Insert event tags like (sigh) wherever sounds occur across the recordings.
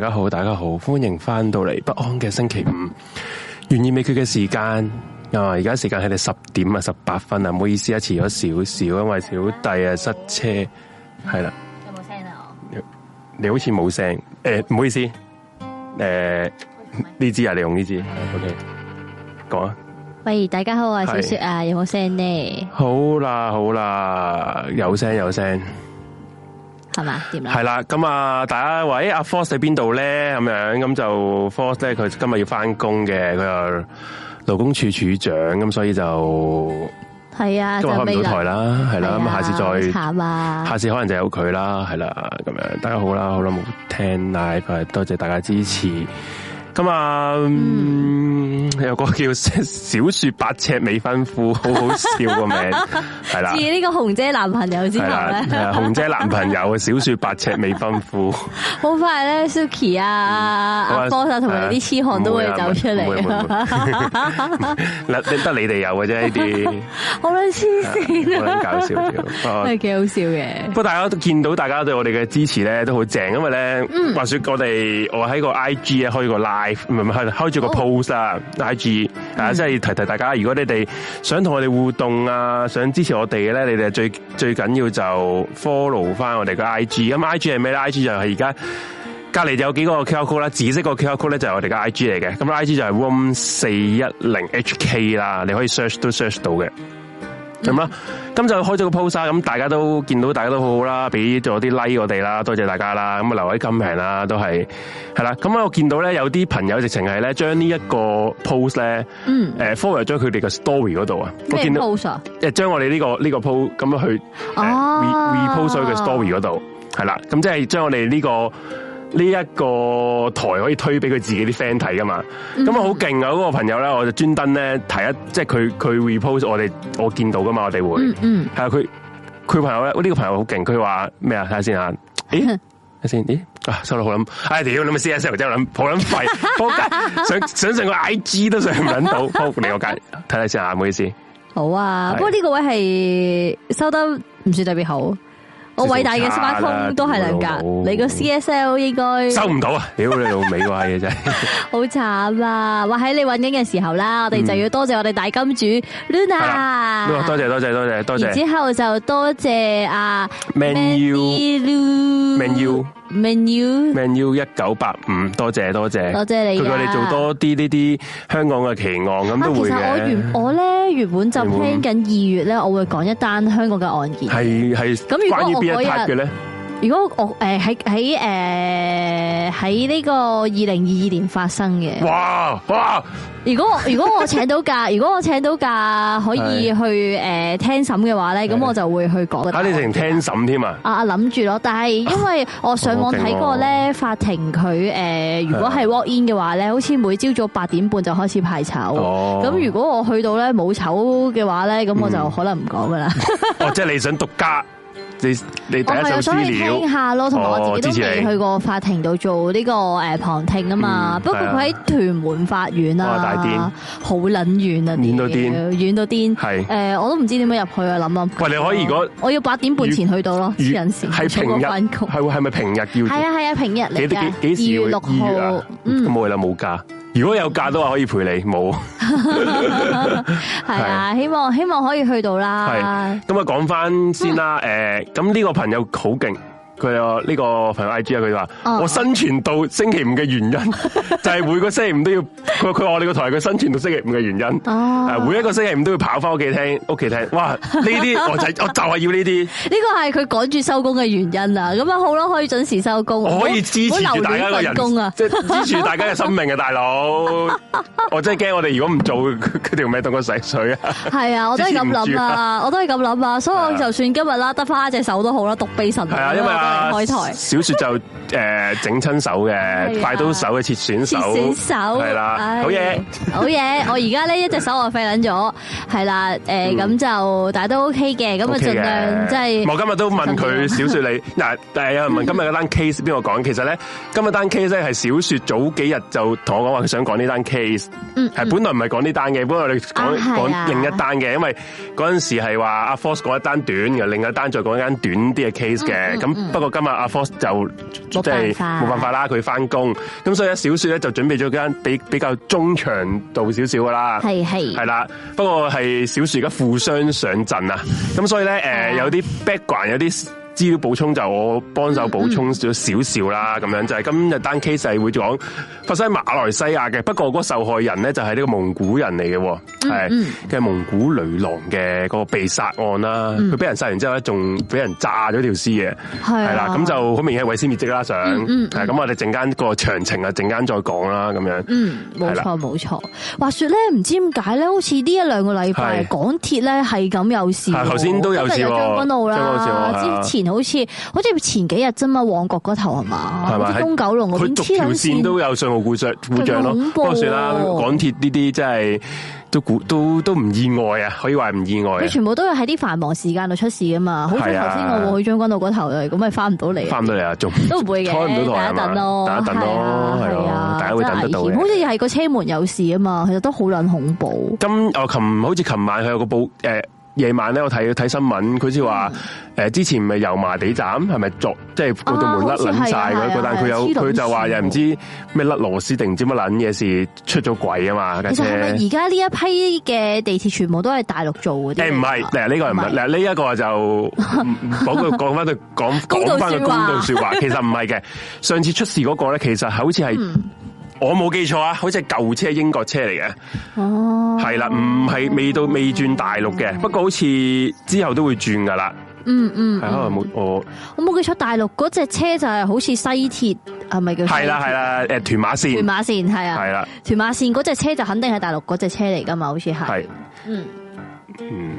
大家好，大家好，歡迎翻到嚟不安嘅星期五，懸而未決嘅時間啊！而家時間係你十點啊，十八分啊，唔好意思啊，遲咗少少，因為小弟啊，塞車係啦。有冇聲啊？你好似冇聲誒，唔、欸、好意思誒，呢、欸、支啊，你用呢支，OK，講啊。喂，大家好啊，小雪啊，有冇聲呢？好啦，好啦，有聲有聲。係嘛？點樣？係啦，咁啊，大家喂，阿 Force 喺邊度咧？咁樣咁就 Force 咧，佢今日要翻工嘅，佢又勞工處處長，咁所以就係啊，今日開唔到台啦，係啦，咁下次再，下次可能就有佢啦，係啦，咁樣，大家好啦，好啦，冇聽 live，多謝大家支持。咁、嗯、啊，有個叫《小說八尺未婚夫》，好好笑個名，係啦。似呢個紅姐男朋友之後咧，紅姐男朋友小說八尺未婚夫》。好快咧，Suki 啊，嗯、阿波同埋啲痴漢都會、啊、會走出嚟。 (laughs) (laughs) 你得你哋有嘅啫呢啲，好捻痴線啊，好 (laughs) 搞笑，係幾好笑嘅。不過大家都見到大家對我哋嘅支持咧都好正，因為咧，話說我哋我喺個 I G 啊開個拉。開係開住個 pose 啊！I G 啊，即係提提大家，如果你哋想同我哋互動啊，想支持我哋嘅咧，你哋最最緊要 follow、IG、就 follow 翻我哋個 I G。咁 I G 係咩咧？I G 就係而家隔籬就有幾個 Q R code 啦，紫色個 Q R code 咧就係我哋個 I G 嚟嘅。咁 I G 就係 room 四一零 HK 啦，你可以 search 都 search 到嘅。咁、嗯、啦，咁就開咗個 post 啦，咁大家都見到大家都好好啦，俾咗啲 like 我哋啦，多謝大家啦，咁啊留喺金平啦，都係係啦，咁啊我見到咧有啲朋友直情係咧將呢一個 post 咧，嗯，誒 forward 咗佢哋嘅 story 嗰度啊，我係 post 啊，將我哋呢個呢個 post 咁樣去 re、啊、repost 佢嘅 story 嗰度，係啦，咁即係將我哋呢、呢個。呢、這、一個台可以推俾佢自己啲 friend 睇噶嘛？咁啊好勁啊！嗰、那個朋友咧，我就專登咧提一，即係佢佢 repost 我哋，我見到噶嘛，我哋會，嗯嗯，係啊，佢佢朋友咧，呢、這個朋友好勁，佢話咩啊？睇下先啊，咦、欸？睇先咦？啊收到，好諗，哎屌，你 c s 啊，收頭真係諗好諗想想上個 IG 都上唔到，括 (laughs) 你我間，睇睇先啊，唔好意思。好啊，不過呢個位係收得唔算特別好。我偉大嘅挖空都係兩格，你個 CSL 應該收唔到啊！屌你老味個閪嘢真係，好慘啊！話喺你揾緊嘅時候啦，我哋就要多謝我哋大金主 Luna，多謝多謝多謝多謝，然之後就多謝阿 Manu，Manu。menu，menu 一九八五，多謝多謝，多謝你，如果你做多啲呢啲香港嘅奇案咁都會嘅。其實我原我咧原本就聽緊二月咧，我會講一單香港嘅案件，係係，咁如果關於邊一 part 嘅咧。如果我誒喺喺誒喺呢個二零二二年發生嘅，哇哇！如果我如果我請到假，如果我請到假可以去誒聽審嘅話咧，咁我就會去講。啊，你成聽審添啊？啊啊，諗住咯，但係因為我上網睇過咧，法庭佢誒如果係 walk in 嘅話咧，好似每朝早八點半就開始派籌。哦。咁如果我去到咧冇籌嘅話咧，咁我就可能唔講噶啦。哦，即係你想獨家。你你第一首資料我係啊，想去聽，聽下咯，同、哦、埋我自己都未去過法庭度做呢個誒旁聽啊嘛。不過佢喺屯門法院啊，好捻遠啊，遠到癲，遠到癲。係誒、呃，我都唔知點樣入去啊，諗諗。喂，你可以，以如果我要八點半前去到咯，私隱事係平日係係咪平日要？係啊係啊，平日嚟噶。幾時？二月六號？嗯，冇啦，冇假。如果有假都話可以陪你，冇係 (laughs) 啊！希望希望可以去到啦。咁啊，講翻先啦。誒，咁呢個朋友好勁，佢話呢個朋友 I G 啊，佢話我生存到星期五嘅原因，哦、就係每個星期五都要。佢佢話我哋個台佢生存到星期五嘅原因，誒、啊，每一個星期五都要跑翻屋企聽屋企聽，哇！呢啲我就我就係要呢啲。呢 (laughs) 個係佢趕住收工嘅原因啊！咁啊好咯，可以準時收工，我可以支持住大家嘅人工啊， (laughs) 即支持住大家嘅生命啊，大佬！ (laughs) (laughs) 我真係驚我哋如果唔做，佢條命等佢洗水啊！係 (laughs) 啊，我都係咁諗啊，我都係咁諗啊， (laughs) 所以我就算今日啦，得翻一隻手都好啦，獨臂神啊！係啊，因為啊因為開台小， (laughs) 小說就誒整親手嘅、啊、快刀手嘅切選手，係啦。 (laughs) 好嘢，好嘢！我而家、 (laughs) 呃嗯 okay、 (laughs) 呢，一隻手我廢捻咗，係啦，誒咁就大家都 OK 嘅，咁啊盡量即係。我今日都問佢小說你嗱、嗯，係有人問今日嗰單 case 邊個講？其實咧今日單 case 咧係小說早幾日就同我講話佢想講呢單 case，係，係本來唔係講呢單嘅，本來我哋講講另一單嘅，因為嗰陣時係話阿 Force 一單短嘅，另一單再講間短啲嘅 case 嘅、嗯，咁、嗯嗯、不過今日阿 Force 就即係冇辦法啦，佢翻工，咁、嗯嗯嗯、所以阿小說咧就準備咗間比比較。中長度少少噶啦，係係，係啦。不過係小樹而家負傷上陣啊，咁所以咧誒、呃、有啲 background 有啲。資料補充就我幫手補充少少啦，咁、嗯嗯、樣就係今日單 case 係會講發生馬來西亞嘅，不過嗰個受害人咧就係、是、呢個蒙古人嚟嘅，係、嗯、嘅、嗯就是、蒙古女郎嘅個被殺案啦。佢俾人殺完之後咧，仲俾人炸咗條屍嘅，係、嗯、啦，咁、啊啊、就好明顯係毀屍滅跡啦，想咁、嗯嗯啊、我哋陣間個詳情、嗯、啊，陣間再講啦，咁樣，冇錯冇錯。話説咧，唔知點解咧，好似呢一兩個禮拜港鐵咧係咁有事，頭先、啊、都有事喎、啊，將軍澳啦、啊啊啊，之前。好似好似前幾日啫嘛，旺角嗰頭係嘛，係東九龍嗰邊條線都有信號故障故障咯。不過算啦，港鐵呢啲真係都故都都唔意外啊，可以話唔意外。佢全部都係喺啲繁忙時間度出事噶嘛。好似頭先我去將軍澳嗰頭，咁咪翻唔到嚟，翻唔到嚟啊，仲都唔會嘅，坐唔到台咪等咯，等一等咯，係啊，大家會等得到。好似係個車門有事啊嘛，其實都好撚恐怖。今琴好似琴晚佢有個報誒。呃夜晚咧，我睇睇新聞，佢似話誒，之前咪油麻地站係咪作即係嗰度門甩撚晒佢，但佢有佢就話又唔知咩甩螺絲定唔知乜撚嘢事出咗鬼啊嘛。其實係咪而家呢一批嘅地鐵全部都係大陸做嘅？誒唔係，嗱呢、這個唔係，嗱呢一個就講、這個講翻佢講講翻個公道說話。 (laughs) 其實唔係嘅，上次出事嗰、那個咧，其實好似係。嗯我冇記錯啊，好似係舊車英國車嚟嘅，哦，係啦，唔係未到未轉大陸嘅，不過好似之後都會轉噶啦。嗯嗯，係啊，冇、嗯、我我冇記錯大陸嗰隻車就係好似西鐵係咪叫？係啦係啦，誒屯馬線屯馬線係啊係啦，屯馬線嗰隻車就肯定係大陸嗰隻車嚟噶嘛，好似係。嗯嗯，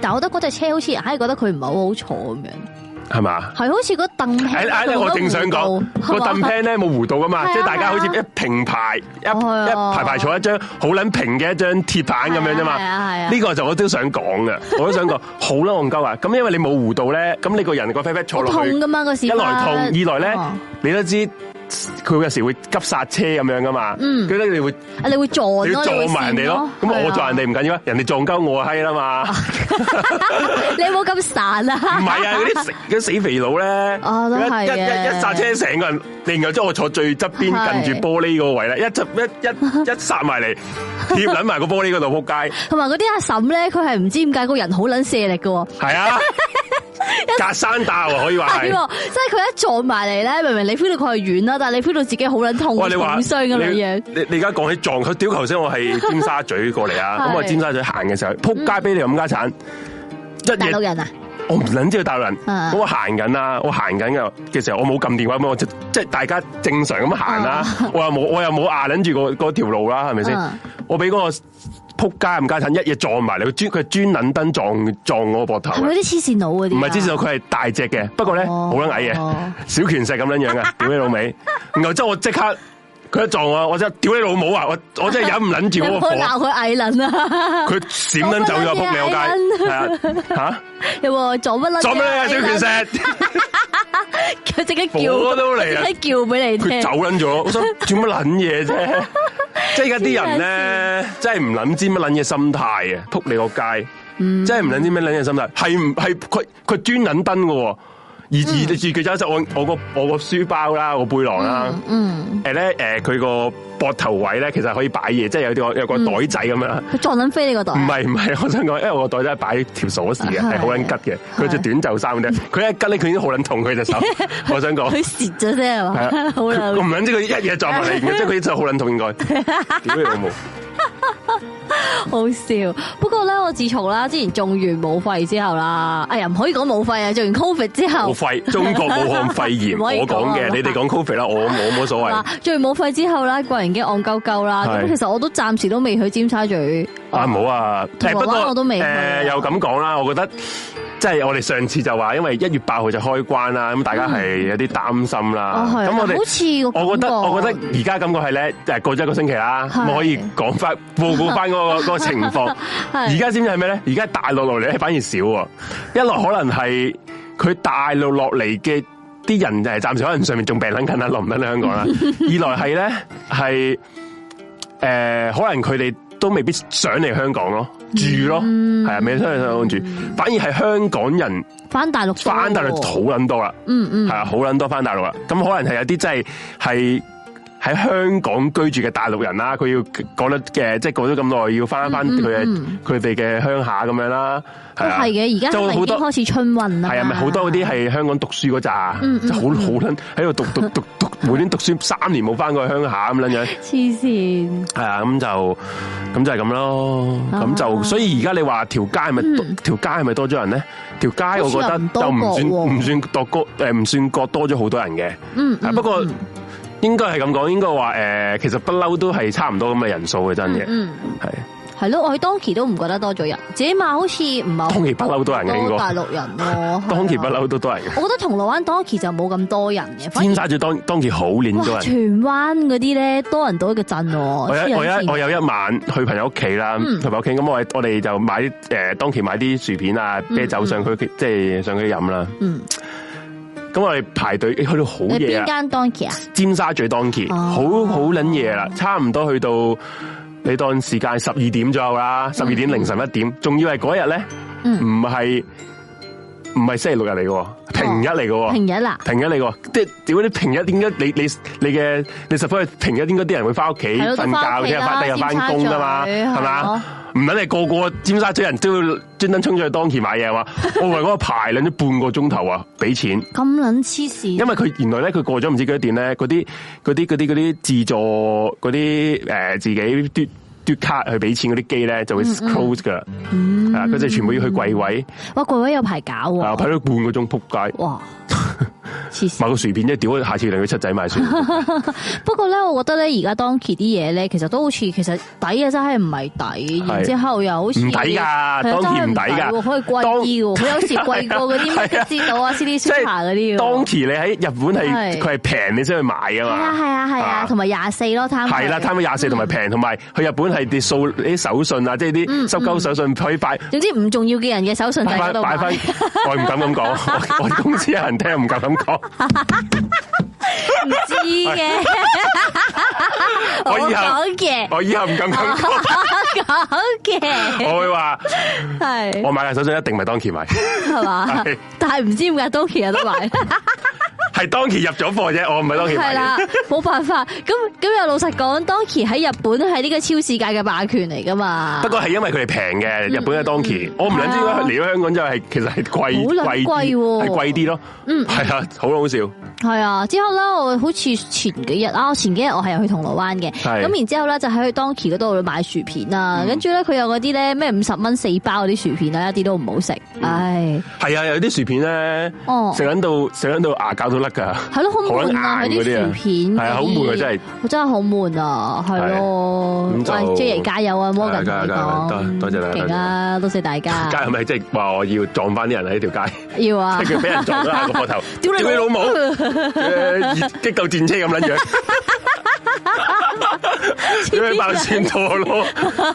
但係我覺得嗰隻車好似，唉覺得佢唔係好好坐咁樣。係嘛？係好似個凳平，哎哎，我正想講個凳平咧冇弧度噶嘛，即係大家好似一平排一、啊啊、一排排坐一張好撚平嘅一張鐵板咁、啊、樣啫嘛。呢、啊啊這個就我都想講嘅，我都想講好啦戇鳩啊！咁因為你冇弧度咧，咁你個人、那個 pat pat 坐落去痛噶嘛個時，一來痛，二來咧、啊、你都知。佢有時會急剎車咁樣噶嘛，覺得你會啊，你會撞咯，撞埋人哋咯，咁我撞人哋唔緊要啊，人哋撞鳩我係啦嘛，你冇咁孱啊！唔係啊，嗰啲死嗰死肥佬咧，一一一剎車，成個人，另外將我坐最側邊，近住玻璃嗰個位咧，一一一一剎埋嚟，貼撚埋個玻璃嗰度扑街。同埋嗰啲阿嬸咧，佢係唔知點解個人好撚射力噶，係啊，隔山打可以話係，即係佢一撞埋嚟咧，明明你 feel 到佢係遠啦。但你 feel 到自己好撚痛，你好衰嘅女嘢。你你而家講起撞佢，屌！頭先我係尖沙咀過嚟啊，咁 (laughs) 我尖沙咀行嘅時候，撲街俾你冚家鏟。即、嗯、係大陸人啊！我唔捻知道大陸人。我行緊啊！我行緊嘅嘅時候，我冇撳電話，咁我即係大家正常咁行啦。我又冇我又冇牙，捻住嗰嗰條路啦，係咪先？我俾、嗰個。撲街唔家趁，一嘢撞埋嚟，佢專佢專登撞撞我膊頭。係咪啲痴線佬嗰啲？唔係痴線佬，佢係大隻嘅，不過咧好得矮嘅，oh. 小拳石咁樣樣嘅，屌 (laughs) 你老味！然後之後我即刻。佢一撞我，我真係屌你老母啊！我我真係忍唔忍住嗰個火，鬧佢矮撚啊！佢閃撚走咗，扑你個街，係啊吓又做乜撚做乜嘢小拳石？佢即刻叫，即刻叫俾你聽。佢走撚咗，我想做乜撚嘢啫？即係而家啲人咧，真係唔撚知乜撚嘢心態啊！扑你個街，真係唔撚知乜撚嘢心態，係唔係佢佢專撚燈嘅？而而住佢走就係我我個我個書包啦，我個背囊啦，誒咧佢個膊頭位咧，其實可以擺嘢，即係有啲有個，嗯、個袋仔咁樣。佢撞緊飛你個袋。唔係唔係，我想講，因為我袋仔擺條鎖匙嘅，係好撚吉嘅。佢着短袖衫嘅啫，佢一吉咧，佢已經好撚痛， (laughs) 痛，佢隻手。我想講。佢蝕咗啫係嘛。係啊，好我唔諗知佢一嘢撞埋嚟，嘅，即係佢真係好撚痛，應該。咩節目？好笑。不過咧，我自從啦，之前中完武肺之後啦，哎呀，唔可以講武肺啊！中完 Covid 之後。武肺，中國武漢肺炎，說的我講嘅，你哋講 Covid 啦，我冇，冇所謂。中完武肺之後啦，個人。已經戇鳩鳩啦，咁其實我都暫時都未去尖沙咀。啊，唔好啊，通關我都未。誒、呃，又咁講啦，我覺得，即係我哋上次就話，因為一月八號就開關啦，咁大家係有啲擔心啦、嗯。咁我哋好似，我覺得，我覺得而家感覺係咧，係過咗一個星期啦，我可以講翻，報告翻嗰個個情況。而家知唔知係咩咧？而家大陸落嚟咧反而少喎，一來可能係佢大陸落嚟嘅。啲人就係，暫時可能上面仲病撚緊啊，落唔得香港啦。港 (laughs) 二來係咧，係誒、呃，可能佢哋都未必想嚟香港咯，住咯，係、嗯、啊，未必想嚟香港住。嗯、反而係香港人翻大陸，翻大陸好撚多啦，嗯嗯，係啊，好撚多翻大陸啦。咁可能係有啲真係係。係喺香港居住嘅大陸人啦，佢要過得嘅，即係過咗咁耐，要翻一翻佢佢哋嘅鄉下咁樣啦，係、嗯嗯、啊，而家都好多開始春運啦，係啊，咪好多嗰啲係香港讀書嗰扎，即好好撚喺度讀讀讀讀，每、嗯、年讀,讀,讀,讀,讀書 (laughs) 三年冇翻過去鄉下咁撚樣，黐線，係啊，咁就咁就係咁咯，咁就所以而家你話條街係咪、嗯、條街係咪多咗人咧？條街我覺得又唔算唔算多多誒，唔算多多咗好多人嘅、嗯嗯，不過。嗯應該係咁講，應該話誒，其實都係差不嬲都係差唔多咁嘅人數嘅，真嘅，係係咯，我去當期都唔覺得多咗人，自己買好似唔係。當期不嬲多人嘅，多大陸人咯。當期不嬲都多人，的多人。 (laughs) 啊、當都多人的，我覺得銅鑼灣當期就冇咁多人嘅，天晒住當當期好亂，多人。荃灣嗰啲咧多人到一個鎮。我一，我，一，我，一我有一晚去朋友屋企啦，同朋友屋企，咁我我哋就買誒當期買啲薯片啊、啤酒上去，即、嗯、係、嗯、上去飲啦。咁我哋排隊去到好夜啊！邊間當舖啊？尖沙咀當舖，好好捻夜啦，差唔多去到你當時間十二點左右啦，十二點凌晨一點，仲以為嗰日咧，唔係唔係星期六日嚟嘅，平日嚟嘅，平日啦，平日嚟嘅，即係點解你平日點解你你你嘅你十分係平日點解啲人會翻屋企瞓覺聽日，翻第日翻工啊嘛，係咪？哦唔係你個個尖沙咀人都要專登衝咗去當期買嘢係嘛？我為嗰個排等咗半個鐘頭啊，畀錢咁撚黐線！因為佢原來呢，佢過咗唔知幾多點呢，嗰啲嗰啲嗰啲嗰啲自助嗰啲、呃、自己嘟嘟卡去畀錢嗰啲機呢，就會 close 㗎，係、嗯、啊、嗯，佢就全部要去櫃位。哇，櫃位有排搞喎，我排咗半個鐘，撲街！哇買個薯片啫，屌！下次令佢七仔買薯 (laughs) 不過咧，我覺得咧，而家 Donkey 啲嘢咧，其實都好似其實抵嘅，真係唔係抵。然之後又好似唔抵噶，Donkey 唔抵噶，可以貴啲佢有時貴過嗰啲咩先導啊、C D 書下嗰啲。Donkey (laughs) (laughs) 你喺日本係佢係平，你先去買啊嘛。係啊係啊係啊，同埋廿四咯，係啦，攤到廿四，同埋平，同埋、嗯、去日本係跌數你啲手信啊、嗯嗯，即係啲濕鳩手信去擺、嗯嗯。總之唔重要嘅人嘅手信喺度。擺番， (laughs) 我唔敢咁講， (laughs) 我公司有人聽唔敢咁講。 (laughs) (laughs) 講、oh、唔 (laughs) 知嘅，我講嘅，我以後唔敢咁講。講嘅，我，我，說我，說 (laughs) 我會話係，我買嘅手信一定唔係當期買，係 (laughs) 嘛？但係唔知點解當期有得買。係當期入咗貨啫，我唔係當期買嘅係啦，冇辦法。咁咁又老實講，當期喺日本係呢個超市界嘅霸權嚟噶嘛？不過係因為佢哋平嘅，日本嘅當期，我唔想知啦。嚟到香港就係其實係貴貴啲，係貴啲咯。嗯，係、嗯嗯嗯，啊，好咯，好笑。係啊，之後咧，我好似前幾日啊，我前幾日我係去銅鑼灣嘅，咁然之後咧就喺去當期嗰度買薯片啊，跟住咧佢有嗰啲咧咩五十蚊四包嗰啲薯片啊，一啲都唔好食，嗯，唉。係啊，有啲薯片咧，食、哦，緊到食緊到，到牙膠甩噶，係咯好悶啊！啲片，片，係好悶啊！真係，我真係好悶啊！係咯，祝傑加油啊！摩根等等，多謝大家，多謝大家。街係咪即係話我要撞翻啲人喺呢條街？要啊！即係俾人撞啦個膊頭，屌你老母，激鬥戰車咁撚樣。哈哈哈哈哈！俾你咯，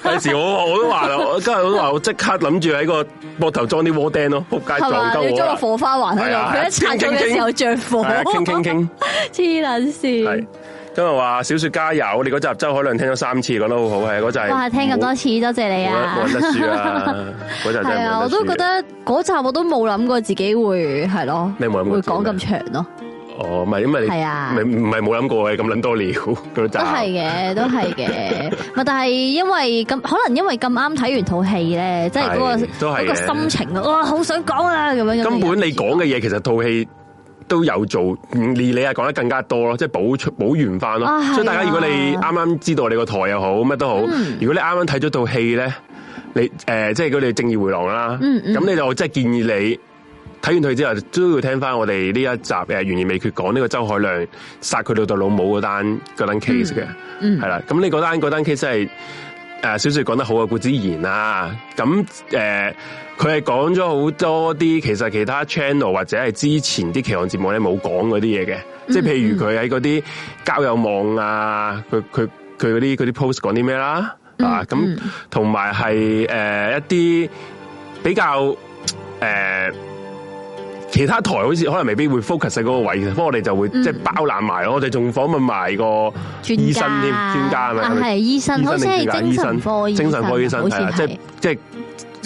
有時我我都話啦，今日我都話我即刻諗住喺個膊頭裝啲蝸釘咯，撲街撞溝啊！係個火花還喺度，佢、哎、一擦嘅時候着火。傾傾傾，黐捻線。今日話小說加油，我哋嗰集周海亮聽咗三次，講得好好，係嗰集。哇，聽咁多次，多謝，謝你啊！嗰陣係啊，我都覺得嗰集我都冇諗過自己會係咯，你會講咁長咯。哦，唔係，因為你，係啊，唔係唔係冇諗過嘅，咁捻多尿，都係嘅，都係嘅。咪但係因為咁，可能因為咁啱睇完套戲咧，即係嗰個嗰個心情，哇，好想講啊，咁樣。根本你講嘅嘢，其實套戲都有做，而你啊講得更加多咯，即係補出補完翻咯。所以大家如果你啱啱知道你個台又好，乜都好，如果你啱啱睇咗套戲咧，你誒，即係佢哋正義迴廊啦，咁你就真係建議你。睇完佢之後都要聽翻我哋呢一集誒，懸而未決，講呢個周海亮殺佢老豆老母嗰單嗰單 case 嘅，係、嗯、啦，咁、嗯、你嗰單嗰單 case 係誒小說講得好嘅顧之言啊，咁誒佢係講咗好多啲其實其他 channel 或者係之前啲奇案節目咧冇講嗰啲嘢嘅，即、嗯、係、嗯、譬如佢喺嗰啲交友網啊，佢佢佢嗰啲啲 post 講啲咩啦，嗯、啊咁同埋係誒一啲比較誒。呃其他台好似可能未必會 focus 喺嗰個位，不過我哋就會即係包攬埋咯。我哋仲訪問埋個醫生添，專家啊嘛，係醫生，好似，係精神科醫生，精神科醫生，係啊，係即係即係。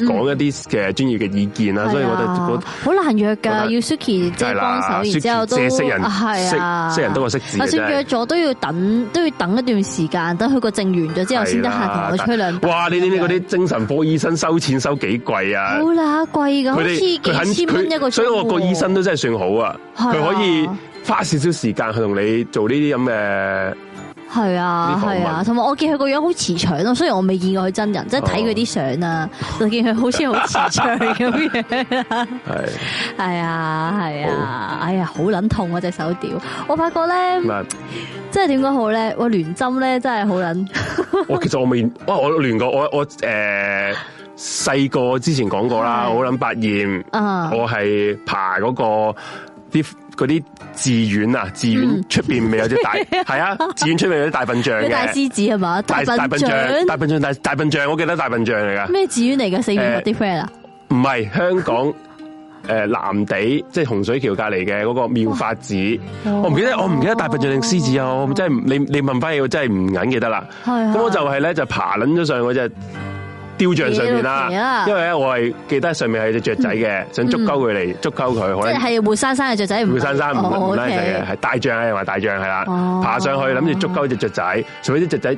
講一啲嘅專業嘅意見啦，所以我哋好難約噶，要 Suki 即係幫手，然之後，後都識人，識、啊、識人都過識字。就、啊、算約咗，都要等，都要等一段時間，等佢個證完咗之後，先得閒同我吹兩。哇！你你你嗰啲精神科醫生收錢收幾貴啊？好啦，貴噶，好似幾千蚊一個鐘。所以我個醫生都真係算好啊，佢可以花少少時間去同你做呢啲咁嘅。係啊，係啊，同埋我見佢個樣好慈祥咯，雖然我未見過佢真人，即係睇佢啲相啊，就見佢好似好慈祥咁樣。係係啊，係啊，哎呀，好捻痛啊隻手屌！我發覺咧，即係點講好咧，我聯針咧真係好捻。我其實我未，哇！我聯過，我我誒，細個之前講過啦、啊，我撚百厭，我係爬嗰、那個啲。嗰啲寺院啊，寺院出邊咪有隻、嗯、大係啊， (laughs) 寺院出邊有啲大笨象嘅大獅子係嘛，大笨象、大笨象大、大笨象，我記得大笨象嚟噶。咩寺院嚟嘅？四邊嗰啲 friend 啊？唔、呃、係香港誒藍地，即係洪水橋隔籬嘅嗰個妙法寺。哦、我唔記得，我唔記得大笨象定獅子啊、哦！我真係你你問翻我，真係唔撚記得啦。咁我就係咧就爬捻咗上嗰隻。雕像上面啦，因為咧我係記得上面係隻雀仔嘅，想捉鳩佢，嚟捉鳩佢，可能係活生生嘅雀仔，活生生唔拉仔係大象啊，又話、okay、大象，係啦，是大象是的哦、爬上去諗住捉鳩隻雀仔，除非啲雀仔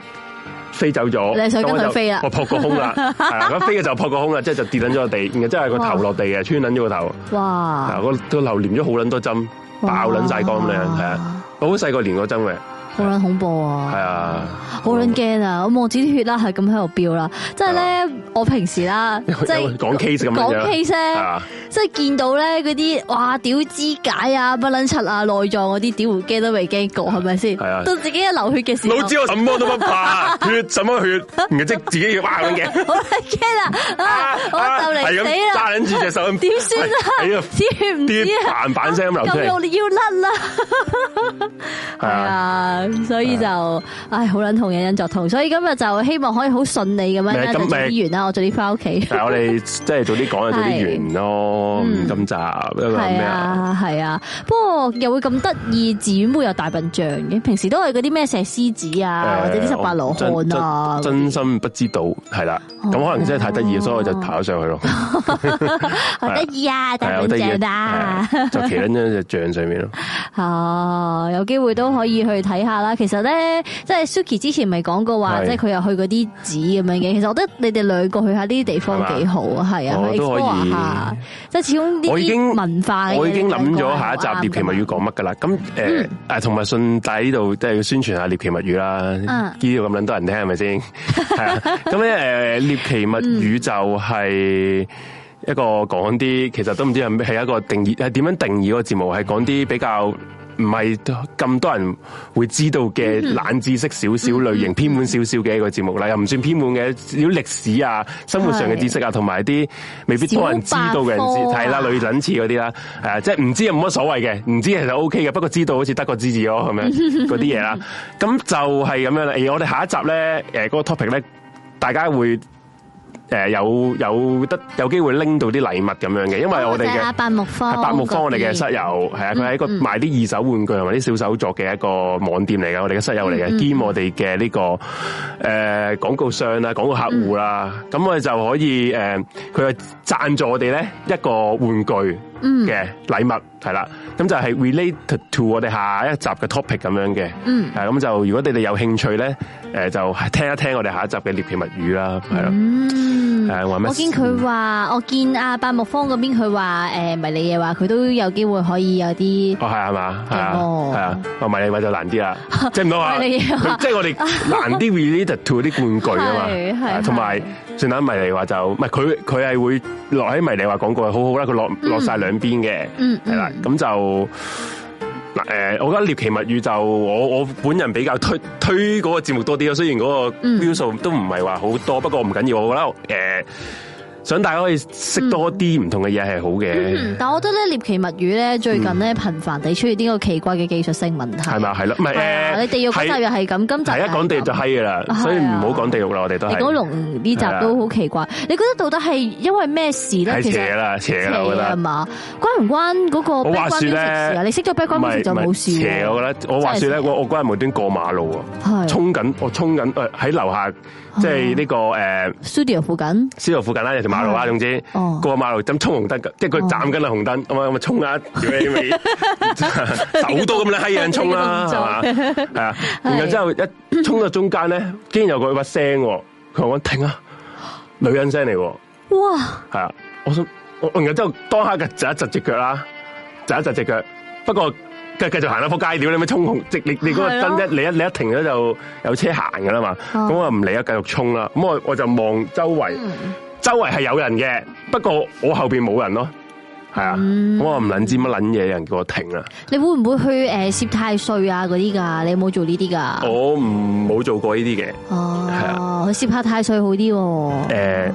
飛走咗，我就撲個空啦，咁飛嘅就撲個空啦，即係就跌捻咗個地，然後真係個頭落地嘅，穿捻咗個頭，哇，個個留念咗好捻多針，爆捻晒缸咁樣，係啊，好細個黏咗針嘅。好撚恐怖啊！係啊，好撚驚啊！我望住啲血啦，係咁喺度飆啦。即係咧，我平時啦，即係講 case，講 case，即係見到咧嗰啲哇屌肢解啊、不撚七啊、內臟嗰啲，屌唔驚都未驚過，係咪先？到自己一流血嘅時候，老知我什麼都不怕，血什麼血，唔即自己要爆咁驚。好撚驚啦！啊，我就嚟 (laughs) 怕 (laughs) 死啦！揸緊住隻手，點算啊？啲彈板聲又聽，彈彈流要甩啦！係啊。所以就、啊、唉好撚痛，隱隱作痛，所以今日就希望可以好順利咁樣做完啦。我，做我早啲翻屋企。嗱、啊嗯，我哋即係早啲講，早啲完咯，唔咁雜。係啊，係啊。不過又會咁得意，寺院會有大笨象嘅。平時都係嗰啲咩石獅子啊，或者啲十八羅漢啊真真。真心不知道，係啦。咁、哦、可能真係太得意，哦、所以我就爬咗上去咯。哦、 (laughs) 好得意啊！大笨象啊，就企喺咗隻象上面咯。哦， (laughs) 有機會都可以去睇下。啦，其實咧，即係 Suki 之前咪講過話，即係佢又去嗰啲寺咁樣嘅。其實我覺得你哋兩個去下呢啲地方幾好係咪啊？係啊，都可以。即係始終，我已經這些文化，我已經諗咗下一集獵奇物語講乜噶啦。咁誒誒，同埋順帶呢度即係要宣傳下獵奇物語啦。呢度咁撚多人聽係咪先？係 (laughs) 啊。咁誒，呃、獵奇物語就係一個講啲、嗯，其實都唔知係係一個定義，係點樣定義嗰個節目？係講啲比較。唔係咁多人會知道嘅冷知識少少類型、嗯、偏門少少嘅一個節目啦、嗯，又唔算偏門嘅，少歷史啊，生活上嘅知識啊，同埋啲未必多人知道嘅人、啊、知睇啦，女等次嗰啲啦，誒、啊，即係唔知又冇乜所謂嘅，唔知其實 O K 嘅，不過知道好似得個「知」字囉，咁、嗯、樣嗰啲嘢啦，咁就係咁樣啦。誒，我哋下一集咧，誒，嗰個 topic 咧，大家會。誒，有有得有機會拎到啲禮物咁樣嘅，因為我哋嘅係八木方，我哋嘅室友係啊，佢係一個賣啲二手玩具同埋啲小手作嘅一個網店嚟嘅，我哋嘅室友嚟嘅兼我哋嘅呢個誒廣告商啦、廣告客戶啦，咁我哋就可以誒佢係贊助我哋咧一個玩具。嘅禮物係啦，咁就係 related to 我哋下一集嘅 topic 咁樣嘅。嗯，咁就如果你哋有興趣咧，誒就聽一聽我哋下一集嘅獵奇物語啦，係咯。嗯，我見佢話，我見阿八木方嗰邊佢話誒，迷你嘢話佢都有機會可以有啲。哦，係係嘛，係啊，係啊。哦，迷你嘢就難啲啦，即係唔多話，即係我哋難啲 related to 啲玩具啊嘛，係同埋。算啦，迷你話就唔係佢，佢係會落喺迷你話廣告，係好好啦，佢落，落落晒兩邊嘅，係啦，咁就嗱誒、呃，我覺得《獵奇物語》就我我本人比較推推嗰個節目多啲咯，雖然嗰個 view 數都唔係話好多，嗯，不過唔緊要，我覺得誒。呃想大家可以識多啲唔同嘅嘢係好嘅、嗯，但係我覺得咧《獵奇物語》咧最近咧頻繁地出現啲個奇怪嘅技術性問題，係咪啊？係啦，唔係誒，係。係咁，今集一講地獄就係噶啦，所以唔好講地獄啦，我哋都。講龍呢集都好奇怪，你覺得到底係因為咩事咧？係扯啦，扯我嘛？關唔關嗰、那個？我話説咧，你識咗關關事不食就冇事。扯我說說我話說説說我我嗰日無端過馬路喎，係衝緊，我衝緊，喺樓下，即係呢、這個 studio、啊、附近，studio 附近馬路啊，總之過、oh. 那個、馬路咁衝紅燈，即係佢斬緊啦紅燈，咁啊咪衝啊， (laughs) 你的 (laughs) 手都咁咧閪咁衝啦，係嘛？係 (laughs) 啊，然後之後一衝到中間咧， (laughs) 竟然有一個把聲，佢話我停啊，這女人聲嚟、啊，哇！係啊，我想我然後之後當刻嘅就踩一窒隻腳啦，就一窒隻腳。不過繼繼續行啦、啊，撲街屌你咪衝紅，即你你嗰個燈一你一你一停咧，就有車行噶啦嘛。咁、oh. 我唔理繼啊，繼續衝啦。咁我我就望周圍。嗯周圍係有人嘅，不過我後邊冇人咯，係啊，我話唔捻知乜捻嘢，有人叫我停啊！嗯、你會唔會去誒，攝太歲啊嗰啲噶？你有冇做呢啲噶？我唔冇做過呢啲嘅，哦，係啊，去攝下太歲好啲，誒，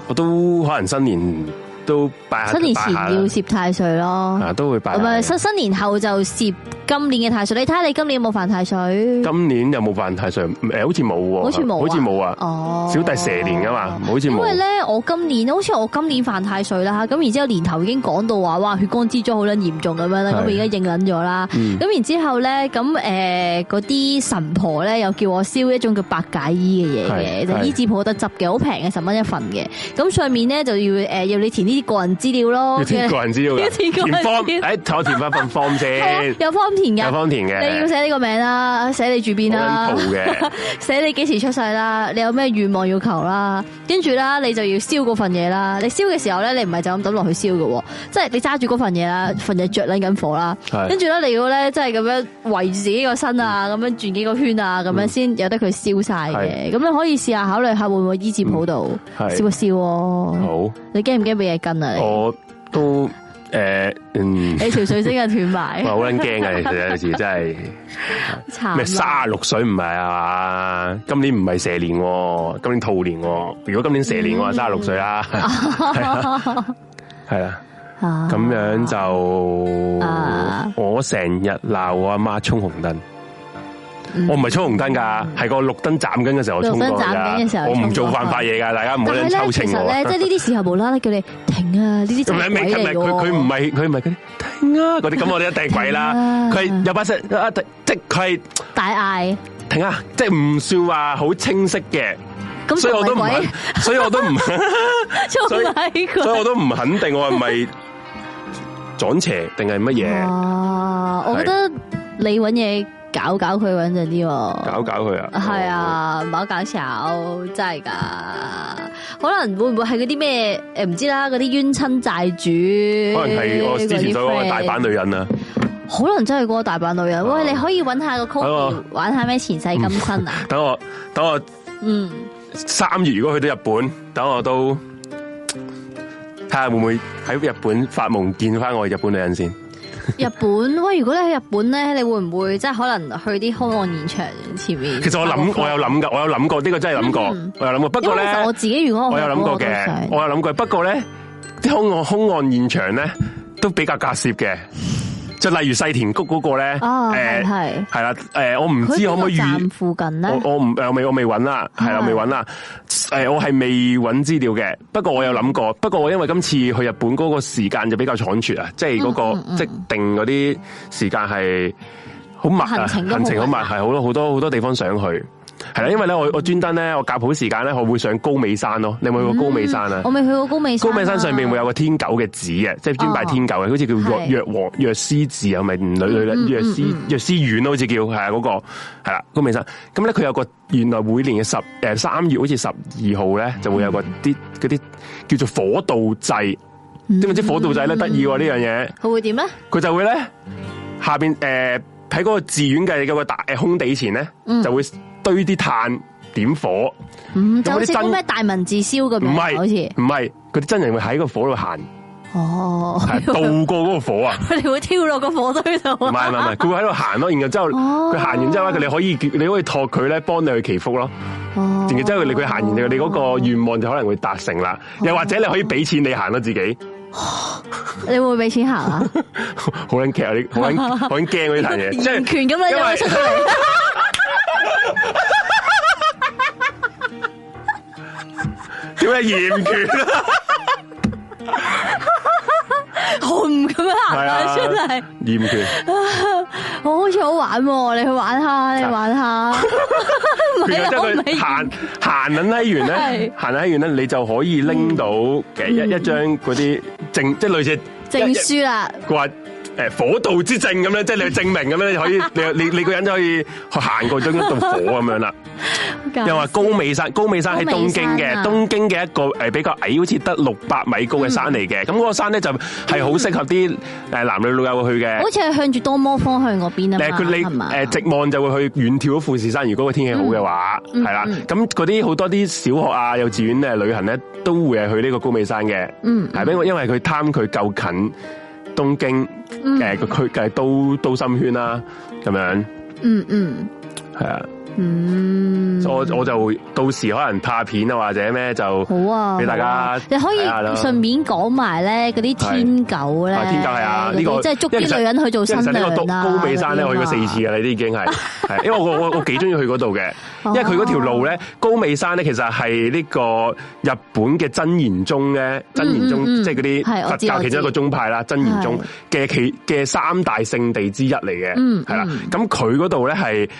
我都可能新年。都拜，拜新年前要攝太歲咯，都會拜。唔係新新年後就攝今年嘅太歲。你睇下你今年有冇犯太歲？今年有冇犯太歲？誒，好似冇喎，好似冇，好似冇啊。哦，小弟蛇年㗎嘛，好似冇。因為咧，我今年好似我今年犯太歲啦。咁然之後年頭已經講到話，哇，血光之災好捻嚴重咁樣啦。咁我而家認捻咗啦。咁然之後咧，咁誒，嗰啲神婆咧又叫我燒一種叫百解衣嘅嘢嘅，就衣紙鋪得執嘅，好平嘅十蚊一份嘅。咁上面咧就要誒要你填啲。啲個人資料咯，啲個人資料嘅。田方，誒，我填翻份方先。有方田嘅。有方田嘅。你要寫呢個名啦，寫你住邊啦。寫寫你幾時出世啦？你有咩願望要求啦？跟住啦，你就要燒嗰份嘢啦。你燒嘅時候咧，你唔係就咁抌落去燒喎。即係你揸住嗰份嘢啦，份嘢着捻緊火啦。跟住咧，你要咧，即係咁樣圍住自己個身啊，咁樣轉幾個圈啊，咁樣先有得佢燒晒嘅。咁你可以試下考慮下，會唔會衣紙、嗯、鋪度燒一燒？好。你驚唔驚俾人？我都誒，嗯、呃，你條水晶又斷埋，我好撚驚啊，其實有陣時真係，咩卅六歲唔係啊？今年唔係蛇年，今年兔年。如果今年蛇年，我卅六歲啦，係、嗯、啊，啦 (laughs) 咁樣就、啊、我成日鬧我阿媽衝紅燈。我唔係衝紅燈噶係個綠燈站緊嘅時候我衝過燈站緊嘅時候，我唔做犯法嘢噶，大家唔好亂抽秤我。但其實咧，即係呢啲時候無啦啦叫你停，停啊，呢啲就鬼嚟嘅。佢唔係佢唔係嗰啲停啊嗰啲，咁我哋一定鬼啦。佢係有把聲，即佢係大嗌停啊！即係唔算話好清晰嘅，所以我都唔，所以我都唔，所以我都唔肯定我係咪撞邪定係乜嘢。哦，我覺得你揾嘢。搞搞佢穩陣啲，搞搞佢啊！係啊，唔好搞笑真係噶，可能會唔會係嗰啲咩？誒，唔知啦，嗰啲冤親債主，可能係我之前所講嘅大阪女人啊！可能真係嗰個大阪女人，喂、啊，你可以揾下個曲，玩下咩前世今生啊！等我，等我，嗯，三月如果去到日本，等我都睇下會唔會喺日本發夢見翻我嘅日本女人先。日本喂，如果你喺日本咧，你會唔會即係可能去啲兇案現場前面？其實我諗，我有諗㗎，我有諗過，呢、呢個真係諗過、嗯，我有諗過。不過咧，其實我自己如果我有諗過嘅，我有諗過,有過,有過。不過咧，啲兇案兇案現場咧都比較隔涉嘅。就例如世田谷嗰、那個，哦呃呃呃、個呢，係係啦，我唔知可唔可以遠附近咧，我我唔未我未揾啦，我未揾啦，我係未揾、啊啊呃、資料嘅。不過我有諗過、嗯，不過我因為今次去日本嗰個時間就比較倉促啊，即係嗰個即定嗰啲時間係好密啊，行程，好密行程好密好密，係好多好多好多地方想去。係啦，因為咧，我我專登咧，我夾好時間咧，我會上高尾山咯。你有冇去過高尾山、嗯、山啊？我未去過高尾山。高尾山上面會有個天狗嘅寺啊，即係專拜天狗嘅，好似叫藥藥王藥師寺啊，係咪女女咧藥師藥師院咯，好似叫係啊嗰個係啦高尾山。咁咧佢有個原來每年嘅十誒三、呃、月好12，好似十二號咧就會有個啲嗰啲叫做火道祭，點、嗯、不知道火道祭咧得意呢、嗯、樣嘢。佢會點咧？佢就會咧下邊誒喺嗰個寺院嘅嗰、嗰個大誒、呃、空地前咧、嗯，就會。堆啲炭點火，唔、嗯，就好似嗰咩大文字燒咁樣，好似唔係，佢啲真人會喺個火度行，哦，渡過嗰個火啊，佢哋會跳落個火堆度、啊，唔係唔係，佢會喺度行咯，然後之後佢行、哦、完之後咧，你可以你可以託佢咧，幫你去祈福咯，哦，然後之後令佢行完之後，哦、你嗰個願望就可能會達成啦、哦，又或者你可以俾錢你行咯自己、哦， (laughs) 你會俾錢行啊？好捻奇啊， (laughs) 即係、你好捻好捻驚嗰啲嘢，人權咁啊，因為。 (laughs) 點解厭倦啊？好唔咁樣行出嚟？厭倦？我好似好玩、哦，你去玩下，你去玩下。你行行緊喺完咧，行 (laughs) 緊完咧後， (laughs) 你就可以拎到一 (laughs) 一張嗰啲證，即係類似證書啊？骨。誒，火道之證咁咧，即係你證明咁咧，你可以你你你個人就可以去行過咗一道火咁樣啦。 (laughs) 又話高尾山，高尾山喺東京嘅，啊、東京嘅一個誒比較矮，好似得六百米高嘅山嚟嘅。咁、嗯、嗰個山咧就係好適合啲誒男女老幼去嘅。好似係向住多摩方向嗰邊啊嘛，誒，你直望就會去遠眺咗富士山。如果個天氣好嘅話，係、嗯、啦。咁嗰啲好多啲小學啊、幼稚園咧旅行咧，都會係去呢個高尾山嘅。嗯、嗯，因為佢貪佢夠近。東京誒個、呃、區嘅都都心圈啦、啊，咁樣嗯嗯，係啊。嗯，我我就到時可能拍片啊，或者咩就給好啊，俾大家你可以順便講埋咧嗰啲天狗咧，天狗係啊，呢、這個即係捉啲女人去做新娘啦、啊。 (laughs) 高尾山咧，我去過四次啊，你已經係因為我我我幾中意去嗰度嘅，因為佢嗰條路咧，高尾山咧，其實係呢個日本嘅真言宗咧、嗯，真言宗即係嗰啲佛教其中一個宗派啦、嗯，真言宗嘅其嘅三大聖地之一嚟嘅，嗯，係啦，咁佢嗰度咧係。那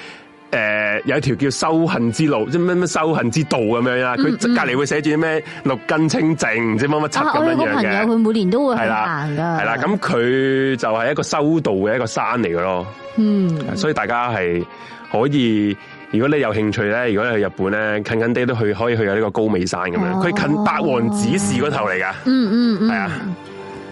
誒、呃，有條叫修行之路，即係乜乜修行之道咁樣啦。佢隔籬會寫住咩六根清淨，即乜乜七、啊」咁樣嘅。朋友，佢每年都會行噶、啊。係啦、啊，咁佢就係一個修道嘅一個山嚟嘅咯。嗯，所以大家係可以，如果你有興趣咧，如果你去日本咧，近近地都去，可以去下呢個高尾山咁樣。佢、哦、近八王子市嗰頭嚟噶。嗯嗯嗯，嗯，係啊。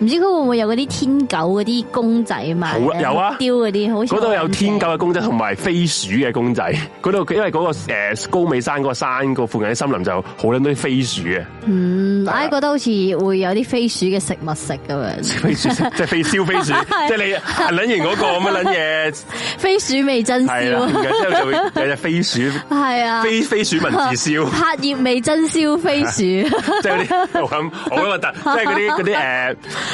唔知佢會唔會有嗰啲天狗嗰啲公仔嘛？有啊，雕嗰啲好。嗰度有天狗嘅公，公仔，同埋飛鼠嘅公仔。嗰度因為嗰、那個誒、呃、高美山嗰個山個附近啲森林就好捻多啲飛鼠啊。嗯，我覺得好似會有啲飛鼠嘅食物食咁樣。飛鼠即係、就是、飛燒飛鼠，即 (laughs) 係你捻完嗰個乜捻嘢？ (laughs) 飛鼠未真燒，就會有隻飛鼠。係 (laughs) 啊，飛飛鼠文字燒， (laughs) 拍葉味真燒飛鼠，即係嗰啲好核突，即係啲啲誒。就是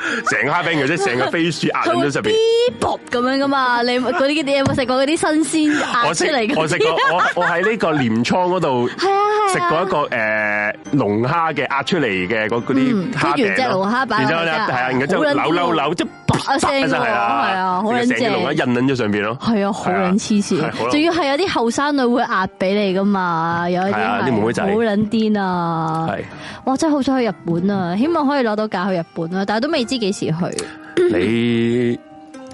成蝦餅嘅即成個飛鼠壓喺上邊。佢會 B 卜咁樣噶嘛？你嗰啲嘢有冇食過嗰啲新鮮壓出嚟嘅？ (laughs) 我食過，我喺呢個鎌倉嗰度，係啊啊，食、啊、過一個誒、呃、龍蝦嘅壓出嚟嘅嗰啲蝦嘢。跟住隻龍蝦擺，然之後咧啊，然之後扭扭扭即係白聲係啊係啊，好撚正，印撚咗上邊咯。係啊，好撚黐線，仲、啊啊、要係有啲後生女會壓俾你噶嘛？有啲、啊、妹仔，好撚癲啊！哇，真係好想去日本啊！係啊希望可以攞到假去日本啊，但係都未。唔知幾時去？你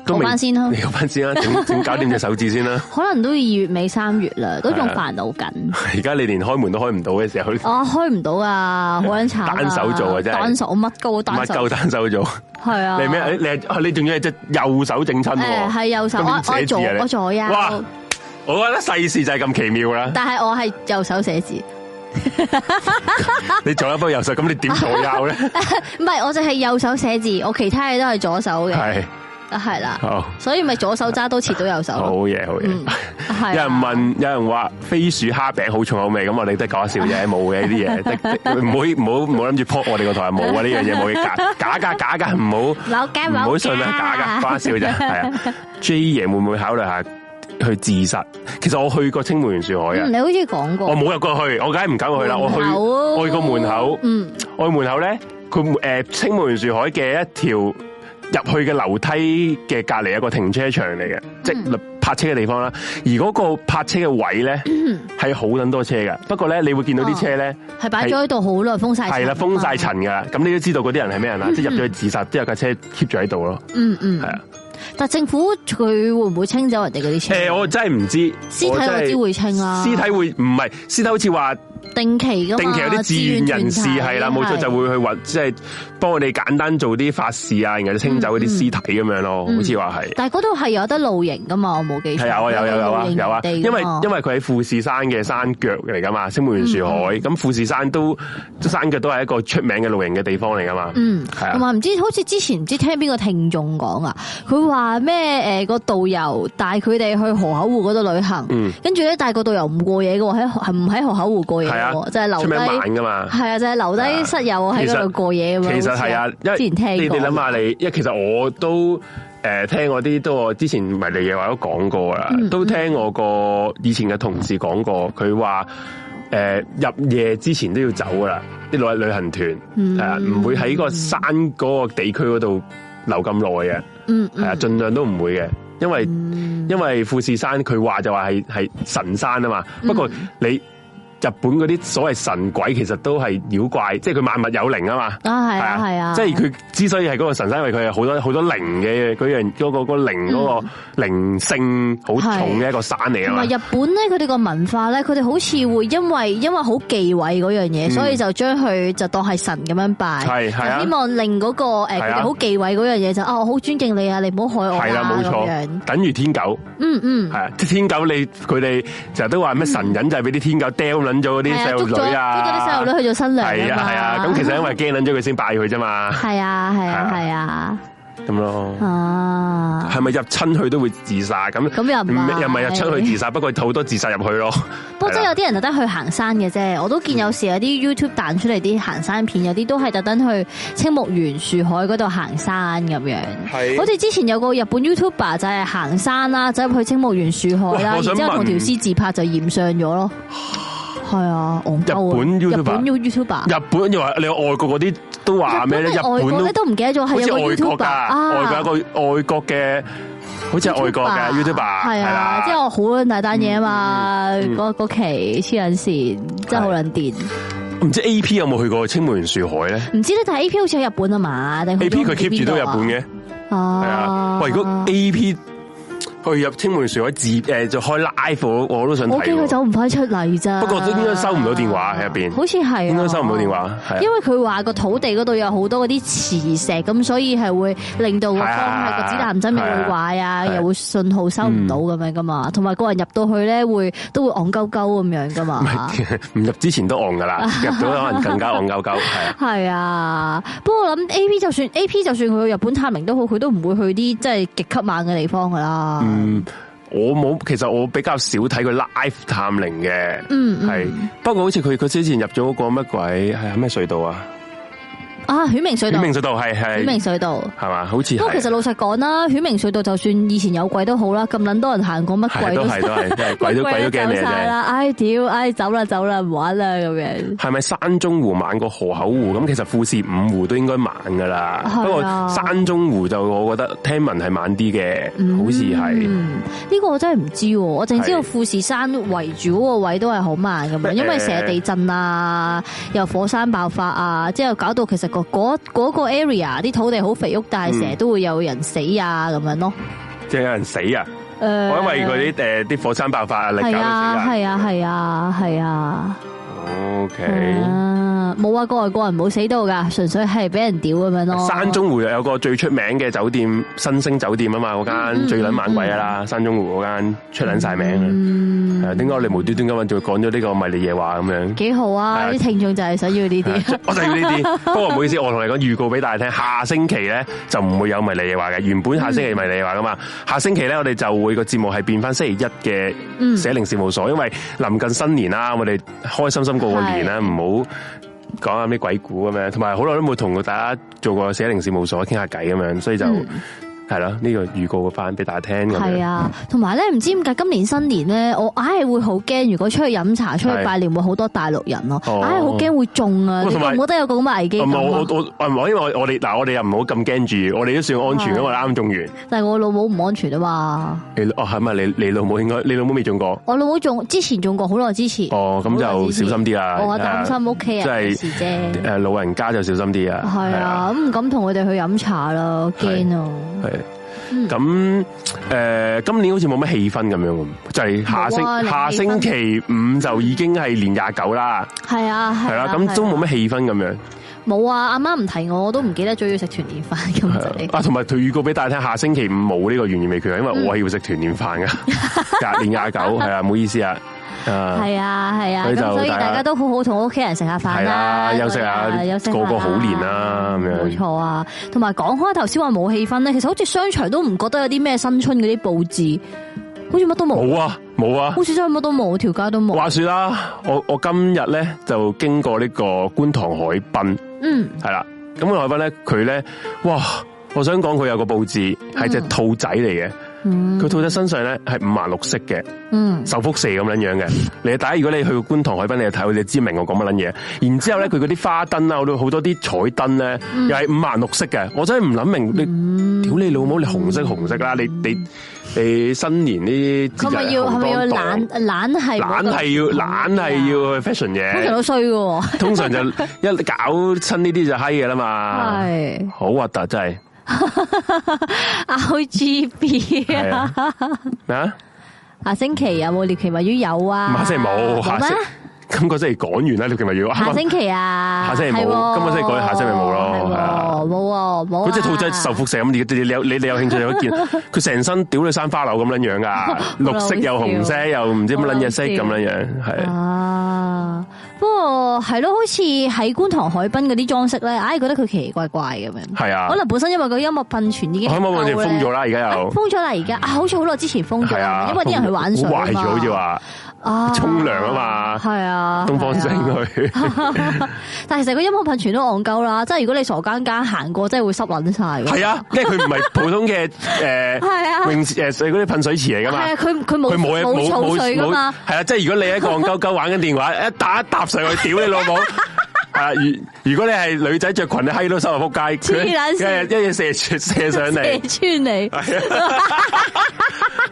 講翻先啦，講翻先啦，整整搞掂隻手指先啦。可能都二月尾三月啦，都仲煩惱緊。而家你連開門都開唔到嘅時候去。啊，開唔到啊，好撚慘！單手做嘅啫，單手乜高，單手夠單手做。係啊，你咩？你你仲要隻右手整親。誒，係右手我做，我做呀。哇！我覺得世事就係咁奇妙啦。但係我係右手寫字。你左波右手，咁你點左右咧？唔係，我就係右手寫字，我其他嘢都係左手嘅。係，係啦。所以咪左手揸刀切到右手。好嘢，好嘢。嗯，係。有人問，有人話飛鼠蝦餅好重口味，咁我哋得講笑啫，冇嘅呢啲嘢，唔好唔好唔好諗住扑我哋個台，冇啊呢樣嘢，冇假假假㗎，唔好唔好信啊，假噶，講笑啫。係啊。J 爺會唔會考慮下？去自殺，其實我去過青梅園樹海啊，你好似講過，我冇入過去，我梗係唔敢去啦，啊。我去，我去過門口，嗯，我去門口咧，佢誒青梅園樹海嘅一條入去嘅樓梯嘅隔籬有一個停車場嚟嘅，即、就、係、是、泊車嘅地方啦。嗯，而嗰個泊車嘅位咧係好撚多車噶，不過咧，你會見到啲車咧係擺咗喺度好耐，封晒，係啦，封晒塵噶。咁、啊，你都知道嗰啲人係咩人啦，嗯，即係入咗去自殺，之後有架車 keep 咗喺度咯。嗯嗯，係啊。但政府佢會唔會清走人哋嗰啲車？誒，我真係唔知，屍體我知會清啊，屍體會唔係屍體好似話。定期，定期有啲志願人士係啦，冇錯，就會去揾即係幫我哋簡單做啲法事啊，然後清走嗰啲屍體咁樣咯、嗯，好似話係。但嗰度係有得露營噶嘛？我冇記憶。係、嗯、啊，有有有啊，有啊，因為因為佢喺富士山嘅山腳嚟噶嘛，青木原樹海。咁、嗯、富士山都山腳都係一個出名嘅露營嘅地方嚟噶嘛。嗯，係啊。同埋唔知好似之前唔知聽邊個聽眾講啊，佢話咩誒個導遊帶佢哋去河口湖嗰度旅行，跟住咧帶個導遊唔過夜嘅喎，喺唔喺河口湖過夜？係啊，就係、是、留低晚噶嘛，係啊，就係、是、留低室友喺嗰度過夜咁樣。其實係啊，因為之前聽說你哋諗下，你，想想你因為其實我都誒、呃、聽我啲都我之前迷你嘢話都講過啦、嗯嗯，都聽我個以前嘅同事講過，佢話誒入夜之前都要走噶啦，啲旅旅行團係、嗯、啊，唔會喺個山嗰個地區嗰度留咁耐嘅，係、嗯嗯、啊，盡量都唔會嘅，因為、嗯、因為富士山佢話就話係係神山啊嘛，不過你。嗯日本嗰啲所謂神鬼其實都係妖怪，即係佢萬物有靈啊嘛。啊係啊係啊，即係佢之所以係嗰個神，因為佢係好多好多靈嘅嗰樣嗰個個靈嗰個靈性好重嘅一個山嚟啊嘛。日本咧，佢哋個文化咧，佢哋好似會因為因為好忌諱嗰樣嘢，所以就將佢就當係神咁樣拜，係係啊，希望令嗰個誒好忌諱嗰樣嘢就哦好尊敬你啊，你唔好害我啊咁樣，等於天狗。嗯嗯，係啊，即係天狗你佢哋成日都話咩神隱，就係俾啲天狗叼咁樣。嗰啲細路女啊，啲細路女去做新娘，係啊係啊，咁其實因為驚捻咗佢先拜佢啫嘛，係啊係啊係啊，咁咯，啊，係咪入親佢都會自殺？咁咁又唔又入親佢自殺，不過好多自殺入去咯。不過真係有啲人特登去行山嘅啫，我都見有時有啲 YouTube 彈出嚟啲行山片，有啲都係特登去青木原樹海嗰度行山咁樣。好似之前有個日本 YouTuber 就係行山啦，走入去青木原樹海啦，然之後同條屍自拍就染上咗咯。係啊，澳洲日本 YouTuber、YouTuber，日本又話你有外國嗰啲都話咩咧？日本咧都唔記得咗，係一個外國噶，外國一個外國嘅，好似係外國嘅 YouTuber，係啊，即係好大單嘢啊嘛，嗰期黐撚線真係好卵癲，唔知 AP 有冇去過青梅原樹海咧？唔知咧，但係 AP 好似喺日本啊嘛，定 AP 佢 keep 住都喺日本嘅，哦，係啊，喂，如果 AP。去入青梅樹海自誒就開 live，我都想睇。我見佢走唔翻出嚟咋。不過應該收唔到電話喺入邊。好似係。應該收唔到電話。電話因為佢話個土地嗰度有好多嗰啲磁石，咁所以係會令到個方個指南針又會壞啊，啊，啊，又會信號收唔到咁樣噶嘛。同、嗯、埋個人入到去咧，會都會戇鳩鳩咁樣噶嘛。唔入之前都戇噶啦，入到可能更加戇鳩鳩。係啊，不過我諗 A P 就算 A P 就算佢去日本探明都好，佢都唔會去啲即係極級猛嘅地方噶啦。嗯，我冇，其實我比較少睇佢 live 探靈嘅，嗯，嗯，係，不過好似佢佢之前入咗個乜鬼，係咩隧道啊？啊！犬明隧道，犬明隧道係係，犬明隧道係嘛，好似。不過其實老實講啦，犬明隧道就算以前有鬼都好啦，咁撚多人行過，乜鬼都係， (laughs) 鬼都 (laughs) 鬼都驚嚟啫。係啦，唉屌，唉走啦走啦，唔玩啦咁樣。係咪山中湖猛過河口湖？咁其實富士五湖都應該猛噶啦。不過、啊，山中湖就我覺得聽聞係猛啲嘅，好似係。呢，嗯嗯這個我真係唔知道，我淨知道富士山圍住嗰個位置都係好猛咁樣，因為成日地震啊，呃，又火山爆發啊，之後搞到其實。嗰、那、嗰個 area 啲土地好肥沃，但係成日都會有人死啊，咁樣咯，即係有人死啊，呃、我因為佢啲誒啲火山爆發啊嚟搞到死啊，係啊係啊係啊係啊。O K 冇啊，個外國人冇死到噶，純粹係俾人屌咁樣咯。山中湖有個最出名嘅酒店，新星酒店啊嘛，嗰間最撚猛鬼啦，山中湖嗰間出捻晒名啊、嗯。點解我哋無端端咁樣就講咗呢個迷你夜話咁樣？幾好啊！啲聽眾就係想要呢啲，我就要呢啲。 (laughs) 不過唔好意思，我同你講預告俾大家聽，下星期咧就唔會有迷你夜話嘅。原本下星期迷你夜話噶嘛，下星期咧我哋就會、這個節目係變翻星期一嘅寫靈事務所，嗯、因為臨近新年啦，我哋開心心。過個年啦，唔好講下咩鬼故咁樣，同埋好耐都冇同大家做過寫零事務所傾下偈咁樣，所以就。嗯係啦，呢、呢個預告個翻俾大家聽咁。係啊，同埋咧，唔知點解今年新年咧，我唉會好驚，如果出去飲茶、出去拜年，會好多大陸人咯。唉，好驚會中啊！我得有個咁嘅危機感唔我我，我，我，我因為我我哋嗱我哋又唔好咁驚住，我哋都算安全，因為、啊、我啱中完。但係我老母唔安全啊嘛你、哦。你哦係咪你你老母應該你老母未中過？我老母中之前中過，好耐之前。哦，咁就小心啲啊。我擔心屋企、就是、人。即係誒老人家就小心啲啊。係啊，咁唔敢同佢哋去飲茶咯，驚啊！咁、嗯、誒，今年好似冇乜氣氛咁樣，就係下星、啊、下星期五就已經係年廿九啦。係啊，係啦，咁都冇乜氣氛咁樣。冇啊，阿媽唔提我，我都唔記得咗要食團年飯咁樣，啊，同埋退預告俾大家聽，下星期五冇呢、呢個懸疑未決，因為我係要食團年飯噶，隔、嗯、 (laughs) 年廿九係啊，唔好意思啊。係啊，係啊所，所以大家都好好同屋企人食下飯啦，休息，下，休息下，個個好年啦咁樣。冇錯啊，同埋講開頭先話冇氣氛咧，其實好似商場都唔覺得有啲咩新春嗰啲布置，好似乜都冇。冇啊，冇啊，好似真係乜都冇，條街都冇。話說啦，我我今日咧就經過呢個觀塘海濱，嗯，係啦，咁海濱咧佢咧，哇，我想講佢有個布置係隻兔仔嚟嘅。佢兔仔身上咧係五顏六色嘅、嗯，受輻射咁樣樣嘅。你大家如果你去觀塘海濱，你看他就睇，你知明我講乜捻嘢。然之後咧，佢嗰啲花燈啦，好多好多啲彩燈咧，又係五顏六色嘅。我真係唔諗明你，屌你老母，你紅色紅色啦，你你你，你新年呢，佢咪要，係咪要懶懶係，懶係要，懶係要，要 fashion 嘅。通常都衰噶， (laughs) 通常就一搞親呢啲就嗨嘅啦嘛，係好核突真係。RGB 啊咩啊，下星期有冇獵奇物？于有啊，下星期冇下今個星期講完啦，你哋咪要下星期啊，下星期冇，哦、今個星期講下星期冇咯，係、哦、啊，啊，冇喎、啊啊，冇、啊。嗰隻兔仔受輻射咁你有你有興趣一件。佢成 (laughs) 身屌到山花柳咁樣樣噶，綠色又紅色， (laughs) 色又唔 (laughs) 知乜撚嘢色咁樣樣，係 (laughs) 啊，啊。不過係咯，好似喺觀塘海濱嗰啲裝飾咧，唉、哎，覺得佢奇奇怪怪咁樣。係啊。可能本身因為個音樂噴泉已經封咗啦，而、啊、家、嗯嗯嗯嗯、又封咗啦，而、啊、家啊，啊，好似好耐之前封咗，係啊，因為啲人去玩好水咗，好似話啊，沖涼啊嘛，係啊。啊東方城佢，但係其實個音樂噴泉全都戇鳩啦，即係如果你傻更更行過，真係會濕卵晒嘅。係啊、呃，即係佢唔係普通嘅誒，泳誒水嗰啲噴水池嚟噶嘛。係啊，佢佢冇，佢冇嘢冇。冇水噶嘛。係啊，即係如果你喺個戇鳩鳩玩緊電話， (laughs) 一打一搭上去，屌你老母！ (laughs) 啊！如如果你係女仔着裙， (laughs) 你嗨到收入扑街，黐一嘢射射上嚟，係 (laughs) 射穿你笑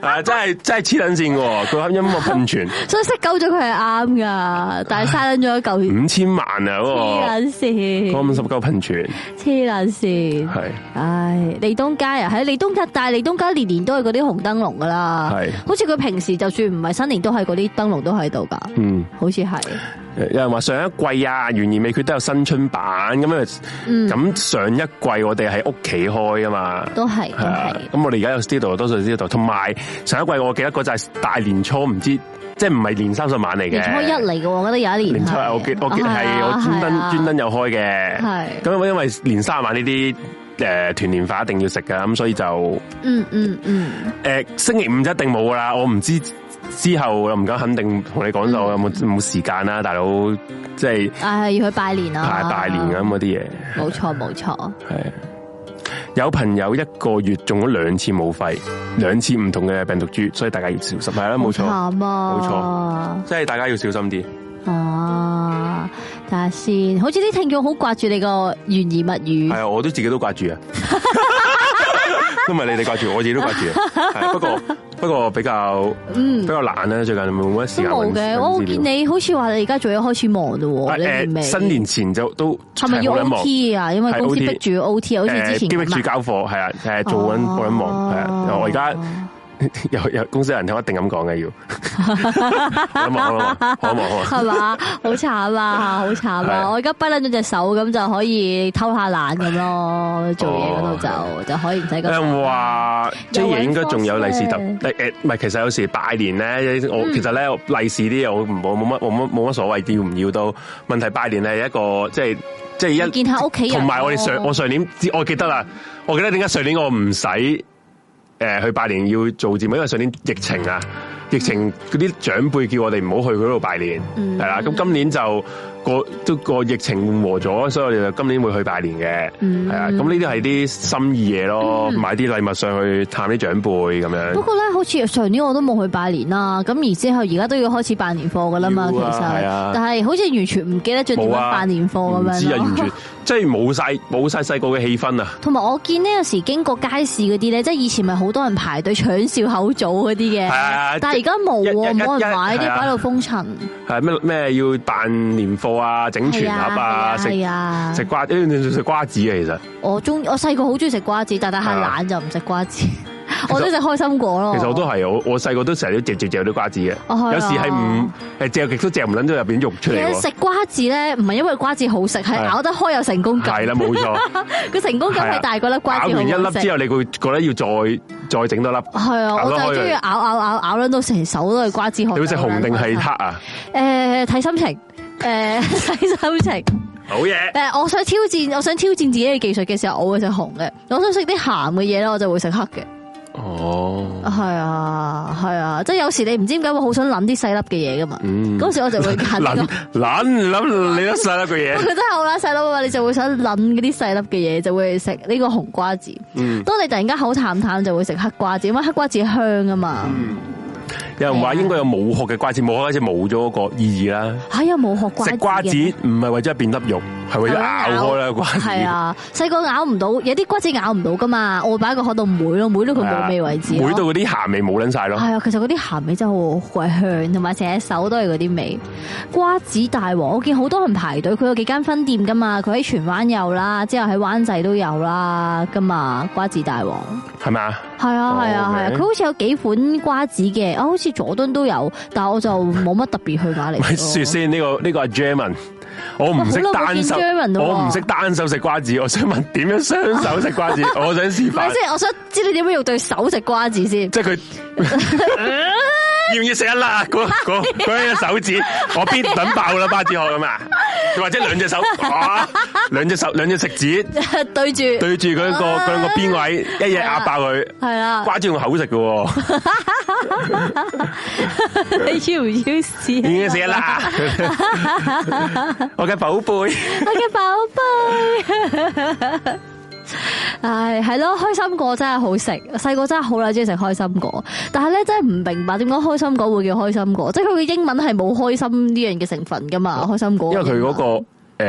啊！你。真係真係黐捻線噶，佢啱音樂噴泉， (laughs) 所以識鳩咗佢係啱噶，但係嘥捻咗一嚿五千萬啊！黐捻線，講五十九噴泉，黐捻線，係唉，利東街啊，喺利東街，但係利東街年年都係嗰啲紅燈籠噶啦，係，好似佢平時就算唔係新年，都係嗰啲燈籠都喺度噶，嗯，好似係。有人話上一季啊，懸而未決都有新春版咁啊，咁上一季我哋喺屋企開噶嘛，嗯、都係，咁、啊、我哋而家有 studio，多數 studio，同埋上一季我記得嗰陣大年初唔知，即係唔係年三十晚嚟嘅？年初一嚟嘅。我覺得有一年，年初一我記得我係專登專登有開嘅，咁因為年三十晚呢啲誒團年飯一定要食噶，咁所以就，嗯嗯，誒、嗯呃、星期五就一定冇噶啦，我唔知。之後又唔敢肯定同你講就有冇冇時間啦，大佬即係，係要去拜年啦，拜年咁嗰啲嘢。冇錯冇錯，係有朋友一個月中咗兩次武肺，兩次唔同嘅病毒株，所以大家要小心係啦，冇錯，冇錯，即係、啊、大家要小心啲、啊。哦，但係先，好似啲聽眾好掛住你個懸疑物語？係啊，我都自己都掛住啊。都 (laughs) 係你哋掛住，我自己都掛住係。不過不過比較，嗯，比較難咧。最近冇乜時間。冇嘅。我見你好似話你而家做咗開始忙嘞、呃。新年前就都係咪要 O T 啊？因為公司逼住 O T 啊。誒，好似之前逼住交貨係啊。誒，做緊幫緊忙係啊。我而家。有有公司人頭一定咁講嘅要好，好啊好，好，好啊，好啊好啊，係嘛，好慘啊，好慘啊！我而家不嬲，咗隻手咁就可以偷下懶咁咯，做嘢嗰度就、哦、就可以唔使、啊。誒，哇，J 爺應該仲有利是特誒唔係，其實有時拜年咧，我其實咧利是啲嘢，我好冇乜冇乜冇乜所謂，要唔要都問題拜年係一個即係即係一見下屋企人、啊，同埋我哋上我上年我記得啦，我記得點解上年我唔使。誒，去拜年要做節目，因為上年疫情啊，疫情嗰啲長輩叫我哋唔好去嗰度拜年，係、嗯、啦。咁今年就個都個疫情緩和咗，所以我哋就今年會去拜年嘅，係、嗯、啊。咁呢啲係啲心意嘢咯，買啲禮物上去探啲長輩咁樣。不過咧，好似上年我都冇去拜年啦。咁而之後而家都要開始辦年貨噶啦嘛，其實，啊、但係好似完全唔記得咗點樣辦年貨咁樣。不知啊，完全 (laughs) 即係冇晒冇晒細個嘅氣氛啊！同埋我見呢有時經過街市嗰啲咧，即係以前咪好多人排隊搶笑口棗嗰啲嘅，但係而家冇，冇人買啲擺到封塵。係咩咩要辦年貨啊？整全盒啊？食食瓜食瓜子啊，其實吃的我喜歡。我中我細個好中意食瓜子，但係太懶就唔食瓜子。 (laughs) 我都食開心果咯。其實我，我都係我我細個都成日都嚼嚼嚼啲瓜子嘅，有時係唔，誒嚼極都嚼唔捻到入邊肉出嚟。食瓜子咧唔係因為瓜子好食，係咬得開有成功感。係啦，冇錯。個成功感係大過粒瓜子咬。咬完一粒之後，你會覺得要再再整多粒。係啊，我就係中意咬咬咬咬捻到成手都係瓜子殼、呃。你要食紅定係黑啊？誒，睇心情。誒、呃，睇心情。好嘢。誒，我想挑戰，我想挑戰自己嘅技術嘅時候，我會食紅嘅。我想食啲鹹嘅嘢，咧我就會食黑嘅。哦，係啊，係啊，即係有時你唔知點解會好想諗啲細粒嘅嘢噶嘛，嗰時我就會諗諗諗你啲細粒嘅嘢。佢真係好啦，細粒嘅話你就會想諗嗰啲細粒嘅嘢，就會食呢個紅瓜子。當、嗯、你突然間口淡淡，就會食黑瓜子，因為黑瓜子香啊嘛、嗯。有人話應該有冇殼嘅瓜子，冇殼嘅冇咗個意義啦。吓，又冇殼瓜，食瓜子唔係為咗變粒肉，係為咗咬開啦。係啊，細個咬唔到，有啲瓜子咬唔到噶嘛。我擺個殼到妹咯，妹到佢冇味為止，妹到嗰啲鹹味冇捻晒咯。係啊，其實嗰啲鹹味真係好鬼香，同埋成隻手都係嗰啲味。瓜子大王，我見好多人排隊，佢有幾間分店噶嘛。佢喺荃灣有啦，之後喺灣仔都有啦，噶嘛。瓜子大王係咪啊？係啊，係啊，係啊。佢好似有幾款瓜子嘅。啊，好似佐敦都有，但我就冇乜特別去嗰，嚟說先呢個呢、呢個係 Jamen，我唔識單手，我唔識單手食瓜，瓜子。我想問點樣雙手食瓜子？我想示範。 (laughs) 即係我想知你點樣要對手食瓜子先。即係佢。要唔要食一粒啊？嗰嗰、那個那個、手指，啊、我邊、啊、等爆啦巴指學咁啊！或者兩隻手，啊兩隻手兩隻食指對住對住嗰、那個嗰、啊那個邊位，一嘢壓爆佢。係啊，瓜住個口食㗎喎。你要唔要試？要食一啦！ (laughs) 我嘅的寶貝 (laughs) 我嘅的寶貝。 (laughs) 唉，係咯，開心果真係好食，細個真係好耐，鍾意食開心果。但係咧，真係唔明白點解開心果會叫開心果？即係佢嘅英文係冇開心呢樣嘅成分噶嘛？開心果因為佢嗰、那個誒、呃、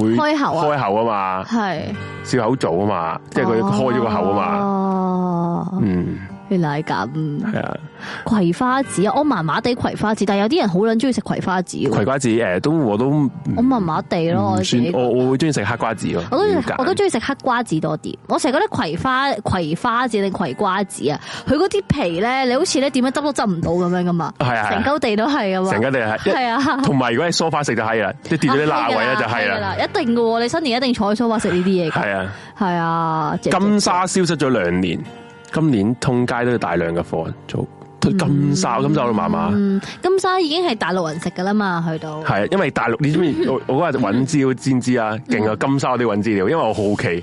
會開口啊，開口啊嘛，係笑口棗啊嘛，即係佢開咗個口啊嘛，嗯。你奶咁係啊？葵花籽，我麻麻地葵花籽，但係有啲人好撚中意食葵花籽。瓜籽瓜籽葵，花葵花籽誒，都我都我麻麻地咯。我我會中意食黑瓜子咯。我都我都中意食黑瓜子多啲。我成日覺得葵花葵花籽定葵瓜籽啊，佢嗰啲皮咧，你好似咧點樣執都執唔到咁樣噶嘛。係 (laughs) (laughs) 啊，成嚿地都係噶嘛。成嚿地係係啊。同埋如果喺梳化食就係啦，你跌咗啲辣位啊就係啦。一定噶，你新年一定坐喺梳化食呢啲嘢。係啊，係啊。金沙消失咗兩年。 (laughs) 今年通街都有大量嘅貨運組，對金沙、金沙我都麻麻。嗯，金沙已經係大陸人食㗎啦嘛，去到係啊，因為大陸你知唔知？我我嗰日揾資料知唔知啊，勁、嗯、啊，金沙啲揾資料，因為我好奇。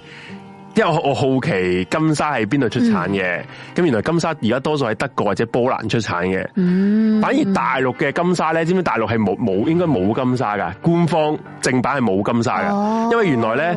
因為我好奇金沙係邊度出產嘅？咁、嗯、原來金沙而家多數係德國或者波蘭出產嘅，嗯、反而大陸嘅金沙咧，知唔知大陸係冇冇應該冇金沙噶？官方正版係冇金沙噶，哦、因為原來咧，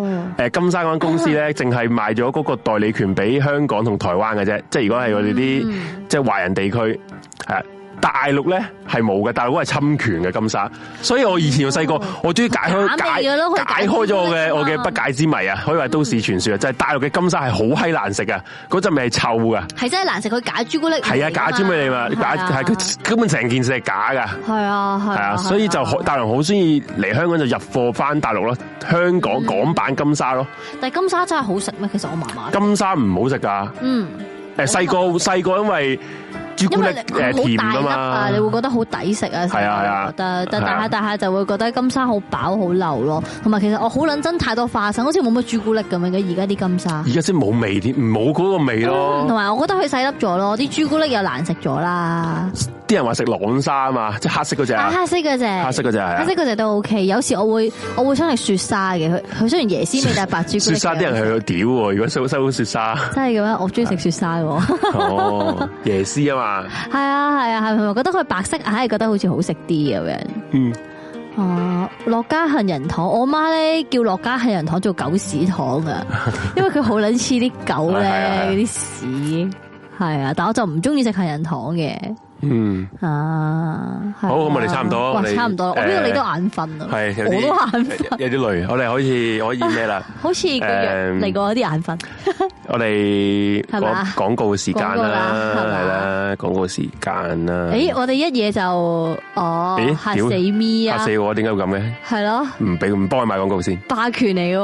誒金沙嗰間公司咧，淨係賣咗嗰個代理權俾香港同台灣嘅啫，嗯、即係如果係我哋啲即係華人地區係。大陸咧，係冇嘅，大陸係侵權嘅金沙，所以我以前又細個，我終於解開解，解，解開咗我嘅，啊、我嘅不解之謎啊！可以話都市傳說，嗯、就係、是、大陸嘅金沙係好閪難食嘅，嗰陣味係臭嘅，係真係難食。佢假朱古力係啊，假朱古力嘛，係佢，啊啊啊、根本成件事係假嘅，係啊係啊，啊，啊，所以就大陸好中意嚟香港就入貨翻大陸咯，香港港版金沙咯，嗯。但係金沙真係好食咩？其實我麻麻，金沙唔好食噶，嗯，誒細個細個因為。力甜因為你唔好大粒啊，你會覺得好抵食啊。係啊係啊，但但大下大下就會覺得金沙好飽好流咯。同埋其實我好捻真太多花生，好似冇乜朱古力咁樣嘅。而家啲金沙，而家先冇味添，冇嗰個味咯。同埋我覺得佢細粒咗咯，啲朱古力又難食咗啦。啲人話食朗沙啊嘛，即黑色嗰隻。啊，黑色嗰隻。黑色嗰隻黑色隻都 OK，有時我會我會想食雪沙嘅，佢佢雖然椰絲味，但係白朱古力。雪。雪沙啲人係去屌，如果收收碗雪沙。真係嘅咩？我中意食雪沙。哦，椰絲啊。係啊，係啊，係，係咪覺得佢白色，唉，覺得好似好食啲咁樣。嗯，哦，樂家杏仁糖，我媽咧叫樂家杏仁糖做狗屎糖啊，因為佢好撚似啲狗咧嗰啲屎，係啊，但我就唔中意食杏仁糖嘅。嗯啊，好，咁我哋差唔多，差唔多，我邊個你都眼瞓啊，係，我都眼瞓，有啲累，我哋好似可以咩啦，好似誒嚟過有啲眼瞓，我哋講廣告嘅時間啦，係咪啊？廣告時間啦，誒，我哋一嘢就哦吓死咪啊，吓死我，點解會咁嘅？係咯，唔俾唔幫佢賣廣告先，霸權嚟嘅，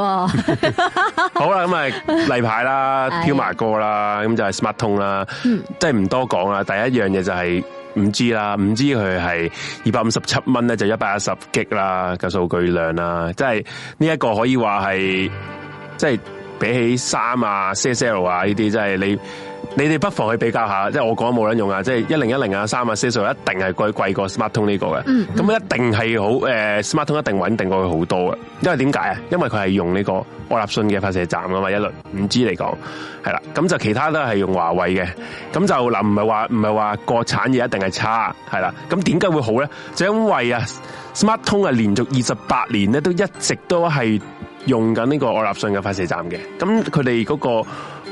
好啦，咁啊，例牌啦，飄埋哥啦，咁就係 Smart 通啦，嗯，即係唔多講啦，第一樣嘢就係。五 G 啦，五 G 佢係二百五十七蚊咧，就一百一十 G 啦嘅數據量啦，即係呢一個可以話係，即係比起三啊、C S L 啊呢啲，即係你。你哋不妨去比較下，即係我講冇卵用啊！即係一零一零啊，三啊四數一定係貴貴過 Smart 通呢個嘅，咁、嗯嗯、一定係好 Smart 通一定穩定過佢好多嘅。因為點解啊？因為佢係用呢個愛立信嘅發射站啊嘛，一輪五 G 嚟講係啦。咁就其他都係用華為嘅。咁就嗱，唔係話唔係話國產嘢一定係差係啦。咁點解會好咧？就因為啊，Smart 通啊，連續二十八年咧都一直都係用緊呢個愛立信嘅發射站嘅。咁佢哋嗰個。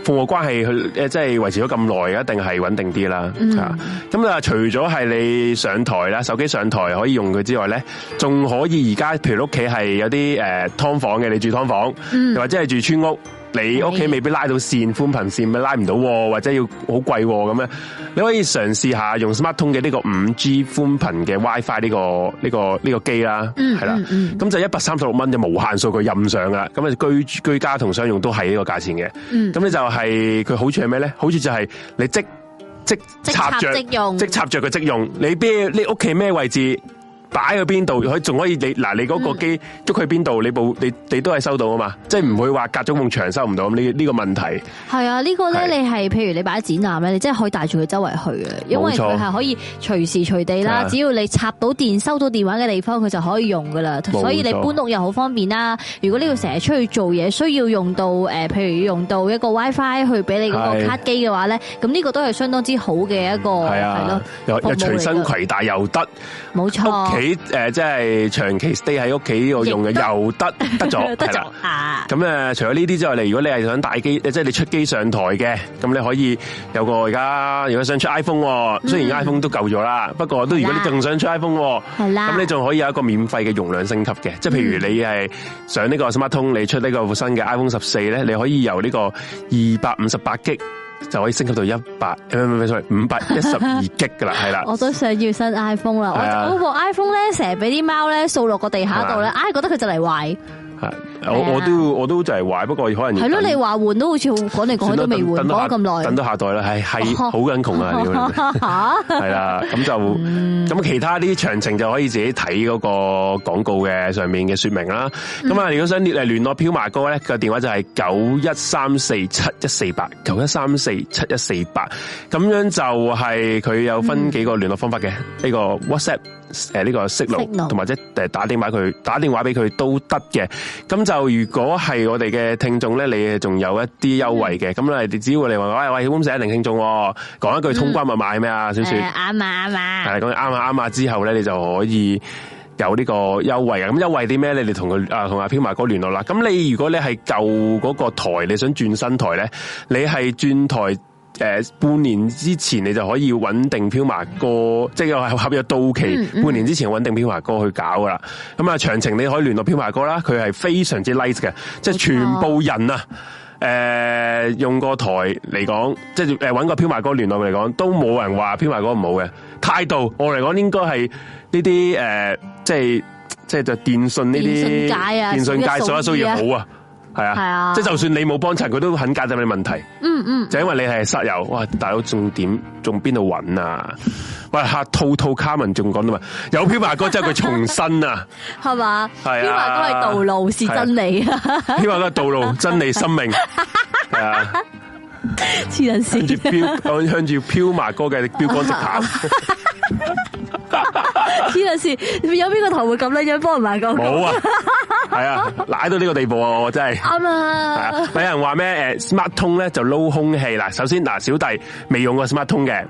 服務關係去誒，即係維持咗咁耐一定係穩定啲啦。嚇，咁啊，除咗係你上台啦，手機上台可以用佢之外咧，仲可以而家譬如屋企係有啲誒劏房嘅，你住㓥房，又或者係住村屋。你屋企未必拉到線，寬頻線咪拉唔到，或者要好貴，咁樣你可以嘗試下用 Smart 通嘅呢個五 G 寬頻嘅 WiFi 呢、這個呢、這個呢、這個機啦，係、嗯、啦，咁、嗯嗯嗯、就一百三十六蚊就無限數據任上啦。咁啊居居家同商用都係呢個價錢嘅，咁、嗯、你就係、是、佢好處係咩咧？好處就係你即即插着，即插着佢即，即，用，即用，你邊你屋企咩位置？擺去邊度，佢仲可以你嗱，你嗰個機捉去邊度，你部你你都係收到啊嘛，嗯、即係唔會話隔咗埲牆收唔到咁呢呢個問題。係、這、啊、個，呢個咧你係譬如你擺喺展覽咧，你即係可以帶住佢周圍去啊，因為佢係可以隨時隨地啦，只要你插到電收到電話嘅地方，佢就可以用噶啦。所以你搬屋又好方便啦。如果呢個成日出去做嘢，需要用到誒，譬如要用到一個 WiFi 去俾你嗰個卡機嘅話咧，咁呢個都係相當之好嘅一個係咯，又又隨身攜帶又得，冇錯。俾誒，即係長期 stay 喺屋企度用嘅又得得咗，係啦。咁、啊、除咗呢啲之外，你如果你係想帶機，即係你出機上台嘅，咁你可以有個。而家如果想出 iPhone、嗯、雖然 iPhone 都夠咗啦，不過都如果你仲想出 iPhone，咁你仲可以有一個免費嘅容量升級嘅。即係譬如你係上呢個 SmarTone，你出呢個新嘅 iPhone 十四咧，你可以由呢個二百五十八 G，就可以升級到一百，唔唔唔，sorry，五百一十二 G 㗎啦，係啦，我都想要新 iPhone 啦，我部 iPhone 咧成日俾啲貓咧掃落個地下度咧，唉，覺得佢就嚟壞。係，我我都我都就係壞，不過可能係咯。你話換都好似講嚟講去都未換，等咗咁耐、那個。等到下代啦，係係好緊窮啊！係啦，咁 (laughs) (laughs) 就咁、嗯、其他啲詳情就可以自己睇嗰個廣告嘅上面嘅說明啦。咁、嗯、啊，如果想聯誒聯絡飄馬哥咧，個電話就係九一三四七一四八，九一三四七一四八。咁樣就係佢有分幾個聯絡方法嘅呢、嗯、個 WhatsApp。誒、這個，呢個息路同埋即誒打電話佢，打電話俾佢都得嘅。咁就如果係我哋嘅聽眾咧，你仲有一啲優惠嘅。咁、嗯、你哋只要你話喂喂，點寫定聽眾，講、哦、一句通關咪買咩啊？小、嗯、雪，啱啊啱啊，係講啱啊啱啊之後咧，你就可以有呢個優惠。咁優惠啲咩？你哋同佢啊同阿飄馬哥聯絡啦。咁你如果你係舊嗰個台，你想轉新台咧，你係轉台。誒、呃，半年之前你就可以搵定飄埋哥，即係又合約到期，嗯嗯，半年之前搵定飄埋哥去搞噶啦。咁啊，詳情你可以聯絡飄埋哥啦，佢係非常之 nice 嘅，即係全部人啊，誒、呃，用個台嚟講，即係誒，搵個飄埋哥聯絡嚟講，都冇人話飄埋哥唔好嘅態度。我嚟講，應該係呢啲誒，即係即係就電信呢啲界啊，電信界數一數二啊。係啊，即係、啊、就算你冇幫襯，佢都肯解答你的問題。嗯嗯，就因為你係室友，哇！大佬仲點仲邊度揾啊？喂，阿兔兔卡文仲講到嘛？有漂白哥真係佢重申啊，係 (laughs) 嘛？係啊，漂白、哥係道路是真理是啊，漂 (laughs) 白、啊、哥道路 (laughs) 真理生命。 (laughs) 啊。黐線，向住飄向住飄馬哥嘅標杆直彈，黐線，有邊個頭會咁樣樣幫埋哥？冇啊，係啊，捱到呢個地步啊，我真係啱啊！啊，有人話咩？誒，SmarTone 咧就撈空氣啦。首先嗱，小弟未用過 SmarTone 嘅，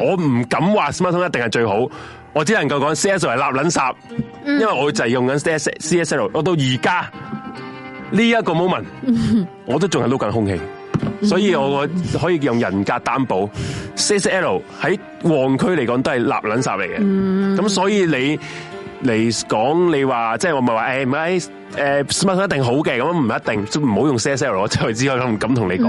我唔敢話 SmarTone 一定係最好，我只能夠講 CSL 係垃撚圾，因為我就係用緊、嗯、CS C S L，我到而家呢一個 moment，我都仲係撈緊空氣。所以我可以用人格擔保，CCL 喺旺區嚟講都係立卵殺嚟嘅，咁所以你嚟講，你話即係我唔係話誒唔誒，市場一定好嘅，咁唔一定，唔好用 sell sell 咯，即係之後以唔敢同你講，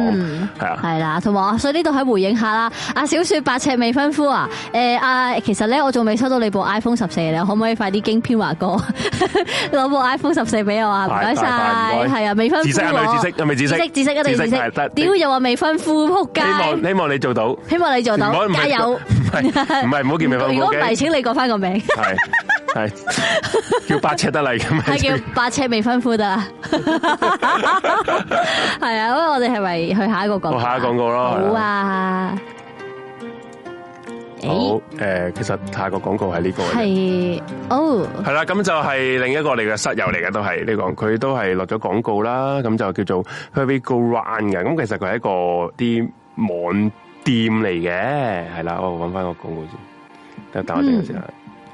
係啊，係啦，同埋，所以呢度喺回應下啦。阿小雪八尺未婚夫啊，誒，阿其實咧，我仲未收到你部 iPhone 十四咧，可唔可以快啲經飄華哥攞部 iPhone 十四俾我啊？唔該晒，係啊，未婚夫，知識啊，女知識，有冇知識？知識，知識你知識，屌又話未婚夫，撲街！希望你做到，希望你做到，加油，唔係唔好叫未婚夫。如果唔係，請你講翻個名。係 (laughs) 叫八尺得嚟，係 (laughs) 是的 (laughs) 叫八尺未婚夫得啦。係 (laughs) 啊， (laughs) 咁我哋係咪去下一個廣告？下一個廣告咯，好啊。好誒、欸，其實下一個廣告係呢個係哦，係啦，咁就係另一個嚟嘅，室友嚟嘅，都係呢個，佢都係落咗廣告啦。咁就叫做 We Go Run 嘅，咁其實佢係一個啲網店嚟嘅，係啦，我搵翻個廣告先，等我停下先。嗯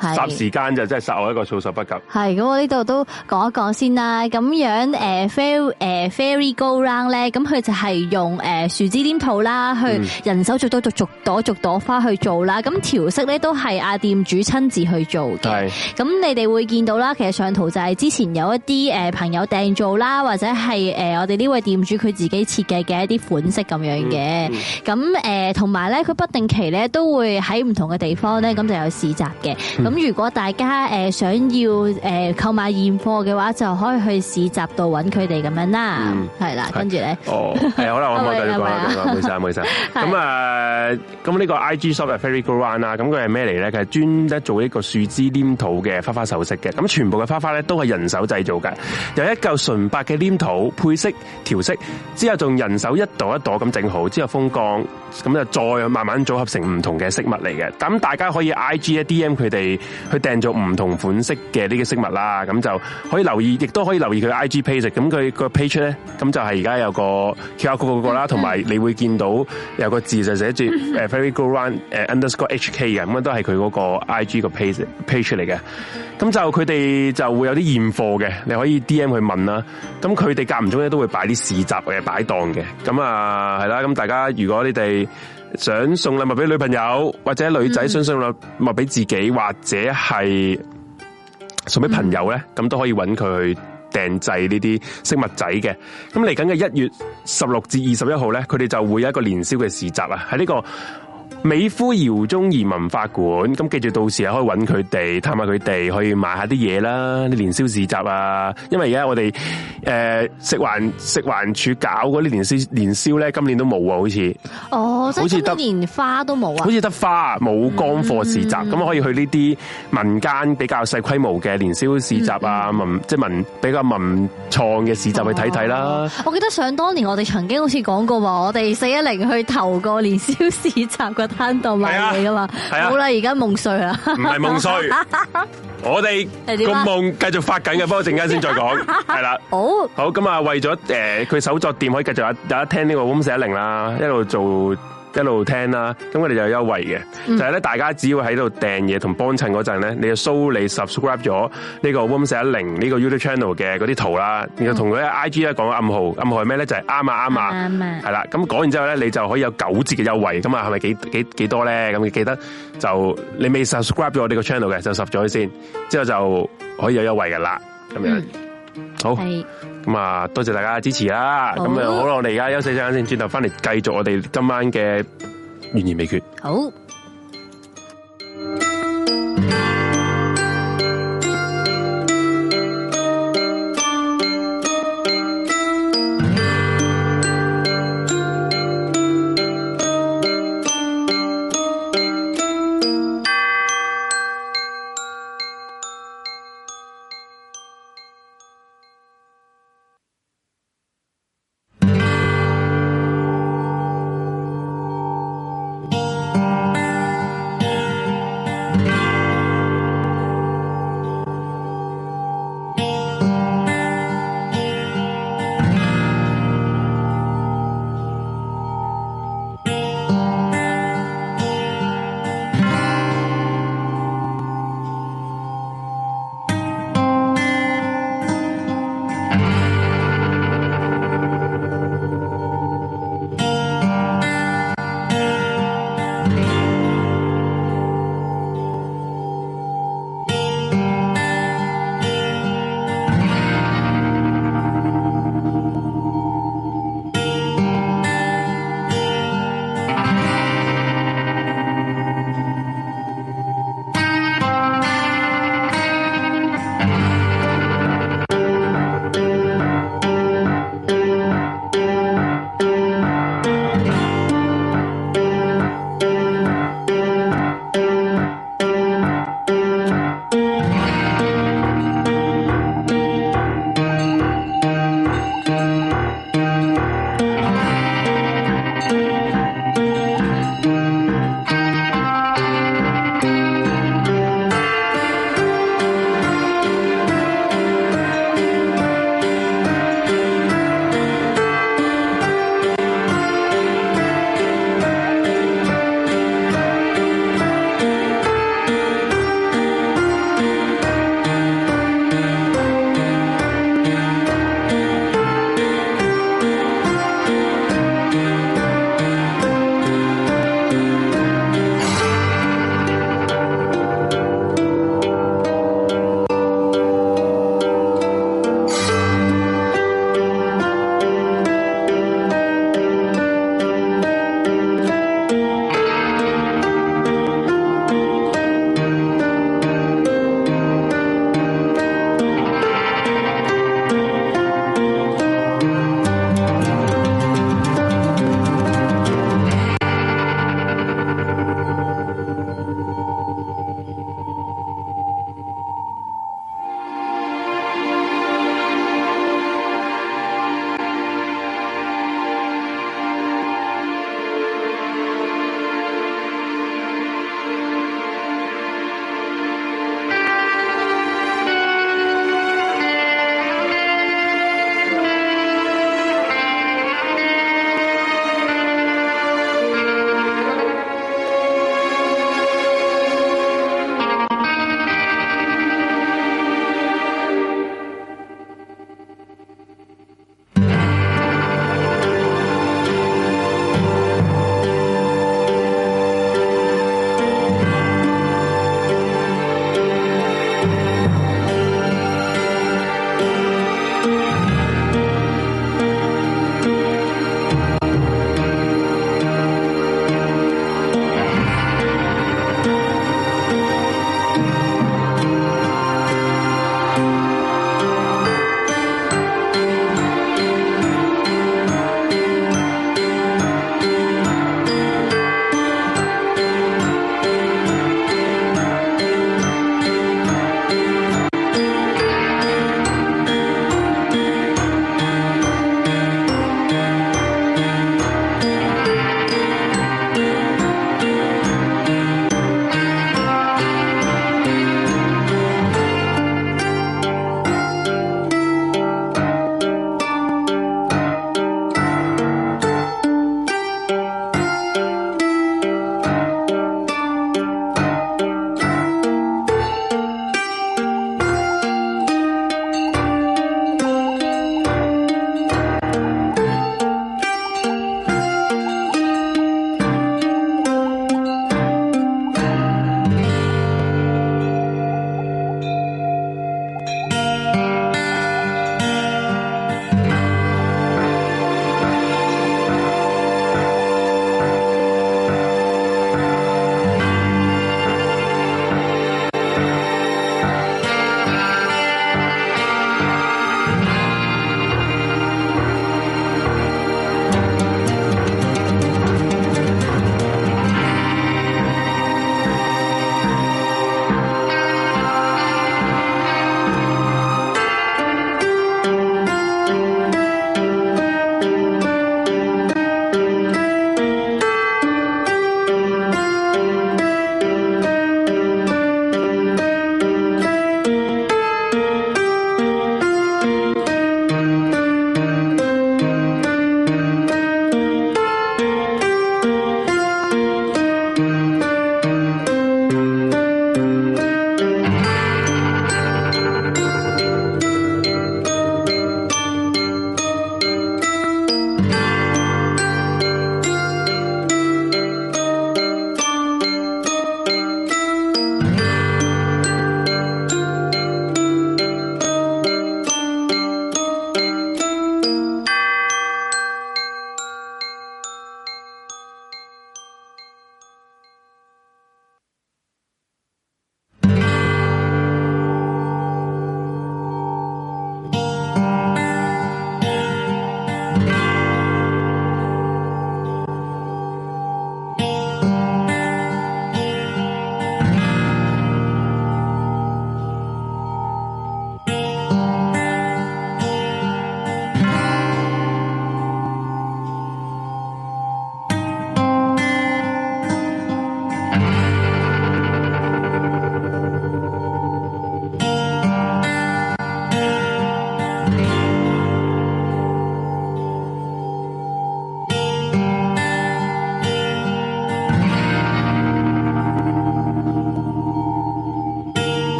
霎時間就真係殺我一個措手不及。係，咁我呢度都講一講先啦。咁樣誒，fair 誒，fairy go round 咧，咁、呃、佢就係用誒樹脂黏土啦，去人手逐朵逐逐朵逐朵花去做啦。咁調色咧都係阿店主親自去做嘅。咁你哋會見到啦，其實上圖就係之前有一啲誒朋友訂做啦，或者係誒我哋呢位店主佢自己設計嘅一啲款式咁樣嘅。咁誒，同埋咧，佢不定期咧都會喺唔同嘅地方咧，咁就有市集嘅。 (laughs) 咁如果大家誒想要誒購買現貨嘅話，就可以去市集度揾佢哋咁樣啦，係啦，跟住咧，哦，係好啦，我冇對你講啦，唔好意思唔該，唔該，咁啊，咁呢個 I G shop 係 Fairy Garden 啦，咁佢係咩嚟咧？佢係專一做呢個樹枝黏土嘅花花首飾嘅，咁全部嘅花花咧都係人手製造嘅，由一嚿純白嘅黏土配色調色，之後仲人手一朵一朵咁整好，之後風乾，咁就再慢慢組合成唔同嘅飾物嚟嘅。咁大家可以 I G 一 D M 佢哋。去訂做唔同款式嘅呢啲飾物啦，咁就可以留意，亦都可以留意佢嘅 IG page, page。咁佢個 page 咧，咁就係而家有個 QR Code 嗰個啦，同、嗯、埋你會見到有個字就寫住 Very Ground 誒 underscore HK 嘅，咁、嗯啊啊、都係佢嗰個 IG 個 page page 嚟嘅。咁就佢哋就會有啲現貨嘅，你可以 DM 去問啦。咁佢哋間唔中咧都會擺啲市集嘅，擺檔嘅。咁啊係啦，咁大家如果你哋。想送禮物俾女朋友，或者女仔想送禮物俾自己，嗯、或者係送俾朋友咧，咁、嗯、都可以揾佢去訂製呢啲飾物仔嘅。咁嚟緊嘅一月十六至二十一號咧，佢哋就會有一個年宵嘅市集啦，喺呢、呢個。美孚姚中移民法館，咁記住到時可以搵佢哋探下佢哋，可以買下啲嘢啦，啲年宵市集啊。因為而家我哋誒食環食環署搞嗰啲年宵年宵咧，今年都冇啊，好似哦，好似得年花都冇啊，好似得花冇乾貨市集，咁、嗯、可以去呢啲民間比較細規模嘅年宵市集啊、嗯，民即係民比較文創嘅市集去睇睇啦。我記得想當年我哋曾經好似講過，我哋四一零去投過年宵市集。個攤檔賣嘢噶嘛，係啊，好啦，而家夢碎啊，唔係夢碎，我哋個夢繼續發緊嘅，不過一陣間先再講，係啦，好，好咁啊，為咗誒佢手作店可以繼續有有一聽呢個溫氏一零啦，一路做。一路聽啦，咁我哋就有優惠嘅、嗯。就係咧，大家只要喺度訂嘢同幫襯嗰陣咧，你搜你 subscribe 咗呢個 WOMS10 呢個 YouTube channel 嘅嗰啲圖啦、嗯，然後同佢 I G 咧講暗號，暗號係咩咧？就係啱啊啱啊，係、嗯、啦。咁講完之後咧，你就可以有九折嘅優惠。咁啊，係咪幾幾幾多咧？咁你記得就你未 subscribe 咗我哋個 channel 嘅，就 subscribe 先，之後就可以有優惠噶啦。咁樣。嗯好，咁啊，多謝大家嘅支持啦，咁啊，好啦，我哋而家休息一陣先，轉頭翻嚟繼續我哋今晚嘅懸疑未決。好。嗯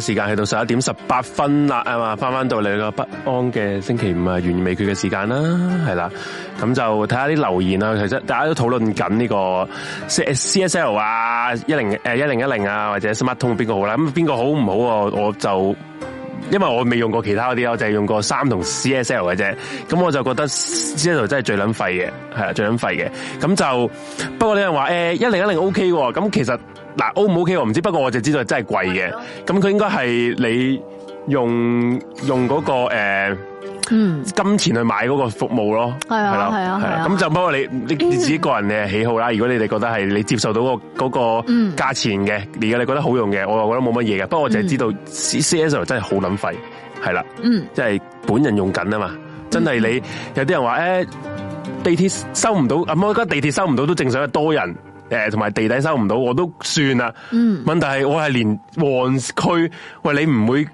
時間去到十一點十八分啦，啊嘛，返返到你個不安嘅星期五啊，完美決嘅時間啦，係啦，咁就睇下啲留言啦。其實大家都討論緊呢個 CSL 啊，一零誒一零一零啊，或者 Smart 通邊個好啦。咁邊個好唔好啊？我就。因為我未用過其他嗰啲，淨係用過三同 C S L 嘅啫。咁我就覺得 C S L 真係最撚廢嘅，係啊最撚廢嘅。咁就，不過你又話誒一零一零 O K 喎。咁、欸 okay 哦、其實嗱 O 唔 O K 我唔知，不過我就知道真係貴嘅。咁佢應該係你用用嗰、那個誒。欸嗯、mm.，金錢去買嗰個服務咯，係啊，係啊，係啊，咁就包括你你你自己個人嘅喜好啦。Mm. 如果你哋覺得係你接受到那個嗰個價錢嘅，而、mm. 家你覺得好用嘅，我又覺得冇乜嘢嘅。不過我淨係知道 CSL、mm. 真係好捻廢，係啦，嗯、mm.，即係本人用緊啊嘛，真係你、mm. 有啲人話誒、欸、地鐵收唔到，啊唔好，而家地鐵收唔到都正常，多人誒同埋地底收唔到我都算啦。嗯、mm.，問題係我係連旺區，喂你唔會。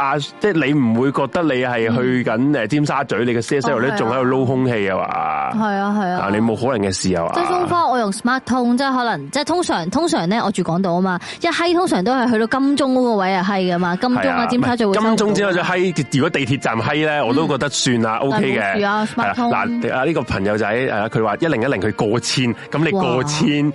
啊！即係你唔會覺得你係去緊誒尖沙咀，嗯、你嘅 CSL 仲喺度撈空氣話、嗯、啊嘛！係啊係啊！你冇可能嘅事啊！即係中我用 smart 通，即係可能，即係通常，通常咧我住港島啊嘛，一閪通常都係去到金鐘嗰個位啊閪噶嘛，金鐘啊、嗯、尖沙咀會。金鐘之後再閪，如果地鐵站閪咧，我都覺得算啦、嗯、，OK 嘅。係啊，嗱呢、呢個朋友仔佢話一零一零佢過千，咁你過千，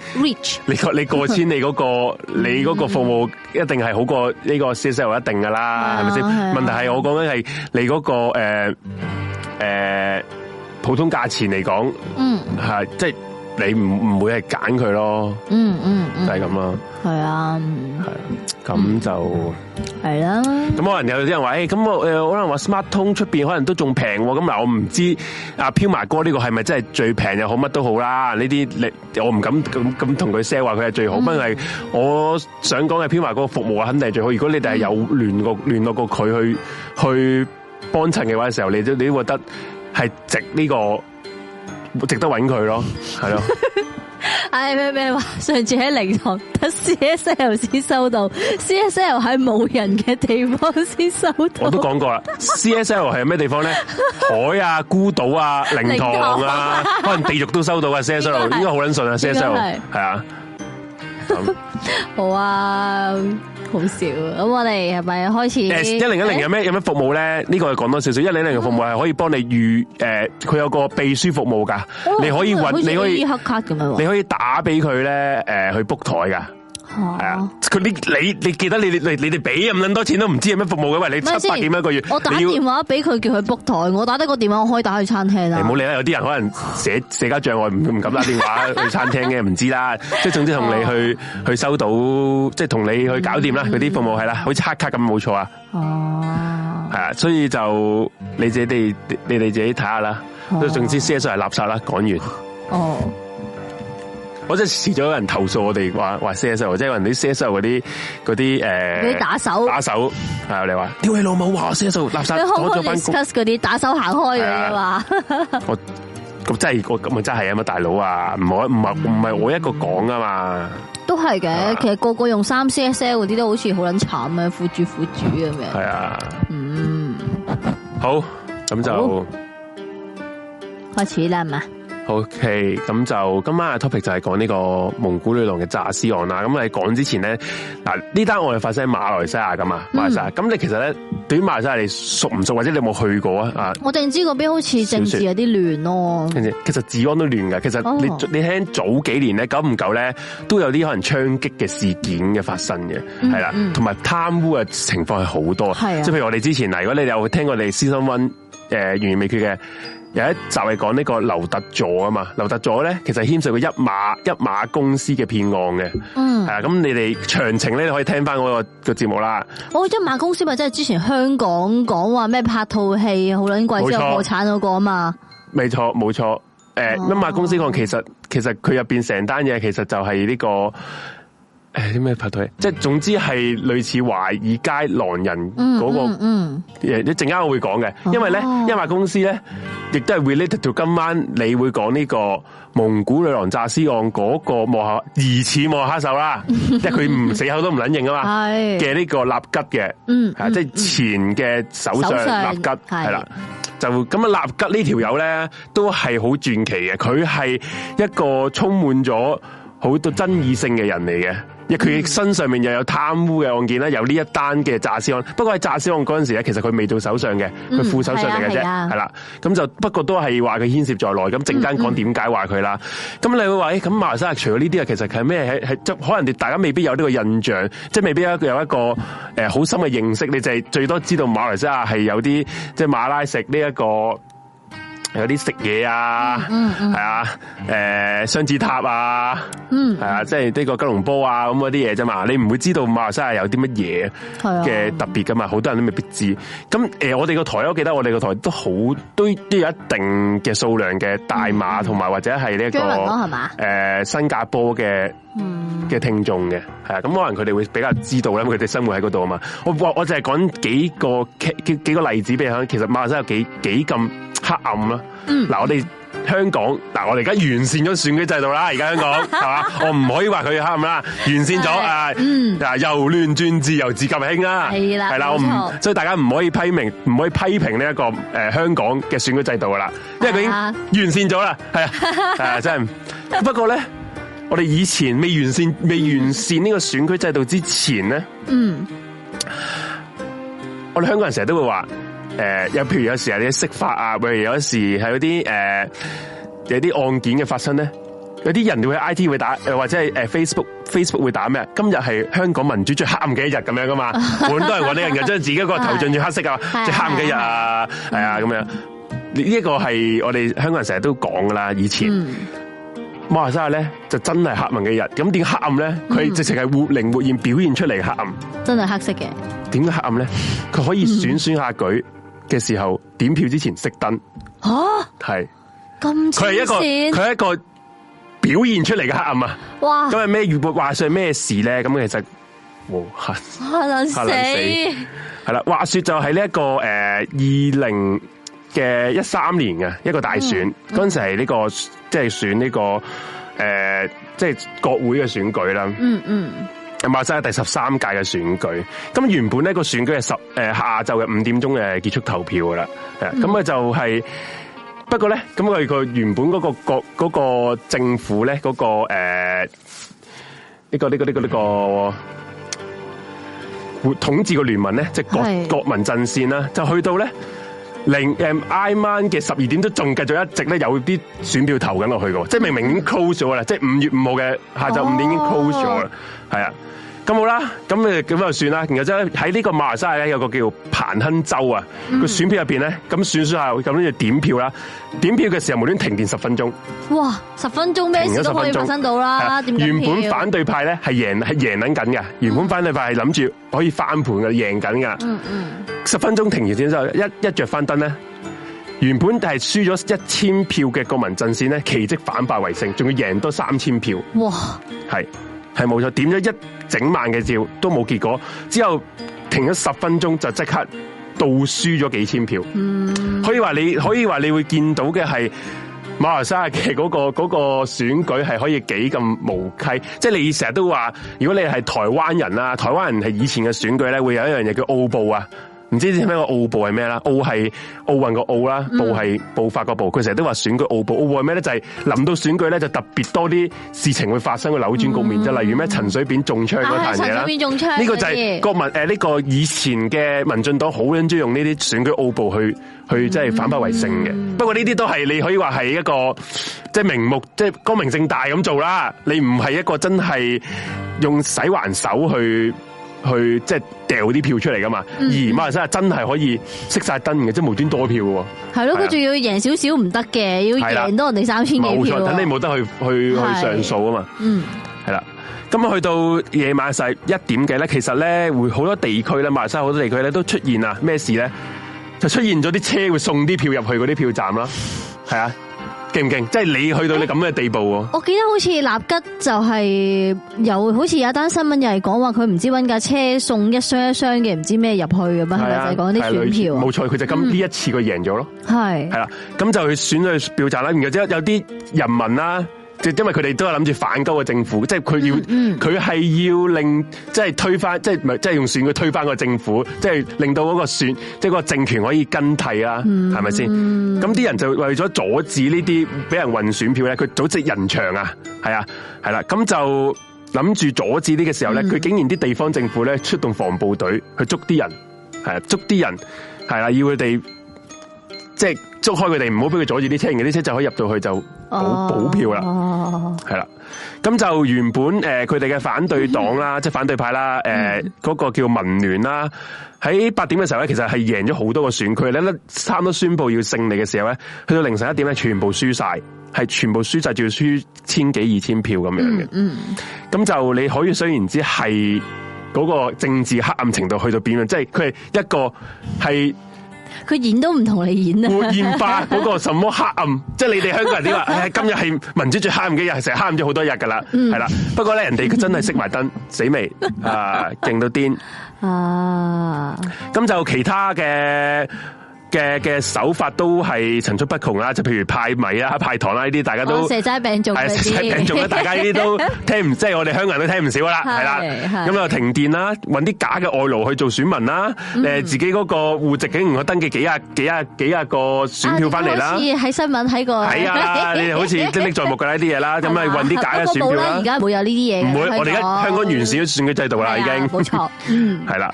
你過你過千，Rich、你嗰、嗰個你嗰個服務一定係好過呢個 CSL 一定噶啦，嗯是問題係我講緊係你嗰、那個誒誒、呃呃、普通價錢嚟講，係即係你唔唔會係揀佢咯，嗯是你不不會選嗯，嗯嗯就係咁咯，係啊，係。咁就係啦。咁、啊、可能有啲人話，誒、欸，咁我誒，可能話 smart 通出邊可能、啊、是是都仲平，咁嗱，我唔知阿飄埋哥呢個係咪真係最平又好乜都好啦。呢啲我唔敢咁咁同佢 say 話話佢係最好，因、嗯、係我想講嘅飄埋哥服務啊，肯定係最好。如果你哋係有聯絡聯絡過佢去去幫襯嘅話嘅時候，你你覺得係值呢、這個值得揾佢咯，係咯。係咩咩話？上次喺靈堂，得 C S L 先收到，C S L 喺冇人嘅地方先收到。我都講過啦，C S L 係咩地方咧？海啊，孤島啊，靈堂啊，可能地獄都收到啊 C S L，應該好捻順啊，C S L 係啊。CSL, 啊 (laughs) 好啊。好少，咁我哋係咪開始1010、欸？一零一零有咩有咩服務咧？呢、這個講多少少，一零一零嘅服務係可以幫你預，誒、呃，佢有個秘書服務噶、哦，你可以搵，你可以黑卡咁樣，你可以打俾佢咧，誒、呃，去 book 台噶。係啊，佢啲你你記得你你你哋俾咁捻多錢都唔知有咩服務嘅，喂你七八點蚊一個月等等，我打電話俾佢叫佢 book 台，我打得個電話，我可以打去餐廳啦。唔好理啦，有啲人可能社社交障礙，唔唔敢打電話去餐廳嘅，唔知啦。即係總之同你去去收到，即係同你去搞掂啦。嗰啲服務係啦，好似黑卡咁冇錯啊。哦，係啊，所以就你自己哋你哋自己睇下啦。都總之，寫上係垃圾啦，講完。哦、啊。我真係遲早有人投訴我哋話話 C S L，即係話啲 C S L 嗰啲嗰啲誒，啲、呃、打手，打手係你話，屌你老母話 C S L 垃圾，嗰啲打手行開嘅話，我咁真係個咁樣，真係啊嘛大佬啊，唔好唔係唔係我一個講啊嘛，都係嘅，其實個個用三 C S L 嗰啲都好似好撚慘嘅，苦主苦主咁樣，係啊，嗯，好，咁就開始啦嘛。OK，咁就今晚嘅 topic 就係講呢個蒙古女郎嘅詐屍案啦。咁喺講之前咧，嗱呢單案係發生喺馬來西亞噶嘛，馬來西亞。咁、嗯、你其實咧，對於馬來西亞你熟唔熟，或者你有冇去過啊？我淨知嗰邊好似政治有啲亂咯。其實治安都亂嘅。其實你你聽早幾年咧，久唔久咧，都有啲可能槍擊嘅事件嘅發生嘅，係、嗯、啦、嗯，同埋貪污嘅情況係好多。即係、啊、譬如我哋之前嗱，如果你有聽過我哋 Season 1誒懸而未決嘅。有一集就係講呢個劉特佐啊嘛，劉特佐咧其實牽涉過一馬一馬公司嘅騙案嘅，係、嗯、啊，咁你哋詳情咧你可以聽翻嗰個個節目啦。哦，一馬公司咪即係之前香港講話咩拍套戲好撚貴之後破產嗰個啊嘛？未錯，冇錯，誒、欸，一馬公司案其實其實佢入邊成單嘢，其實就係呢、這個。誒，啲咩拍腿，即係總之係類似華爾街狼人嗰、那個，誒、嗯，一陣間我會講嘅。因為咧、哦，因為公司咧，亦都係 related to 今晚你會講呢個蒙古女郎詐屍案嗰個幕後疑似幕後黑手啦。即係佢唔死口都唔捻認啊嘛。嘅呢個納吉嘅，吓、嗯嗯啊、即係前嘅首相納吉係啦。就咁啊，納吉呢條友咧都係好傳奇嘅。佢係一個充滿咗好多爭議性嘅人嚟嘅。嗯佢身上面又有貪污嘅案件啦，有呢一單嘅詐欺案，不過喺詐欺案嗰陣時咧，其實佢未到手上嘅，佢副手上嚟嘅啫，啦、嗯，咁、啊啊、就不過都係話佢牽涉在內，咁陣間講點解話佢啦，咁、嗯嗯、你會話，咁、欸、馬來西亞除咗呢啲啊，其實係咩？係即係可能大家未必有呢個印象，即係未必有一個好、呃、深嘅認識，你就係最多知道馬來西亞係有啲即係馬拉食呢一個。有啲食嘢啊，係、嗯嗯嗯、啊、嗯，雙子塔啊，係、嗯、啊，即係呢個吉隆坡啊，咁嗰啲嘢啫嘛，你唔會知道馬來西亞有啲乜嘢嘅特別噶嘛，好、嗯、多人都未必知。咁、呃、我哋個台，我記得我哋個台都好都都有一定嘅數量嘅大馬同埋、嗯、或者係呢一個、呃，新加坡嘅。嘅聽眾嘅，係啊，咁可能佢哋會比較知道啦，因為佢哋生活喺嗰度啊嘛。我我我淨係講幾個幾，幾個例子俾你睇，其實馬生有幾幾咁黑暗啦，啊。嗱、嗯，我哋香港，嗱，我哋而家完善咗選舉制度啦，而家香港係嘛， (laughs) 我唔可以話佢黑暗啦，完善咗啊，嗯，由亂轉治，由治及興啦，係啦，係啦，我唔，所以大家唔可以批評唔可以批評呢一、呢個、呃、香港嘅選舉制度噶啦，因為佢已經完善咗啦，係 (laughs) 啊，係啊，真係，不過咧。我哋以前未完善、未完善呢個選舉制度之前咧，嗯，嗯，我哋香港人成日都會話，誒、呃，有譬如有時啲釋法啊，譬如有一時候、呃、有啲誒有啲、呃、案件嘅發生咧，有啲人哋會 I T 會打，又或者係誒 Facebook Facebook 會打咩？今日係香港民主最黑暗嘅一日咁樣噶嘛，滿都係嗰啲人嘅將自己個頭浸住黑色啊， (laughs) 最黑暗嘅一日啊，係啊咁樣，呢、嗯、一個係我哋香港人成日都講噶啦，以前、嗯。馬來西亞咧就真係黑暗嘅日。咁點黑暗咧？佢直情係活靈活現表現出嚟嘅黑暗，真係黑色嘅。點黑暗咧？佢可以選選下舉嘅時候，點票之前熄燈。哦、啊，係咁黐線。佢係一個表現出嚟嘅黑暗啊！哇，咁係咩？預報話說係咩事咧？咁其實，我吓吓死，係啦。 (laughs) 話說就係呢一個誒二零。呃嘅一三年嘅一個大選，嗰、嗯、陣時係呢、這個即係、就是、選呢、這個誒，即、呃、係、就是、國會嘅選舉啦。嗯嗯，馬來西亞係第十三屆嘅選舉。咁原本呢個選舉係十誒、呃、下晝嘅五點鐘結結束投票噶啦。咁、嗯、啊就係、是，不過咧咁佢佢原本嗰、那個國嗰、那個政府咧嗰個誒呢個呢個呢個呢個，統統治嘅聯盟咧即係國國民陣線啦，就去到咧。零誒挨晚嘅十二點都仲繼續一直咧有啲選票投緊落去嘅喎，即係明明已經 close 咗啦，即係五月五號嘅下晝五點已經 close 咗啦，係、oh. 啊。咁好啦，咁誒，咁又算啦。然後即係喺呢個馬來西亞咧，有個叫彭亨州啊，個選票入邊咧，咁選選下咁咧就點票啦。點票嘅時候無端停電十分鐘。哇，十分鐘咩事分鐘都可以發生到啦。點票原本反對派贏贏贏。原本反對派咧係贏係贏緊緊嘅，原本反對派係諗住可以翻盤嘅，贏緊噶。嗯嗯。十分鐘停完電之後，一一着翻燈咧，原本係輸咗一千票嘅國民陣綫咧，奇蹟反敗為勝，仲要贏多三千票。哇！係係冇錯，點咗一。整晚嘅照都冇結果，之後停咗十分鐘就即刻倒輸咗幾千票。嗯、可以話，你，可以話你會見到嘅係馬來西亞嘅嗰個嗰、嗰個選舉係可以幾咁無稽。即係你成日都話，如果你係台灣人啊，台灣人係以前嘅選舉咧，會有一樣嘢叫奧步啊。唔知知咩個奧步係咩啦？奧係奧運個奧啦，步係步伐個步。佢成日都話選舉奧步，奧步係咩咧？就係、是、諗到選舉咧，就特別多啲事情會發生嘅扭轉局面。就、嗯、例如咩陳水扁中槍嗰單嘢啦，呢、啊這個就係國民誒呢、呃這個以前嘅民進黨好鍾意用呢啲選舉奧步去去即係反敗為勝嘅、嗯。不過呢啲都係你可以話係一個即係明目，即、就、係、是、光明正大咁做啦。你唔係一個真係用洗橫手去。去即係掉啲票出嚟噶嘛，而馬來西亞真係可以熄晒燈嘅，即係無端多票喎。係咯，佢仲要贏少少唔得嘅，要贏多人哋三千幾票。冇錯，等你冇得去去去上訴啊嘛。對了對了。嗯，係啦，咁啊去到夜晚十一點幾咧，其實咧會好多地區咧，馬來西亞好多地區咧都出現啊咩事咧，就出現咗啲車會送啲票入去嗰啲票站啦，係啊。勁唔勁？即係你去到你咁嘅地步喎。我記得好似納吉就係有好似有一單新聞又係講話佢唔知搵架車送一箱一箱嘅，唔知咩入去咁，係咪就係講啲選票？冇錯，佢就咁呢、嗯、一次佢贏咗咯。係係啦，咁就選咗去表達啦。然之後有啲人民啦。因為佢哋都係諗住反鳩個政府，即係佢要佢係要令，即係推翻，即係係，即係用選舉推翻個政府，即係令到嗰個選，即係嗰個政權可以更替啊，係咪先？咁啲人就為咗阻止呢啲俾人運選票咧，佢組織人牆啊，係啊，係啦、啊，咁就諗住阻止呢個時候咧，佢、嗯、竟然啲地方政府咧出動防暴隊去捉啲人，係、啊、捉啲人，係啦、啊，要佢哋即係捉開佢哋，唔好俾佢阻止啲車，啲車就可以入到去就。補票啦，係、啊、啦，咁就原本誒，佢哋嘅反對黨啦、嗯，即係反對派啦，誒、呃，嗰、嗯、個叫民聯啦，喺八點嘅時候咧，其實係贏咗好多個選區咧，差唔多宣布要勝利嘅時候咧，去到凌晨一點咧，全部輸晒，係全部輸晒，仲要輸千幾二千票咁樣嘅，嗯，嗯，咁就你可以雖然之係嗰個政治黑暗程度去到邊啊，即係佢係一個係。佢演都唔同你演啊！活現化嗰個什麼黑暗， (laughs) 即係你哋香港人點話、哎？今日係民主最黑暗嘅日，係成日黑暗咗好多日噶啦，係、嗯、啦。不過咧，人哋佢真係熄埋燈， (laughs) 死未？啊，勁到癲啊！咁就其他嘅。嘅嘅手法都係層出不窮啦，就譬如派米啦、派糖啦呢啲，大家都蛇齋餅糭，係餅糭大家呢啲都聽唔即係我哋香港人都聽唔少啦，係啦，咁又停電啦，搵啲假嘅外勞去做選民啦，誒、嗯、自己嗰個戶籍竟然去登記幾啊幾啊幾啊個選票翻嚟啦，好似喺新聞睇過，係啊， (laughs) 你哋好似精力在目噶呢啲嘢啦，咁啊搵啲假嘅選票啦，而家冇有呢啲嘢，唔會，我哋而家香港完善咗選舉制度啦，已經冇錯，嗯，係 (laughs) 啦，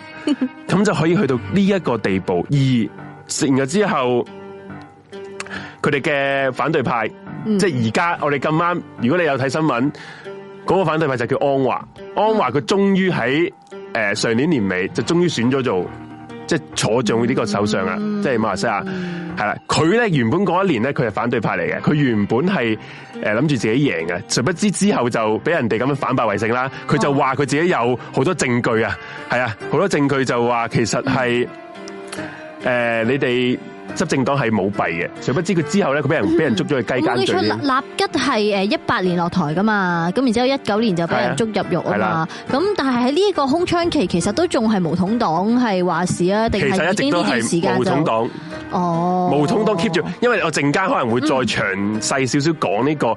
咁就可以去到呢一個地步 (laughs) 二。食完咗之後，佢哋嘅反對派，嗯、即係而家我哋咁啱，如果你有睇新聞，嗰、嗰個反對派就叫安華。安華佢終於喺誒上年年尾就終於選咗做，即係坐上呢個首相啊、嗯！即係馬來西亞係啦，佢、嗯、咧原本嗰一年咧佢係反對派嚟嘅，佢原本係誒諗住自己贏嘅，殊不知之後就俾人哋咁樣反敗為勝啦。佢就話佢自己有好多證據啊，係啊，好多證據就話其實係。嗯誒，你哋執政黨係舞弊嘅，誰不知佢之後咧，佢俾人俾人捉咗去雞姦罪。立吉係誒一八年落台㗎嘛，咁然之後一九年就俾人捉入獄啊嘛。咁但係喺呢一個空窗期，其實都仲係無統黨係話事啊，定係已經呢段時間咋？其實一直都係嘅無統黨哦，無統黨 keep 住，因為我陣間可能會再詳細少少講呢個誒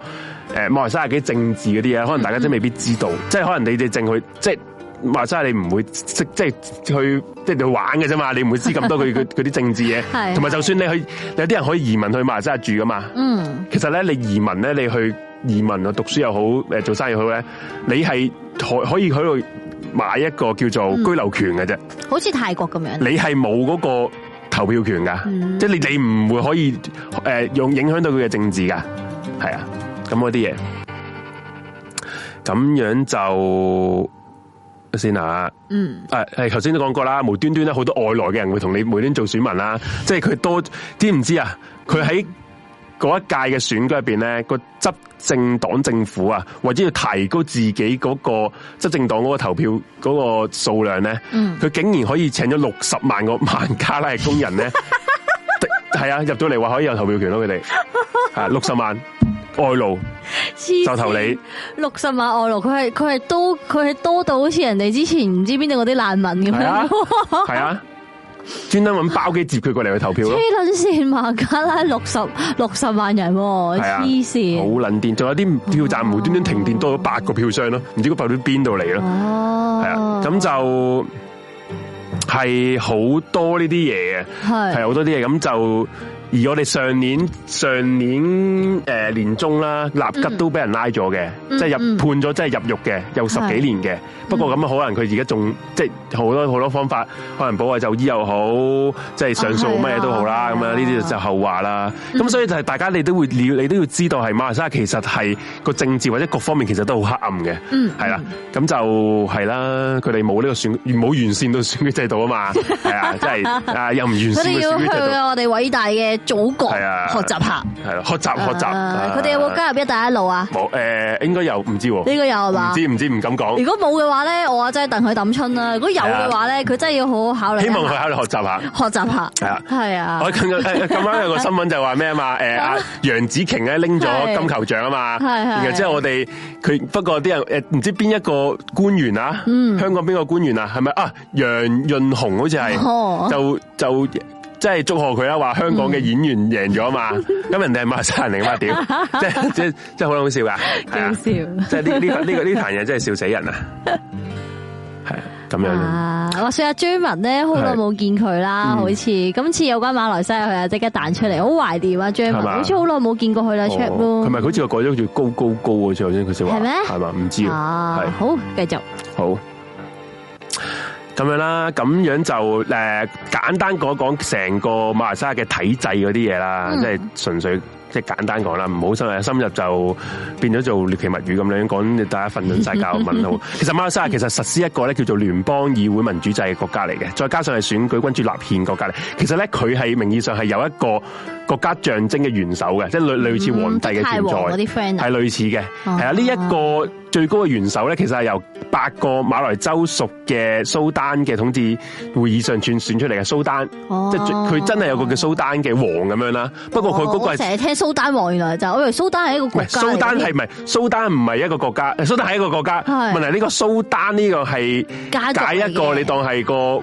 馬來西亞幾政治嗰啲嘢，可能大家都未必知道，即係可能你哋淨去即係。馬來西亞你唔會識即係去即係去玩嘅啫嘛，你唔會知咁多佢佢啲政治嘢，同 (laughs) 埋就算你去有啲人可以移民去馬來西亞住噶嘛。嗯，其實咧你移民咧你去移民啊讀書又好誒做生意好咧，你係可可以喺度買一個叫做居留權嘅啫。好似泰國咁樣，你係冇嗰個投票權噶，即係你你唔會可以誒用影響到佢嘅政治噶，係啊，咁嗰啲嘢，咁樣就。先啊，嗯，誒、啊、誒，頭先都講過啦，無端端咧好多外來嘅人會同你每端做選民啦、啊，即係佢多知唔知啊？佢喺嗰一屆嘅選舉入邊咧，個執政黨政府啊，為咗要提高自己嗰個執政黨嗰個投票嗰個數量咧，嗯，佢竟然可以請咗六十萬個孟加拉嘅工人咧，係 (laughs) 啊，入到嚟話可以有投票權咯，佢哋，啊，六十萬。外勞就投你六十萬外勞，佢係佢係多佢係多到好似人哋之前唔知邊度嗰啲難民咁樣，係啊，專登揾包機接佢過嚟去投票，黐捻線馬卡拉六十六十萬人，黐線好捻電，仲有啲票站無端端停電多咗八個票箱咯，唔知嗰到邊度嚟咯，係啊，咁就係好多呢啲嘢嘅，係係好多啲嘢咁就。而我哋上年上年誒年中啦，納吉都俾人拉咗嘅，即、嗯、係、就是、入判咗，即係入獄嘅，又十幾年嘅。不過咁啊，嗯、可能佢而家仲即係好多好多方法，可能保外就醫又好，即係上訴乜嘢都好啦。咁、哦、啊，呢啲就後話啦。咁所以就係大家你都會了，你都要知道係馬來西亞其實係個政治或者各方面其實都好黑暗嘅。嗯，係啦，咁就係啦，佢哋冇呢個選冇完善到選舉制度啊嘛。係 (laughs) 啊，即係啊，又唔完善嘅選舉制度。 (laughs) 我哋偉大嘅。祖國學習下，學習下，係咯，學習學習，佢哋有冇加入一帶一路啊？冇誒，應該有，唔知呢個有係嘛？唔知唔知唔敢講。如果冇嘅話咧，我真係戥佢抌春啦。如果有嘅話咧，佢真係要好好考慮。希望佢考慮學習下，學習下係啊，係啊。我今日咁啱有個新聞就話咩啊嘛？誒，阿楊紫瓊咧拎咗金球獎啊嘛，係係。是然後之後我哋佢不過啲人誒唔知邊一個官員啊，香港邊個官員啊？係咪啊？楊潤雄好似係，就就。即係祝賀佢啦，話香港嘅演員贏咗嘛，咁、嗯、人哋係馬來零八點，即係即係即係好搞笑㗎，好笑。即係呢呢個呢、這個呢壇嘢，真係笑死人啊，係 (laughs) 啊，咁樣啊，話說阿 j 文咧，好耐冇見佢啦，好似、嗯、今次有關馬來西亞，佢即刻彈出嚟，好懷念啊 j 文 (laughs) 好似好耐冇見過佢啦，哦、check 佢咪好似個改咗叫高高高嘅唱先，佢就係咩，係嘛，唔知啊，好繼續，好。繼咁樣啦，咁樣就誒簡單講講成個馬來西亞嘅體制嗰啲嘢啦，即係純粹即係簡單講啦，唔好深入深入就變咗做獵奇物語咁樣講，大家瞓頓曬覺問號。 (laughs) 其實馬來西亞其實實施一個咧叫做聯邦議會民主制嘅國家嚟嘅，再加上係選舉君主立憲國家嚟。其實咧佢係名義上係有一個國家象徵嘅元首嘅，即係類類似皇帝嘅存在，係、嗯啊、類似嘅。係、嗯、啊，呢、這、一個。最高嘅元首咧，其實係由八個馬來州屬嘅蘇丹嘅統治會議上轉選出嚟嘅蘇丹，哦、即係佢真係有個叫蘇丹嘅王咁樣啦。不過佢嗰個成日、哦、聽蘇丹王，原來就是，我以為蘇丹係一,一個國家。蘇丹係唔係？蘇丹唔係一個國家，蘇丹係一個國家。問題呢個蘇丹呢個係解一個，你當係個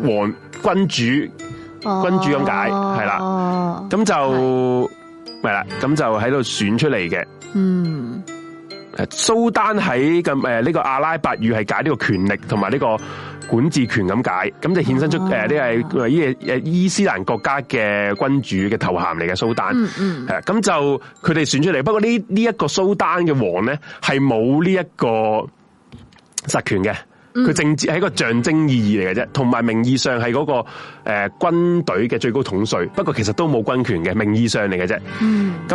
王君主君主咁解，係、哦、啦。咁就係啦，咁就喺度選出嚟嘅。嗯。蘇丹喺咁，誒呢個阿拉伯語係解呢個權力同埋呢個管治權咁解，咁就衍生出誒個係誒伊斯蘭國家嘅君主嘅頭銜嚟嘅蘇丹，係、嗯、咁、嗯啊、就佢哋選出嚟。不過呢呢一個蘇丹嘅王咧係冇呢一個實權嘅。佢政治係一個象徵意義嚟嘅啫，同埋名義上係嗰、那個誒、呃、軍隊嘅最高統帥，不過其實都冇軍權嘅，名義上嚟嘅啫。咁、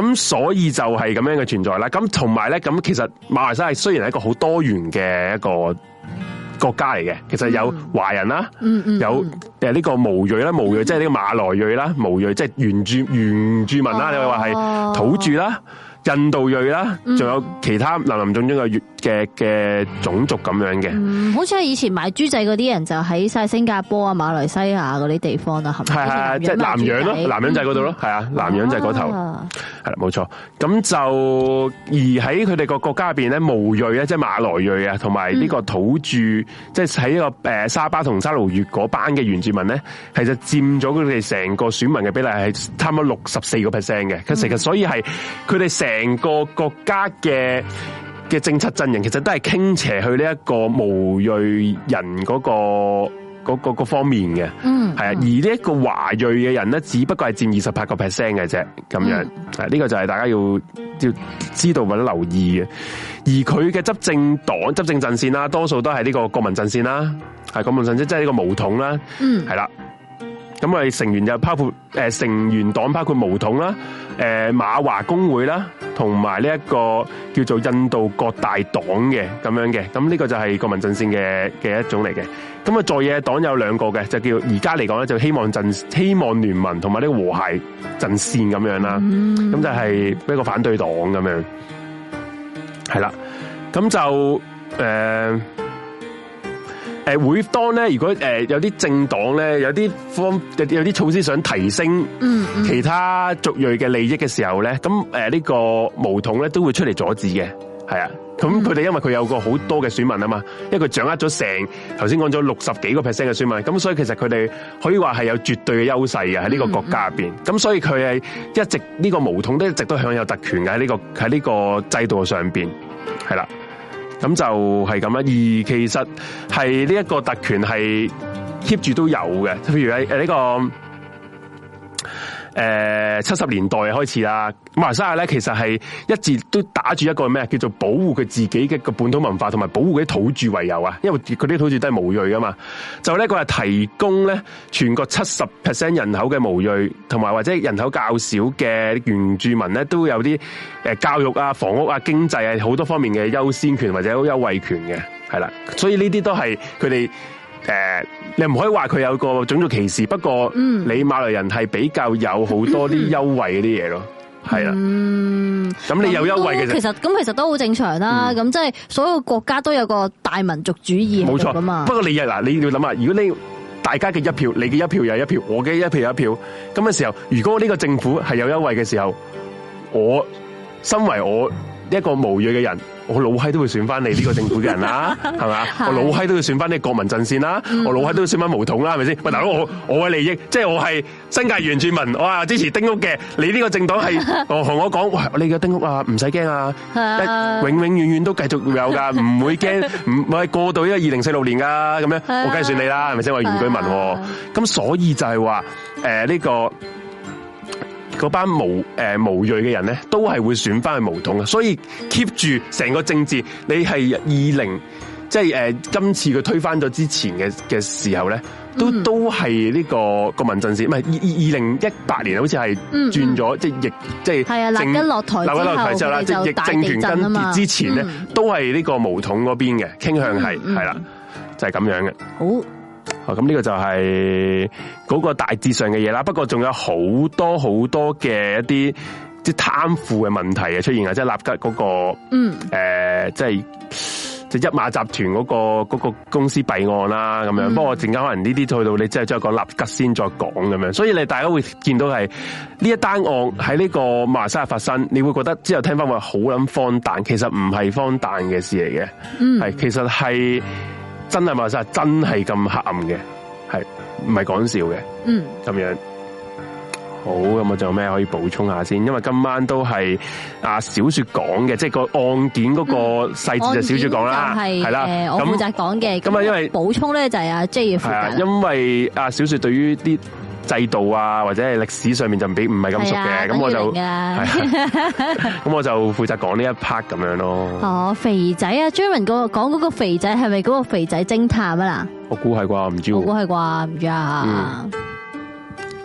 嗯、所以就係咁樣嘅存在啦。咁同埋咧，咁其實馬來西亞雖然係一個好多元嘅一個國家嚟嘅，其實有華人啦、嗯，有誒呢個毛裔啦，毛裔即係呢個馬來裔啦，毛裔即係原住原住民啦、啊，你會話係土著啦。印度裔啦，仲有其他林林總總嘅嘅嘅種族咁樣嘅，好似係以前買豬仔嗰啲人就喺晒新加坡啊、馬來西亞嗰啲地方啦，係係係，即係南、就是、南洋咯，南洋就係嗰度咯，係、嗯、啊，南洋就係嗰頭，係、啊、啦，冇錯。咁就而喺佢哋個國家入邊咧，毛裔咧，即係馬來裔啊，同埋呢個土著，即係喺個誒沙巴同沙勞越嗰班嘅原住民咧，係就佔咗佢哋成個選民嘅比例係差唔多六十四個 percent 嘅，其實、嗯、所以係佢哋成。成個國家嘅嘅政策陣營，其實都係傾斜去呢一個巫裔人嗰、嗰個嗰個方面嘅，嗯，係啊。而呢一個華裔嘅人咧，只不過係佔二十八個 percent 嘅啫，咁樣。呢、嗯呢個就係大家要要知道或者留意嘅。而佢嘅執政黨、執政陣線啦，多數都係呢個國民陣線啦，係國民陣線即係呢個巫統啦，嗯，係啦。咁啊，成員就包括誒，成員黨包括毛統啦，誒，馬華公會啦，同埋呢一個叫做印度各大黨嘅咁樣嘅，咁呢個就係國民陣線嘅嘅一種嚟嘅。咁啊，在野黨有兩個嘅，就叫而家嚟講咧，就希望陣希望聯盟同埋呢個和諧陣線咁樣啦，咁、嗯、就係一個反對黨咁樣，係啦，咁就誒。呃誒、呃，會當咧，如果誒有啲政黨咧，有啲方有啲措施想提升其他族裔嘅利益嘅時候咧，咁誒呢個毛統咧都會出嚟阻止嘅，係啊。咁佢哋因為佢有個好多嘅選民啊嘛，因為佢掌握咗成頭先講咗六十幾個 percent 嘅選民，咁所以其實佢哋可以話係有絕對嘅優勢嘅喺呢個國家入邊。咁所以佢係一直呢、呢個毛統都一直都享有特權嘅喺呢個喺呢個制度上邊，係啦。咁就係咁啦，而其實係呢一個特權係 keep 住都有嘅，譬如喺、誒、呢個。誒、呃，七十年代開始啦，馬來西亞咧其實係一直都打住一個咩叫做保護佢自己嘅個本土文化同埋保護嗰啲土著為由啊，因為佢啲土著都係巫裔啊嘛，就呢，佢係提供咧全國七十 percent 人口嘅巫裔同埋或者人口較少嘅原住民咧都有啲誒教育啊、房屋啊、經濟啊好多方面嘅優先權或者優惠權嘅，係啦，所以呢啲都係佢哋。誒、呃，你唔可以話佢有個種族歧視，不過你馬來人係比較有好多啲優惠嗰啲嘢咯，係 (laughs) 啦。咁、嗯、你有優惠嘅時候其實咁其實都好正常啦。咁、嗯、即係所有國家都有個大民族主義冇錯噶嘛。不過你又嗱，你要諗下，如果你大家嘅一票，你嘅一票又一票，我嘅一票一票，咁嘅時候，如果呢個政府係有優惠嘅時候，我身為我一個無裔嘅人。我老閪都會選翻你呢個政府嘅人啦，係 (laughs) 咪？我老閪都會選翻呢個國民陣線啦， (laughs) 我老閪都會選翻巫統啦，係咪先？喂，大佬，我我嘅利益，即係我係新界原住民，我啊支持丁屋嘅。你呢個政黨係， (laughs) (laughs) (laughs) 我同我講，喂，你嘅丁屋啊，唔使驚啊，永永遠遠都繼續有噶，唔會驚，唔唔係過到呢個二零四六年噶，咁樣，我梗係選你啦，係咪先？我係原居民，咁 (laughs) 所以就係話，誒呢個。嗰班無誒無銳嘅人咧，都係會選翻去毛統嘅，所以 keep 住成個政治，你係二零，即係誒今次佢推翻咗之前嘅嘅時候咧，都都係呢、這個個民陣時，唔係二二零一八年好似係轉咗即係逆即係係啊，林鄭落台之後佢就大地震就政權就大震更嘛，之前咧、嗯、都係呢個毛統嗰邊嘅傾向係係啦、嗯，就係、是、咁樣嘅好。咁、哦、呢個就係嗰個大致上嘅嘢啦。不過仲有好多好多嘅一啲即係貪腐嘅問題嘅出現啊，即係納吉嗰、那個，嗯，誒、呃，即係即係一馬集團嗰、那個、那個公司弊案啦，咁樣、嗯。不過陣間可能呢啲去到你即係即係講納吉先再講咁樣。所以你大家會見到係呢一單案喺呢個馬來西亞發生，你會覺得之後聽翻會好諗荒誕，其實唔係荒誕嘅事嚟嘅，係、嗯、係其實係。真係話晒，真係咁黑暗嘅，係唔係講笑嘅？嗯，咁樣好，咁我仲有咩可以補充下先？因為今晚都係啊小雪說講嘅，即係個案件嗰個細節，小、嗯、雪講啦，係啦、呃，我負責講嘅。咁啊，因為補充咧就係啊 J，因為阿小雪對於啲。制度啊，或者係歷史上面就唔俾，唔係咁熟嘅，咁我就，咁 (laughs) 我就負責講呢一 part 咁樣咯。哦，肥仔啊，Jermen 個講嗰個肥仔係咪嗰個肥仔偵探啊啦？我估係啩，唔知。我估係啩，唔知啊。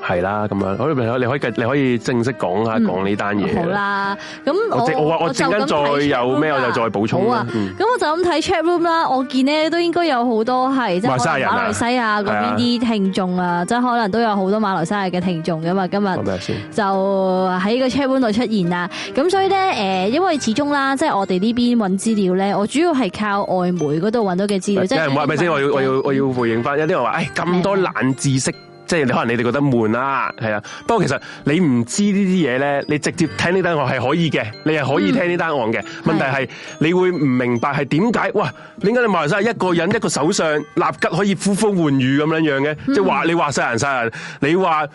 係啦，咁樣，你可以，你可以，你可以正式講下講呢單嘢。好啦，咁我我，我，我，我陣間再有咩，我就再補充。好啊，咁、嗯、我就咁睇 chat room 啦。我見咧都應該有好多係，即係馬來西亞嗰邊啲聽眾啊，即係可能都有好多馬來西亞嘅聽眾噶嘛。今日就喺個 chat room 度出現啦。咁所以咧，誒，因為始終啦，即係我哋呢邊揾資料咧，我主要係靠外媒嗰度揾到嘅資料。即係唔係咪先？我要我要我要回應翻。有啲人話，誒，咁多冷知識。即係你可能你哋覺得悶啦，啊，係啊。不過其實你唔知呢啲嘢咧，你直接聽呢單案係可以嘅，你係可以聽呢單案嘅。問題係，啊、你會唔明白係點解？哇！點解你馬來西亞一個人一個首相納吉可以呼風喚雨咁樣樣嘅，嗯？即係話你話晒人晒人，你話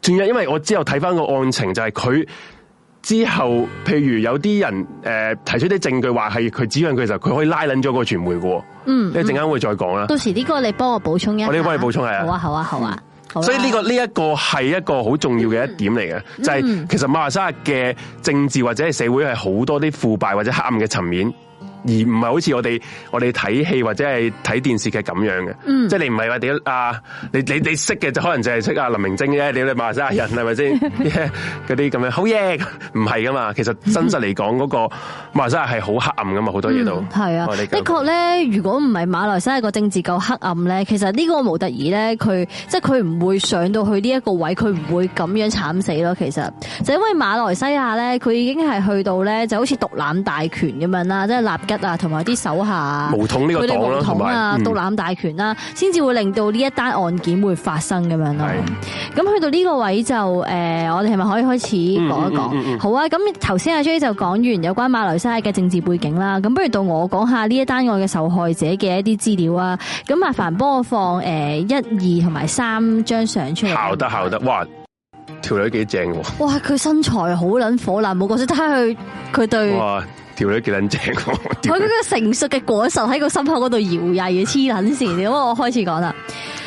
仲有因為我之後睇翻個案情，就係佢之後，譬如有啲人誒，呃、提出啲證據話係佢指引佢嘅時候，佢可以拉攏咗個傳媒噶。嗯，一陣間會再講啦。到時呢個你幫我補充一下，我哋幫你補充係啊。好啊，好啊，好啊。所以呢個呢一個係一個好重要嘅一點嚟嘅，就係其實馬來西亞嘅政治或者係社會係好多啲腐敗或者黑暗嘅層面。而唔係好似我哋我哋睇戲或者係睇電視劇咁樣嘅、嗯，即係你唔係話點啊？你你你識嘅就可能就係識阿林明晶啫。你馬來西亞人係咪先？嗰啲咁樣好型，唔係噶嘛。其實真實嚟講，嗰、嗰個馬來西亞係好黑暗噶嘛，好多嘢都係、嗯、啊的。的確咧，如果唔係馬來西亞個政治夠黑暗咧，其實呢個毛特爾咧，佢即係佢唔會上到去呢一個位，佢唔會咁樣慘死咯。其實就是、因為馬來西亞咧，佢已經係去到咧，就好似獨攬大權咁樣啦，即係立。啊，同埋啲手下啊，佢哋毛統啊，獨攬大權啦，先至會令到呢一單案件會發生咁樣咯。咁去到呢個位就誒，我哋係咪可以開始講一講、嗯嗯嗯嗯？好啊！咁頭先阿 J 就講完有關馬來西亞嘅政治背景啦。咁不如到我講下呢一單案嘅受害者嘅一啲資料啊。咁麻煩幫我放誒一二同埋三張相出嚟。好得，好得！哇，條女幾正喎！哇，佢身材好捻火辣，冇講先睇下佢佢對。條都幾捻正，佢個成熟嘅果實喺個心口嗰度搖曳嘅黐捻線，咁我開始講啦。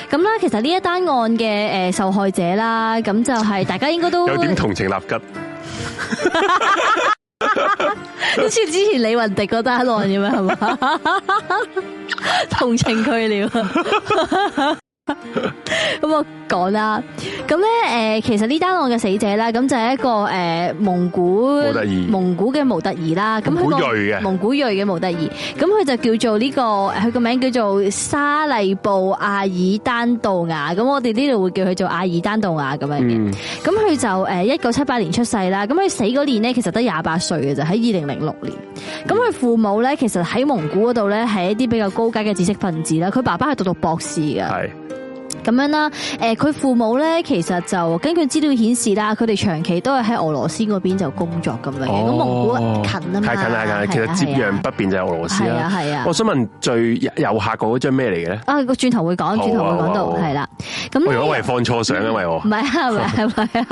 咁啦，其實呢一單案嘅誒受害者啦，咁就係大家應該都有點同情立吉，好似之前李雲迪嗰單案咁樣係嘛，同情佢了。 (laughs) 咁 (laughs) 我講啦，咁咧誒，其實呢單案嘅死者啦，咁就係一個誒蒙古，蒙古嘅模特兒啦。蒙古裔嘅蒙古裔嘅模特兒，咁佢就叫做呢、這個，佢個名叫做沙利布阿爾丹,丹道雅咁我哋呢度會叫佢做阿爾丹道雅咁樣嘅。咁佢就誒一九七八年出世啦。咁佢死嗰年呢，其實得廿八歲嘅就喺二零零六年。咁佢父母咧，其實喺蒙古嗰度咧，係一啲比較高階嘅知識分子啦。佢爸爸係讀讀博士嘅係。咁樣啦，誒佢父母咧，其實就根據資料顯示啦，佢哋長期都係喺俄羅斯嗰邊就工作咁樣嘅。咁、哦、蒙古近啊嘛，係近係近，其實接壤北邊、啊、就係俄羅斯啦。啊係啊。我想問最右下角嗰張咩嚟嘅咧？啊，我轉頭會講，轉頭會講到係啦。咁如果我係放錯相、嗯、因為我唔係啊唔係啊唔係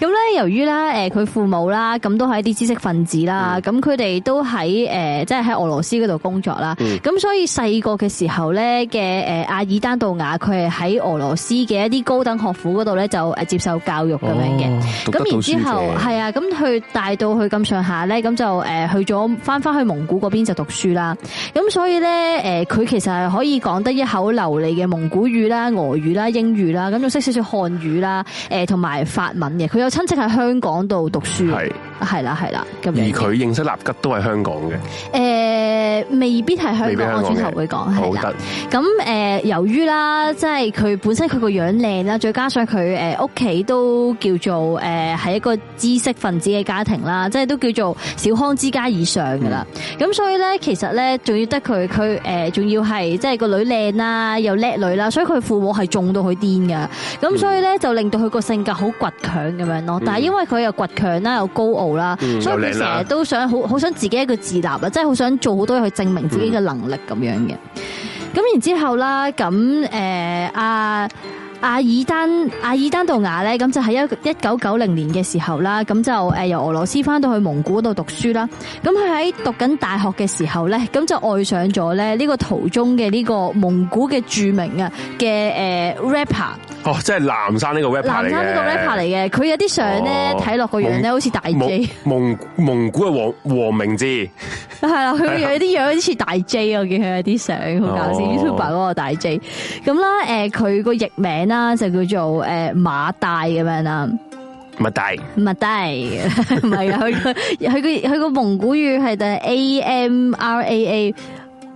咁咧，由於咧誒佢父母啦，咁都係一啲知識分子啦，咁佢哋都喺誒即係喺俄羅斯嗰度工作啦。咁、嗯、所以細個嘅時候咧嘅誒阿爾丹，丹道雅佢係喺俄羅斯嘅一啲高等學府嗰度咧，就誒接受教育咁樣嘅，咁、哦、然之後係啊，咁佢帶到去咁上下咧，咁就誒去咗返返去蒙古嗰邊就讀書啦。咁所以咧，誒佢其實係可以講得一口流利嘅蒙古語啦、俄語啦、英語啦，咁仲識少少漢語啦，誒同埋法文嘅。佢有親戚喺香港度讀書，係係啦係啦咁。而佢認識納吉都係香港嘅，誒、呃、未必係香港。香港我轉頭會講係啦。咁誒由於啦，即係佢。本身佢個樣靚啦，再加上佢誒屋企都叫做誒係一個知識分子嘅家庭啦，即係都叫做小康之家以上噶啦。咁、嗯、所以咧，其實咧仲要得佢佢誒仲要係即係個女靚啦，又叻女啦，所以佢父母係寵到佢癲噶。咁所以咧就令到佢個性格好倔強咁樣咯。嗯、但係因為佢又倔強啦，又高傲啦，嗯、所以佢成日都想好好想自己一個自立啊，即係好想做好多嘢去證明自己嘅能力咁樣嘅。嗯嗯咁然之後啦，咁誒、呃、啊。阿爾丹阿爾丹道雅咧，咁就喺一一九九零年嘅時候啦，咁就誒由俄羅斯翻到去蒙古度讀書啦。咁佢喺讀緊大學嘅時候咧，咁就愛上咗咧呢個途中嘅呢個蒙古嘅著名啊嘅誒 rapper。哦，即係南山呢個 rapper 嚟嘅。南山呢個 rapper 嚟嘅，佢有啲相咧睇落個樣咧，好似大 J 蒙。蒙蒙古嘅黃王，王明志。係啦，佢有啲樣好似大 J 我見佢有啲相，好搞笑。YouTube 嗰個大 J。咁啦，誒佢個譯名。啦就叫做誒馬帶咁樣啦，馬帶，馬帶唔係啊，佢佢佢個蒙古語係第 A M R A A。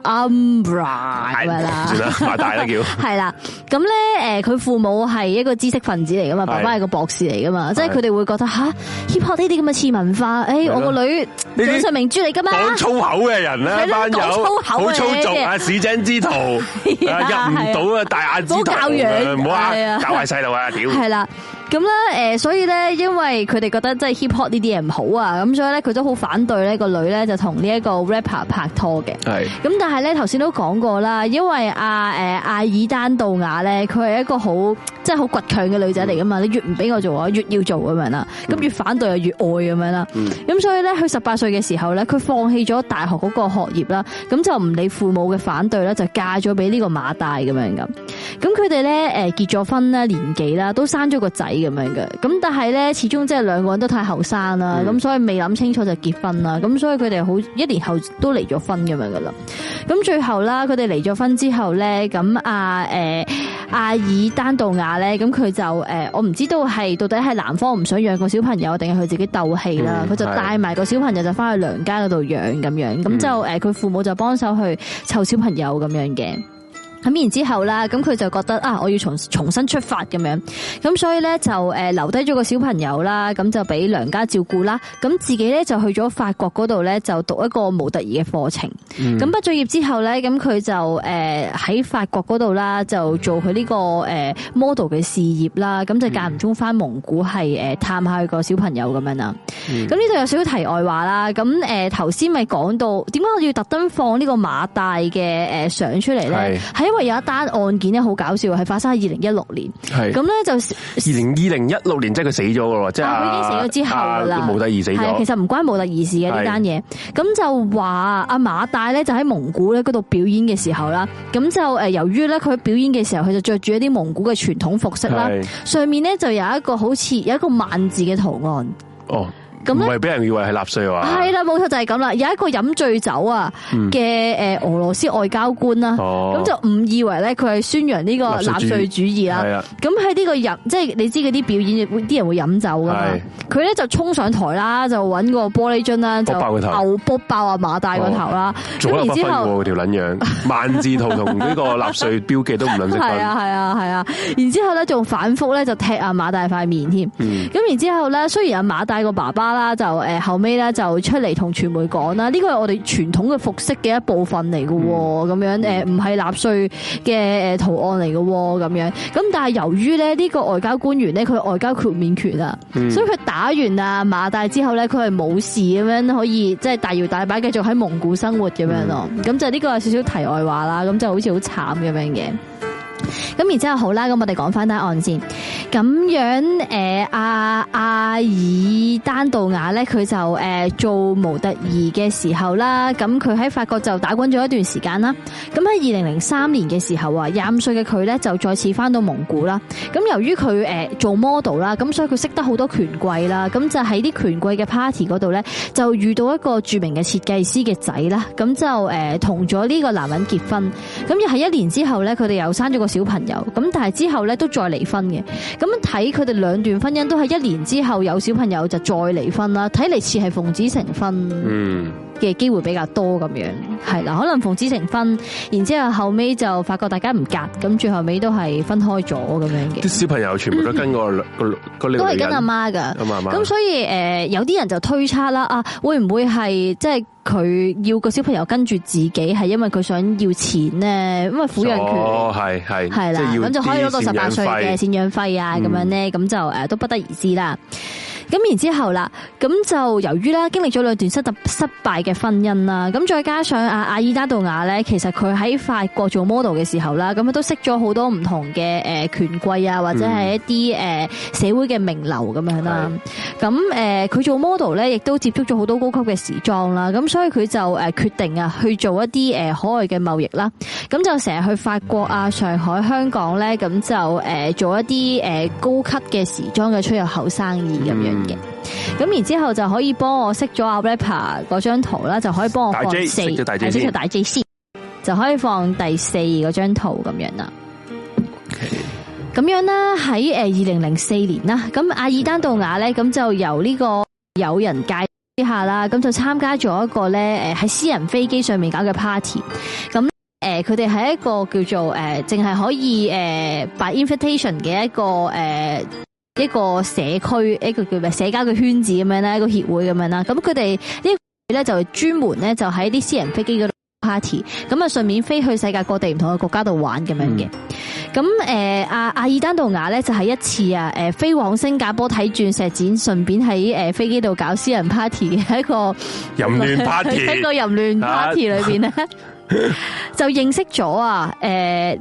umbra 係啦，大啦叫係啦。咁咧，誒佢父母係一個知識分子嚟噶嘛，爸爸係個博士嚟噶嘛，即係佢哋會覺得吓，Hip Hop 呢啲咁嘅次文化，誒我個女，呢，掌上明珠嚟噶嘛，好粗口嘅人啦，班友好粗口嘅粗俗嘅，市井之徒入唔到啊，啊啊大雅之徒，唔好教養，唔好搞壞細路啊，屌，係啦。咁咧，誒，所以咧，因為佢哋覺得即係 hip hop 呢啲嘢唔好啊，咁所以咧，佢都好反對呢個女咧就同呢一個 rapper 拍拖嘅。係。咁但係咧，頭先都講過啦，因為、啊啊、阿誒阿爾丹道雅咧，佢係一個好即係好倔強嘅女仔嚟噶嘛，你、嗯、越唔俾我做，我越要做咁樣啦。咁越反對又越愛咁樣啦。咁、嗯、所以咧，佢十八歲嘅時候咧，佢放棄咗大學嗰個學業啦，咁就唔理父母嘅反對咧，就嫁咗俾呢個馬大咁樣咁。咁佢哋咧，誒，結咗婚啦，年紀啦，都生咗個仔。咁樣嘅，咁但係咧，始終即係兩個人都太後生啦，咁、嗯、所以未諗清楚就結婚啦，咁所以佢哋好一年後都離咗婚咁樣噶啦。咁最後啦，佢哋離咗婚之後咧，咁、啊欸、阿誒阿爾丹杜亞咧，咁佢就誒、欸，我唔知道係到底係男方唔想養個小朋友，定係佢自己鬥氣啦。佢、嗯、就帶埋個小朋友就翻去娘家嗰度養咁樣，咁就誒，佢父母就幫手去湊小朋友咁樣嘅。咁然之後啦，咁佢就覺得啊，我要重、重新出發咁樣，咁所以咧就誒留低咗個小朋友啦，咁就俾娘家照顧啦，咁自己咧就去咗法國嗰度咧就讀一個模特兒嘅課程，咁畢咗業之後咧，咁佢就誒喺、呃、法國嗰度啦，就做佢呢、這個誒 model 嘅事業啦，咁就間唔中翻蒙古係誒探下佢個小朋友咁樣啦。咁呢度、嗯、有少少題外話啦，咁誒頭先咪講到點解我要特登放呢個馬大嘅誒相出嚟咧？係。因為有一單案件咧，好搞笑，係發生喺二零一六年。係咁咧，就二零二零一六年，即係佢死咗嘅咯，即係佢、啊、已經死咗之後啦。啊、模特兒死係其實唔關模特兒事嘅呢單嘢。咁就話阿馬大咧，就喺蒙古咧嗰度表演嘅時候啦。咁就誒，由於咧佢喺表演嘅時候，佢就着住一啲蒙古嘅傳統服飾啦，上面咧就有一個好似有一個萬字嘅圖案。哦。咁咪俾人以為係納粹話，係啦冇錯就係咁啦。有一個飲醉酒啊嘅誒俄羅斯外交官啦，咁、哦、就誤以為咧佢係宣揚呢個納粹主義啦。咁喺呢個人，即係你知嗰啲表演會啲人會飲酒噶，佢咧就衝上台啦，就揾個玻璃樽啦，就牛卜爆啊馬大個頭啦、哦。然之後條撚樣萬字圖同呢個納粹標記都唔撚識。係啊係啊係啊！然之後咧仲反覆咧就踢阿馬大塊面添。咁然之後咧雖然阿馬大個爸爸。啦就誒後尾咧就出嚟同傳媒講啦，呢個係我哋傳統嘅服飾嘅一部分嚟嘅，咁樣誒唔係納粹嘅誒圖案嚟嘅，咁樣，咁但係由於咧呢個外交官員咧佢外交豁免權啊，所以佢打完啊馬大之後咧佢係冇事，咁樣可以即係大搖大擺繼續喺蒙古生活咁樣咯，咁就呢個係少少題外話啦，咁就好似好慘咁樣嘅。咁然之後好啦，咁我哋講翻單案先。咁樣誒，阿阿爾丹杜雅咧，佢就誒、呃做、呃、做模特兒嘅時候啦，咁佢喺法國就打滾咗一段時間啦。咁喺二零零三年嘅時候啊，廿五歲嘅佢咧就再次翻到蒙古啦。咁由於佢誒做 model 啦，咁所以佢識得好多權貴啦。咁就喺啲權貴嘅 party 嗰度咧，就遇到一個著名嘅設計師嘅仔啦。咁就誒同咗呢個男人結婚。咁又係一年之後咧，佢哋又生咗個小朋友咁，但係之後咧都再離婚嘅，咁睇佢哋兩段婚姻都係一年之後有小朋友就再離婚啦，睇嚟似係奉子成婚嘅機會比較多咁樣，係啦可能奉子成婚，然之後後尾就發覺大家唔夾，咁最後尾都係分開咗咁樣嘅。啲小朋友全部都跟個個都係跟阿媽噶，咁咁所以誒有啲人就推測啦，啊會唔會係即係？佢要個小朋友跟住自己，係因為佢想要錢咧，因為撫養權，哦，係係係啦，咁、就是、就可以攞到十八歲嘅贍養費啊，咁、嗯、樣咧，咁就誒都不得而知啦。咁然之後啦，咁就由於啦經歷咗兩段失失敗嘅婚姻啦，咁再加上啊阿爾丹道雅咧，其實佢喺法國做 model 嘅時候啦，咁啊都識咗好多唔同嘅誒權貴啊，或者係一啲誒社會嘅名流咁樣啦。咁誒佢做 model 咧，亦都接觸咗好多高級嘅時裝啦。咁所以佢就誒決定啊去做一啲誒海外嘅貿易啦。咁就成日去法國啊、上海、香港咧，咁就誒做一啲誒高級嘅時裝嘅出入口生意咁樣。咁然之後就可以幫我熄咗阿 rapper 嗰張圖啦，就可以幫我放第四，先就大 J 先就可以放第四嗰張圖咁樣啦。咁樣啦，喺誒二零零四年啦，咁阿爾丹道雅咧，咁就由呢個友人介之下啦，咁就參加咗一個咧，誒喺私人飛機上面搞嘅 party。咁誒，佢哋係一個叫做誒，淨係可以誒，by invitation 嘅一個誒。呃一個社區，一個叫咩社交嘅圈子咁樣咧，一個協會咁樣啦。咁佢哋呢咧就專門咧就喺啲私人飛機嗰度 party，咁啊順便飛去世界各地唔同嘅國家度玩咁樣嘅。咁、嗯、誒、啊、阿阿爾丹道雅咧就喺一次啊誒飛往新加坡睇鑽石展，順便喺誒飛機度搞私人 party 嘅一個淫亂 party，喺個淫亂 party 裏邊咧 (laughs) 就認識咗啊誒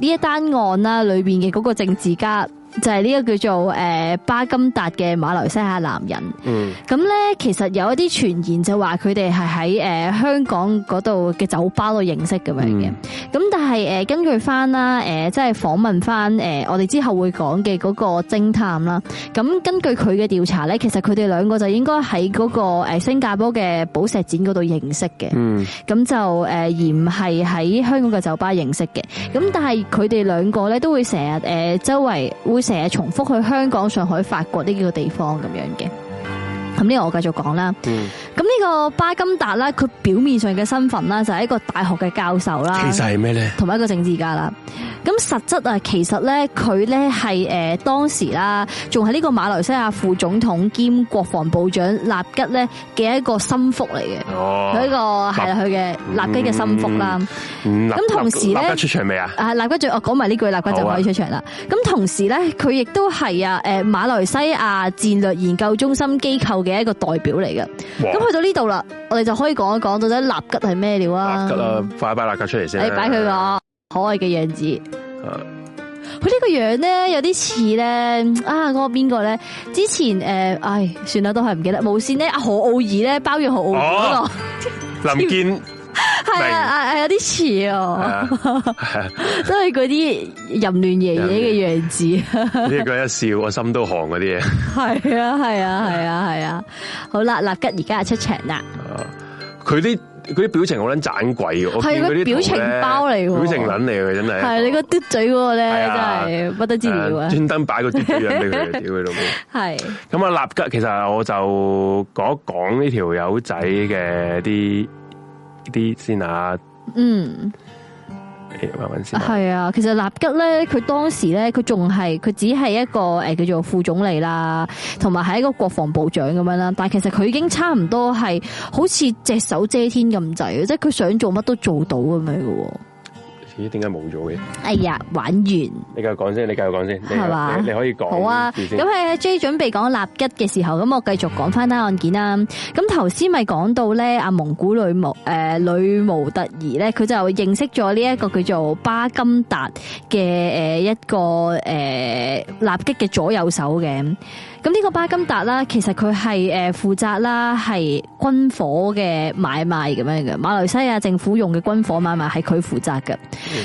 呢一單案啦裏邊嘅嗰個政治家。就係呢個叫做誒巴金達嘅馬來西亞男人。嗯。咁咧，其實有一啲傳言就話佢哋係喺誒香港嗰度嘅酒吧度認識咁樣嘅。咁但係誒根據翻啦誒即係訪問翻誒我哋之後會講嘅嗰個偵探啦。咁根據佢嘅調查咧，其實佢哋兩個就應該喺嗰個誒新加坡嘅寶石展嗰度認識嘅。嗯。咁就誒而唔係喺香港嘅酒吧認識嘅。咁但係佢哋兩個咧都會成日誒周圍會。成日重複去香港、上海、法國呢幾個地方咁樣嘅。咁呢個我繼續講啦。咁呢個巴金達啦，佢表面上嘅身份啦就係一個大學嘅教授啦，其實係咩咧？同埋一個政治家啦。咁實質啊，其實咧佢咧係誒當時啦，仲係呢個馬來西亞副總統兼國防部長納吉咧嘅一個心腹嚟嘅。佢呢個係佢嘅納吉嘅心腹啦。咁同時納吉出場未啊？啊納吉最我講埋呢句，納吉就可以出場啦。咁同時咧，佢亦都係啊誒馬來西亞戰略研究中心機構。嘅一個代表嚟嘅，咁去到呢度啦，我哋就可以講一講到底臘吉係咩料啊？臘吉啊，快擺臘吉出嚟先，你擺佢個可愛嘅樣子。佢呢、啊、個樣咧，有啲似咧啊嗰、那個邊個咧？之前誒，唉，算啦，都係唔記得。無綫咧，阿何奧爾咧包養何奧爾嗰個林健。係啊，係係、啊、有啲似哦是、啊，是啊、 (laughs) 都係嗰啲淫亂爺爺嘅樣子。你 (laughs) 佢一笑，我心都寒嗰啲。係啊，係啊，係啊，係啊，啊。好啦，立吉而家出場啦、啊。佢啲啲表情好撚盞鬼嘅，係嗰啲表情包嚟、啊，表情撚嚟嘅真係。係你個嘟嘴嗰個咧，真係、啊啊、不得之了、啊。啊。專登擺個嘟嘴，嘴 (laughs) 是啊，俾佢嚟屌佢老母。係。咁啊，立吉，其實我就講一講呢條友仔嘅啲。啲先啊，嗯，係啊，其實納吉咧，佢當時咧，佢仲係佢只係一個誒叫做副總理啦，同埋係一個國防部長咁樣啦，但係其實佢已經差唔多係好似隻手遮天咁滯，即係佢想做乜都做到咁樣嘅。咦？點解冇咗嘅？哎呀，玩完！你繼續講先，你繼續講先，係嘛？你可以講。好啊，咁喺 J 準備講納吉嘅時候，咁我繼續講翻單案件啦。咁頭先咪講到咧，阿蒙古女模誒，女模特兒咧，佢就認識咗呢一個叫做巴金達嘅誒一個誒納吉嘅左右手嘅。咁呢個巴金達啦，其實佢係誒負責啦，係軍火嘅買賣咁樣嘅。馬來西亞政府用嘅軍火買賣係佢負責嘅。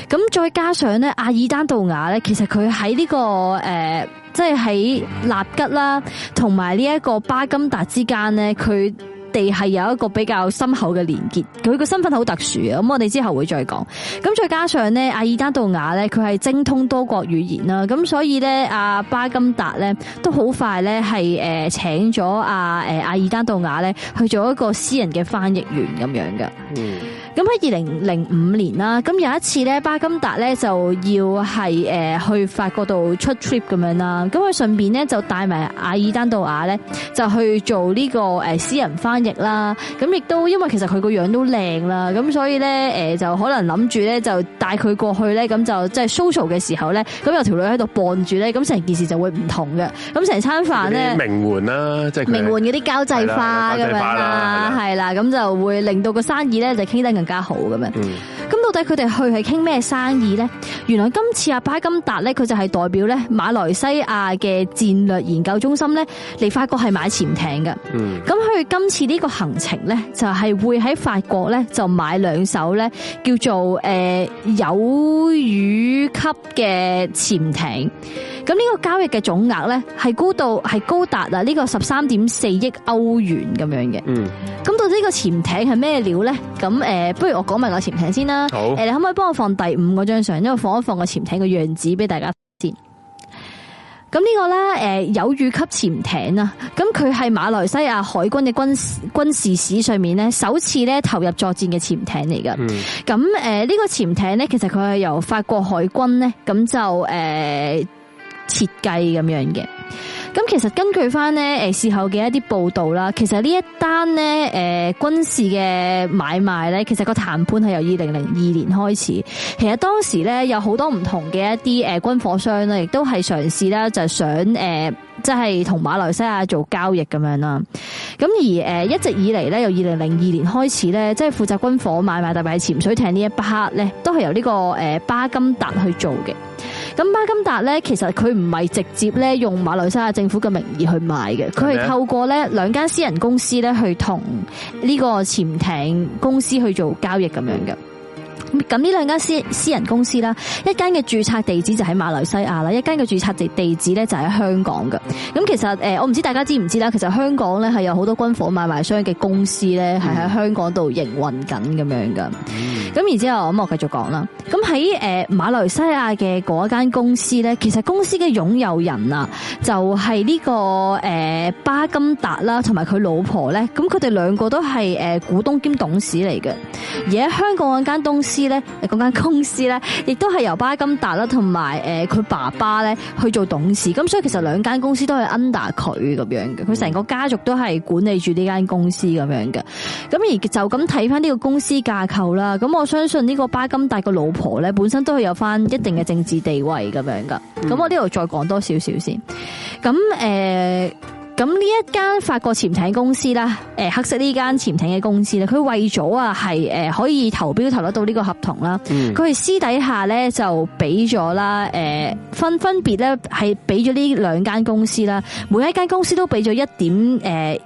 咁再加上咧，阿爾丹道雅咧，其實佢喺呢個誒，即係喺納吉啦，同埋呢一個巴金達之間咧，佢地係有一個比較深厚嘅連結，佢個身份好特殊啊！咁我哋之後會再講。咁再加上咧，阿爾丹道雅咧，佢係精通多國語言啦。咁所以咧，阿巴金達咧都好快咧，係誒請咗阿誒阿爾丹道雅咧去做一個私人嘅翻譯員咁樣嘅。嗯。咁喺二零零五年啦，咁有一次咧，巴金達咧就要係誒去法國度出 trip 咁樣啦，咁佢順便咧就帶埋阿爾丹杜瓦咧就去做呢個誒私人翻譯啦。咁亦都因為其實佢個樣都靚啦，咁所以咧誒就可能諗住咧就帶佢過去咧，咁就即係 social 嘅時候咧，咁有條女喺度傍住咧，咁成件事就會唔同嘅。咁成餐飯咧名媛啦，即係名媛嗰啲，就是交際花咁樣啦，係啦，咁就會令到個生意咧就傾得加好咁樣，咁到底佢哋去係傾咩生意咧？原來今次阿巴金達咧，佢就係代表咧馬來西亞嘅戰略研究中心咧嚟法國係買潛艇嘅、嗯。咁佢今次呢個行程咧，就係會喺法國咧就買兩艘咧叫做誒有魚級嘅潛艇。咁呢個交易嘅總額咧係高到係高達嗱呢個十三點四億歐元咁樣嘅。咁到底個潛呢個潛艇係咩料咧？咁誒。呃不如我講埋個潛艇先啦。好，誒，你可唔可以幫我放第五個張相，因為放一放個潛艇嘅樣子俾大家先。咁呢個咧，誒，鮋魚級潛艇啊。咁佢係馬來西亞海軍嘅軍軍事史上面咧，首次咧投入作戰嘅潛艇嚟噶。咁、嗯、誒，這個潛呢個潛艇咧，其實佢係由法國海軍咧，咁就誒設計咁樣嘅。咁其實根據翻呢誒事後嘅一啲報道啦，其實呢一單呢誒軍事嘅買賣咧，其實個談判係由二零零二年開始。其實當時咧有好多唔同嘅一啲誒軍火商咧，亦都係嘗試咧就係想誒即係同馬來西亞做交易咁樣啦。咁而誒一直以嚟咧由二零零二年開始咧，即係負責軍火買賣，特別係潛水艇呢一 part 咧，都係由呢個誒巴金達去做嘅。咁巴金達呢，其實佢唔係直接咧用馬來西亞政府嘅名義去買嘅，佢係透過咧兩間私人公司咧去同呢個潛艇公司去做交易咁樣嘅。咁呢兩間私私人公司啦，一間嘅註冊地址就喺馬來西亞啦，一間嘅註冊地址咧就喺香港嘅。咁其實誒，我唔知大家知唔知啦。其實香港咧係有好多軍火買賣商嘅公司咧，係喺香港度營運緊咁樣噶。咁、嗯、然之後我繼續講啦。咁喺馬來西亞嘅嗰間公司咧，其實公司嘅擁有人啊、這個，就係呢個誒巴金達啦，同埋佢老婆咧。咁佢哋兩個都係誒股東兼董事嚟嘅。而喺香港嗰間董事嗰間公司咧，亦都係由巴金達啦，同埋誒佢爸爸咧去做董事，咁所以其實兩間公司都係 under 佢咁樣嘅，佢成個家族都係管理住呢間公司咁樣嘅，咁而就咁睇翻，呢個公司架構啦，咁我相信呢個巴金達個老婆咧，本身都係有翻一定嘅政治地位咁樣噶，咁我呢度再講多少少先，咁誒。咁呢一間法國潛艇公司啦，誒，黑色呢間潛艇嘅公司咧，佢為咗啊係誒可以投標投得到呢個合同啦，佢哋、嗯、私底下咧就俾咗啦，誒、呃、分分別咧係俾咗呢兩間公司啦，每一間公司都俾咗一點誒。呃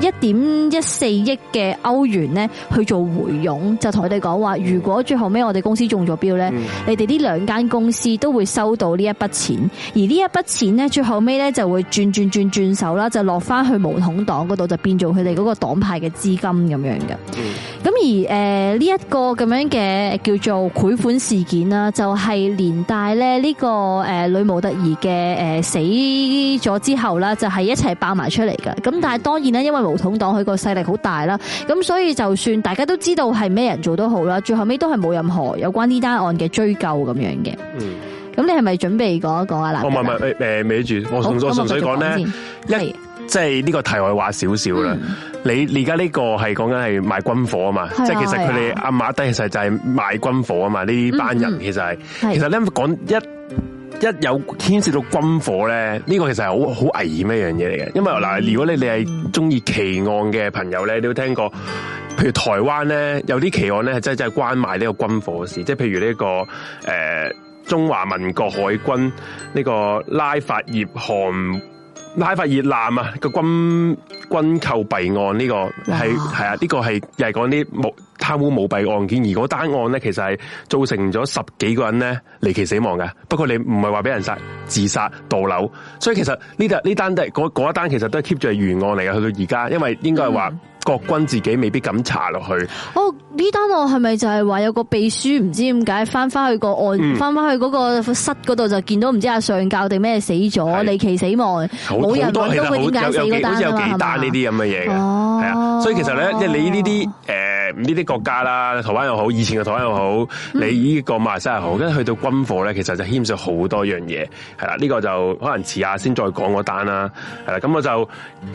一點一四億嘅歐元咧去做回佣，就同佢哋講話，如果最後尾我哋公司中咗標呢，嗯、你哋呢兩間公司都會收到呢一筆錢，而呢一筆錢呢，最後尾呢就會轉轉轉轉手啦，就落翻去毛統黨嗰度，就變做佢哋嗰個黨派嘅資金咁樣嘅。咁而誒呢一個咁樣嘅叫做賄款事件啦，就係連帶咧呢個誒女模特兒嘅誒死咗之後啦，就係一齊爆埋出嚟嘅。咁但係當然啦，因為勞統黨佢個勢力好大啦，咁所以就算大家都知道係咩人做都好啦，最後尾都係冇任何有關呢單案嘅追究咁樣嘅。咁你係咪準備講一講啊？嗱，我唔係唔係誒，未住，我純粹純粹講咧，一即係呢個題外話少少啦。你而家呢個係講緊係賣軍火啊嘛，即係其實佢哋阿馬低其實就係賣軍火啊嘛，呢班人其實係，其實咧講一。一有牽涉到軍火咧，呢個其實係好好危險一樣嘢嚟嘅。因為嗱，如果你你係中意奇案嘅朋友咧，你都聽過，譬如台灣咧有啲奇案咧，真真係關埋呢個軍火事，即係譬如呢個、呃、中華民國海軍呢個拉法葉艦、拉法葉艦啊個軍軍購弊案呢、這個係係啊，呢、這個係又係講啲貪污舞弊案件，而嗰單案咧，其實係造成咗十幾個人咧離奇死亡嘅。不過你唔係話俾人殺、自殺、墮樓，所以其實呢單呢單都嗰一單，其實都係 keep 住懸案嚟嘅，去到而家，因為應該係話國軍自己未必敢查落去、嗯。哦，呢單案係咪就係話有個秘書唔知點解翻翻去個案，翻翻去嗰個室嗰度就見到唔知阿上校定咩死咗，離奇死亡，冇人問佢點解死嗰單啊呢啲咁嘅嘢嘅，係啊，所以其實咧，即係你呢啲誒呢啲國家啦，台灣又好，以前嘅台灣又好，嗯、你呢個馬來西亞又好，跟住去到軍火咧，其實就牽涉好多樣嘢，係、這個、啦，呢個就可能遲下先再講嗰單啦，係啦，咁我就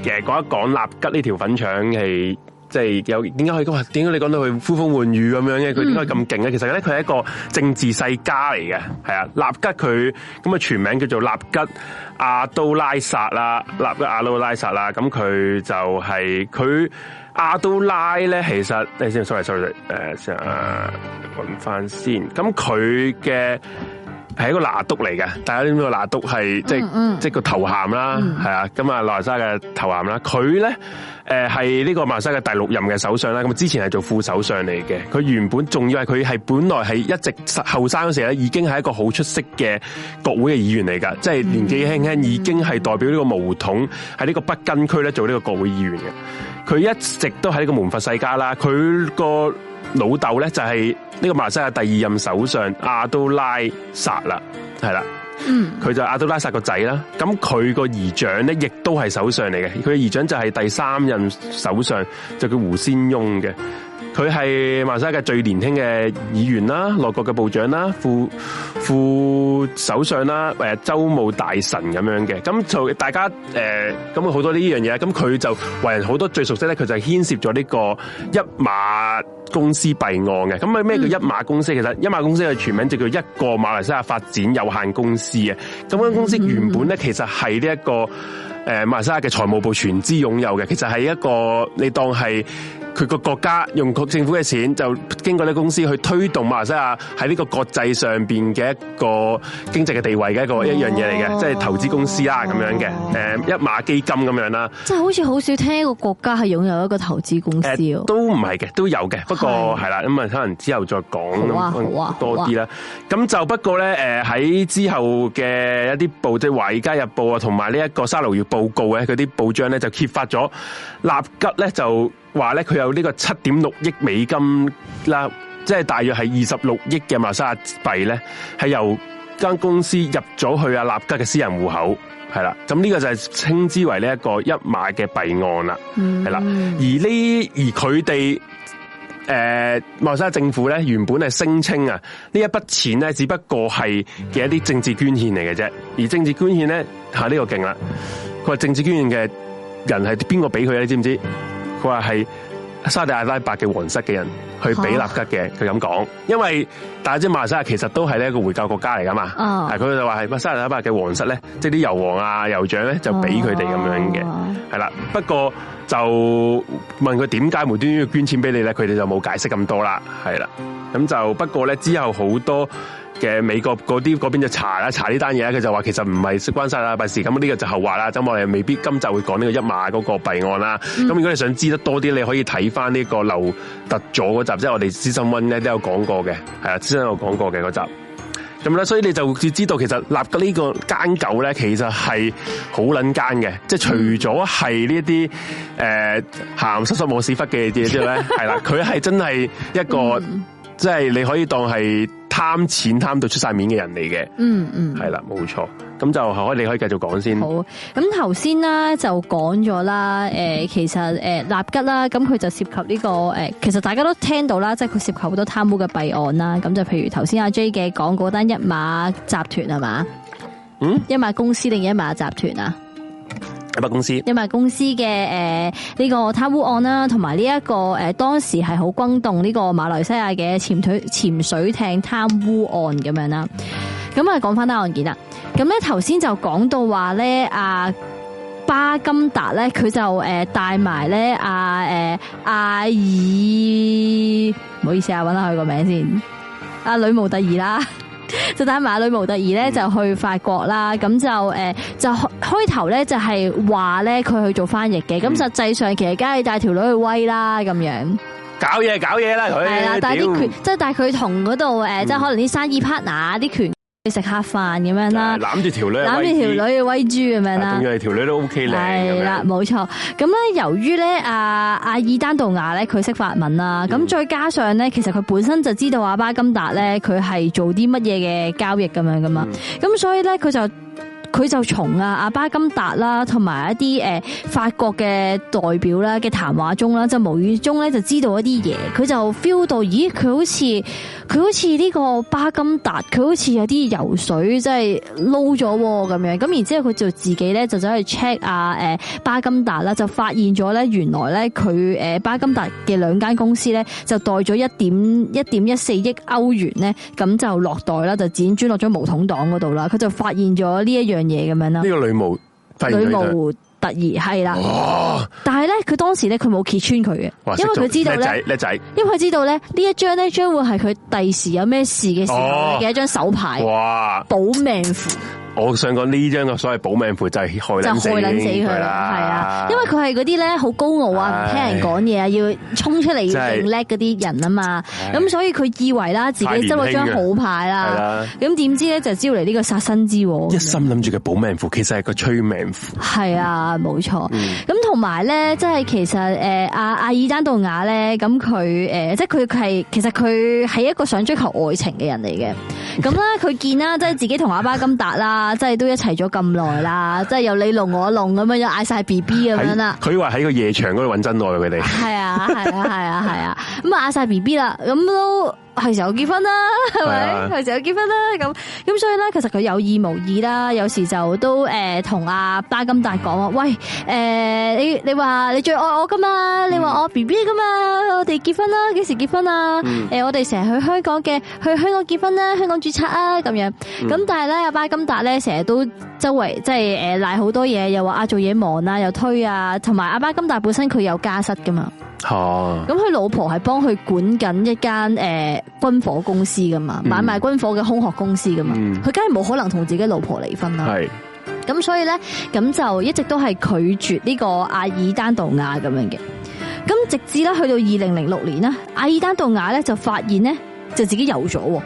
其實講一講納吉呢條粉腸係。即係有點解可以？點解你講到佢呼風喚雨咁樣嘅？佢點解咁勁咧？其實咧，佢係一個政治世家嚟嘅，係啊，納吉佢咁啊，全名叫做納吉阿都拉薩啦，納吉阿都拉薩啦。咁佢就係佢阿都拉咧。其實，誒先，sorry，sorry，誒先揾翻先。咁佢嘅。係一個拿督嚟嘅，大家知唔知個拿督係即係、嗯嗯、即係個頭銜啦，係、嗯、啊，咁啊馬來西亞嘅頭銜啦。佢咧誒係呢、呃、是這個馬來西亞嘅第六任嘅首相啦。咁之前係做副首相嚟嘅。佢原本仲要係佢係本來係一直後生嗰時咧、嗯就是，已經係一個好出色嘅國會嘅議員嚟噶。即係年紀輕輕已經係代表呢個巫統，喺呢個北根區咧做呢個國會議員嘅。佢一直都喺呢個門閥世家啦。佢個老豆咧就係呢個馬來西亞第二任首相阿都拉薩啦，係啦，佢、嗯、就阿都拉薩個仔啦，咁佢個姨丈咧亦都係首相嚟嘅，佢嘅姨丈就係第三任首相就叫胡先翁嘅。佢係馬來西亞嘅最年輕嘅議員啦，內閣嘅部長啦，副副首相啦，誒，州務大臣咁樣嘅。咁就大家誒，咁、呃、好多呢樣嘢。咁佢就為人好多最熟悉咧，佢就牽涉咗呢個一馬公司弊案嘅。咁佢咩叫一馬公司？嗯、其實一馬公司嘅全名就叫一個馬來西亞發展有限公司啊。咁、那、間、個、公司原本咧，其實係呢一個誒，馬來西亞嘅財務部全資擁有嘅。其實係一個你當係。佢個國家用政府嘅錢，就經過啲公司去推動馬來西亞喺呢個國際上邊嘅一個經濟嘅地位嘅一個一樣嘢嚟嘅，即係投資公司啦咁樣嘅、啊，一馬基金咁樣啦，即係好似好少聽一個國家係擁有一個投資公司都唔係嘅，都、呃、有嘅，不過係啦，咁啊可能之後再講、啊啊啊、多啲啦。咁、啊、就不過咧，喺之後嘅一啲報即《華爾街日報》啊，同埋呢一個沙龍月報告咧，佢啲報章咧就揭發咗納吉咧就。話咧佢有呢個七點六億美金啦，即係大約係二十六億嘅馬來西亞幣咧，係由間公司入咗去阿納吉嘅私人戶口係啦，咁呢個就係稱之為呢一個一馬嘅弊案啦，係啦，而呢而佢哋誒馬來西亞政府咧原本係聲稱啊呢一筆錢咧只不過係嘅一啲政治捐獻嚟嘅啫，而政治捐獻咧下呢，啊呢個勁啦，佢話政治捐獻嘅人係邊個俾佢啊？你知唔知？佢話係沙特阿拉伯嘅皇室嘅人去俾納吉嘅，佢咁講，因為大家知馬來西亞其實都係咧一個回教國家嚟噶嘛，啊，佢就話係沙特阿拉伯嘅皇室咧，即係啲油王啊、酋長咧，就俾佢哋咁樣嘅，係、啊、啦。不過就問佢點解無端端要捐錢俾你咧，佢哋就冇解釋咁多啦，係啦。咁就不過咧，之後好多，嘅美國嗰啲嗰邊就查啦，查呢單嘢佢就話其實唔係關晒啦，閉事咁，呢個就後話啦。咁我哋未必今集會講呢個一馬嗰個弊案啦。咁、嗯、如果你想知得多啲，你可以睇翻呢個劉特佐嗰集，即係我哋資深溫咧都有講過嘅，係啊，資深有講過嘅嗰集。咁啦，所以你就知道其實立呢個奸狗咧，其實係好撚奸嘅，即、嗯、係除咗係呢一啲誒鹹濕濕冇屎忽嘅嘢之後咧，係啦，佢係真係一個。嗯即係你可以當係貪錢貪到出晒面嘅人嚟嘅。嗯嗯，係啦，冇錯，咁就可你可以繼續講先。好，咁頭先啦，就講咗啦，誒，其實誒，納吉啦，咁佢就涉及呢個誒，其實大家都聽到啦，即係佢涉及好多貪污嘅弊案啦，咁就譬如頭先阿 J 嘅講嗰單一馬集團係嘛？嗯，一馬公司定一馬集團啊？一班公司，一班公司嘅，誒，呢個貪污案啦，同埋呢一個誒，當時係好轟動呢個馬來西亞嘅潛水潛水艇貪污案咁樣啦。咁啊，講翻單案件啦。咁咧頭先就講到話咧阿巴金達咧，佢就誒帶埋咧阿誒阿爾，唔好意思啊，揾下佢個名先。阿女模特兒啦。就帶埋女模特兒咧，就去法國啦。咁就誒，就開頭咧就係話咧佢去做翻譯嘅。咁實際上其實梗係帶條女去威啦，咁樣搞嘢，搞嘢啦佢。係啦，帶啲權，即係帶佢同嗰度誒，即係可能啲生意 partner 啲權。食下飯咁樣啦，攬住條女，攬住條女威豬咁樣啦，條女都 OK 靚，係啦，冇錯。咁咧，由於咧阿阿爾丹道雅咧，佢識法文啦，咁、嗯、再加上咧，其實佢本身就知道阿巴金達咧，佢係做啲乜嘢嘅交易咁樣噶嘛，咁、嗯、所以咧佢就。佢就從啊阿巴金達啦，同埋一啲誒法國嘅代表啦嘅談話中啦，就無意中咧就知道一啲嘢。佢就 feel 到，咦？佢好似佢好似呢個巴金達佢好似有啲油水，即係撈咗咁樣咁然之後佢就自己咧就走去 check 啊誒巴金達啦，就發現咗咧原來咧佢誒巴金達嘅兩間公司咧就代咗一點一點一四億歐元咧，咁就落袋啦，就輾轉落咗毛筒檔度啦。佢就發現咗呢一樣。嘢咁樣啦，呢個女模女模特兒係啦，但係咧佢當時咧佢冇揭穿佢嘅。因為佢知道咧叻仔，因為佢知道咧呢一張咧將會係佢第時有咩事嘅時候嘅一張手牌，哇，保命符。我想講呢張嘅所謂保命符就係害，就害、害死佢啦，係啊，因為佢係嗰啲咧好高傲啊，唔聽人講嘢啊，要衝出嚟，要勁叻嗰啲人啊嘛，咁所以佢以為啦自己執咗張好牌啦，咁點知咧就招嚟呢個殺身之禍。一心諗住佢保命符其實係個催命符，係、嗯、啊，冇錯。咁同埋咧，即係其實誒阿阿爾丹杜雅咧，咁佢誒即係佢係其實佢係一個想追求愛情嘅人嚟嘅，咁啦佢見啦，即係自己同阿巴金達啦。龍龍寶寶真啊！即係都一齊咗咁耐啦，即係由你弄我弄咁樣，嗌晒 B B 咁樣啦。佢話喺個夜場嗰度搵真愛，畀你係啊，係啊，係啊，係啊，咁啊嗌晒 B B 啦，咁都。係時候有結婚啦，係咪？係、啊、時候有結婚啦，咁咁所以咧，其實佢有意無意啦，有時就都誒同阿巴金達講話，喂誒、呃，你你話你最愛我噶嘛？嗯、你話我 B B 噶嘛？我哋結婚啦，幾時結婚啊？誒、嗯呃，我哋成日去香港嘅，去香港結婚啦、啊，香港注冊啊，咁樣。咁、嗯、但係咧，阿巴金達咧成日都周圍即係誒賴好多嘢，又話阿做嘢忙啊，又推啊，同埋阿巴金達本身佢有家室噶嘛。咁佢老婆係幫佢管緊一間誒軍火公司噶嘛，買賣軍火嘅空殼公司噶嘛，佢梗係冇可能同自己老婆離婚啦。係，咁所以咧，咁就一直都係拒絕呢個阿爾丹杜亞咁樣嘅。咁直至咧去到二零零六年呢，阿爾丹杜亞咧就發現呢，就自己有咗，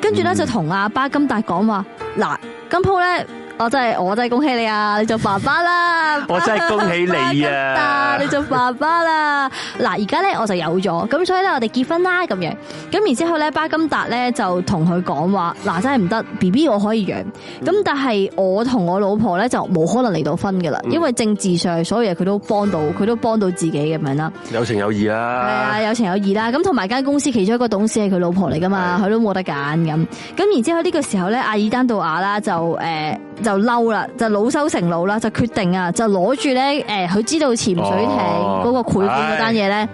跟住咧就同阿巴金達講話嗱，今鋪咧。我真係我真係恭喜你啊！你做爸爸啦！我真係恭喜你啊！巴金達，你做爸爸啦！嗱，而家咧我就有咗，咁所以咧我哋結婚啦咁樣。咁然之後咧，巴金達咧就同佢講話：嗱，真係唔得，B B 我可以養。咁但係我同我老婆咧就冇可能離到婚噶啦，因為政治上所有嘢佢都幫到，佢都幫到自己咁樣啦。有情有義啦，係啊，有情有義啦。咁同埋間公司其中一個董事係佢老婆嚟噶嘛，佢都冇得揀咁。咁然之後呢個時候咧，阿爾丹杜亞啦就誒。呃就嬲啦，就惱羞成怒啦，就決定就啊，是是啊，就攞住咧，誒，佢知道潛水艇嗰個繪本嗰單嘢咧，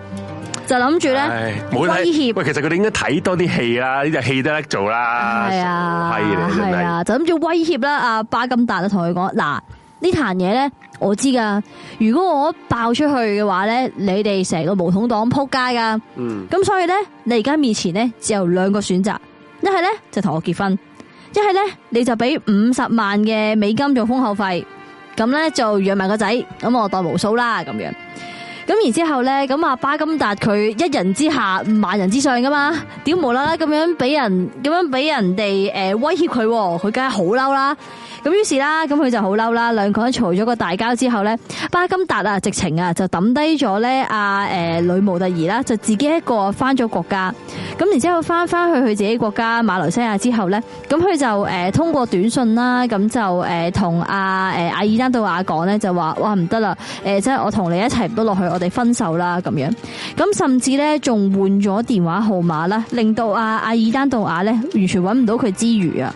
就諗住咧威脅。喂，其實佢哋應該睇多啲戲啦，呢啲戲都叻做啦，係啊，係啊，就諗住威脅啦。阿巴金達就同佢講：嗱，呢壇嘢咧，我知噶。如果我爆出去嘅話咧，你哋成個無桶黨撲街噶。咁、嗯、所以咧，你而家面前咧只有兩個選擇，一係咧就同我結婚。一係咧，你就俾五十萬嘅美金做封口費，咁咧就養埋個仔，咁我當無數啦，咁樣，咁然之後咧，咁阿巴金達佢一人之下，萬人之上噶嘛，點無啦啦咁樣俾人咁樣俾人哋誒、呃、威脅佢，佢梗係好嬲啦。咁於是啦，咁佢就好嬲啦，兩個人嘈咗個大交之後咧，巴金達啊，直情啊就抌低咗咧阿女模特兒啦，就自己一個翻咗國家。咁然之後翻翻去佢自己國家馬來西亞之後咧，咁佢就通過短信啦，咁就同阿誒阿爾丹道雅講咧，就話哇唔得啦，即係我同你一齊唔得落去，我哋分手啦咁樣。咁甚至咧仲換咗電話號碼啦，令到阿阿爾丹道雅咧完全揾唔到佢之餘啊，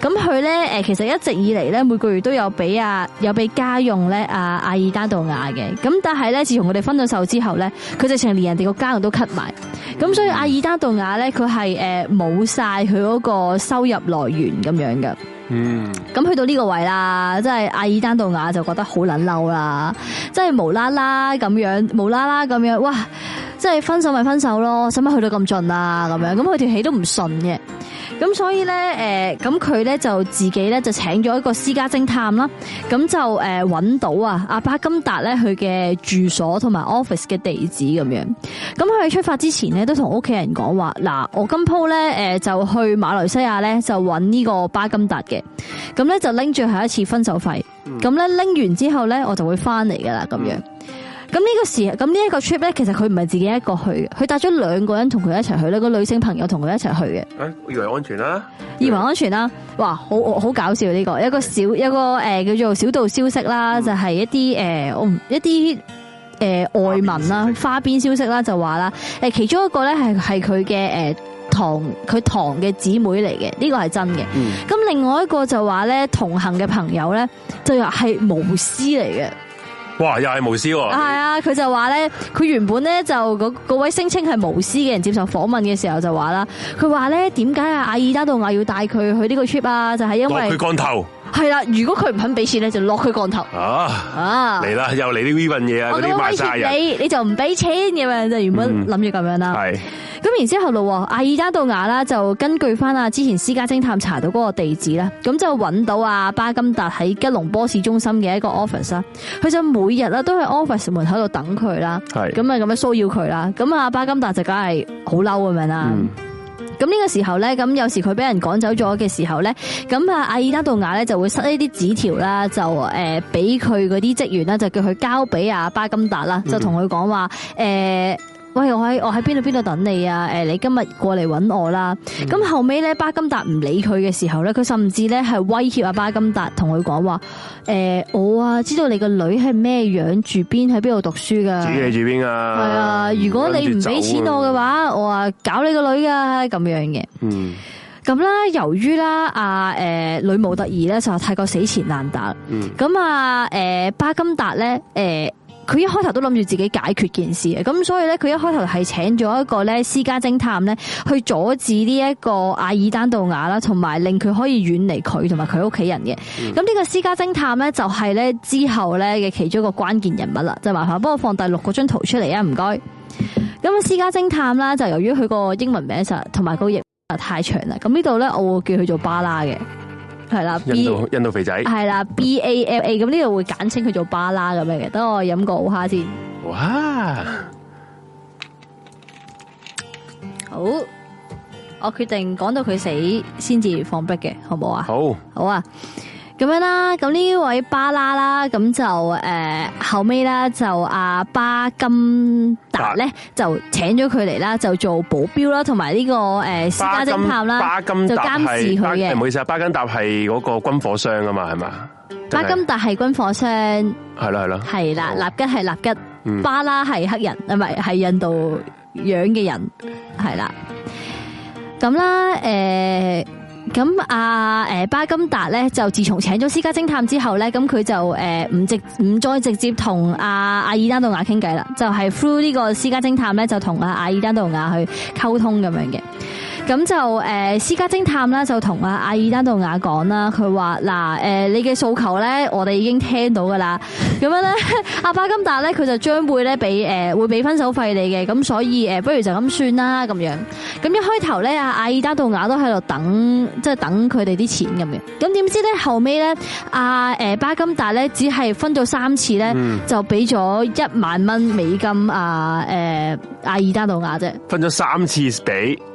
咁佢咧其實一直。以嚟咧，每個月都有俾啊，有俾家用咧，阿阿爾丹道雅嘅。咁但係咧，自從佢哋分咗手之後咧，佢就成日連人哋個家用都 cut 埋。咁所以阿爾丹道雅咧，佢係誒冇晒佢嗰個收入來源咁樣嘅。嗯。咁去到呢個位啦，真係阿爾丹道雅就覺得好撚嬲啦，真係無啦啦咁樣，無啦啦咁樣，哇！真係分手咪分手咯，使乜去到咁盡啊？咁樣，咁佢條氣都唔順嘅。咁所以咧，誒，咁佢咧就自己咧就請咗一個私家偵探啦，咁就誒揾到啊阿巴金達咧佢嘅住所同埋 office 嘅地址咁樣。咁佢喺出發之前咧都同屋企人講話，嗱，我今鋪咧誒就去馬來西亞咧就揾呢個巴金達嘅，咁咧就拎最後一次分手費，咁咧拎完之後咧我就會翻嚟噶啦咁樣。咁、這、呢個時，咁呢一個 trip 咧，其實佢唔係自己一個去嘅，佢帶咗兩個人同佢一齊去，呢個女性朋友同佢一齊去嘅。以為安全啦，以為安全啦。哇，好好搞笑呢、這個，一個小有一個誒叫做小道消息啦，就係、是、一啲誒我唔一啲誒、呃、外文啦，花邊消息啦就話啦，誒其中一個咧係係佢嘅誒堂佢堂嘅姊妹嚟嘅，呢、這個係真嘅。嗯。咁另外一個就話咧同行嘅朋友咧就話係巫師嚟嘅。哇！又係巫師喎，係啊！佢就話咧，佢原本咧就嗰位聲稱係巫師嘅人接受訪問嘅時候就話啦，佢話咧點解啊，阿爾丹杜亞要帶佢去呢個 trip 啊？就係、是、因為佢乾頭。係啦，如果佢唔肯俾錢咧，就落佢降頭。啊啊！嚟啦，又嚟呢份嘢啊！你，你，你就唔俾錢咁樣，嗯，就原本諗住咁樣啦。係咁，然之後咯，阿爾加道雅啦，就根據翻啊之前私家偵探查到嗰個地址啦，咁就揾到阿巴金達喺吉隆坡市中心嘅一個 office 啦。佢就每日啦都喺 office 門口度等佢啦，咁啊咁樣騷擾佢啦。咁阿巴金達就梗係好嬲咁樣啦。嗯咁呢個時候咧，咁有時佢俾人趕走咗嘅時候咧，咁啊，阿爾丹道雅咧就會塞呢啲紙條啦，就誒俾佢嗰啲職員啦，就叫佢交俾阿巴金達啦、嗯，就同佢講話誒。呃喂，我喺我喺邊度邊度等你啊！誒，你今日過嚟搵我啦。咁後尾咧，巴金達唔理佢嘅時候咧，佢甚至咧係威脅阿巴金達，同佢講話：誒，我啊知道你個女係咩樣，住邊喺邊度讀書噶？自己住邊啊？係啊，如果你唔俾錢我嘅話，我啊搞你個女噶咁樣嘅。嗯。咁啦，由於啦阿誒女模特兒咧就太過死纏爛打，咁啊誒巴金達咧誒。佢一開頭都諗住自己解決件事嘅，咁所以咧，佢一開頭係請咗一個咧私家偵探咧去阻止呢一個阿爾丹道雅啦，同埋令佢可以遠離佢同埋佢屋企人嘅。咁、嗯、呢個私家偵探咧就係咧之後咧嘅其中一個關鍵人物啦，就麻煩幫我放第六個張圖出嚟啊，唔該。咁啊，私家偵探啦，就由於佢個英文名實同埋個譯太長啦，咁呢度咧我會叫佢做巴拉嘅。係啦，B… 印度印度肥仔係啦，B A L A，咁呢度會簡稱佢做巴拉咁樣嘅。等我飲個好哈先。哇！好，我決定講到佢死先至放筆嘅，好唔好，好啊？好，好啊。咁樣啦，咁呢位巴拉啦，咁就誒後尾啦，就阿巴金達咧，就請咗佢嚟啦，就做保鏢啦，同埋呢個誒私家偵探啦，就監視佢嘅，唔好意思啊，巴金達係嗰個軍火商啊嘛，係嘛？巴金達係軍火商，係啦係啦，係啦，納吉係納吉，巴拉係黑人，唔係係印度樣嘅人，係啦。咁啦，誒。咁阿誒巴金達咧，就自從請咗私家偵探之後咧，咁佢就誒唔直唔再直接同阿阿爾丹道雅傾偈啦，就係 through 呢個私家偵探咧，就同阿阿爾丹道雅去溝通咁樣嘅。咁就誒私家偵探啦，就同阿阿爾丹道雅講啦，佢話嗱，誒你嘅訴求咧，我哋已經聽到噶啦。咁樣咧，阿巴金達咧，佢就將會咧俾誒會俾分手費你嘅，咁所以誒，不如就咁算啦咁樣。咁一開頭咧，阿阿爾丹道雅都喺度等，即係等佢哋啲錢咁嘅。咁點知咧，後尾咧，阿巴金達咧只係分咗三次咧，就俾咗一萬蚊美金阿誒阿爾丹道雅啫。分咗三次俾。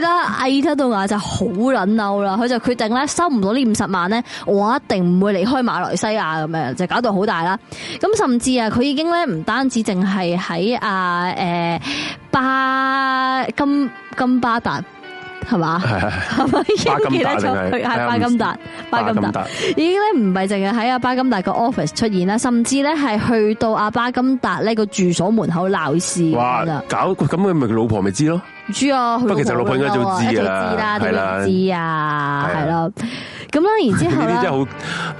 啦，嗌到到亞就好撚嬲啦，佢就決定咧收唔到呢五十萬咧，我一定唔會離開馬來西亞咁樣，就搞到好大啦。咁甚至啊，佢已經咧唔單止淨係喺啊誒巴金金巴達。係嘛？係係。巴金達定係？係巴金達。巴金達已經咧唔係淨係喺阿巴金達個 office 出現啦，甚至咧係去到阿巴金達呢個住所門口鬧事哇。搞咁佢咪老婆咪知咯？唔知啊。不過其實老婆應該就知啊，係啦，知啊，係咯。咁啦，然之後咧，好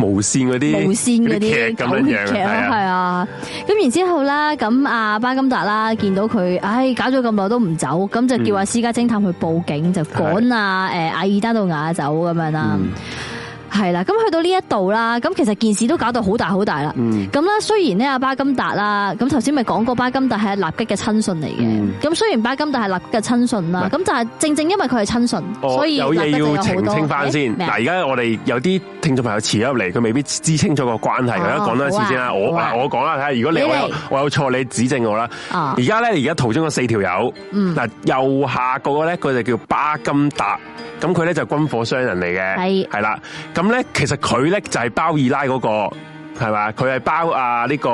無線嗰啲，無線嗰啲劇咁樣樣，係啊。咁然之後咧，咁阿巴金達啦，見到佢，唉，搞咗咁耐都唔走，咁就叫阿私家偵探去報警，嗯、就趕啊，誒，阿爾丹到雅走咁樣啦、嗯。係啦，咁去到呢一度啦，咁其實件事都搞到好大好大啦。咁咧，雖然咧阿巴金達啦，咁頭先咪講過巴金達係納吉嘅親信嚟嘅。咁雖然巴金達係納吉嘅親信啦，咁但係正正因為佢係親信，哦，所以有嘢要澄清翻先。嗱，而家我哋有啲聽眾朋友遲咗入嚟，佢未必知清楚個關係，啊啊。我而家講多一次先啦，我我講啦，睇下如果你我有我有錯，你指正我啦。而家咧，而家圖中嘅四條友，嗱，嗯、右下嗰個咧，佢就叫巴金達。咁佢咧就軍、是、軍火商人嚟嘅，係係啦。咁咧其實佢咧就係、是、包二奶嗰，那個係嘛，佢係包啊呢、這個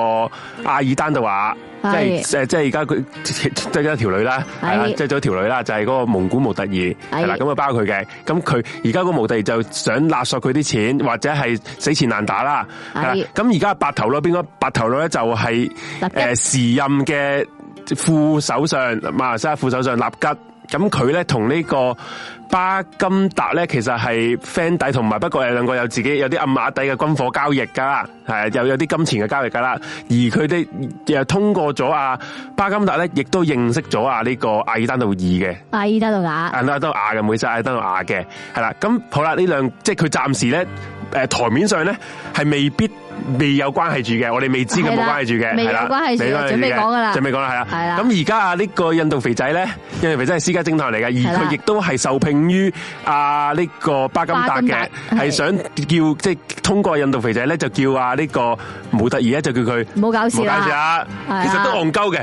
阿爾丹杜華，即係即係即係而家佢追咗條女啦，係啦，追咗條女啦，就係、是、嗰個蒙古模特爾，係啦，咁啊包佢嘅。咁佢而家個模特就想勒索佢啲錢，或者係死纏爛打啦。咁而家白頭佬邊個？白頭佬咧就係、是、誒、呃、時任嘅副首相馬來西亞副首相納吉。咁佢咧同呢、這個。巴金達咧，其實係 friend 底同埋，不過有兩個有自己有啲暗碼底嘅軍火交易噶，係又有啲金錢嘅交易噶啦。而佢哋又通過咗啊巴金達咧，亦都認識咗啊呢個阿爾丹道爾嘅。阿爾丹道亞，阿丹諾亞嘅，唔好意思，阿丹諾亞嘅，係啦。咁好啦，兩呢兩即係佢暫時咧，誒台面上咧係未必。未有關係住嘅，我哋未知嘅，冇關係住嘅，係啦，未有關係住，準備講噶啦，準備講啦，係啦，係啦。咁而家啊，呢個印度肥仔咧，印度肥仔係私家偵探嚟嘅，而佢亦都係受聘於啊呢個巴金達嘅，係想叫即係、就是、通過印度肥仔咧，就叫啊、這、呢個毛特儀咧，就叫佢冇搞事啊，其實都戇鳩嘅，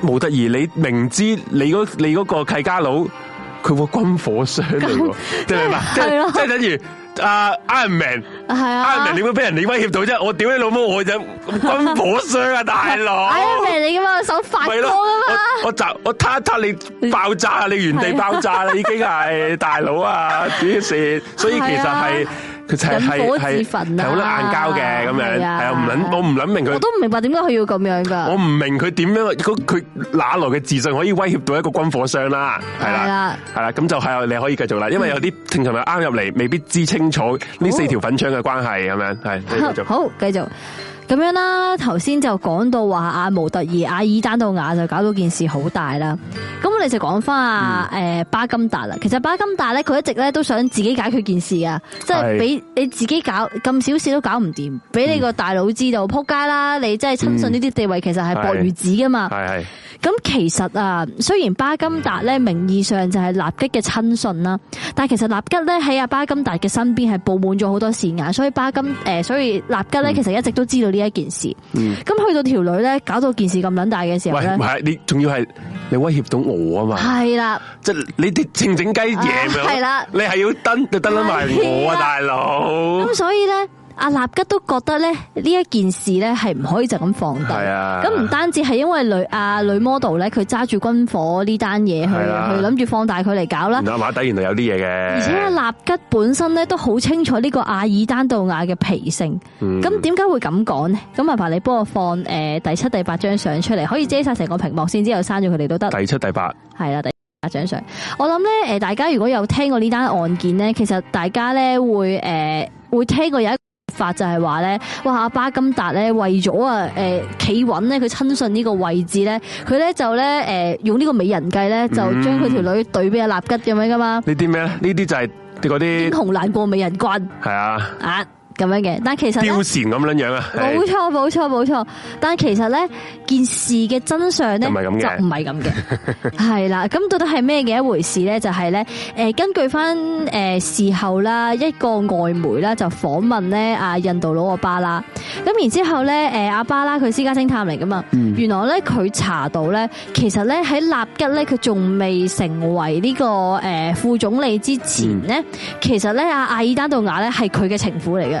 毛特儀，你明知你嗰、那個、你個契家佬佢個軍火商，對唔對啊？即、就、係、是就是、等於。 (laughs) 阿 Iron Man 係啊，Iron Man 點會俾人哋威脅到啫？我屌你老母我啫，軍火商啊大佬！Iron Man 你點樣個手快過我啊？我就 (laughs) 我撻一撻你爆炸，你原地爆炸啦已經係大佬啊！主要是所以其實係。引火自焚啦，啊，好多硬膠嘅咁樣，係啊，啊，啊，我唔諗明佢，我都唔明白點解佢要咁樣噶，我唔明佢點樣，佢佢哪來嘅自信可以威脅到一個軍火商啦？係啦，啊，係啦，啊啊，咁就係啊，你可以繼續啦，因為有啲聽眾咪啱入嚟，未必知清楚呢四條粉腸嘅關係咁樣，係，啊啊，好繼續。咁樣啦，頭先就講到話阿模特兒阿爾丹杜雅就搞到件事好大啦。咁我哋就講翻阿誒巴金達啦。其實巴金達咧，佢一直咧都想自己解決件事㗎，即係俾你自己搞咁小事都搞唔掂，俾你個大佬知道，仆街啦！你即係親信呢啲地位其實係薄如紙噶嘛。咁其實啊，雖然巴金達咧名義上就係納吉嘅親信啦，但其實納吉咧喺阿巴金達嘅身邊係佈滿咗好多線眼，所以巴金誒，所以納吉咧其實一直都知道呢。一件事，咁去到條女咧，搞到件事咁卵大嘅時候，喂，唔係你仲要係你威脅到我啊嘛？係啦，就是，即係你啲正正雞嘢咪係啦，啊、你係要登就登卵埋我啊大佬。咁所以咧。阿納吉都覺得咧呢一件事咧係唔可以就咁放低，咁唔單止係因為女阿女 model 咧佢揸住軍火呢單嘢去去諗住放大佢嚟搞啦。阿馬仔原來有啲嘢嘅，而且阿納吉本身咧都好清楚呢個阿爾丹道雅嘅脾性，咁點解會咁講？咁麻煩你幫我放誒第七、第八張相出嚟，可以遮晒成個屏幕先，之後刪咗佢哋都得。第七、第八係啦，第八張相，我諗咧誒，大家如果有聽過呢單案件咧，其實大家咧會誒、呃、會聽過有一。法就係話咧，哇阿巴金達咧為咗啊誒企穩咧，佢親信呢個位置咧，佢咧就咧誒用呢個美人計咧，嗯、就將佢條女懟俾阿納吉咁樣噶嘛。呢啲咩咧？呢啲就係啲嗰啲英雄難過美人關。係啊。咁樣嘅，但其實貂蟬咁樣樣啊！冇錯，冇錯，冇錯。但其實咧，件事嘅真相咧， (laughs) 唔係咁唔係咁嘅，係啦。咁到底係咩嘅一回事咧？就係咧，誒，根據翻誒事後啦，一個外媒啦就訪問咧阿印度佬阿巴啦。咁然之後咧，誒阿巴啦佢私家偵探嚟噶嘛，原來咧佢查到咧，其實咧喺納吉咧，佢仲未成為呢個誒副總理之前咧，其實咧阿阿爾丹道雅咧係佢嘅情婦嚟嘅。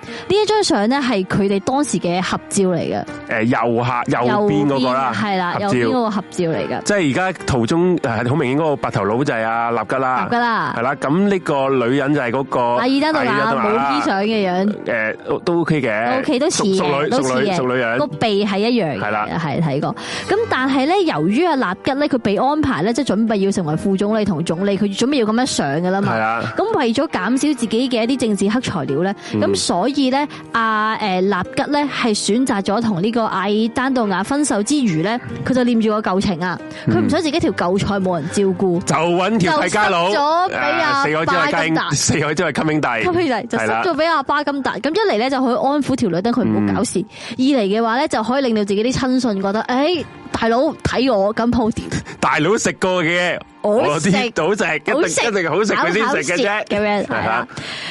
呢一張相咧係佢哋當時嘅合照嚟嘅，誒，右下右邊嗰個啦，係啦，右邊嗰個合照嚟嘅，即係而家途中好明顯嗰個白頭佬就係阿納吉啦，納吉啦，係啦，咁呢個女人就係嗰、嗰個阿爾丹杜娜冇思想嘅樣，誒，都 OK 嘅，OK 都似，熟女熟女熟女樣，個鼻係一樣，係啦，係睇過，咁但係咧由於阿納吉咧佢被安排咧即係準備要成為副總理同總理，佢準備要咁樣上噶啦嘛，係啊，咁為咗減少自己嘅一啲政治黑材料咧，咁所以、嗯所以咧，阿誒納吉咧係選擇咗同呢個艾丹杜雅分手之餘咧，佢就念住個舊情啊，佢、嗯、唔想自己條舊菜冇人照顧，就搵條契家佬，咗俾阿四海之外金英大，四海之外金英大，四個是 day, 就塞咗俾阿巴金達，咁一嚟咧就可以安撫條女等佢唔好搞事，嗯、二嚟嘅話咧就可以令到自己啲親信覺得，誒大佬睇我咁鋪點，大佬食 (laughs) 過嘅。我食我好食，好食，一定食一定好食佢先食嘅啫，係啊。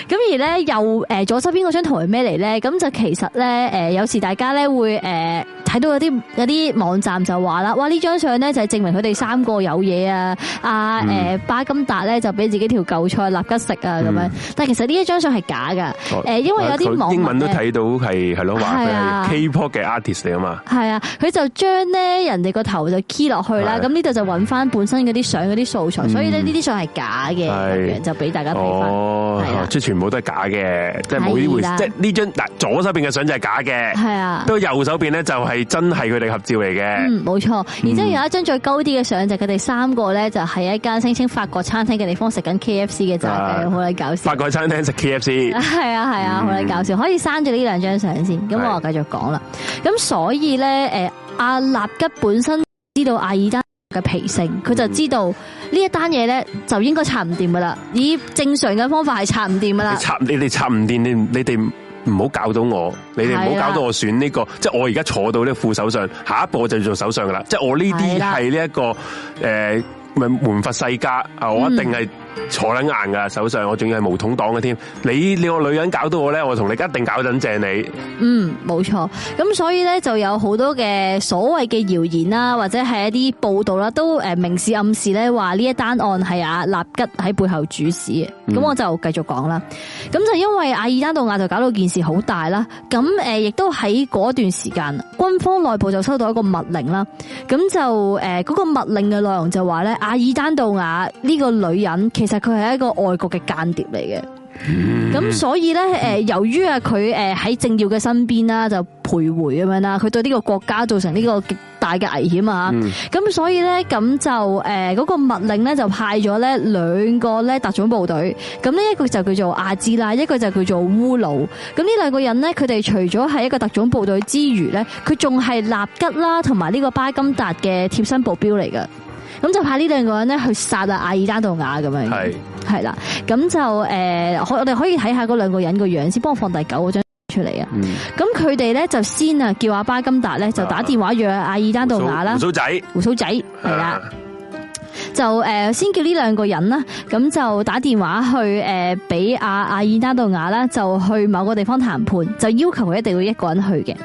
咁而咧，右誒，左側邊嗰張圖係咩嚟咧？咁就其實咧，誒，有時大家咧會誒。睇到有啲有啲網站就話啦，哇，呢張相咧就係證明佢哋三個有嘢啊！阿誒，巴金達咧就俾自己條舊菜立吉食啊咁樣，嗯、但係其實呢一張相係假㗎。誒，因為有啲網英文都睇到係係咯，話 K-pop 嘅 artist 嚟啊嘛。係啊，佢就將咧人哋個頭就 key 落去啦，咁呢度就揾翻本身嗰啲相嗰啲素材，所以呢啲相係假嘅，就俾大家睇翻哦，即係全部都係假嘅，即係冇呢回事。即係呢張嗱，左手邊嘅相就係假嘅，係啊，都、啊、右手邊咧就係、是。真係佢哋合照嚟嘅，嗯，冇錯。然之後有一張再高啲嘅相，就佢哋三個咧，就喺一間聲稱法國餐廳嘅地方食緊 K F C 嘅炸雞，好鬼搞笑。法國餐廳食 K F C，係啊係啊，好鬼搞笑。可以刪咗呢兩張相先，咁我繼續講啦。咁所以咧，誒，阿納吉本身知道阿爾丹嘅脾性，佢就知道呢一單嘢咧就應該插唔掂噶啦。以正常嘅方法係插唔掂噶啦，插你哋插唔掂，你你哋？唔好搞到我，你哋唔好搞到我選呢、這個，即係我而家坐到呢副手上，下一步我就要做首相噶啦，即係我呢啲係呢一個誒、呃、門閥世家啊，我一定係。坐喺硬噶手上，我仲要係巫統黨嘅添。你你個女人搞到我咧，我同你一定搞準正你。嗯，冇錯。咁所以咧，就有好多嘅所謂嘅謠言啦，或者係一啲報道啦，都誒明示暗示咧，話呢一單案係阿納吉喺背後主使。咁、嗯、我就繼續講啦。咁就因為阿爾丹道亞就搞到件事好大啦。咁誒，亦都喺嗰段時間，軍方內部就收到一個密令啦。咁就誒，嗰、那個密令嘅內容就話咧，阿爾丹道亞呢個女人。其實佢係一個外國嘅間諜嚟嘅，咁所以咧，誒，由於啊，佢誒喺政要嘅身邊啦，就徘徊咁樣啦，佢對呢個國家造成呢個極大嘅危險啊！咁、嗯、所以咧，咁就誒，嗰、那個密令咧就派咗咧兩個咧特種部隊，咁呢一個就叫做阿茲拉，一個就叫做烏魯，咁呢兩個人呢，佢哋除咗係一個特種部隊之餘咧，佢仲係納吉啦同埋呢個巴金達嘅貼身保鏢嚟嘅。咁就派呢兩個人咧去殺阿阿爾丹杜雅咁樣，係啦，咁就誒，我我哋可以睇下嗰兩個人個樣先，幫我放第九嗰張出嚟啊！咁佢哋咧就先啊，叫阿巴金達咧就打電話約阿爾丹杜雅啦，胡鬚仔,仔，胡鬚仔，係啦。就誒，先叫呢兩個人啦，咁就打電話去誒，俾阿阿爾丹道雅啦，就去某個地方談判，就要求佢一定要一個人去嘅。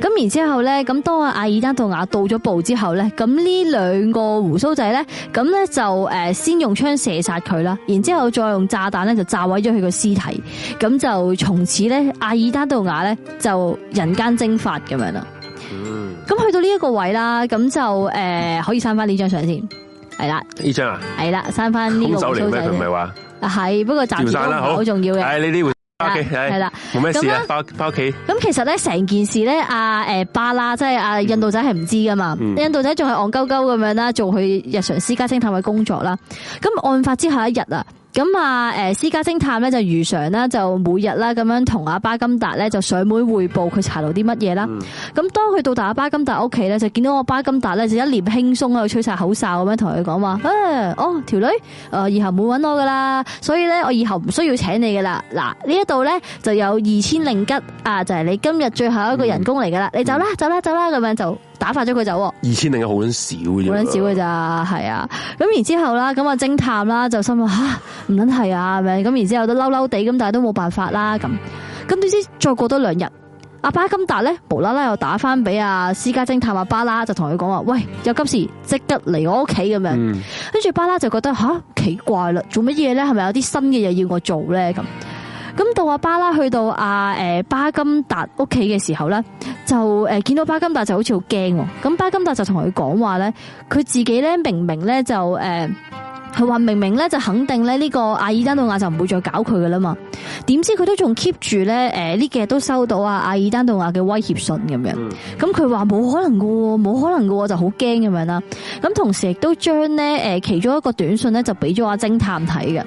咁然之後咧，咁當阿阿爾丹道雅到咗埗之後咧，咁呢兩個胡鬚仔咧，咁咧就誒，先用槍射殺佢啦，然之後再用炸彈咧就炸毀咗佢個屍體。咁就從此咧，阿爾丹道雅咧就人間蒸發咁樣啦。咁去到呢一個位啦，咁就誒，可以翻翻呢張相先。係啦，依張啊，係啦，刪翻呢個粗仔，咁手嚟咩？佢唔係話，啊係，不過暫時都好重要嘅。哎，呢啲會，係啦，冇咩事啊，翻翻屋企。咁其實咧，成件事咧，阿誒巴拉即係阿印度仔係唔知噶嘛，印度仔仲係戇鳩鳩咁樣啦，做佢日常私家偵探嘅工作啦。咁案發之後一日啊。咁啊，誒，私家偵探咧就如常啦，就每日啦咁樣同阿巴金達咧就上門匯報佢查到啲乜嘢啦。咁、嗯、當佢到達阿巴金達屋企咧，就見到我巴金達咧就一臉輕鬆，喺度吹晒口哨咁樣同佢講話：誒、哎，哦，條女，誒、呃，以後唔會搵我噶啦,所以咧我以後唔需要請你噶啦。嗱，呢一度咧就有二千零吉啊，就係、是、你今日最後一個人工嚟噶、嗯、啦。你、嗯、走啦，走啦，走啦，咁樣就。打發咗佢走，二千零一好少，好少嘅，咋係啊？咁然之後啦，咁啊偵探啦就心諗吓唔撚係啊，咁然之後都嬲嬲地咁，但係都冇辦法啦。咁咁點知再過多兩日，阿巴金達咧無啦啦又打翻俾阿私家偵探，阿巴啦就同佢講話喂，有急事即刻嚟我屋企咁樣。跟、嗯、住巴啦，就覺得吓、啊、奇怪啦，做乜嘢咧？係咪有啲新嘅嘢要我做咧？咁。咁到阿巴拉去到阿誒巴金達屋企嘅時候咧，就誒見到巴金達就好似好驚，咁巴金達就同佢講話咧，佢自己咧明明咧就誒，佢、呃、話明明咧就肯定咧呢個阿爾丹道亞就唔會再搞佢噶啦嘛，點知佢都仲 keep 住咧誒呢幾日都收到啊阿爾丹道亞嘅威脅信咁、嗯、樣，咁佢話冇可能噶，冇可能噶，就好驚咁樣啦，咁同時亦都將咧誒其中一個短信咧就俾咗阿偵探睇嘅。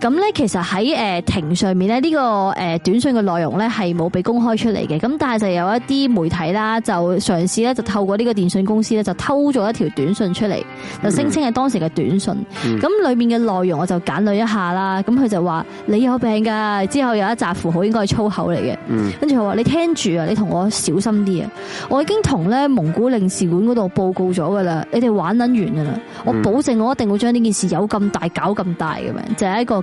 咁咧，其實喺誒庭上面咧，呢、這個誒短信嘅內容咧係冇被公開出嚟嘅。咁但係就有一啲媒體啦，就嘗試咧就透過呢個電訊公司咧就偷咗一條短信出嚟，就聲稱係當時嘅短信。咁裏面嘅內容我就簡略一下啦。咁、嗯、佢就話你有病噶，之後有一紮符號應該係粗口嚟嘅。跟住佢話你聽住啊，你同我小心啲啊！我已經同咧蒙古領事館嗰度報告咗噶啦，你哋玩捻完噶啦，嗯、我保證我一定會將呢件事有咁大搞咁大嘅，就係、是、一個。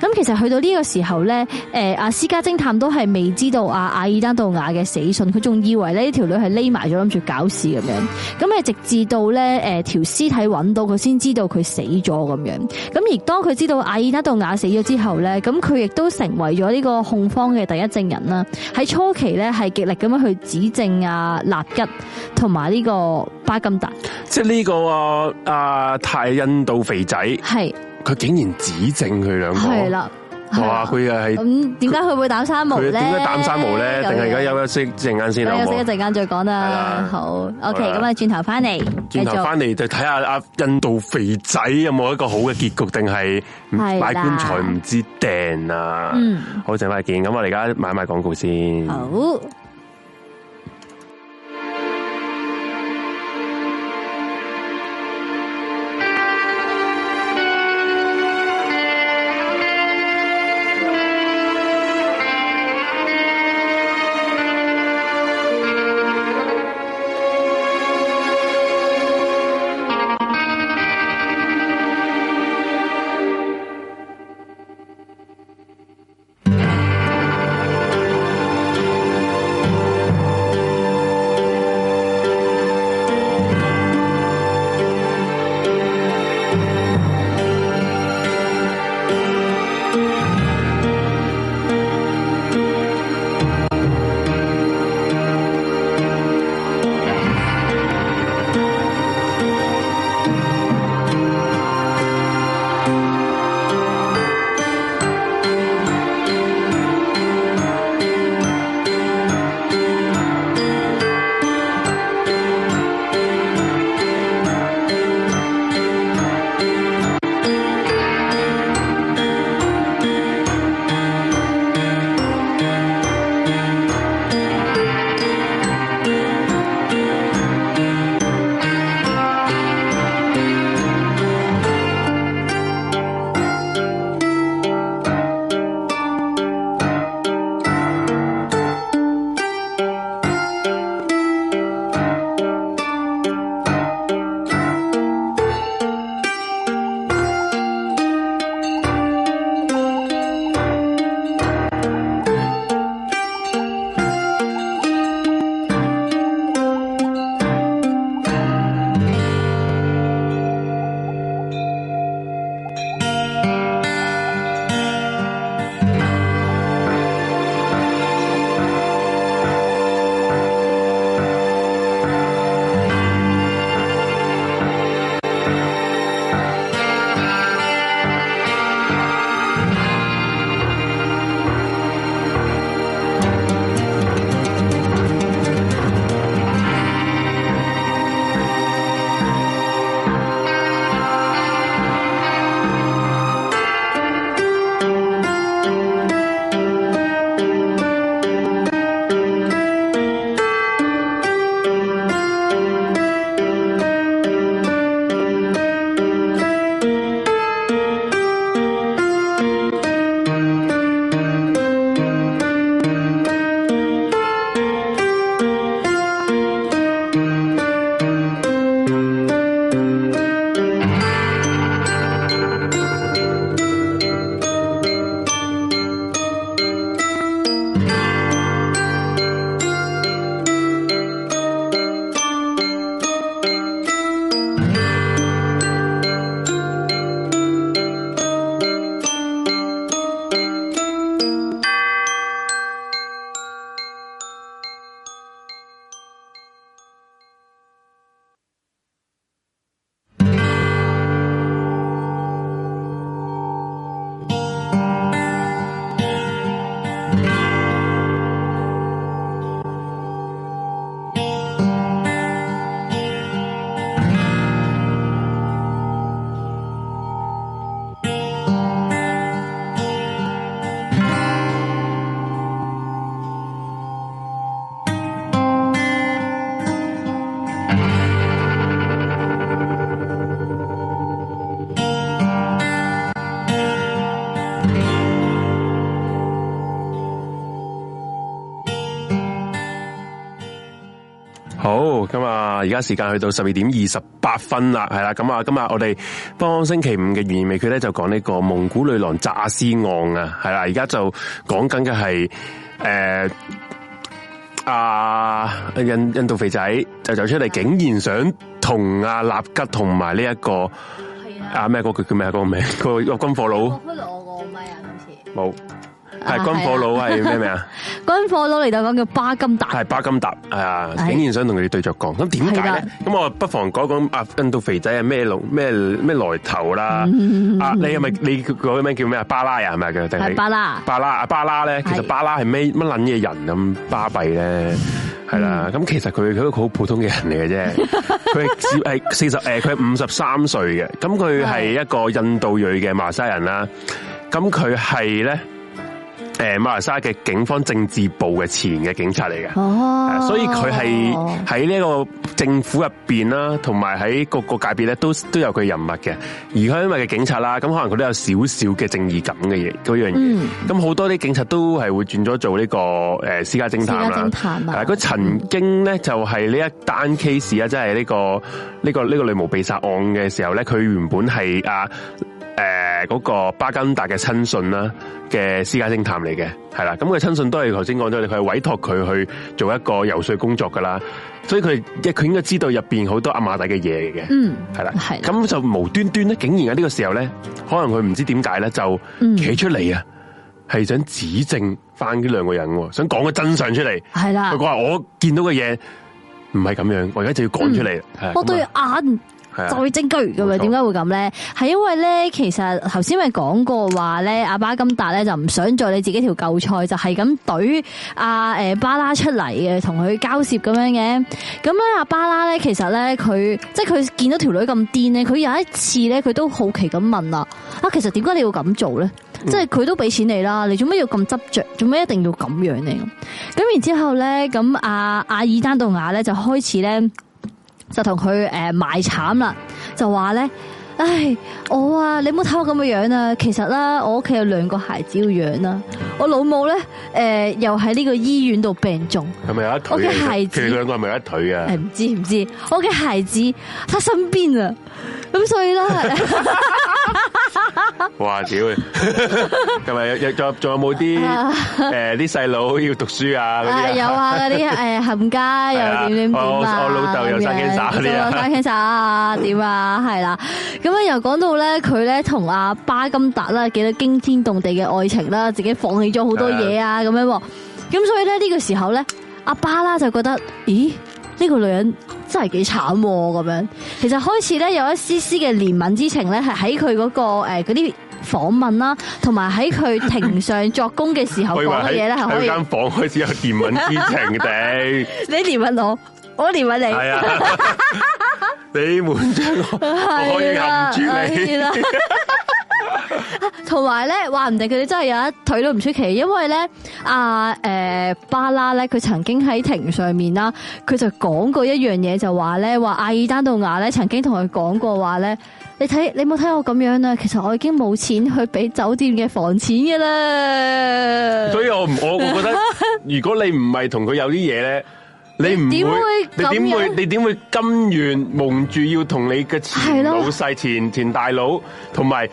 咁其實去到呢個時候咧，誒阿私家偵探都係未知道阿阿爾丹杜雅嘅死訊，佢仲以為呢條女係匿埋咗諗住搞事咁樣。咁啊直至到咧，誒條屍體揾到，佢先知道佢死咗咁樣。咁而當佢知道阿爾丹杜雅死咗之後咧，咁佢亦都成為咗呢個控方嘅第一證人啦。喺初期咧係極力咁樣去指證阿納吉同埋呢個巴金達，即係呢個啊泰印度肥仔係。佢竟然指證佢兩個係啦，哇！佢又係咁，點解佢會膽生毛咧？點解膽生毛咧？定係而家休息，一陣間先休息一，一陣間再講啦。好，好，OK，咁啊，轉頭翻嚟，轉頭翻嚟就睇下阿印度肥仔有冇一個好嘅結局，定係買棺材唔知掟啊？嗯，好陣間見，咁我哋而家買埋廣告先。好。時間去到十二點二十八分啦，係啦，咁啊，今日我哋幫星期五嘅懸而未決咧，就講呢個蒙古女郎炸屍案啊，係啦，而家就講緊嘅係誒阿印印度肥仔就走出嚟，竟然想同阿納吉同埋呢一個係啊阿咩嗰個叫咩嗰、嗰個名佢、嗰個軍火佬開到我個咪啊，今次冇。係軍軍火佬係咩名啊？軍火佬嚟就講叫巴金達，係巴金達係啊。竟然想同佢對着講，咁點解咧？咁我不妨講講啊，印度肥仔係咩龍咩咩來頭啦？啊、嗯嗯，你係咪你嗰名叫咩啊？巴拉啊，係咪叫定係巴拉巴拉巴拉咧，其實巴拉係咩乜撚嘢人咁巴閉咧？係啦、嗯，咁其實佢佢一個好普通嘅人嚟嘅啫。佢係四十誒，佢五十三歲嘅，咁佢係一個印度裔嘅馬來西亞人啦。咁佢係咧。嗯誒，馬來西亞嘅警方政治部嘅前嘅警察嚟嘅，哦，所以佢係喺呢個政府入邊啦，同埋喺各個界別咧都都有佢人物嘅。而佢因為係警察啦，咁可能佢都有少少嘅正義感嘅嘢，嗰樣嘢。咁、嗯、好多啲警察都係會轉咗做呢個誒私家偵探啦。偵探啊！佢曾經咧就係呢一單 case 啊，即係呢個呢、這個呢、這個女巫被殺案嘅時候咧，佢原本係啊。誒、呃、嗰、那個巴根達嘅親信啦嘅私家偵探嚟嘅，係啦，咁佢親信都係頭先講咗，佢係委託佢去做一個游說工作噶啦，所以佢一佢應該知道入邊好多阿馬仔嘅嘢，嚟嘅，嗯，係啦，係，咁就無端端咧，竟然喺呢個時候咧，可能佢唔知點解咧，就企出嚟啊，係、嗯、想指證翻呢兩個人，想講個真相出嚟，係啦，佢講話我見到嘅嘢唔係咁樣，我而家就要講出嚟，係、嗯，我對眼。再證據噶嘛？點解會咁咧？係 (music) 因為咧，其實頭先咪講過話咧，阿巴金達咧就唔想做你自己條舊菜，就係咁對阿誒巴拉出嚟嘅，同佢交涉咁樣嘅。咁咧阿巴拉咧，其實咧佢即係佢見到條女咁癲咧，佢有一次咧，佢都好奇咁問啦：啊，其實點解你要咁做咧？嗯、即係佢都俾錢你啦，你做咩要咁執着？做咩一定要咁樣呢？呢」咁然之後咧，咁阿阿爾丹杜雅咧就開始咧。就同佢誒賣慘啦，就話咧。唉，我啊，你唔好睇我咁嘅樣啊。其實啦，我屋企有兩個孩子要養啊。我老母咧，誒，又喺呢個醫院度病重。係咪有一腿？我嘅孩子佢哋兩個係咪有一腿啊？唔、啊、知唔知。我嘅孩子，他身邊啊，咁所以啦 (laughs) 。哇，屌！咁咪仲有冇啲誒啲細佬要讀書啊？唉有啊，嗰啲誒冚家又點點我老豆又生 cancer 啲啊，生 cancer 啊，點啊，係 (laughs) 啦、啊。咁樣又講到咧，佢咧同阿巴金達啦，幾多驚天動地嘅愛情啦，自己放棄咗好多嘢啊，咁樣。咁所以咧，呢個時候咧，阿巴啦就覺得，咦，呢個女人真係幾慘咁樣。其實開始咧有一絲絲嘅憐憫之情咧，係喺佢嗰個誒嗰啲訪問啦，同埋喺佢庭上作供嘅時候講嘅嘢咧，係可以。喺間房開始有憐憫之情嘅，你憐憫我。我連埋你，你們兩個，我忍唔住你。同埋咧，話唔定佢哋真係有一腿都唔出奇，因為咧，阿誒巴拉咧，佢曾經喺庭上面啦，佢就講過一樣嘢，就話咧，話阿爾丹杜牙咧，曾經同佢講過話咧，你睇，你冇睇我咁樣啊，其實我已經冇錢去俾酒店嘅房錢嘅啦。所以我我我覺得，如果你唔係同佢有啲嘢咧。你唔會，會，會，你點會，你點會甘願蒙住要同你嘅前老細、前前大佬、同埋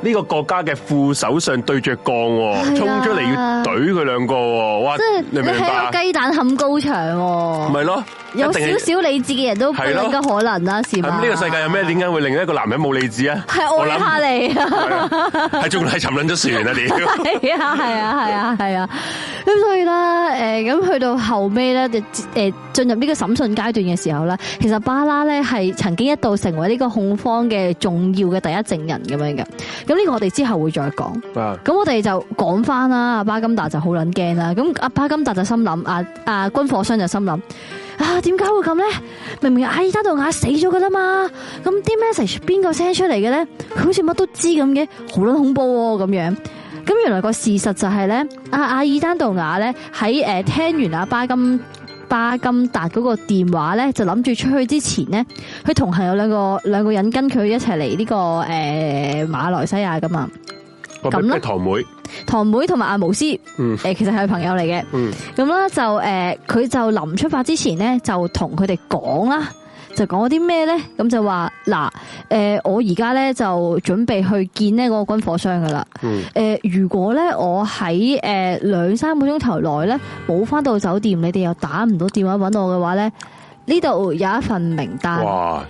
呢個國家嘅副首相對著槓，衝出嚟，要懟佢兩個，就是，哇！你喺個雞蛋冚高牆，唔係咯。有少少理智嘅人都冇呢個可能啦，是咪？咁呢個世界有咩點解會令一個男人冇理智啊？係哈下嚟，係仲係沉淪咗船啦！ (laughs) 你係啊，係啊，係啊，係啊！咁所以啦，誒，咁去到後尾咧，誒，進入呢個審訊階段嘅時候咧，其實巴拉咧係曾經一度成為呢個控方嘅重要嘅第一證人咁樣嘅。咁呢個我哋之後會再講。咁我哋就講翻啦，阿巴金達就好撚驚啦。咁阿巴金達就心諗，阿、啊、阿軍火商就心諗。啊，點解會咁咧？明明阿爾丹，丹道雅死咗噶啦嘛，咁啲 message 邊個 send 出嚟嘅咧？佢好似乜都知咁嘅，好撚恐怖喎、哦、咁樣。咁原來個事實就係、是、咧，阿阿爾丹，丹道雅咧喺誒聽完阿巴金巴金達嗰個電話咧，就諗住出去之前咧，佢同行有兩個兩個人跟佢一齊嚟呢個誒、呃、馬來西亞噶嘛。咁啦，堂妹，堂妹同埋阿無師，誒，其實係朋友嚟嘅。嗯、嗯。咁啦，就誒，佢就臨出發之前咧，就同佢哋講啦，就講啲咩咧？咁就話嗱，誒，我而家咧就準備去見呢個軍火商噶啦。誒，如果咧我喺誒兩三個鐘頭內咧冇翻到酒店，你哋又打唔到電話搵我嘅話咧，呢度有一份名單哇。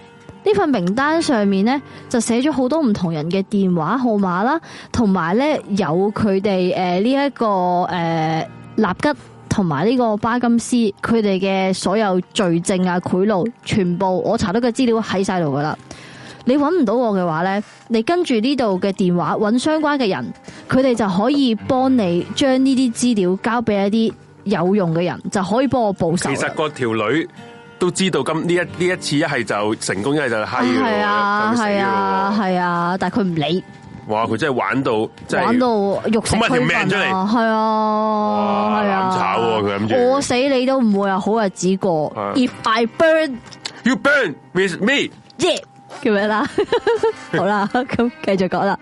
呢份名單上面咧，就寫咗好多唔同人嘅電話號碼啦，同埋咧有佢哋誒呢一個誒納吉同埋呢個巴金斯佢哋嘅所有罪證啊賄賂，全部我查到嘅資料喺晒度噶啦。你搵唔到我嘅話咧，你跟住呢度嘅電話搵相關嘅人，佢哋就可以幫你將呢啲資料交俾一啲有用嘅人，就可以幫我報仇。其實個條女。都知道咁，呢一呢一次一係就成功一係就閪。係啊係啊係啊，就是就是就是，但係佢唔理。哇！佢真係玩到，玩到玉石俱焚啊！係啊係啊，炒佢諗我死你都唔會啊！有好日子過，If I burn，you burn with me，耶！叫咩啦？了 yeah, (laughs) 好啦，咁繼續講啦。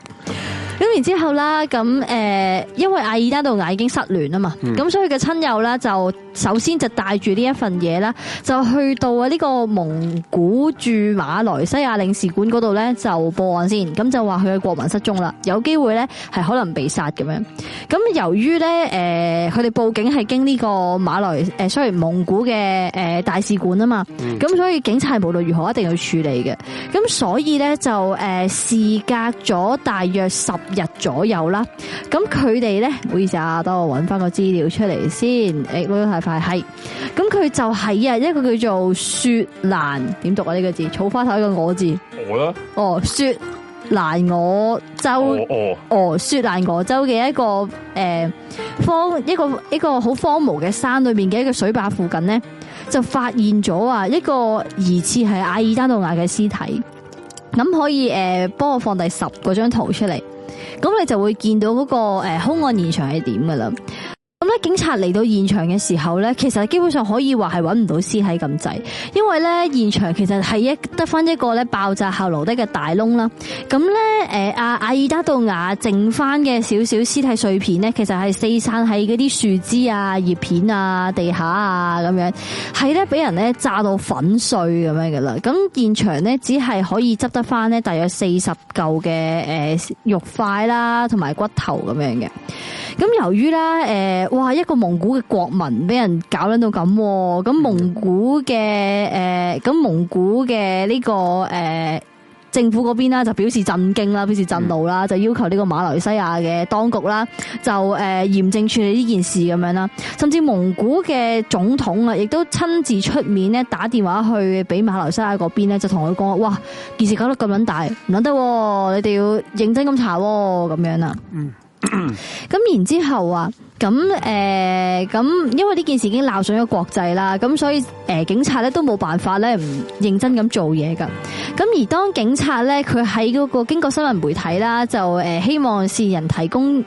咁然之後啦，咁誒，因為艾爾丹杜雅已經失聯啊嘛，咁、嗯、所以嘅親友咧就首先就帶住呢一份嘢啦，就去到啊呢個蒙古駐馬來西亞領事館嗰度咧就報案先，咁就話佢嘅國民失蹤啦，有機會咧係可能被殺咁樣。咁由於咧誒佢哋報警係經呢個馬來誒雖然蒙古嘅誒大使館啊嘛，咁、嗯、所以警察係無論如何一定要處理嘅。咁所以咧就誒事隔咗大約十。日左右啦，咁佢哋咧，唔好意思啊，等我搵翻個資料出嚟先。誒，攞得太快，係，咁佢就喺啊一個叫做雪蘭，點讀啊呢個字？草花頭一個我字，我啦，哦，雪蘭我州，哦哦，雪蘭我州嘅一個誒荒、欸，一個一個好荒蕪嘅山裏面嘅一個水壩附近咧，就發現咗啊一個疑似係阿爾丹道瓦嘅屍體。咁可以誒幫、欸、我放第十個張圖出嚟？咁你就會見到嗰個誒凶案現場係點噶啦。咁咧，警察嚟到現場嘅時候咧，其實基本上可以話係揾唔到屍體咁滯，因為咧現場其實係一得翻一個咧爆炸後留低嘅大窿啦。咁咧，誒、啊、阿阿爾達杜雅剩翻嘅少少屍體碎片呢，其實係四散喺嗰啲樹枝啊、葉片啊、地下啊咁樣，係咧俾人咧炸到粉碎咁樣噶啦。咁現場呢，只係可以執得翻呢大約四十嚿嘅誒肉塊啦、啊，同埋骨頭咁樣嘅。咁由於啦。誒、呃。哇！一個蒙古嘅國民俾人搞撚到咁，啊，咁蒙古嘅誒，咁、呃、蒙古嘅呢、這個誒、呃、政府嗰邊啦，就表示震驚啦，表示震怒啦，就要求呢個馬來西亞嘅當局啦，就誒嚴、呃、正處理呢件事咁樣啦，啊。甚至蒙古嘅總統啊，亦都親自出面咧，打電話去俾馬來西亞嗰邊咧，就同佢講，哇，件事搞到咁撚大，唔撚得，啊，你哋要認真咁查，啊，咁樣啦，啊。嗯。咁 (coughs) 然之後啊，咁誒，咁因為呢件事已經鬧上咗國際啦，咁所以誒，警察咧都冇辦法咧，唔認真咁做嘢噶。咁而當警察咧，佢喺嗰個經過新聞媒體啦，就誒希望是人提供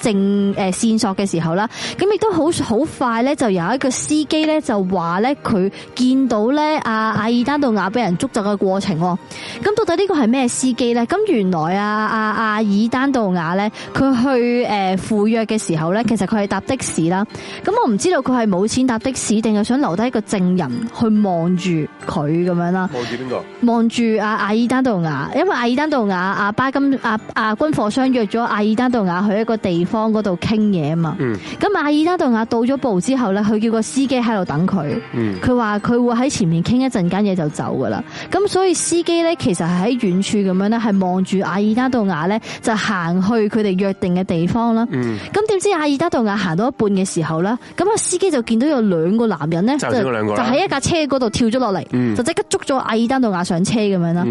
正誒線索嘅時候啦，咁亦都好好快咧，就有一個司機咧就話咧佢見到咧阿阿爾丹杜雅俾人捉走嘅過程。咁到底呢個係咩司機咧？咁原來啊阿阿爾丹杜雅咧佢去誒赴約嘅時候咧，其實佢係搭的士啦。咁我唔知道佢係冇錢搭的士，定係想留低一個證人去望住佢咁樣啦。望住邊個？望住阿阿爾丹杜雅，因為阿爾丹杜雅阿巴金阿阿軍火商約咗阿爾丹杜雅去一個地。方嗰度傾嘢啊嘛，嗯，咁阿爾丹道亞到咗步之後咧，佢叫個司機喺度等佢，佢話佢會喺前面傾一陣間嘢就走噶啦，咁所以司機咧其實係喺遠處咁樣咧，係望住阿爾丹道亞咧就行去佢哋約定嘅地方啦，咁點知阿爾丹道亞行到一半嘅時候咧，咁啊司機就見到有兩個男人咧，就喺一架車嗰度跳咗落嚟，嗯、就即刻捉咗阿爾丹道亞上車咁樣啦，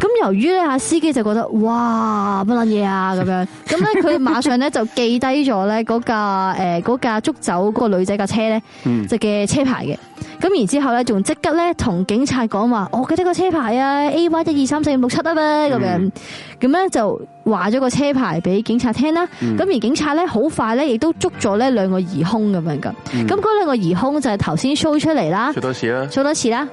咁由於咧阿司機就覺得哇乜捻嘢啊咁樣，咁咧佢馬上咧就記低咗咧嗰架誒嗰架捉走嗰個女仔架車咧，即、嗯、嘅車牌嘅。咁然之後咧，仲即刻咧同警察講話，嗯、我記得個車牌啊，A Y 一二三四五六七嘛，咁樣咁咧就話咗個車牌俾警察聽啦。咁、嗯、而警察咧好快咧，亦都捉咗呢兩個疑凶咁樣噶。咁嗰兩個疑凶就係頭先 show 出嚟啦，搜多次啦，搜多次啦。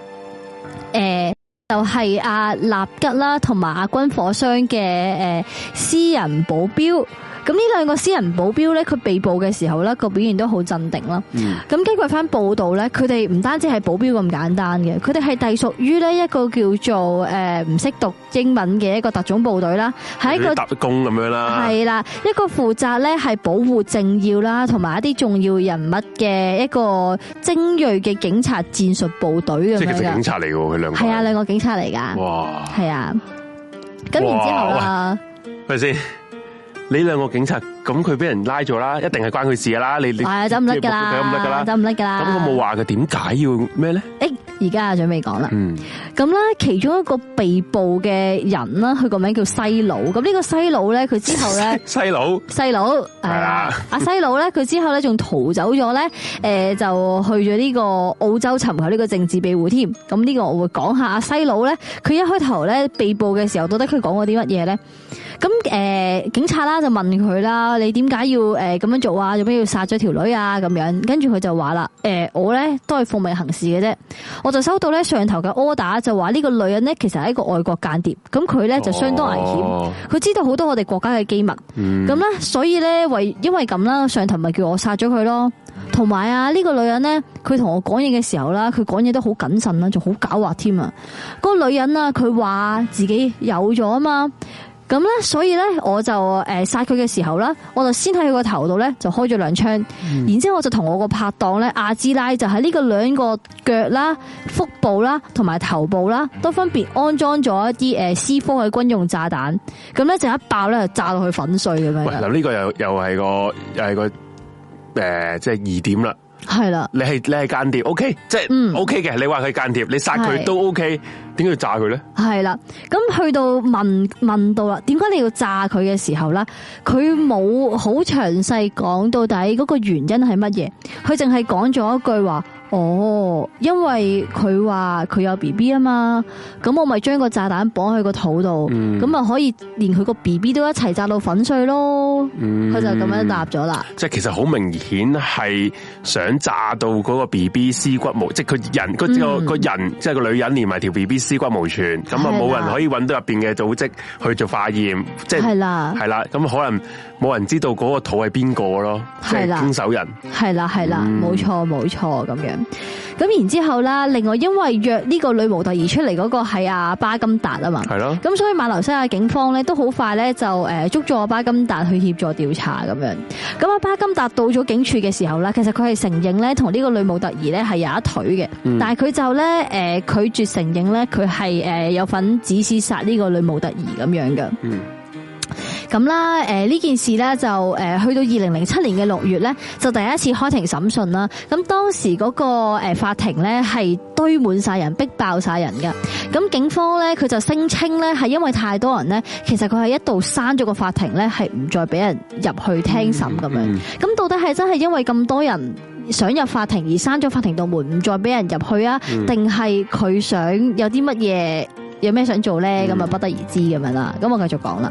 誒，就係、是、阿立吉啦，同埋阿軍火商嘅誒私人保鏢。咁呢兩個私人保鏢咧，佢被捕嘅時候咧，個表現都好鎮定囉。咁根據經過返報道咧，佢哋唔單止係保鏢咁簡單嘅，佢哋係隸屬於呢一個叫做誒唔識讀英文嘅一個特種部隊啦，係一個特工咁樣啦。係啦，一個負責咧係保護政要啦，同埋一啲重要人物嘅一個精銳嘅警察戰術部隊咁樣。即係警察嚟嘅，佢兩個係啊，兩個警察嚟噶。哇！係啊，咁然之後啦，咪先？你兩個警察咁佢俾人拉咗啦，一定係關佢事噶啦。你你係走唔甩噶啦，走唔甩噶啦，走唔甩噶啦。咁佢冇話佢點解要咩咧？誒，而家準備講啦。嗯，咁咧，其中一個被捕嘅人啦，佢個名叫西佬。咁呢個西佬咧，佢之後咧，西佬？西佬？係啦，阿西佬咧，佢之後咧，仲逃走咗咧。誒，就去咗呢個澳洲尋求呢個政治庇護添。咁呢個我會講下阿西佬咧，佢一開頭咧被捕嘅時候，到底佢講過啲乜嘢咧？咁誒、呃，警察啦就問佢啦，你點解要誒咁、呃、樣做啊？做咩要殺咗條女啊？咁樣，跟住佢就話啦，誒、呃，我咧都係奉命行事嘅啫。我就收到咧上頭嘅 order，就話呢個女人咧其實係一個外國間諜，咁佢咧就相當危險，佢、哦、知道好多我哋國家嘅機密。咁、嗯、咧，所以咧為因為咁啦，上頭咪叫我殺咗佢咯。同埋啊，呢、這個女人咧，佢同我講嘢嘅時候啦，佢講嘢都好謹慎啦，仲好狡猾添啊。嗰、那個女人啊，佢話自己有咗啊嘛。咁咧，所以咧，我就誒殺佢嘅時候啦，我就先喺佢個頭度咧就開咗兩槍，嗯、然之後我就同我個拍檔咧阿芝拉就喺呢個兩個腳啦、腹部啦同埋頭部啦都分別安裝咗一啲誒西方嘅軍用炸彈，咁咧就一爆咧就炸到佢粉碎咁樣。嗱，呢、這個又又係個又係個誒、呃，即係疑點啦。係啦，你係、即係嗯、你係間諜，OK，即係 OK 嘅。你話佢間諜，你殺佢都 OK，點解要炸佢咧？係啦，咁去到問問到啦，點解你要炸佢嘅時候啦？佢冇好詳細講到底嗰個原因係乜嘢，佢淨係講咗一句話。哦，因為佢話佢有 B B 啊嘛，咁我咪將個炸彈綁喺個肚度，咁、嗯、啊可以連佢個 B B 都一齊炸到粉碎咯。佢、嗯、就咁樣答咗啦。即係其實好明顯係想炸到嗰個 B B 屍骨無，即係佢人個個、嗯、人即係、就是、個女人連，連埋條 B B 屍骨無存，咁啊冇人可以搵到入邊嘅組織去做化驗，即係係啦，係、就、啦、是，咁可能冇人知道嗰個肚係邊個咯，係係經手人。係啦係啦，冇錯冇錯咁樣。咁然之後啦，另外因為約呢個女模特兒出嚟嗰個係阿巴金達啊嘛，係咯，咁所以馬來西亞警方咧都好快咧就誒捉咗阿巴金達去協助調查咁樣。咁阿巴金達到咗警署嘅時候呢，其實佢係承認咧同呢個女模特兒咧係有一腿嘅，但係佢就咧誒拒絕承認咧佢係誒有份指使殺呢個女模特兒咁樣嘅。嗯嗯咁啦，誒呢件事咧就誒去到二零零七年嘅六月咧，就第一次開庭審訊啦。咁當時嗰個誒法庭咧係堆滿晒人，逼爆晒人㗎。咁警方咧佢就聲稱咧係因為太多人咧，其實佢係一度閂咗個法庭咧係唔再俾人入去聽審咁樣。咁到底係真係因為咁多人想入法庭而閂咗法庭度門，唔再俾人入去啊？定係佢想有啲乜嘢有咩想做咧？咁啊不得而知咁樣啦。咁我繼續講啦。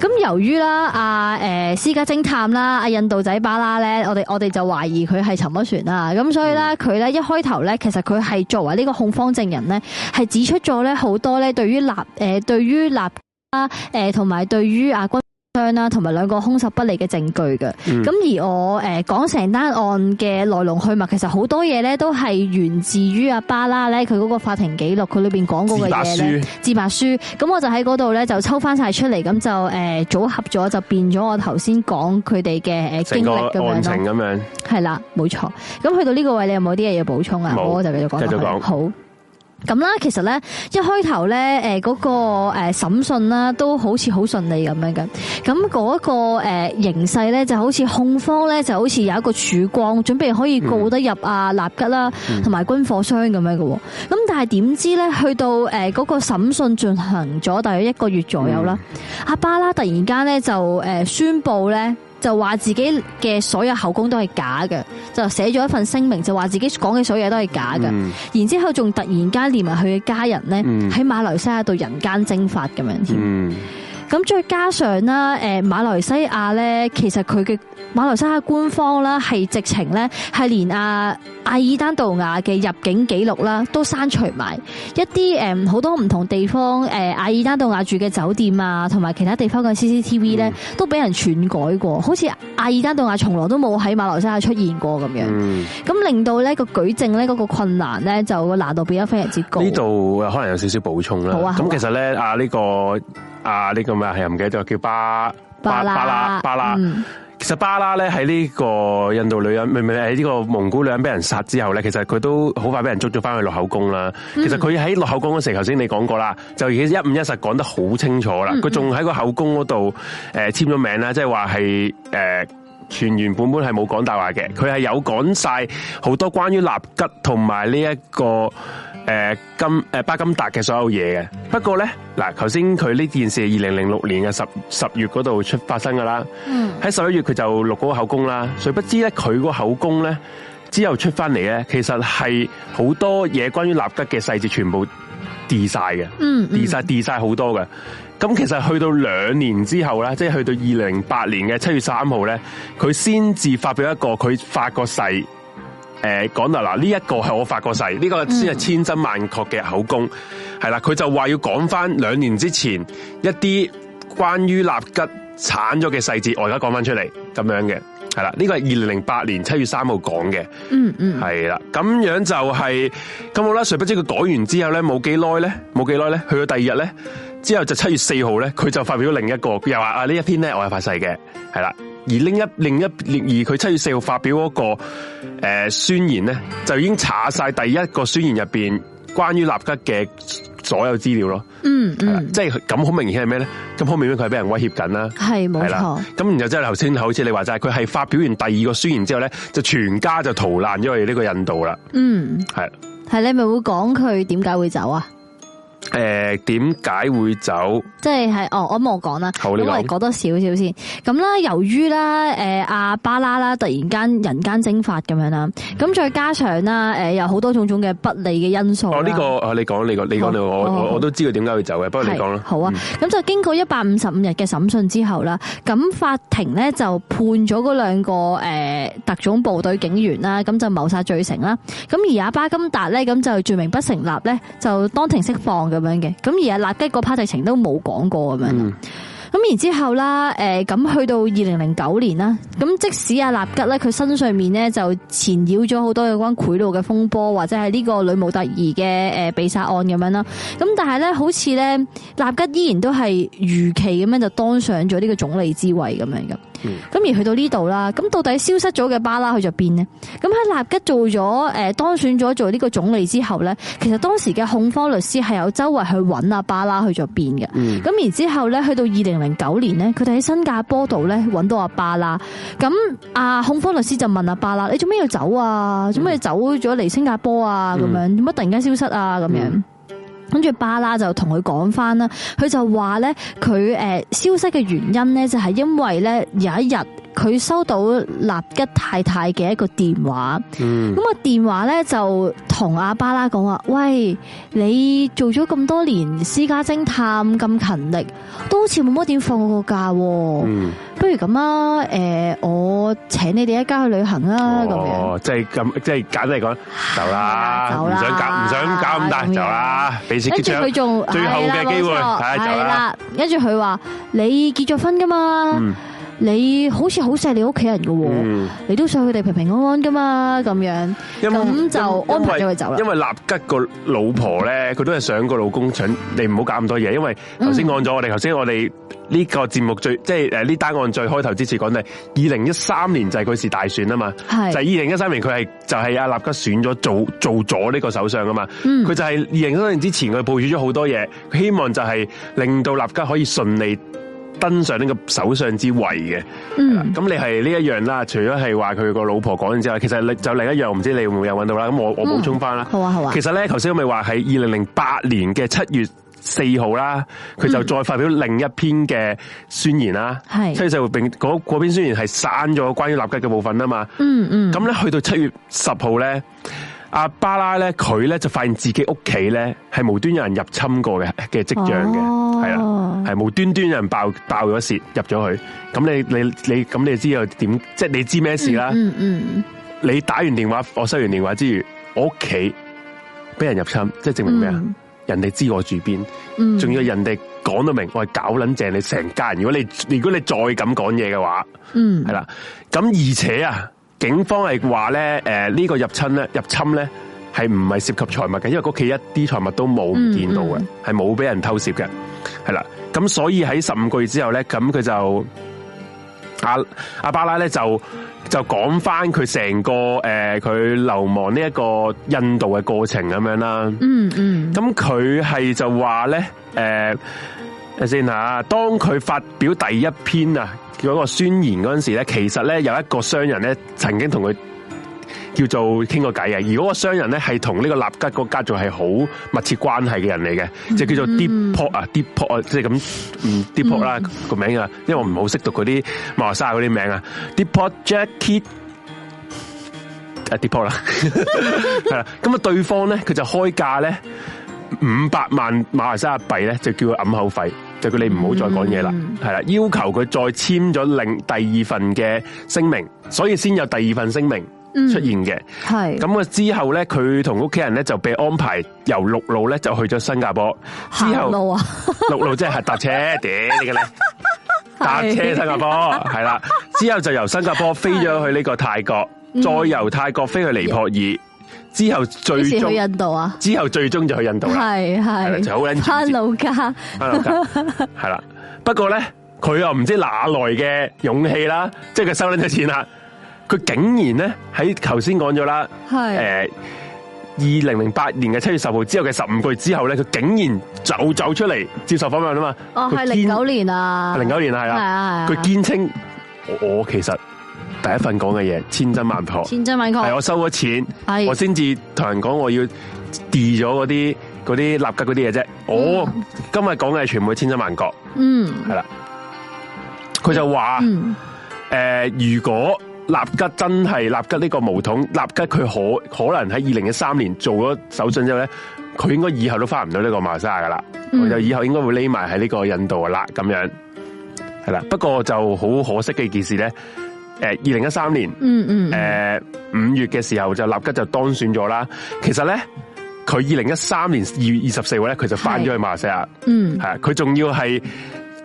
咁由於啦，阿誒私家偵探啦，阿印度仔巴拉呢，我哋我哋就懷疑佢係沉咗船啦。咁所以咧，佢呢一開頭呢，其實佢係作為呢個控方證人呢，係指出咗呢好多呢對於立誒對於立同埋對於阿軍。啦，同埋兩個兇手不利嘅證據嘅。咁、嗯、而我誒講成單案嘅來龍去脈，其實好多嘢咧都係源自於阿巴拉咧佢嗰個法庭記錄，佢裏邊講嗰個嘢咧。自白書，自白書，咁我就喺嗰度咧就抽翻晒出嚟，咁就誒組合咗就變咗我頭先講佢哋嘅誒經歷咁樣咯。案情咁樣，係啦，冇錯。咁去到呢個位，你有冇啲嘢要補充啊？我就繼續講。繼續講，好。咁啦，其實咧一開頭咧，誒嗰個誒審訊啦，都好似好順利咁樣嘅。咁嗰個誒形勢咧，就好似控方咧，就好似有一個曙光，準備可以告得入啊納吉啦，同埋軍火商咁樣嘅。咁但係點知咧，去到誒嗰個審訊進行咗大約一個月左右啦，嗯、阿巴啦突然間咧就誒宣布咧。就話自己嘅所有口供都係假嘅，就寫咗一份聲明，就話自己講嘅所有嘢都係假嘅。然之後仲突然間連埋佢嘅家人咧，喺馬來西亞度人間蒸發咁樣添。嗯嗯。咁再加上啦，誒，馬來西亞咧，其實佢嘅馬來西亞官方啦，係直情咧，係連阿阿爾丹道亞嘅入境記錄啦，都刪除埋一啲誒，好多唔同地方誒，阿爾丹道亞住嘅酒店啊，同埋其他地方嘅 CCTV 咧，都俾人篡改過，好、嗯、似阿爾丹道亞從來都冇喺馬來西亞出現過咁樣。咁、嗯、令到呢個舉證咧嗰個困難咧，就難度變得非常之高。呢度可能有少少補充啦、啊。好啊。咁其實咧，啊呢個。啊！呢，這個咩係唔記得咗？叫巴拉巴，巴拉巴啦、嗯、其實巴拉咧喺呢個印度女人，明唔明喺呢個蒙古女人俾人殺之後咧，其實佢都好快俾人捉咗翻去落口供啦。其實佢喺落口供嗰時候，頭嗯、先你講過啦，就已經一五一十講得好清楚啦。佢仲喺個口供嗰度誒簽咗名啦，即係話係誒全原本本係冇講大話嘅，佢係有講晒好多關於納吉同埋呢一個。誒、呃、金誒、呃、巴金達嘅所有嘢嘅，不過咧嗱，頭先佢呢件事係二零零六年嘅十十月嗰度出發生噶啦，喺十一月佢就錄嗰個口供啦，誰不知咧佢嗰個口供咧之後出翻嚟咧，其實係好多嘢關於納德嘅細節全部跌晒嘅跌晒晒好多嘅，咁其實去到兩年之後咧，即、就、係、是、去到二零八年嘅七月三號咧，佢先至發表一個佢發個誓。誒，講到，嗱呢一個係我發過誓，呢、這個先係千真萬確嘅口供，係、嗯、啦，佢就話要講翻兩年之前一啲關於納吉產咗嘅細節，我而家講翻出嚟咁樣嘅，係啦，呢、這個係二零零八年七月三號講嘅，嗯嗯，係啦，咁樣就係咁好啦，誰不知佢講完之後咧，冇幾耐咧，冇幾耐咧，去到第二日咧，之後就七月四號咧，佢就發表咗另一個，又話啊呢一篇咧，我係發誓嘅，係啦。而另一另一而佢七月四號發表嗰、那個誒、呃、宣言咧，就已經查晒第一個宣言入邊關於納吉嘅所有資料咯。嗯嗯，即係咁好明顯係咩咧？咁好明顯佢係俾人威脅緊啦。係冇錯。咁然後即係頭先好似你話齋，佢係發表完第二個宣言之後咧，就全家就逃難咗去呢個印度啦。嗯，係係你咪會講佢點解會走啊？誒、呃，點解會走？即係係哦，我冇講啦，我嚟講多少少先。咁啦，由於啦，誒阿巴啦啦突然間人間蒸發咁樣啦，咁、嗯、再加上啦，誒、呃、有好多種種嘅不利嘅因素。呢、哦這個你講，你講，你講我，我都知道點解會走嘅。不過你講啦。好啊，咁、嗯、就經過一百五十五日嘅審訊之後啦，咁法庭咧就判咗嗰兩個誒、呃、特種部隊警員啦，咁就謀殺罪成啦。咁而阿巴金達咧，咁就罪名不成立咧，就當庭釋放。咁樣嘅，咁而阿納吉個 party 程都冇講過咁樣，咁然之後啦，誒，咁去到二零零九年啦，咁即使阿納吉咧佢身上面咧就纏繞咗好多有關賄賂嘅風波，或者係呢個女模特兒嘅誒被殺案咁樣啦，咁但係咧好似咧納吉依然都係如期咁樣就當上咗呢個總理之位咁樣噶。咁、嗯、而去到呢度啦，咁到底消失咗嘅巴拉去咗邊呢？咁喺納吉做咗誒當選咗做呢個總理之後咧，其實當時嘅控方律師係有周圍去揾阿巴拉去咗邊嘅。咁、嗯、然之後咧，去到二零零九年咧，佢哋喺新加坡度咧揾到阿巴拉。咁阿控方律師就問阿巴拉：你做咩要走啊？做咩走咗嚟新加坡啊？咁樣做乜突然間消失啊？咁、嗯、樣？跟住巴拉就同佢講翻啦，佢就話咧，佢誒消失嘅原因咧就係因為咧有一日，佢收到納吉太太嘅一個電話，咁啊，電話咧就同阿巴拉講話：喂，你做咗咁多年私家偵探，咁勤力，都好似冇乜點放過假。不如咁啊，誒，我請你哋一家去旅行啦。咁樣，即係咁，即係簡單嚟講，走啦，唔想搞，唔想搞咁大，走啦。跟住佢仲最後嘅機會，係走啦。跟住佢話：你結咗婚噶嘛？你好似好錫你屋企人喎，嗯，你都想佢哋平平安安噶嘛？咁樣咁就安排咗佢走啦。因為納吉個老婆咧，佢都係想個老公，想你唔好搞咁多嘢。因為頭先講咗，嗯、我哋頭先我哋呢個節目最即係誒呢單案最開頭之前講嘅，二零一三年就係佢是大選啊嘛，就係二零一三年佢係就係阿納吉選咗做做咗呢個首相啊嘛，佢、嗯、就係二零一三年之前佢部署咗好多嘢，希望就係令到納吉可以順利。登上呢個首相之位嘅，咁、嗯啊、你係呢一樣啦。除咗係話佢個老婆講完之後，其實就另一樣，我唔知你會唔會有搵到啦。咁我我補充翻啦、嗯。好啊，好啊。其實咧，頭先咪話係二零零八年嘅七月四號啦，佢就再發表另一篇嘅宣言啦。係、嗯，七月四號嗰篇宣言係刪咗關於納吉嘅部分啊嘛。嗯嗯。咁咧，去到七月十號咧。阿巴拉咧，佢咧就發現自己屋企咧係無端有人入侵過嘅嘅跡象嘅，係啦，係無端端有人爆爆咗竊入咗去。咁你你你咁你知又點？即係你知咩事啦？嗯嗯，嗯。你打完電話，我收完電話之餘，我屋企俾人入侵，即係證明咩啊？人哋知我住邊，仲要人哋講得明，我係搞捻正。你成家人，如果你如果你再咁講嘢嘅話，嗯，係啦。咁而且啊。警方係話咧，誒、呃、呢、這個入侵咧，入侵咧係唔係涉及財物嘅，因為屋企一啲財物都冇見到嘅，係冇俾人偷竊嘅，係啦。咁所以喺十五個月之後咧，咁佢就、啊、阿阿巴拉咧就就講翻佢成個誒佢、呃、流亡呢一個印度嘅過程咁樣啦。嗯嗯，咁佢係就話咧，誒、呃，先吓，當佢發表第一篇啊。嗰、那個宣言嗰陣時咧，其實咧有一個商人咧，曾經同佢叫做傾過偈啊。如果個商人咧係同呢個納吉嗰家族係好密切關係嘅人嚟嘅，即、嗯、係、就是、叫做 Depot 啊、嗯、Depot 啊，即係咁嗯 Depot 啦、嗯、個名啊，因為我唔好識讀嗰啲馬來西亞嗰啲名字、嗯、Deep Jacket, 啊 Depot Jacket 啊 Depot 啦，係啦，咁 (laughs) 啊 (laughs) 對,對方咧佢就開價咧。五百萬馬來西亞幣咧，就叫佢揞口費，就叫你唔好再講嘢啦，係、嗯、啦，要求佢再簽咗另第二份嘅聲明，所以先有第二份聲明出現嘅，係咁啊，之後咧，佢同屋企人咧就被安排由陸路咧就去咗新加坡，陸路啊，陸路即係搭車，屌呢個呢，搭車新加坡係啦，之後就由新加坡飛咗去呢個泰國，再由泰國飛去尼泊爾。嗯之後最終之後最終就去印度啦，係係，翻老家，翻老家係啦。 (laughs) 不過咧，佢又唔知哪來嘅勇氣啦，即係佢收咗咁多錢啦，佢竟然咧喺頭先講咗啦，係誒二零零八年嘅七月十號之後嘅十五個月之後咧，佢竟然就走出嚟接受訪問啊嘛。哦，係零九年啊，零九年係啦，佢堅稱我其實。第一份講嘅嘢，千真萬確，千真萬確，係我收咗錢，係我先至同人講我要 d 咗嗰啲嗰啲納吉嗰啲嘢啫。我、嗯哦、今日講嘅係全部千真萬確，嗯，係啦。佢就話誒、嗯呃，如果納吉真係納吉呢個巫統，納吉佢可可能喺二零一三年做咗首相，之後咧，佢應該以後都返唔到呢個馬沙亞噶啦，嗯、佢就以後應該會匿埋喺呢個印度啦咁樣，係啦。不過就好可惜嘅一件事咧。誒、呃，二零一三年，誒、嗯、五、嗯呃、月嘅時候就納吉就當選咗啦。其實咧，佢二零一三年二月二十四號咧，佢就翻咗去了馬來西亞。嗯，係啊，佢仲要係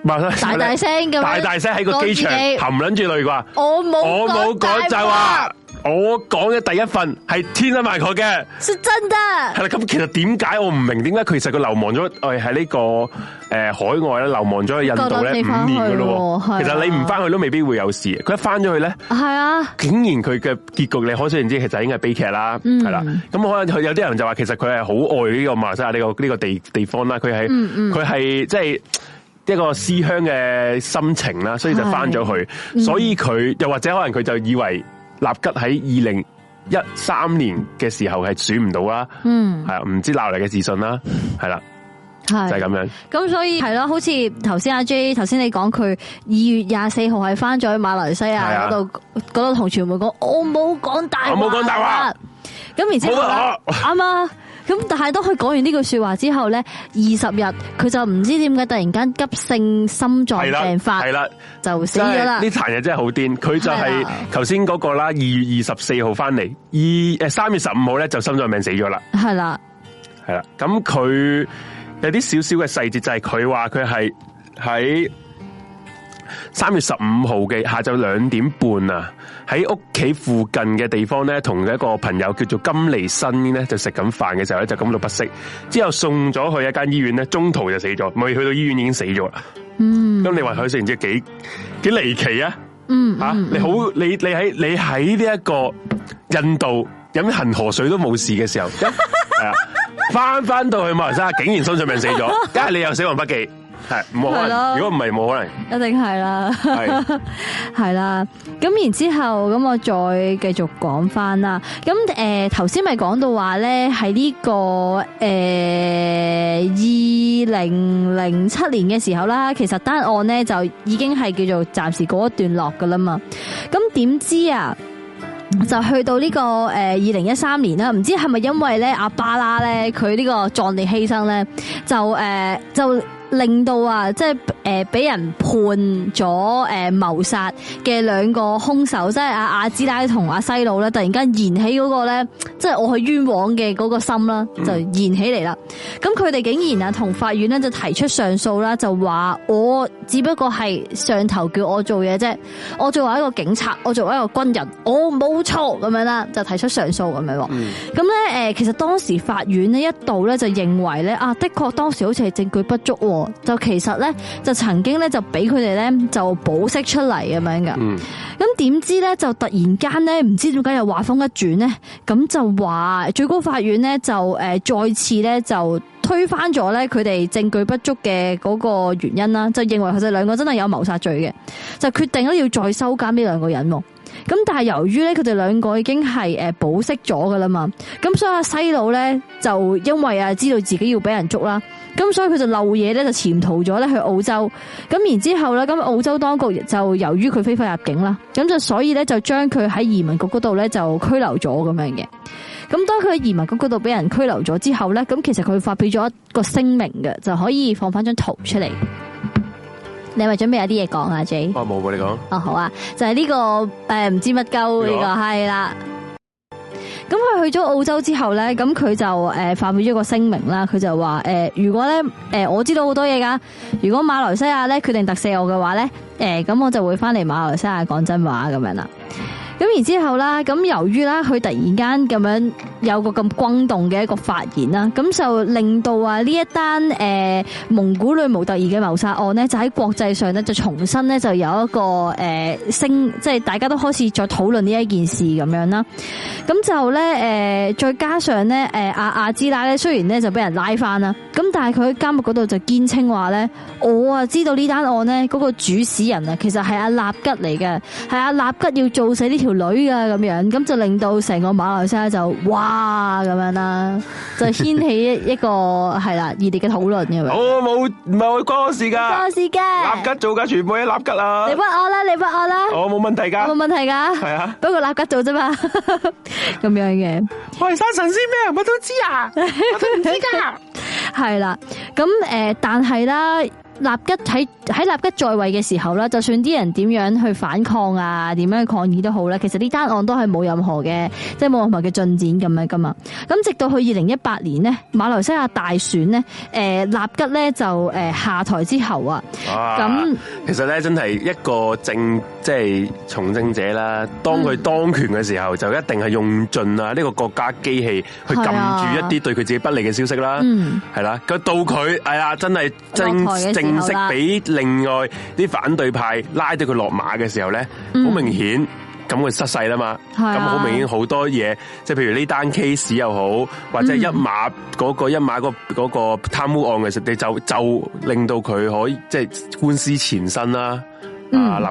大大聲咁，大大聲喺個機場含忍住淚啩。我冇，我冇講大話。就我講嘅第一份係天得埋佢嘅，說真嘅。係啦，咁其實點解我唔明？點解佢其實佢流亡咗？誒、哎，喺呢、這個誒、呃、海外咧，流亡咗去印度咧五年噶咯。其實你唔翻去都未必會有事。佢、啊、一翻咗去咧，係啊，竟然佢嘅結局，你可想而知，其實已經係悲劇啦。係、嗯、啦，咁可能佢有啲人就話，其實佢係好愛呢個馬來西亞呢個呢個地地方啦。佢係佢係即係一個思鄉嘅心情啦，所以就翻咗去。所以佢、嗯、又或者可能佢就以為。納吉喺二零一三年嘅時候係選唔到啦，係啊，唔知鬧嚟嘅自信啦，係啦，係就係咁樣。咁所以係咯，好似頭先阿 J，頭先你講佢二月廿四號係翻咗去馬來西亞嗰度，嗰度同傳媒講，我冇講大我冇講大話。咁然之後啦，啱咁但係當佢講完呢句說話之後咧，二十日佢就唔知點解突然間急性心臟病發，係啦，就死咗啦。呢壇日真係好癲，佢就係頭先嗰個啦，二月二十四號翻嚟，二誒三月十五號咧就心臟病死咗啦。係啦，係啦。咁佢有啲少少嘅細節就係佢話佢係喺三月十五號嘅下晝兩點半啊。喺屋企附近嘅地方咧，同一個朋友叫做金利新咧，就食緊飯嘅時候咧，就感到不適，之後送咗去一間醫院咧，中途就死咗，咪去到醫院已經死咗啦。嗯，咁你話佢死唔知後幾幾離奇啊？嗯，吓、嗯嗯嗯、你好你你喺你喺呢一個印度飲恒河水都冇事嘅時候，係 (laughs) 啊，翻翻到去馬來西亞竟然心臟病死咗，梗 (laughs) 係你又死亡筆記。係，唔係如果唔係，冇可能，可能一定係啦， (laughs) 係啦。咁然後之後，咁我再繼續講翻啦。咁誒，頭先咪講到話咧，喺呢個誒二零零七年嘅時候啦，其實單案咧就已經係叫做暫時告一段落噶啦嘛。咁點知啊，就去到呢個誒二零一三年啦，唔知係咪因為咧阿巴拉咧佢呢個壯烈犧牲咧，就誒就。令到啊，即係誒，俾人判咗誒謀殺嘅兩個兇手，即係阿阿芝拉同阿西路咧，突然間燃起嗰、那個咧，即係我去冤枉嘅嗰個心啦，嗯、就燃起嚟啦。咁佢哋竟然啊，同法院咧就提出上訴啦，就話我只不過係上頭叫我做嘢啫，我作為一個警察，我作為一個軍人，我冇錯咁樣啦，就提出上訴咁樣。咁咧誒，其實當時法院咧一度咧就認為咧啊，的確當時好似係證據不足。就其實咧，就曾經咧就俾佢哋咧就保釋出嚟咁樣㗎。咁、嗯、點知咧就突然間咧唔知點解又話風一轉咧，咁就話最高法院咧就誒再次咧就推翻咗咧佢哋證據不足嘅嗰個原因啦，就認為佢哋兩個真係有謀殺罪嘅，就決定咧要再收監呢兩個人。咁但係由於咧佢哋兩個已經係誒保釋咗噶啦嘛，咁所以阿細佬咧就因為啊知道自己要俾人捉啦，咁所以佢就漏夜咧就潛逃咗咧去澳洲，咁然之後咧咁澳洲當局就由於佢非法入境啦，咁就所以咧就將佢喺移民局嗰度咧就拘留咗咁樣嘅，咁當佢喺移民局嗰度俾人拘留咗之後咧，咁其實佢發表咗一個聲明嘅，就可以放翻張圖出嚟。你係咪準備有啲嘢講啊，J？哦冇喎，你講、哦。哦好啊，就係、是、呢、這個誒唔知乜鳩呢個係啦。咁佢去咗澳洲之後咧，咁佢就誒發表咗個聲明啦。佢就話誒，如果咧誒我知道好多嘢噶，如果馬來西亞咧決定特赦我嘅話咧，誒咁我就會翻嚟馬來西亞講真話咁樣啦。咁然之後啦，咁由於啦，佢突然間咁樣有個咁轟動嘅一個發言啦，咁就令到啊呢一單誒、呃、蒙古女模特兒嘅謀殺案咧，就喺國際上咧就重新咧就有一個誒升、呃，即係大家都開始再討論呢一件事咁樣啦。咁就咧誒、呃、再加上咧誒、呃、阿阿芝奶咧，雖然咧就俾人拉翻啦，咁但係佢喺監獄嗰度就堅稱話咧，我啊知道呢單案咧嗰、嗰個主使人啊，其實係阿納吉嚟嘅，係阿納吉要做死呢。條女噶咁樣，咁就令到成個馬來西亞就哇咁樣啦，就掀起一一個係啦，異地嘅討論咁樣。我冇，唔係我關我事噶，關我事噶，納吉做噶，全部係納吉啊！你屈我啦，你屈我啦，我冇問題噶，冇問題噶，係啊，不過納吉做啫嘛，咁樣嘅。我係山神師咩？乜都知啊，我都唔知噶。係啦，咁誒，但係啦。納吉喺喺納吉在位嘅時候啦，就算啲人點樣去反抗啊，點樣去抗議都好啦，其實呢單案都係冇任何嘅，即係冇任何嘅進展咁樣噶嘛。咁直到去二零一八年呢，馬來西亞大選呢，誒納吉咧就誒下台之後啊，咁其實咧真係一個政，即係從政者啦，當佢當權嘅時候、嗯、就一定係用盡啊呢個國家機器去撳住一啲對佢自己不利嘅消息啦，係、嗯、啦，佢到佢係啊真係政。唔識俾另外啲反對派拉到佢落馬嘅時候咧，好明顯咁佢失勢啦嘛，咁好明顯好多嘢，即係譬如呢單 case 又好，或者一馬嗰、嗰個一馬、嗯、個嗰個貪污案嘅實，你就就令到佢可以即係、就是、官司纏身啦，啊，嗯、立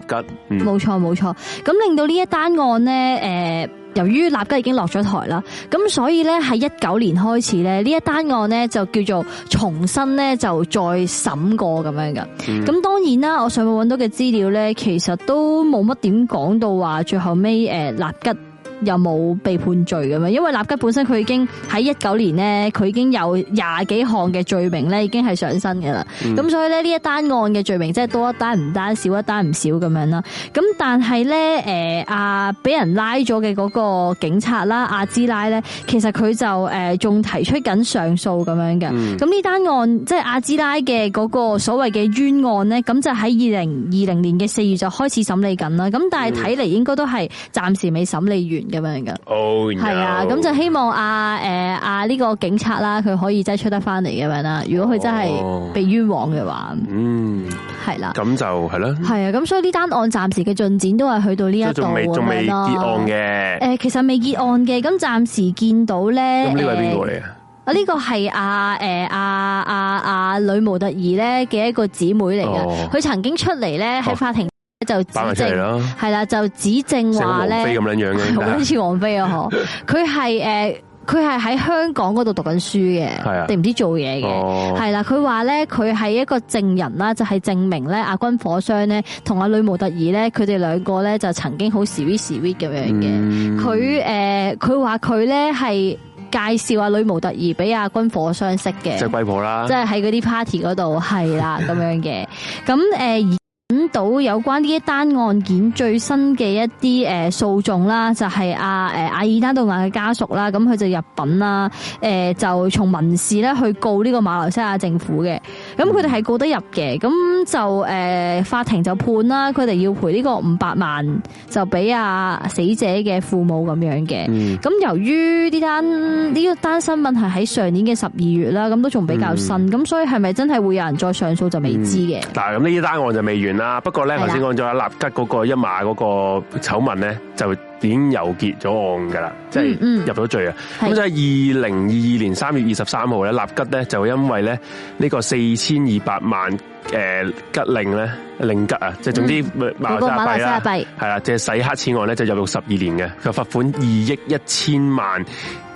吉，冇錯冇錯，咁令到呢一單案咧，誒、呃。由於納吉已經落咗台啦，咁所以咧，喺一九年開始咧，呢一單案咧就叫做重新咧就再審過咁樣㗎。咁當然啦，我上網揾到嘅資料咧，其實都冇乜點講到話最後尾誒納吉，又冇被判罪咁樣？因為納吉本身佢已經喺一九年咧，佢已經有廿幾項嘅罪名咧，已經係上身嘅啦。咁、嗯、所以咧呢一單案嘅罪名，即係多一單唔單，少一單唔少咁樣啦。咁但係咧，誒、呃、啊俾人拉咗嘅嗰個警察啦，阿芝拉咧，其實佢就誒仲、呃、提出緊上訴咁樣嘅。咁呢單案即係阿芝拉嘅嗰個所謂嘅冤案咧，咁就喺二零二零年嘅四月就開始審理緊啦。咁但係睇嚟應該都係暫時未審理完。咁樣噶，係啊，咁就希望阿誒阿呢個警察啦，佢可以真係出得翻嚟咁樣啦。Oh. 如果佢真係被冤枉嘅話，嗯、mm.，係啦，咁就係啦係啊。咁所以呢單案暫時嘅進展都係去到呢一個咁樣咯。仲未結案嘅，誒，其實未結案嘅。咁暫時見到咧，咁呢位邊個嚟啊？啊呢個係阿誒阿阿阿呂模特兒咧嘅一個姊妹嚟嘅，佢、oh. 曾經出嚟咧喺法庭。就指證係啦，就指證話咧，好似王菲咁樣樣似王菲啊嗬。佢係誒，佢係喺香港嗰度讀緊書嘅，定唔知做嘢嘅。係、哦、啦，佢話咧，佢係一個證人啦，就係、是、證明咧，阿軍火商咧同阿女模特兒咧，佢哋兩個咧就曾經好 sweet sweet 咁樣嘅。佢、嗯、誒，佢話佢咧係介紹阿女模特兒俾阿軍火商識嘅，即係貴婆啦，即係喺嗰啲 party 嗰度係啦咁樣嘅。咁誒、呃揾到有關呢一單案件最新嘅一啲誒訴訟啦，就係阿誒阿爾丹杜亞嘅家屬啦，咁佢就入禀啦，誒就從民事咧去告呢個馬來西亞政府嘅，咁佢哋係告得入嘅，咁就誒法庭就判啦，佢哋要賠呢個五百萬，就俾阿死者嘅父母咁樣嘅。咁由於呢單呢一單新聞係喺上年嘅十二月啦，咁都仲比較新，咁所以係咪真係會有人再上訴就未知嘅、嗯。嗱，咁呢一單案就未完啦。啊！不過咧，頭先講咗阿納吉嗰個一馬嗰個醜聞咧，就已經又結咗案噶啦，即、嗯、係、嗯、入咗罪啊。咁就係二零二二年三月二十三號咧，納吉咧就因為咧呢、這個四千二百萬誒、呃、吉令咧令吉啊，即、就、係、是、總之馬幣啦，係、嗯、啦，即係、就是、洗黑錢案咧就入到十二年嘅，佢罰款二億一千萬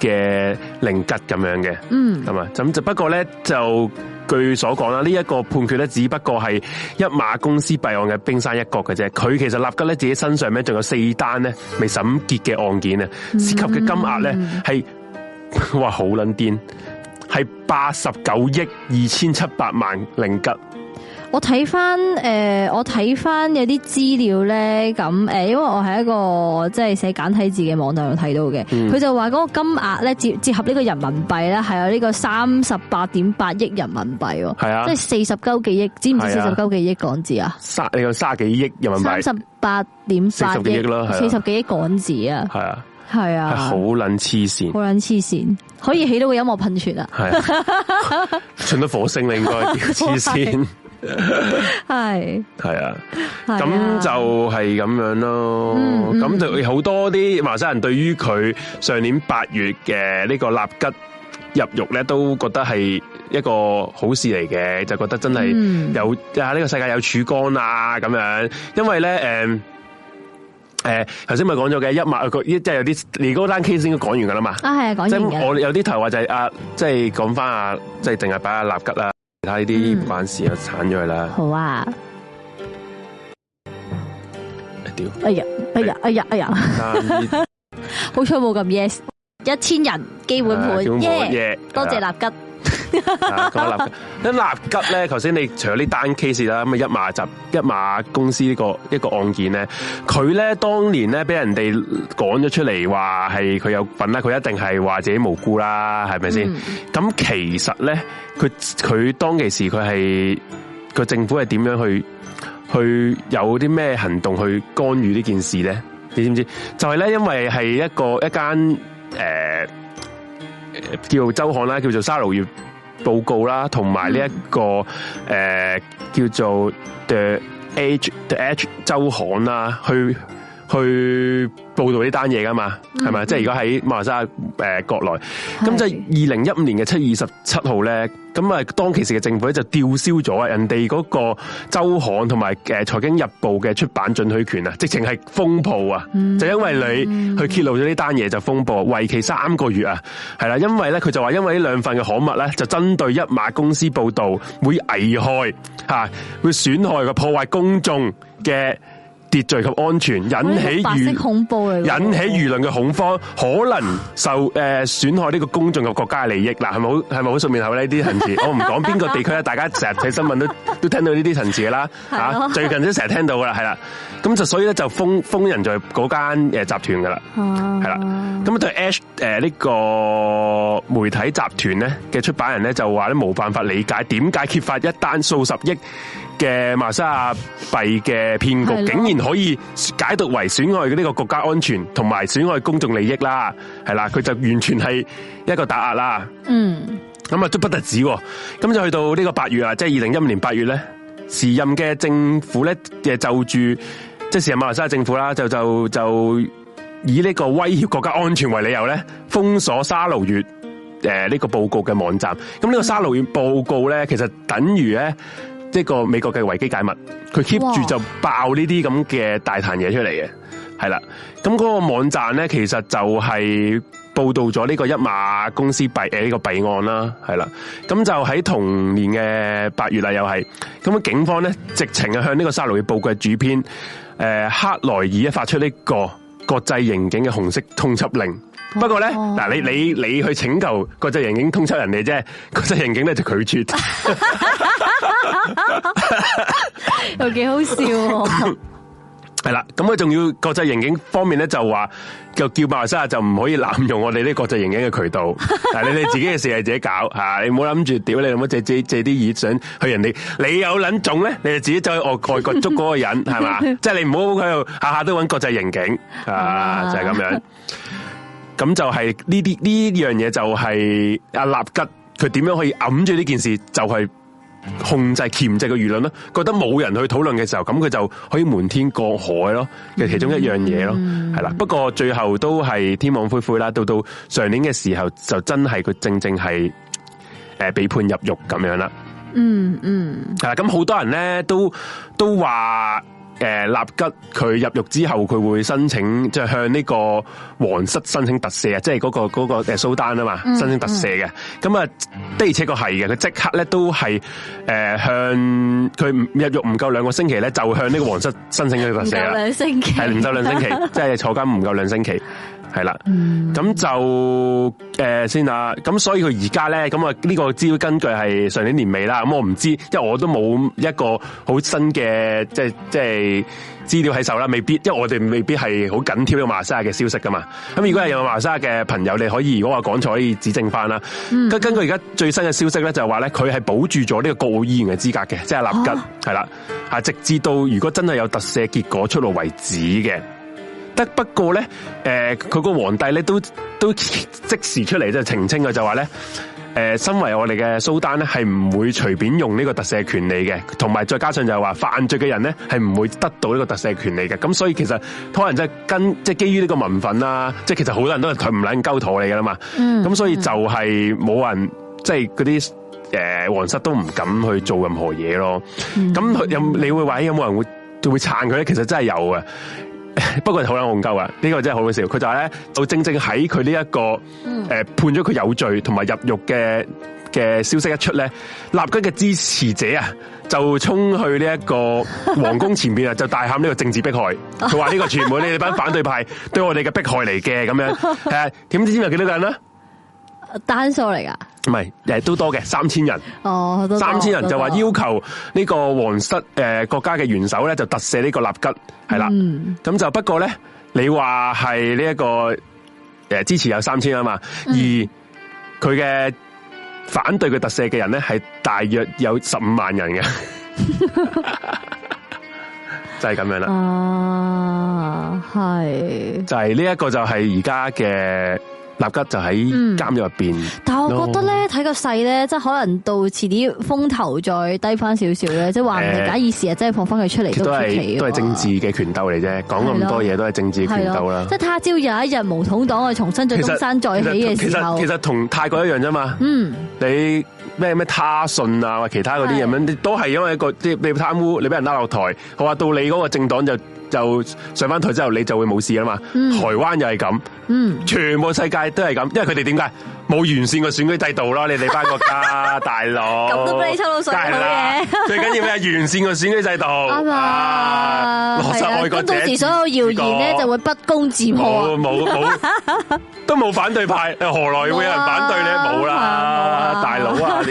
嘅令吉咁樣嘅，嗯，咁就不過咧就。據所講啦，呢、這、一個判決只不過係一馬公司弊案嘅冰山一角嘅啫。佢其實立即咧，自己身上咧，仲有四單未審結嘅案件，涉及嘅金額咧係哇好撚癲，係八十九億二千七百萬零吉。我睇翻誒，我睇翻有啲資料咧，咁誒，因為我喺一個即係寫簡體字嘅網站度睇到嘅，佢、嗯、就話嗰個金額咧，折合呢個人民幣咧，係有呢個三十八點八億人民幣，係啊，啊，即係四十幾億，知唔知四十幾億港紙啊，啊？三你有卅幾億人民幣？三十八點八億四十幾億港紙啊？係啊，係啊，好撚黐線，好撚黐線，可以起到個音樂噴泉啊？係啊，上到火星你應該黐線。係 (laughs) 係 (laughs) (laughs) 啊，咁、啊、就係咁樣咯。咁、嗯嗯、就好多啲華山人，對於佢上年八月嘅呢個納吉入獄咧，都覺得係一個好事嚟嘅，就覺得真係有、嗯、啊，呢、這個世界有曙光啦、啊、咁樣。因為咧，誒、呃，誒、呃，頭先咪講咗嘅一萬個，即係有啲你嗰單 case 先講完噶啦嘛。啊，係講、啊、完嘅。即我有啲頭話就係啊，即係講返啊，即係淨係擺阿納吉啦。睇啲辦事又鏟咗佢啦。好啊，一哎呀，哎呀，哎呀，哎呀，好彩冇咁 yes，一千人基本盤，多謝納吉。啊，嗰個納吉，咁納吉咧，頭先你除咗呢單 case 啦，咁啊一馬集一馬公司呢、這個一、這個案件咧，佢咧當年咧俾人哋講咗出嚟，話係佢有份啦，佢一定係話自己無辜啦，係咪先？咁、嗯、其實咧，佢佢當其時佢係個政府係點樣去去有啲咩行動去干預呢件事咧？你知唔知？就係咧，因為係一個一間誒叫周刊啦，叫做叫做《沙撈越》。報告啦，同埋呢一個誒、呃、叫做 The Age The Age 周刊啦，去去報道呢單嘢噶嘛，係、嗯、咪？即係而家喺馬來西亞誒、呃、國內，咁即係二零一五年嘅七月二十七號咧，咁啊當其時嘅政府咧就吊銷咗人哋嗰個周刊同埋誒財經日報嘅出版准許權啊，直情係風暴啊！就因為你去、嗯、揭露咗呢單嘢就風暴，為期三個月啊，係啦，因為咧佢就話因為呢兩份嘅刊物咧就針對一馬公司報道會危害吓，會損害個破壞公眾嘅。秩序及安全引起輿、那個、引起輿論嘅恐慌，可能受誒損害呢個公眾嘅國家的利益。嗱，係咪好，係咪好熟面口呢啲層次？ (laughs) 我唔講邊個地區啦， (laughs) 大家成日睇新聞都都聽到呢啲層次啦。吓， (laughs) 最近都成日聽到噶啦，係啦。咁就所以咧就封就封人間集團，在嗰間誒集團噶啦，係啦。咁對 Ash 誒呢個媒體集團咧嘅出版人咧就話咧冇辦法理解點解揭發一單數十億嘅馬來西亞幣嘅騙局，竟然可以解讀為損害嘅呢個國家安全同埋損害公眾利益啦，係啦，佢就完全係一個打壓啦。嗯，咁啊都不得止，咁就去到呢個八月啊，即係二零一五年八月咧，時任嘅政府咧嘅就住，即係時任馬來西亞政府啦，就就就以呢個威脅國家安全為理由咧，封鎖沙撈越誒呢個報告嘅網站。咁呢個沙撈越報告咧，其實等於咧。即係個美國嘅維基解密，佢 keep 住就爆呢啲咁嘅大壇嘢出嚟嘅，係啦。咁嗰個網站咧，其實就係報道咗呢個一馬公司弊、誒呢、呃、個弊案啦，係啦。咁就喺同年嘅八月啦，又係咁啊，警方咧直情啊向呢個沙報的主《沙、呃、龍》嘅報告嘅主編誒克萊爾發出呢個國際刑警嘅紅色通緝令。不過咧，嗱你你你去請求國際刑警通緝人哋啫，國際刑警咧就拒絕，又幾好笑， (laughs) 。係啦，咁佢仲要國際刑警方面咧就話，就叫馬來西亞就唔可以濫用我哋啲國際刑警嘅渠道。但係你哋自己嘅事係自己搞吓， (laughs) 你唔好諗住點，你諗住借借借啲錢去人哋，你有捻種咧，你哋自己再去外國捉嗰個人係嘛，即 (laughs) 係、就是、你唔好喺度下下都揾國際刑警 (laughs) 啊，就係、是、咁樣。 (laughs) 咁就係呢啲呢樣嘢，就係阿納吉佢點樣可以揞住呢件事就係、是、控制鉗制嘅輿論咯，覺得冇人去討論嘅時候，咁佢就可以瞞天過海咯，嘅、嗯、其中一樣嘢咯，係、嗯、啦。不過最後都係天網恢恢啦，到到上年嘅時候就真係佢正正係誒、呃、被判入獄咁樣啦。嗯嗯，係啦，咁好多人咧都都話。誒納吉佢入獄之後，佢會申請即係向呢個皇室申請特赦啊！即係嗰個嗰個誒蘇丹啊嘛，申請特赦嘅。咁、嗯、啊、嗯，的而且確係嘅，佢即刻咧都係、呃、向佢入獄唔夠兩個星期咧，就向呢個皇室申請咗特赦啦。兩星期係唔夠兩星期，即係坐監唔夠兩星期。 (laughs) 係啦，咁、嗯、就誒先啦，咁、呃、所以佢而家咧，咁啊呢個資料根據係上年年尾啦，咁我唔知，因為我都冇一個好新嘅，即係即係資料喺手啦，未必，因為我哋未必係好緊貼呢個馬沙亞嘅消息噶嘛。咁如果係有馬沙亞嘅朋友，你可以如果話講錯就可以指證翻啦。跟、嗯、根據而家最新嘅消息咧，就係話咧佢係保住咗呢個國會議員嘅資格嘅，即、就、係、是、納吉係啦，啊、哦、直至到如果真係有特赦結果出爐為止嘅。得不過咧，誒、呃，佢個皇帝咧都都即時出嚟，即係澄清，佢就話咧，誒、呃，身為我哋嘅蘇丹咧係唔會隨便用呢個特赦的權利嘅，同埋再加上就係話犯罪嘅人咧係唔會得到呢個特赦的權利嘅，咁所以其實可能即係跟即係基於呢個民憤啦、啊，即係其實好多人都係佢唔卵鳩陀嚟噶嘛，咁、嗯、所以就係冇人即係嗰啲誒皇室都唔敢去做任何嘢咯，咁、嗯、你會話、欸、有冇人會會撐佢咧？其實真係有啊。」 (laughs) 不過好撚戇鳩啊呢、這個真係好好笑。佢就係咧，就正正喺佢呢一個誒、呃、判咗佢有罪同埋入獄嘅嘅消息一出咧，納吉嘅支持者啊，就衝去呢一個皇宮前邊啊， (laughs) 就大喊呢個政治迫害。佢話呢個全部你哋班反對派對我哋嘅迫害嚟嘅咁樣。誒、呃，點知有幾多個人咧？單數嚟噶，唔係，誒，都多嘅，三千人。哦，三千人就話要求呢個皇室誒、呃、國家嘅元首咧，就特赦呢個納吉係啦。咁、嗯、就不過咧，你話係呢一個誒、呃、支持有三千啊嘛，嗯、而佢嘅反對佢特赦嘅人咧，係大約有十五萬人嘅、 (laughs) (laughs) 啊，就係咁樣啦。哦，係，就係呢一個就係而家嘅。納吉就喺監獄入邊，但係我覺得咧，睇、no、個勢咧，即係可能到遲啲風頭再低翻少少咧，即係話唔係假意事啊，即、欸、係放翻佢出嚟，都係都係政治嘅權鬥嚟啫，講咁多嘢都係政治權鬥啦。即係他朝有一日巫統黨啊，重新再東山再起嘅時候，其實其實同泰國一樣啫嘛。嗯，你，你咩咩他信啊，或者其他嗰啲咁樣，都係因為一個即係你貪污，你俾人拉落台，我話到你嗰個政黨就。就上翻台之後，你就會冇事啊嘛！嗯、台灣又係咁，嗯，全部世界都係咁，因為佢哋點解？冇完善個選舉制度咯，你哋班國家大佬，咁都俾你抽到水啦嘢。 (laughs) 最緊要咩？完善個選舉制度。啊嘛，係啊。咁到時所有謠言咧就會不攻自破。冇冇都冇反對派， (laughs) 何來會有人反對你？冇啦，大佬啊，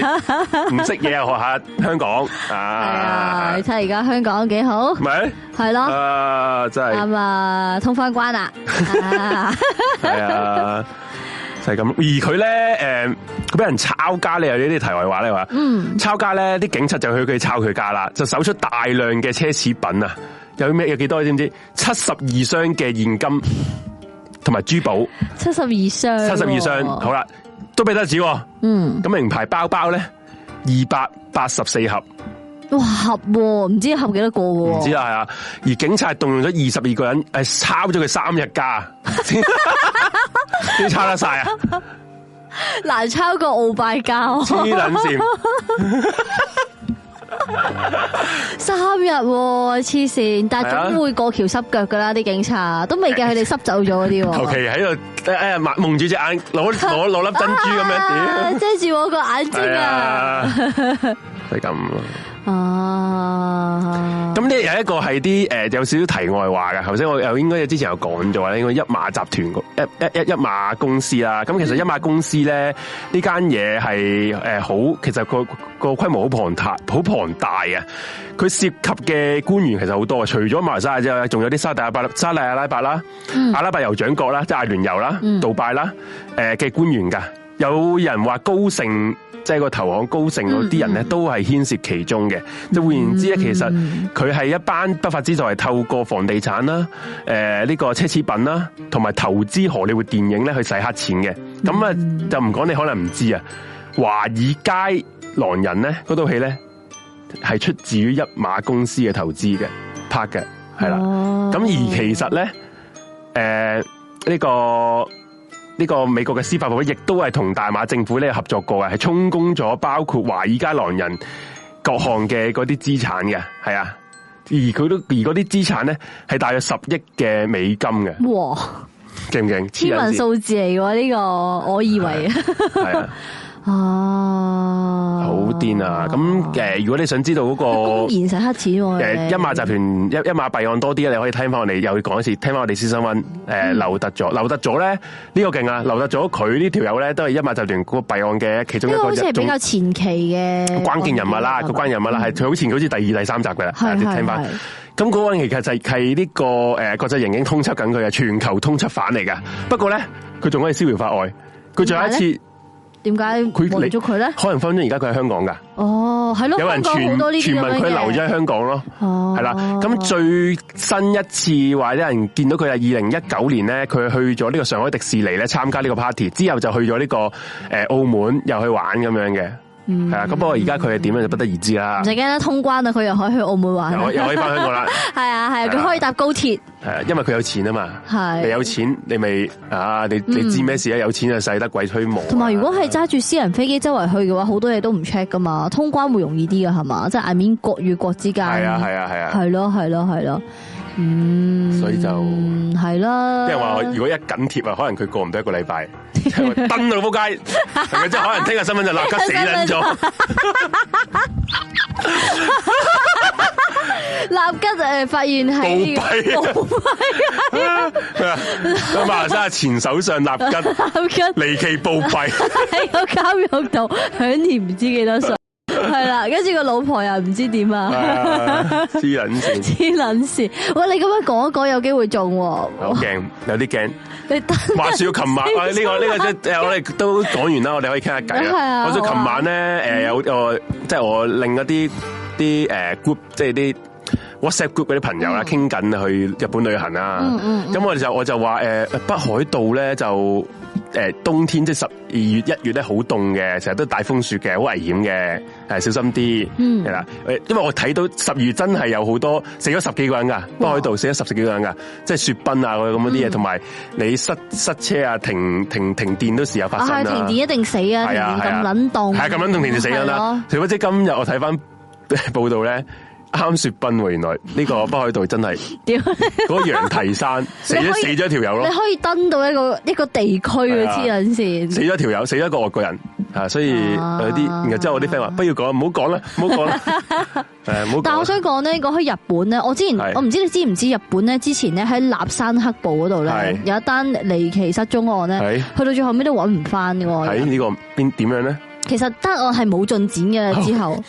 你唔識嘢啊，學下香港啊。睇下而家香港幾好。咪係咯。誒，真係。咁啊，通關關啊。係 (laughs) 啊對吧。 (laughs) (laughs) 係咁，而佢咧，誒、呃，佢俾人抄家，嗯、抄家呢，有呢啲題外話你話，抄家咧，啲警察就去佢抄佢家啦，就搜出大量嘅奢侈品啊，有咩有幾多你知唔知72？七十二箱嘅現金同埋珠寶，七十二箱，七十二箱，好啦，都俾得紙、啊，嗯，咁名牌包包咧，二百八十四盒。哇，合唔知合幾多個？唔知係啊！而警察動用咗二十二個人，誒，抄咗佢三日家，都抄得晒啊！難抄過鰲拜教，黐捻線，三日黐、啊、線，但係總會過橋濕腳噶啦，啲警察都未計佢哋濕走咗嗰啲。求其喺度誒，蒙住隻眼，攞攞兩粒珍珠咁樣、啊，遮住我個眼睛啊！係咁。哦、啊，咁呢有一個係啲誒有少少題外話嘅，頭先我又應該之前有講咗咧，應該一馬集團一一一一馬公司啦，咁其實一馬公司咧呢間嘢係誒好，其實個個規模好龐大，好龐大啊！佢涉及嘅官員其實好多，除咗馬來西亞之外，仲有啲沙地阿拉伯、沙地阿拉伯啦、阿拉伯酋、嗯、長國啦、即係阿聯酋啦、嗯、杜拜啦，誒嘅官員噶，有人話高盛。即係個投行高盛嗰啲人咧，都係牽涉其中嘅。即係換言之咧、嗯，其實佢係一班不法之徒，係透過房地產啦、誒、呃、呢、呢個奢侈品啦，同埋投資荷里活電影咧去洗黑錢嘅。咁啊，就唔講你可能唔知啊，華、嗯、爾街狼人咧嗰套戲咧係出自於一馬公司嘅投資嘅拍嘅，係啦。咁、哦、而其實咧，誒、呃、呢、呢個。呢個美國嘅司法部亦都係同大馬政府咧合作過嘅，係充公咗包括華爾街狼人各項嘅嗰啲資產嘅，係啊，而佢都而嗰啲資產咧係大約十億嘅美金嘅，哇，勁唔勁？天文數字嚟喎呢個，我以為係啊係啊。哦，好癲啊！咁誒、啊啊，如果你想知道嗰、那個現實黑錢，誒，一馬集團一一馬弊案，多啲你可以聽翻我哋又講一次，聽翻我哋先、嗯。生瘟誒，劉特佐，劉特佐咧呢個勁啊！劉特佐佢呢條友咧都係一馬集團嗰個弊案嘅其中一個中，這個、好似係比較前期嘅關鍵人物啦，個關鍵人物啦，係佢、嗯、好似好似第二、第三集嘅，聽翻。咁嗰人其實就係、是、呢、這個誒國際刑警通緝緊佢嘅全球通緝犯嚟噶。不過咧，佢仲可以逍遙法外，佢仲有一次。點解佢嚟咗佢咧？可能分分鐘，而家佢喺香港噶。哦，係咯，有人傳傳聞佢留咗喺香港咯。哦，係啦。咁最新一次話啲人見到佢係二零一九年咧，佢去咗呢個上海迪士尼咧參加呢個 party，之後就去咗呢、這個誒、呃、澳門又去玩咁樣嘅。係啊，咁不過而家佢係點樣就不得而知啦。唔使驚啦，通關啊，佢又可以去澳門玩 (laughs) 又，又可以翻香港啦。 (laughs) 係啊係啊，佢可以搭高鐵。係，因為佢有錢啊嘛。係。你有錢，你咪啊，你你知咩事啊？有錢就使得鬼吹毛。同埋，如果係揸住私人飛機周圍去嘅話，好多嘢都唔 check 噶嘛，通關會容易啲嘅係嘛，即係外面國與國之間。係啊係啊係啊。係咯係咯係咯。嗯、um,，所以就係啦。即係話如果一緊貼啊，可能佢過唔到一個禮拜，登到扑街，係咪？即係可能聽日新聞就納吉死人咗。納吉誒，發現係、這個、暴斃、啊。馬來西亞前首相納吉離奇暴斃，喺監獄度享年唔知幾多歲。係啦，跟住個老婆又唔知點啊？黐撚線，黐撚線。喂，你咁樣講一講，有機會中喎。有驚，有啲驚。你，話說晚，琴晚呢個呢、個即係我哋都講完啦，我哋可以傾下偈啊。我說琴晚咧，誒有、嗯、即係我另一啲啲誒 group，即係啲 WhatsApp group 嗰啲朋友傾傾緊去日本旅行啦。咁、嗯嗯、我，我就我就話，誒北海道咧就。誒，冬天即係十二月一月咧，好凍嘅，成日都大風雪嘅，好危險嘅，係小心啲，係啦。誒，因為我睇到十月真係有好多死咗十幾個人噶，北海道死咗十幾個人噶，即係雪崩啊，咁嗰啲嘢，同埋你塞塞車啊，停停停電都時有發生。啊、停電一定死停電那麼啊！咁、啊啊、撚凍係咁撚凍，停電死人啦。除非即係今日我睇翻報道咧。啱雪崩回來呢個北海道真係屌，嗰 (laughs) 個羊蹄山死死咗條條友咯。你可以登到一個一個地區嘅痴線，死咗條條友，死咗一個外國人吓、啊，所以有啲，然後之後我啲 friend 話，不要講，唔好講啦，唔好講啦，誒，唔好。但我想講呢講去日本咧，我之前我唔知你知唔知日本咧，之前咧喺立山黑部嗰度咧，有一單離奇失蹤案咧，去到最後尾都揾唔翻嘅喎。喺、這個、呢個邊點樣咧？其實單案係冇進展嘅，之後。 (laughs)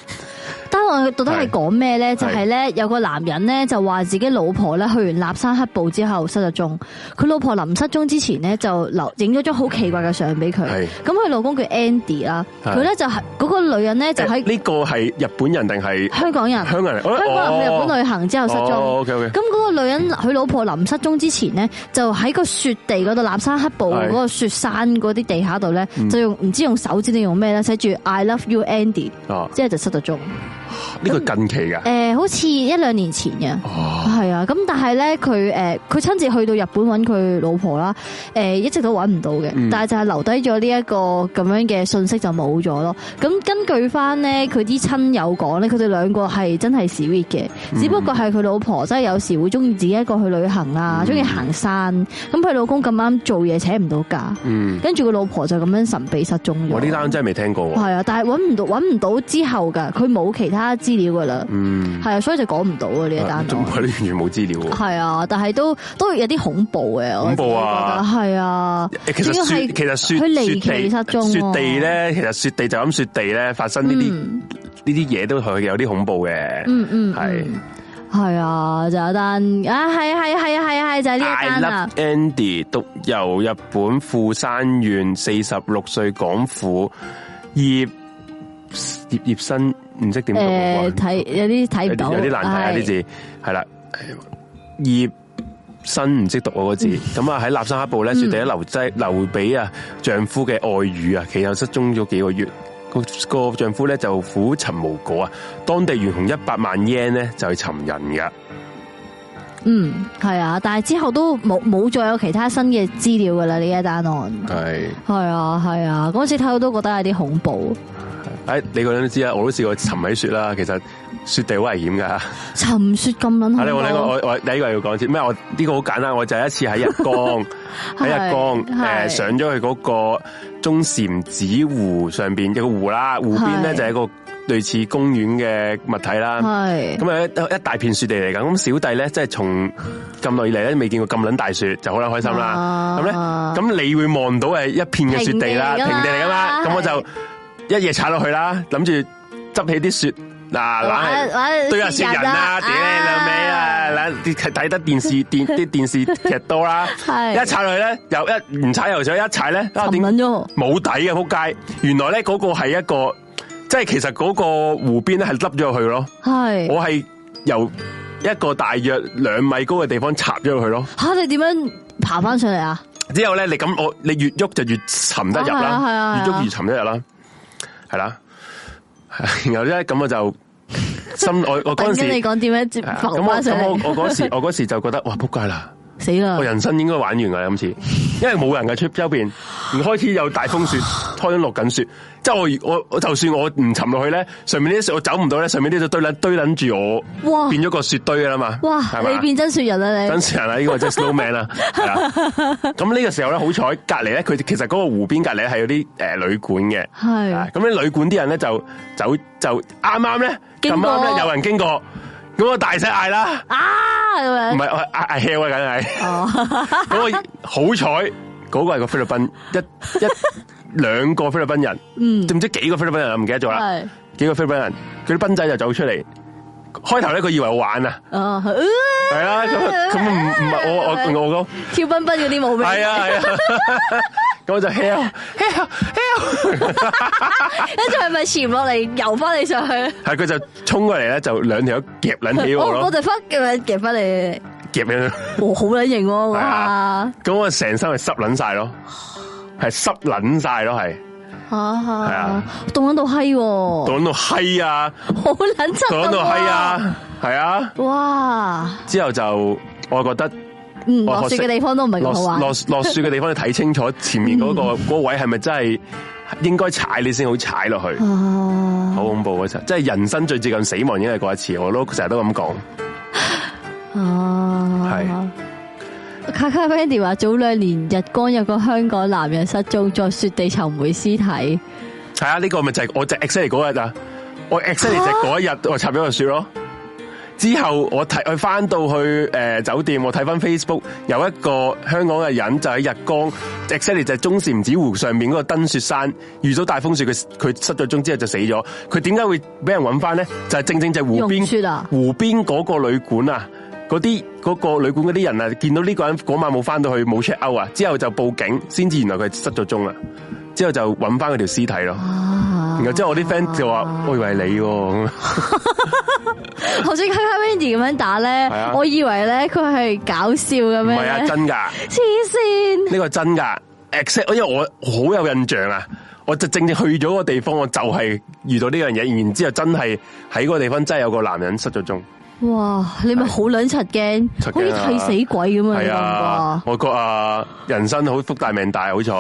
但我到底係講咩咧？就係咧有個男人咧就話自己老婆咧去完立山黑布之後失咗蹤。佢老婆臨失蹤之前咧就留影咗張好奇怪嘅相俾佢。咁佢老公叫 Andy 啦，佢咧就係嗰個女人咧就喺呢個係日本人定係香港人？香港人，香港人去日本旅行之後失蹤。咁嗰個女人佢老婆臨失蹤之前咧就喺個雪地嗰度立山黑布嗰，那個雪山嗰啲地下度咧就用唔知用手指定用咩咧寫住 I love you Andy，即係就失咗蹤。呢、這個近期嘅，誒、呃，好似一兩年前嘅，係、哦、啊，咁但係咧，佢誒，佢親自去到日本揾佢老婆啦，誒，一直都揾唔到嘅，嗯、但係就係留低咗呢一個咁樣嘅信息就冇咗咯。咁根據翻，咧佢啲親友講咧，佢哋兩個係真係 sweet 嘅，嗯、只不過係佢老婆真係有時會中意自己一個去旅行啊，中、嗯、意行山，咁佢老公咁啱做嘢請唔到假，跟住佢老婆就咁樣神秘失蹤、哦。我呢單真係未聽過，係啊，但係揾唔到揾唔到之後噶，佢冇其他。其他資料噶啦，係、嗯、啊，所以就講唔到啊呢一單，單，仲怪你完全冇資料。係啊，但係都都有啲恐怖嘅，恐怖啊，係啊。主要係其實雪，其實雪，其實雪佢離奇失蹤、啊、雪地咧，其實雪地就咁雪地咧，發生呢啲呢啲嘢都係有啲恐怖嘅。嗯嗯，係係啊，就有、一單啊，係係係係係就係呢一單啦。Andy 獨遊日本富山縣四十六歲港婦葉葉葉新。唔識點讀誒、啊，睇有啲睇唔到，有啲難睇啊，啲字係啦，葉新唔識讀啊個字，咁啊喺納沙克部咧，說第一留劑、嗯、留俾啊丈夫嘅愛女啊，其後失蹤咗幾個月，個丈夫咧就苦尋無果啊，當地懸紅一百萬 yen 咧就去尋人噶，嗯，係啊，但係之後都冇冇再有其他新嘅資料噶啦呢一單案，係，係啊，係啊，嗰時睇我都覺得有啲恐怖。誒，你個人都知啦，我都試過沉喺雪啦。其實雪地好危險噶，沉雪咁捻。 (laughs) 我我第一，這個要講一次。咩？我，這，呢個好簡單，我就一次喺日光喺 (laughs) 日光誒， (laughs) 上咗去嗰個中禪寺湖上邊嘅個湖啦，湖邊咧就係一個類似公園嘅物體啦。係咁啊，一大片雪地嚟噶。咁小弟咧，即係從咁耐以嚟咧，未見過咁捻大雪，就好啦開心啦。咁，啊，咧，咁你會望到係一片嘅雪地啦，平地嚟噶嘛。咁我就。一夜踩落去啦，諗住執起啲雪，嗱，嗱，堆下雪人啊，屌你老味啊，嗱啲睇得電視電啲電視劇多啦 (laughs) 一踩落去咧又一唔踩又想一踩咧，沉點咗，冇底嘅扑街，原來咧嗰個係一個，即係其實嗰個湖邊咧係凹咗入去咯，我係由一個大約兩米高嘅地方插咗入去咯，吓你點樣爬翻上嚟啊？之後咧你咁我你越喐就越沉得入啦、啊啊啊，越喐越沉得入啦。係啦，然後呢，咁我就心我我嗰陣時， (laughs) 你講點樣接伏，咁我嗰時 (laughs) 我嗰時就覺得哇，撲街啦！死啦、哦！我人生應該玩完啦今次，因為冇人嘅 trip 周邊，而開始有大風雪，突然落緊雪，即係我我就算我唔沉落去咧，上面啲雪我走唔到咧，上面啲就堆捻堆捻住我，哇！變咗個雪堆啦嘛，哇！你變真雪人啦你真人，真雪人啦呢個真 Snow Man 啦。咁 (laughs) 呢、啊、個時候咧，好彩隔籬咧，佢其實嗰個湖邊隔籬係有啲誒、呃、旅館嘅，係咁啲旅館啲人咧就走就啱啱咧，啱啱咧有人經過。咁我大聲嗌啦！啊，咁樣唔係我嗌嗌喊啊，梗係。哦，咁我好彩，嗰個係個菲律賓，一一兩個菲律賓人，嗯，定唔知幾個菲律賓人啊？唔記得咗啦，係幾個菲律賓人，佢啲賓仔就走出嚟。開頭咧，佢以為我玩啊，哦，係啊，咁咁唔唔係我我我我跳斌斌嗰啲舞咩？係啊係啊。咁我就 hell hell hell，跟住係咪潛落嚟游翻你上去？係佢就衝過嚟咧， (laughs) 就兩條夾捻起咯。我我就翻夾翻夾翻你，夾畀佢？哇，好撚型喎！咁我成身係濕捻晒咯，係濕捻晒咯，係吓吓。凍到都嗨，凍到嗨啊！好撚真凍到嗨啊！係啊！哇！之後就我覺得。落雪嘅地方都唔係咁好玩。落落雪嘅地方你睇清楚前面嗰、那個、 (laughs) 個位係咪真係應該踩你先好踩落去。哦、啊，好恐怖嗰次，真係人生最接近死亡應該係嗰一次，我都成日都咁講。哦、啊，係。卡卡芬迪話早兩年日光有個香港男人失蹤，在雪地尋回屍體。係啊，呢、這個咪就係我就 exactly 嗰日啊，我 exactly 就嗰一日我插咗個雪咯。之後我睇翻到去酒店，我睇翻 Facebook 有一個香港嘅人就喺日光，exactly 就係中禪寺湖上面嗰個登雪山，遇咗大風雪，佢佢失咗蹤，之後就死咗，佢點解會俾人揾翻咧？就係、係、正正就係湖邊湖邊嗰個旅館啊！嗰啲、嗰個旅館嗰啲人啊，見到呢個人嗰晚冇翻到去冇 check out 啊，之後就報警，先至原來佢失咗蹤啦，之後就揾翻佢條屍體咯、啊。然後之後我啲 friend 就話、啊，我以為是你，好似開開 Vendi 咁樣打咧、啊，我以為咧佢係搞笑咁樣，唔係啊真噶，黐 (laughs) 線，呢個真噶，except 因為我好有印象啊，我就正正去咗個地方，我就係遇到呢樣嘢，然之後真係喺個地方真係有一個男人失咗蹤。哇！你咪好撚柒驚，好似替死鬼咁啊！我覺得啊，人生好福大命大，好彩。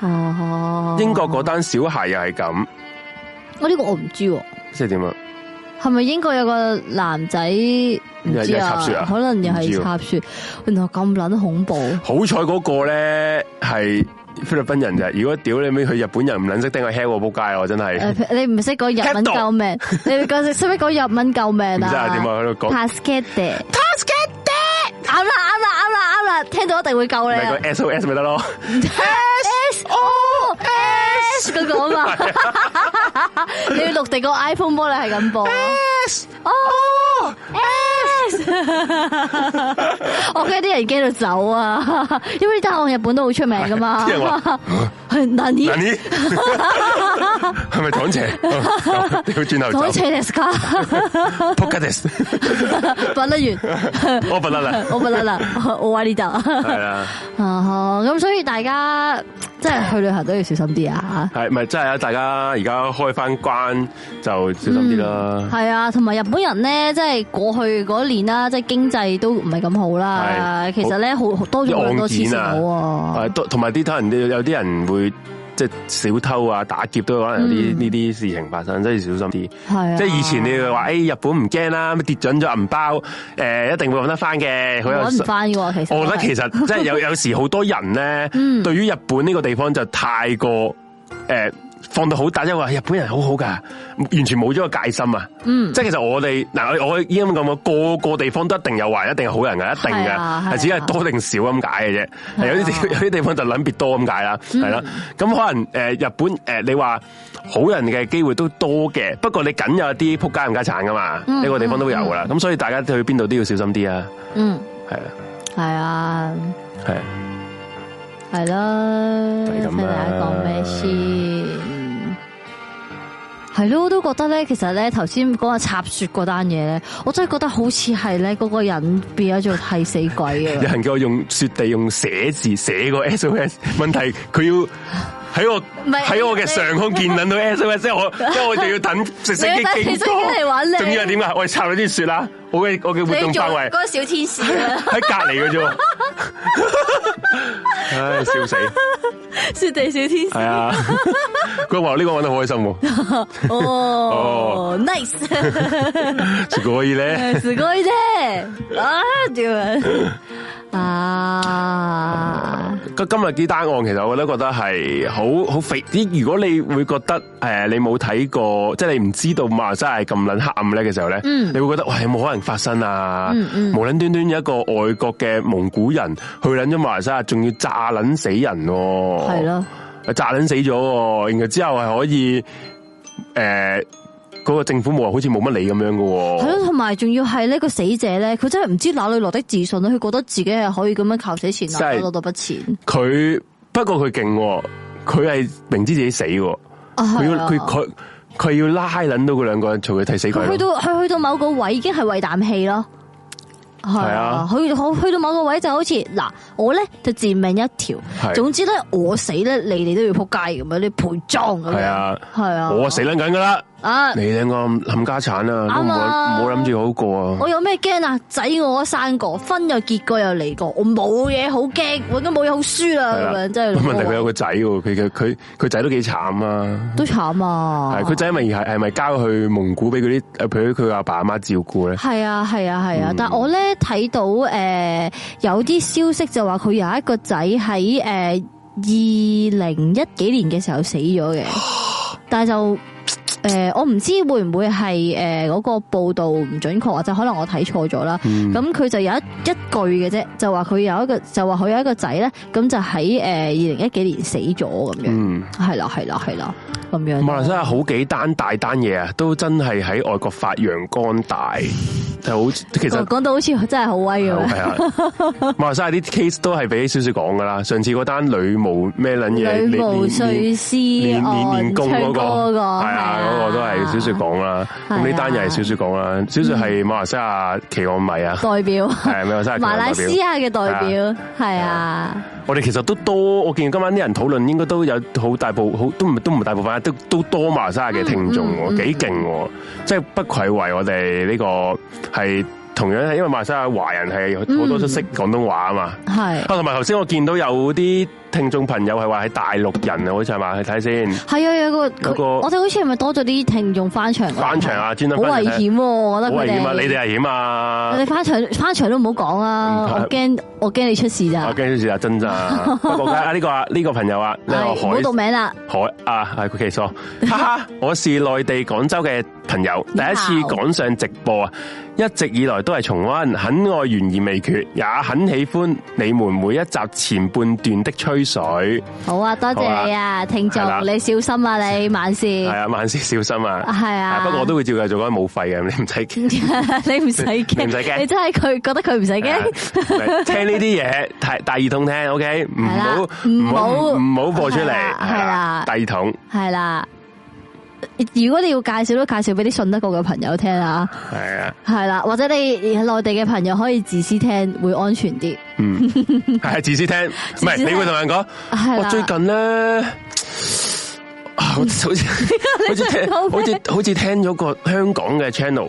哦、啊，英國嗰單小孩又係咁，我、啊、呢、這個我唔知。即係點啊？係咪英國有個男仔唔知啊，插雪啊？可能又係插雪，原來咁撚恐怖。好彩嗰個咧係。菲律賓人咋？如果屌你咩佢日本人唔撚識聽我聽我仆街我真係。你唔識講日文救命？你講識識唔識講日文救命啊？唔知啊點啊喺度講。Tasukete Tasukete 啱啦啱啦啱啦啱啦，聽到一定會救你。你講 SOS 咪得咯？S S O S 嗰個啊嘛。你要落地個 iPhone 玻璃係咁播。S O S。 (laughs) 我驚啲人驚到走啊！因為呢行日本都好出名噶嘛，難係咪撞邪掉轉頭？撞邪定 s c a r p 完？我唔得啦，我唔得啦，我話呢度係啊，咁所以大家即係去旅行都要小心啲啊！係咪真係啊？大家而家開翻關就小心啲啦、嗯。係啊，同埋日本人咧，即係過去嗰年。啦，即係經濟都唔係咁好啦。其實咧，好多咗好多黐線佬。同埋啲人，有啲人會即係、就是、小偷啊、打劫都可能有呢呢啲事情發生，所、嗯、以小心啲。啊、即係以前你話誒，日本唔驚啦，跌准咗銀包誒，一定會搵得翻嘅。搵唔翻嘅其實。我覺得其實即係、就是、有有時好多人咧，對於日本呢個地方就太過誒。呃放到好大，因為話日本人很好好噶，完全冇咗個戒心啊！嗯、即係其實我哋嗱，我依家咁講，個個地方都一定有壞人，一定係好人噶，一定噶，只係、啊啊、多定少咁解嘅啫。係、啊、有啲有啲地方就諗別多咁解啦，係、嗯、啦、啊。咁可能誒日本誒，你話好人嘅機會都多嘅，不過你梗有一啲仆街冚家產噶嘛，呢、嗯、個地方都有噶啦。咁、嗯、所以大家去邊度都要小心啲啊！嗯，係啊，係啊，係啊，係、就是、啊，係啊，係，係啦，睇大家講咩先。係咯，我都覺得咧，其實咧，頭先講個插雪嗰單嘢咧，我真係覺得好似係咧，嗰個人變咗做替死鬼啊！有人叫我用雪地用寫字寫個 SOS，問題佢要。喺我喺我嘅上空見到 SOS？s 我我哋要等直升機幾多？總之係點解？我哋插咗啲雪啦！我嘅我嘅活動範圍。嗰個小天使喺、啊、隔籬嘅啫。 (laughs) 唉，笑死！雪地小天使係啊！佢話呢個玩得開心喎。哦 nice 食可以咧，食可以啫，啊， (laughs) 點啊？啊！ (laughs) 今日幾單案，其實我都覺得係。好好肥啲，如果你會覺得誒、呃，你冇睇過，即係你唔知道馬來西亞係咁撚黑暗咧嘅時候咧、嗯，你會覺得喂，有冇可能發生啊？嗯嗯、無撚端端，端有一個外國嘅蒙古人去捻咗馬來西亞，仲要炸捻死人、哦，係咯，炸捻死咗，然後之後係可以誒，嗰、呃那個政府冇話好似冇乜理咁樣噶、哦，係咯，同埋仲要係呢個死者咧，佢真係唔知哪裏落得自信，佢覺得自己係可以咁樣靠死前攞、就是、到到筆錢。佢不過佢勁、哦。佢係明知自己死喎，佢佢佢佢要拉捻到佢兩個人做佢睇死佢，去到去去到某個位已經係為啖氣咯，係啊，去去去到某個位就好似嗱，我咧就賤命一條，總之咧我死咧你哋都要撲街咁樣，你陪葬，係啊，係啊，我死捻緊噶啦。你兩個冚家產啊！唔好唔好諗住好過啊！我有咩驚啊？仔我生過，婚又結過又離過，我冇嘢好驚，我都冇嘢好輸啦咁樣真係。冇問題，佢有個仔喎，佢嘅佢佢仔都幾慘啊，啊，都慘啊！係佢仔，咪係咪交去蒙古俾嗰啲誒？譬如佢阿爸阿媽照顧咧？係啊係啊係啊！啊啊啊嗯、但係我咧睇到誒、呃、有啲消息就話佢有一個仔喺誒二零一幾年嘅時候死咗嘅， (coughs) 但係就。誒、呃，我唔知會唔會係誒嗰個報道唔準確，或者可能我睇錯咗啦。咁、嗯、佢就有一一句嘅啫，就話佢有一個就話佢有一個仔咧，咁就喺誒二零一幾年死咗咁樣，係、嗯、啦係啦係啦咁樣馬。馬來西亞好幾單大單嘢啊，都真係喺外國發揚光大，就好其實講到好似真係好威咁、啊。係啊， (laughs) 馬來西亞啲 case 都係俾少少講噶啦。上次嗰單女巫咩撚嘢女巫術師練練功嗰個係啊。我都係小說講啦，咁呢單又係小說講啦。小說係馬來西亞奇案迷啊，代表係馬來西亞嘅代表，係啊。我哋其實都多，我見今晚啲人討論，應該都有好大部，好都唔都唔大部分，都都多馬來西亞嘅聽眾，幾勁，即係不愧為我哋呢個係同樣係，因為馬來西亞華人係好多都識廣東話啊嘛，係啊，同埋頭先我見到有啲。聽眾朋友係話喺大陸人啊，好似係嘛？去睇先，係啊，有個有個我哋好似係咪多咗啲聽眾翻牆翻牆啊！好危險，我覺得好危險、 (laughs) 這個這個，啊！你哋危險啊！我哋翻牆翻牆都唔好講啊！我驚我驚你出事咋？我驚出事啊！真咋，啊呢個啊呢個朋友啊，海，唔好讀名啦，海啊係佢其錯，哈哈，我是內地廣州嘅朋友，第一次趕上直播啊，一直以來都係重溫，很愛懸而未決，也很喜歡你們每一集前半段的吹水好啊，多謝你啊，聽眾你小心啊，你萬事係啊，萬事小心啊，係啊，不過我都會照計做嗰啲冇廢嘅，你唔使驚，你唔使驚，唔使驚，你真係佢覺得佢唔使驚，聽呢啲嘢係第二筒聽，OK，唔好唔好唔好播出嚟，係啦，第二筒，係啦。如果你要介紹都介紹俾啲信得過嘅朋友聽啊，係啊，係啦，或者你內地嘅朋友可以自私聽會安全啲，嗯，係自私聽，唔係你會同人講，我、哦、最近咧，好似好似聽好似好似聽咗個香港嘅 channel，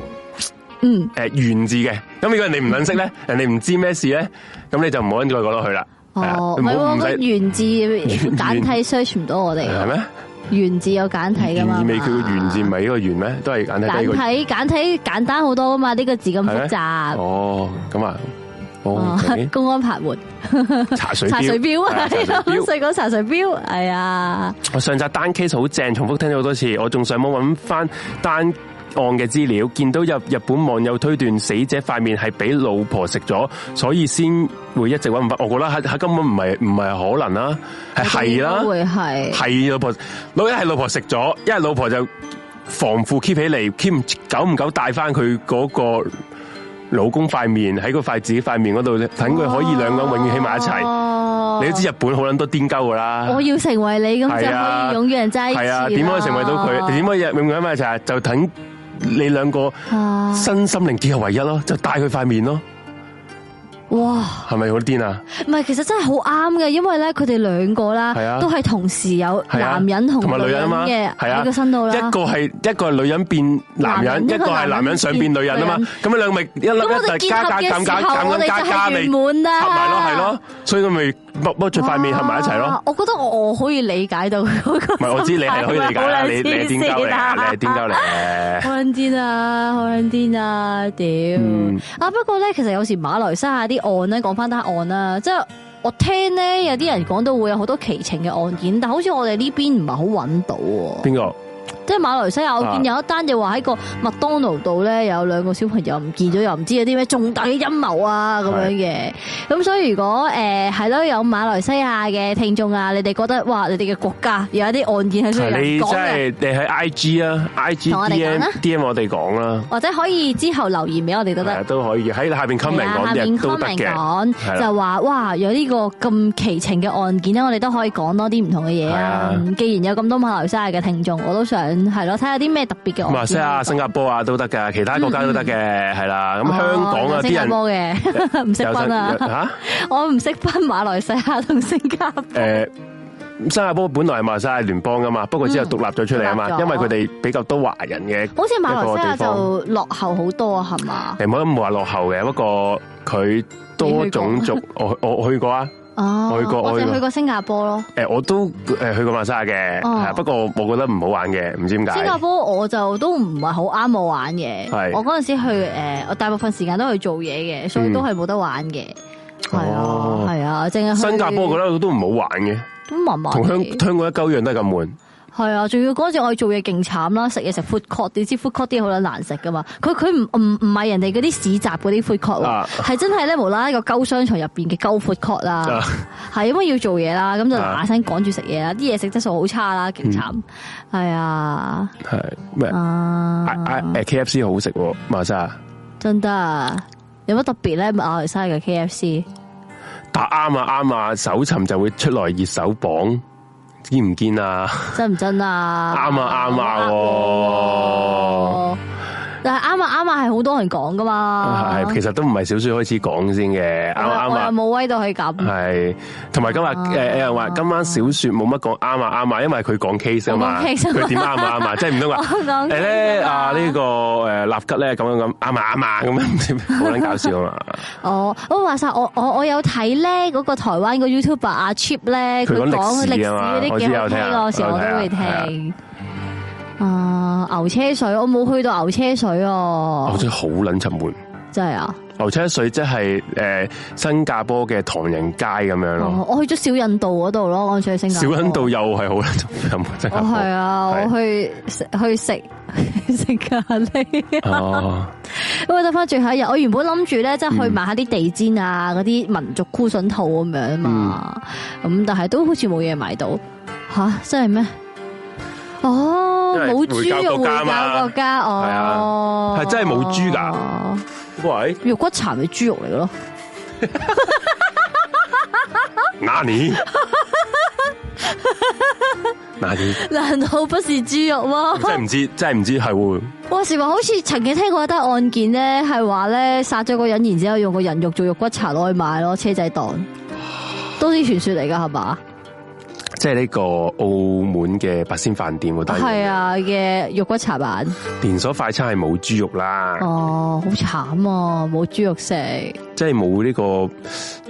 嗯源自的，誒，原字嘅，咁如果人哋唔認識咧，嗯、人哋唔知咩事咧，咁你就唔好再講落去啦。哦了，唔係喎，個原字簡體 search 唔到我哋咩？原字有簡體噶嘛？意味佢個原字唔係呢個原咩？都係簡體。簡體簡體簡單好多噶嘛？呢、這個字咁複雜。哦，咁啊，哦，公安拍門，查水查水表啊！細個查水表，哎呀！我上集單 case 好正，重複聽咗好多次，我仲上網搵返單。案嘅資料，見到日日本網友推斷死者塊面係俾老婆食咗，所以先會一直搵唔翻。我覺得喺根本唔係唔係可能啦，係係啦，會係係老婆，老一係老婆食咗，一係老婆就防腐 keep 起嚟，keep 久唔久帶翻佢嗰個老公塊面喺嗰自己塊面嗰度咧，等佢可以兩個人永遠喺埋一齊。你都知日本好捻多癲鳩㗎啦，我要成為你咁就可以永遠在係啊，點、啊、可以成為到佢？點、啊、可以永遠喺埋一齊？就等。你兩個身心靈結合為一咯，就帶佢塊面咯。哇，係咪好癲啊？唔係，其實真係好啱嘅，因為咧佢哋兩個啦，都係同時有男人同女人嘅喺個身度啦。一個係一個係女人變男人，男人一個係男人想變女人啊嘛。咁樣兩味一攞一，粒一，粒一粒加加減減減加加加加加加係咪咯？係咯，所以加咪。不不著塊面喺埋一齊咯，啊，我覺得我可以理解到那個。唔係，我知你係可以理解，啊，你你係點教嚟？你係點教嚟？你好撚癲啊！好撚癲啊！屌、嗯、啊！不過咧，其實有時馬來西亞啲案咧，講翻單案啦，即係我聽咧，有啲人講到會有好多奇情嘅案件，但好似我哋呢邊唔係好揾到。邊個？即係馬來西亞，我見有一單就話喺個麥當勞度咧，有兩個小朋友唔見咗，又唔知有啲咩重大嘅陰謀啊咁樣嘅。咁所以如果誒係咯，有馬來西亞嘅聽眾啊，你哋覺得哇，你哋嘅國家有一啲案件係需要人講嘅。你真係你喺 I G 啊，I G 同我哋我哋講啦，或者可以之後留言俾我哋覺得。都可以喺下邊 comment 講嘅都得嘅。就話哇，有呢個咁奇情嘅案件咧，我哋都可以講多啲唔同嘅嘢啊。既然有咁多馬來西亞嘅聽眾，我都想。係咯，睇下啲咩特別嘅。馬來西亞新加坡啊，都得㗎，其他國家都得嘅，係、嗯、啦。咁香港啊，啲、哦、人新加坡嘅，唔識 (laughs) 分啊。吓，我唔識分馬來西亞同新加坡、呃。誒，新加坡本來係馬來西亞聯邦噶嘛，不過之後獨立咗出嚟啊嘛，嗯、因為佢哋比較多華人嘅。好似馬來西亞就落後好多啊，係嘛？你唔好咁話落後嘅，不過佢多過種族， (laughs) 我我，我去過啊。我、啊、去過，去過新加坡咯。誒，我都誒去過馬沙亞嘅、啊，不過我覺覺得唔好玩嘅，唔、啊、知點解。新加坡我就都唔係好啱我玩嘅。係，我嗰陣時去誒，我大部分時間都去做嘢嘅，所以都係冇得玩嘅。係、嗯、啊，係、哦、啊，正係新加坡我覺得都唔好玩嘅，都麻麻。同香香港一鳩樣都係咁悶。係啊，仲要嗰陣我做嘢勁慘啦，食嘢食 food court 你知 food court 啲好難食噶嘛？佢佢唔唔唔係人哋嗰啲市集嗰啲 food court，係真係咧 (laughs) 無啦啦個鳩商場入邊嘅鳩 food court 啦，係、啊、因為要做嘢啦，咁就嗱聲趕住食嘢啦，啲嘢食質素好差啦，勁慘，係啊，係咩？誒誒 K F C 好食、啊，馬莎真得啊，有乜特別咧？馬來西亞嘅 K F C，但啱啊啱啊，搜尋、啊、就會出來熱搜榜。見唔見啊？真唔真啊？啱啊啱啊！但係啱啊啱啊，係好多人講噶嘛。係，其實都唔係小說開始講先嘅，啱啊啱啊。冇威到係咁。係、欸，同埋今日誒，人話今晚小說冇乜講啱啊啱啊，因為佢講 case 啊嘛他，佢點啱啊啱啊，即係唔通話誒咧？啊、這個、立吉呢個誒，納吉咧咁樣咁啱啊啱啊咁樣，唔知咩搞笑啊嘛 (laughs) 。哦，喂，話晒我我我有睇咧嗰個台灣個 YouTuber 阿 Chip 咧佢講歷史，歷史，歷史都嘅嘛，我都有聽。啊、uh,！牛車水，我冇去到牛車水、啊、哦，真係好捻沉悶，真係啊！牛車水即係誒新加坡嘅唐人街咁樣咯、uh,，我去咗小印度嗰度咯，我住喺新加坡。小印度又係好捻沉悶，真係。啊，我去、啊、去食食咖喱。哦，因為得翻最後一日，我原本諗住咧，即係去買下啲地氈啊，嗰啲民族箍笋套咁樣嘛，咁、uh. 但係都好似冇嘢買到，吓、啊、真係咩？哦，冇豬肉，回教國家，回教國家哦，哦，哦，哦，係啊，係真係冇豬噶？喂，肉骨茶咪豬肉嚟噶咯？納 (laughs) 尼？納尼？難道不是豬肉嗎？真係唔知，真係唔知係會。話時話，好似曾經聽過一單案件咧，係話咧殺咗個人，然之後用個人肉做肉骨茶攞去賣咯，車仔檔，都係啲傳說嚟噶，係嘛？即係呢個澳門嘅八仙飯店，係啊嘅肉骨茶飯連鎖快餐係冇豬肉啦。哦，好慘啊，冇豬肉食。即係冇呢個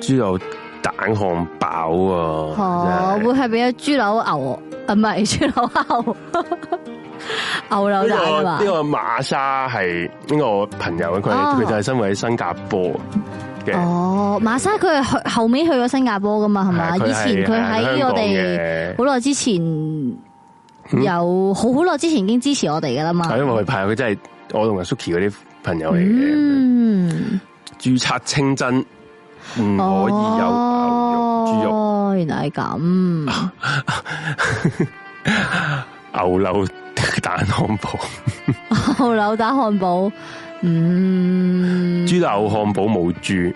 豬肉蛋漢堡啊。哦，會係變咗豬柳牛啊？唔係豬柳牛，豬柳牛柳蛋啊，這個。嘛？呢個馬沙係呢個朋友，佢就係生活喺新加坡。哦，馬沙佢係後後尾去咗新加坡噶嘛，係嘛？以前佢喺我哋好耐之前有好好耐之前已經支持我哋噶啦嘛。係因為佢派，佢真係我同阿 Suki 嗰啲朋友嚟嘅。嗯，註冊清真唔可以有豬肉，肉。豬肉。哦，原來係咁。 (laughs) 牛柳蛋漢堡， (laughs) 牛柳蛋漢堡。嗯，豬柳漢堡冇豬，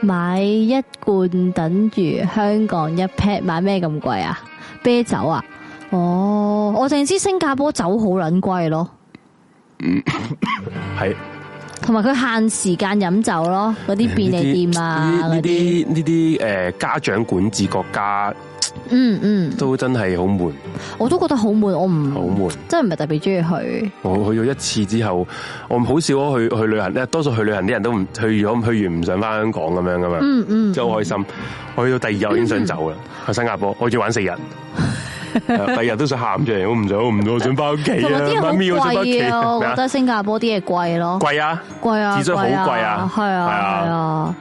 買一罐等於香港一 pet，買咩咁貴啊？啤酒啊？哦，我淨知道新加坡酒好撚貴咯，嗯，係，同埋佢限時間飲酒咯，嗰啲便利店啊，嗰啲呢啲誒家長管治國家。嗯嗯，都真係好悶，我都覺得好悶，我唔好悶，真係唔係特別中意去。我去咗一次之後，我唔好少去去旅行咧，多數去旅行啲人都唔去咗，去完唔想翻香港咁樣咁樣，嗯嗯，真係好開心。我去到第二日已經想走啦，去新加坡，我要玩四日，第二日都想喊住，我唔走唔走，我想翻屋企啦。我想媽媽我想媽媽啊，我,想我覺得新加坡啲嘢貴咯，貴啊貴啊，真係好貴啊，係啊係啊。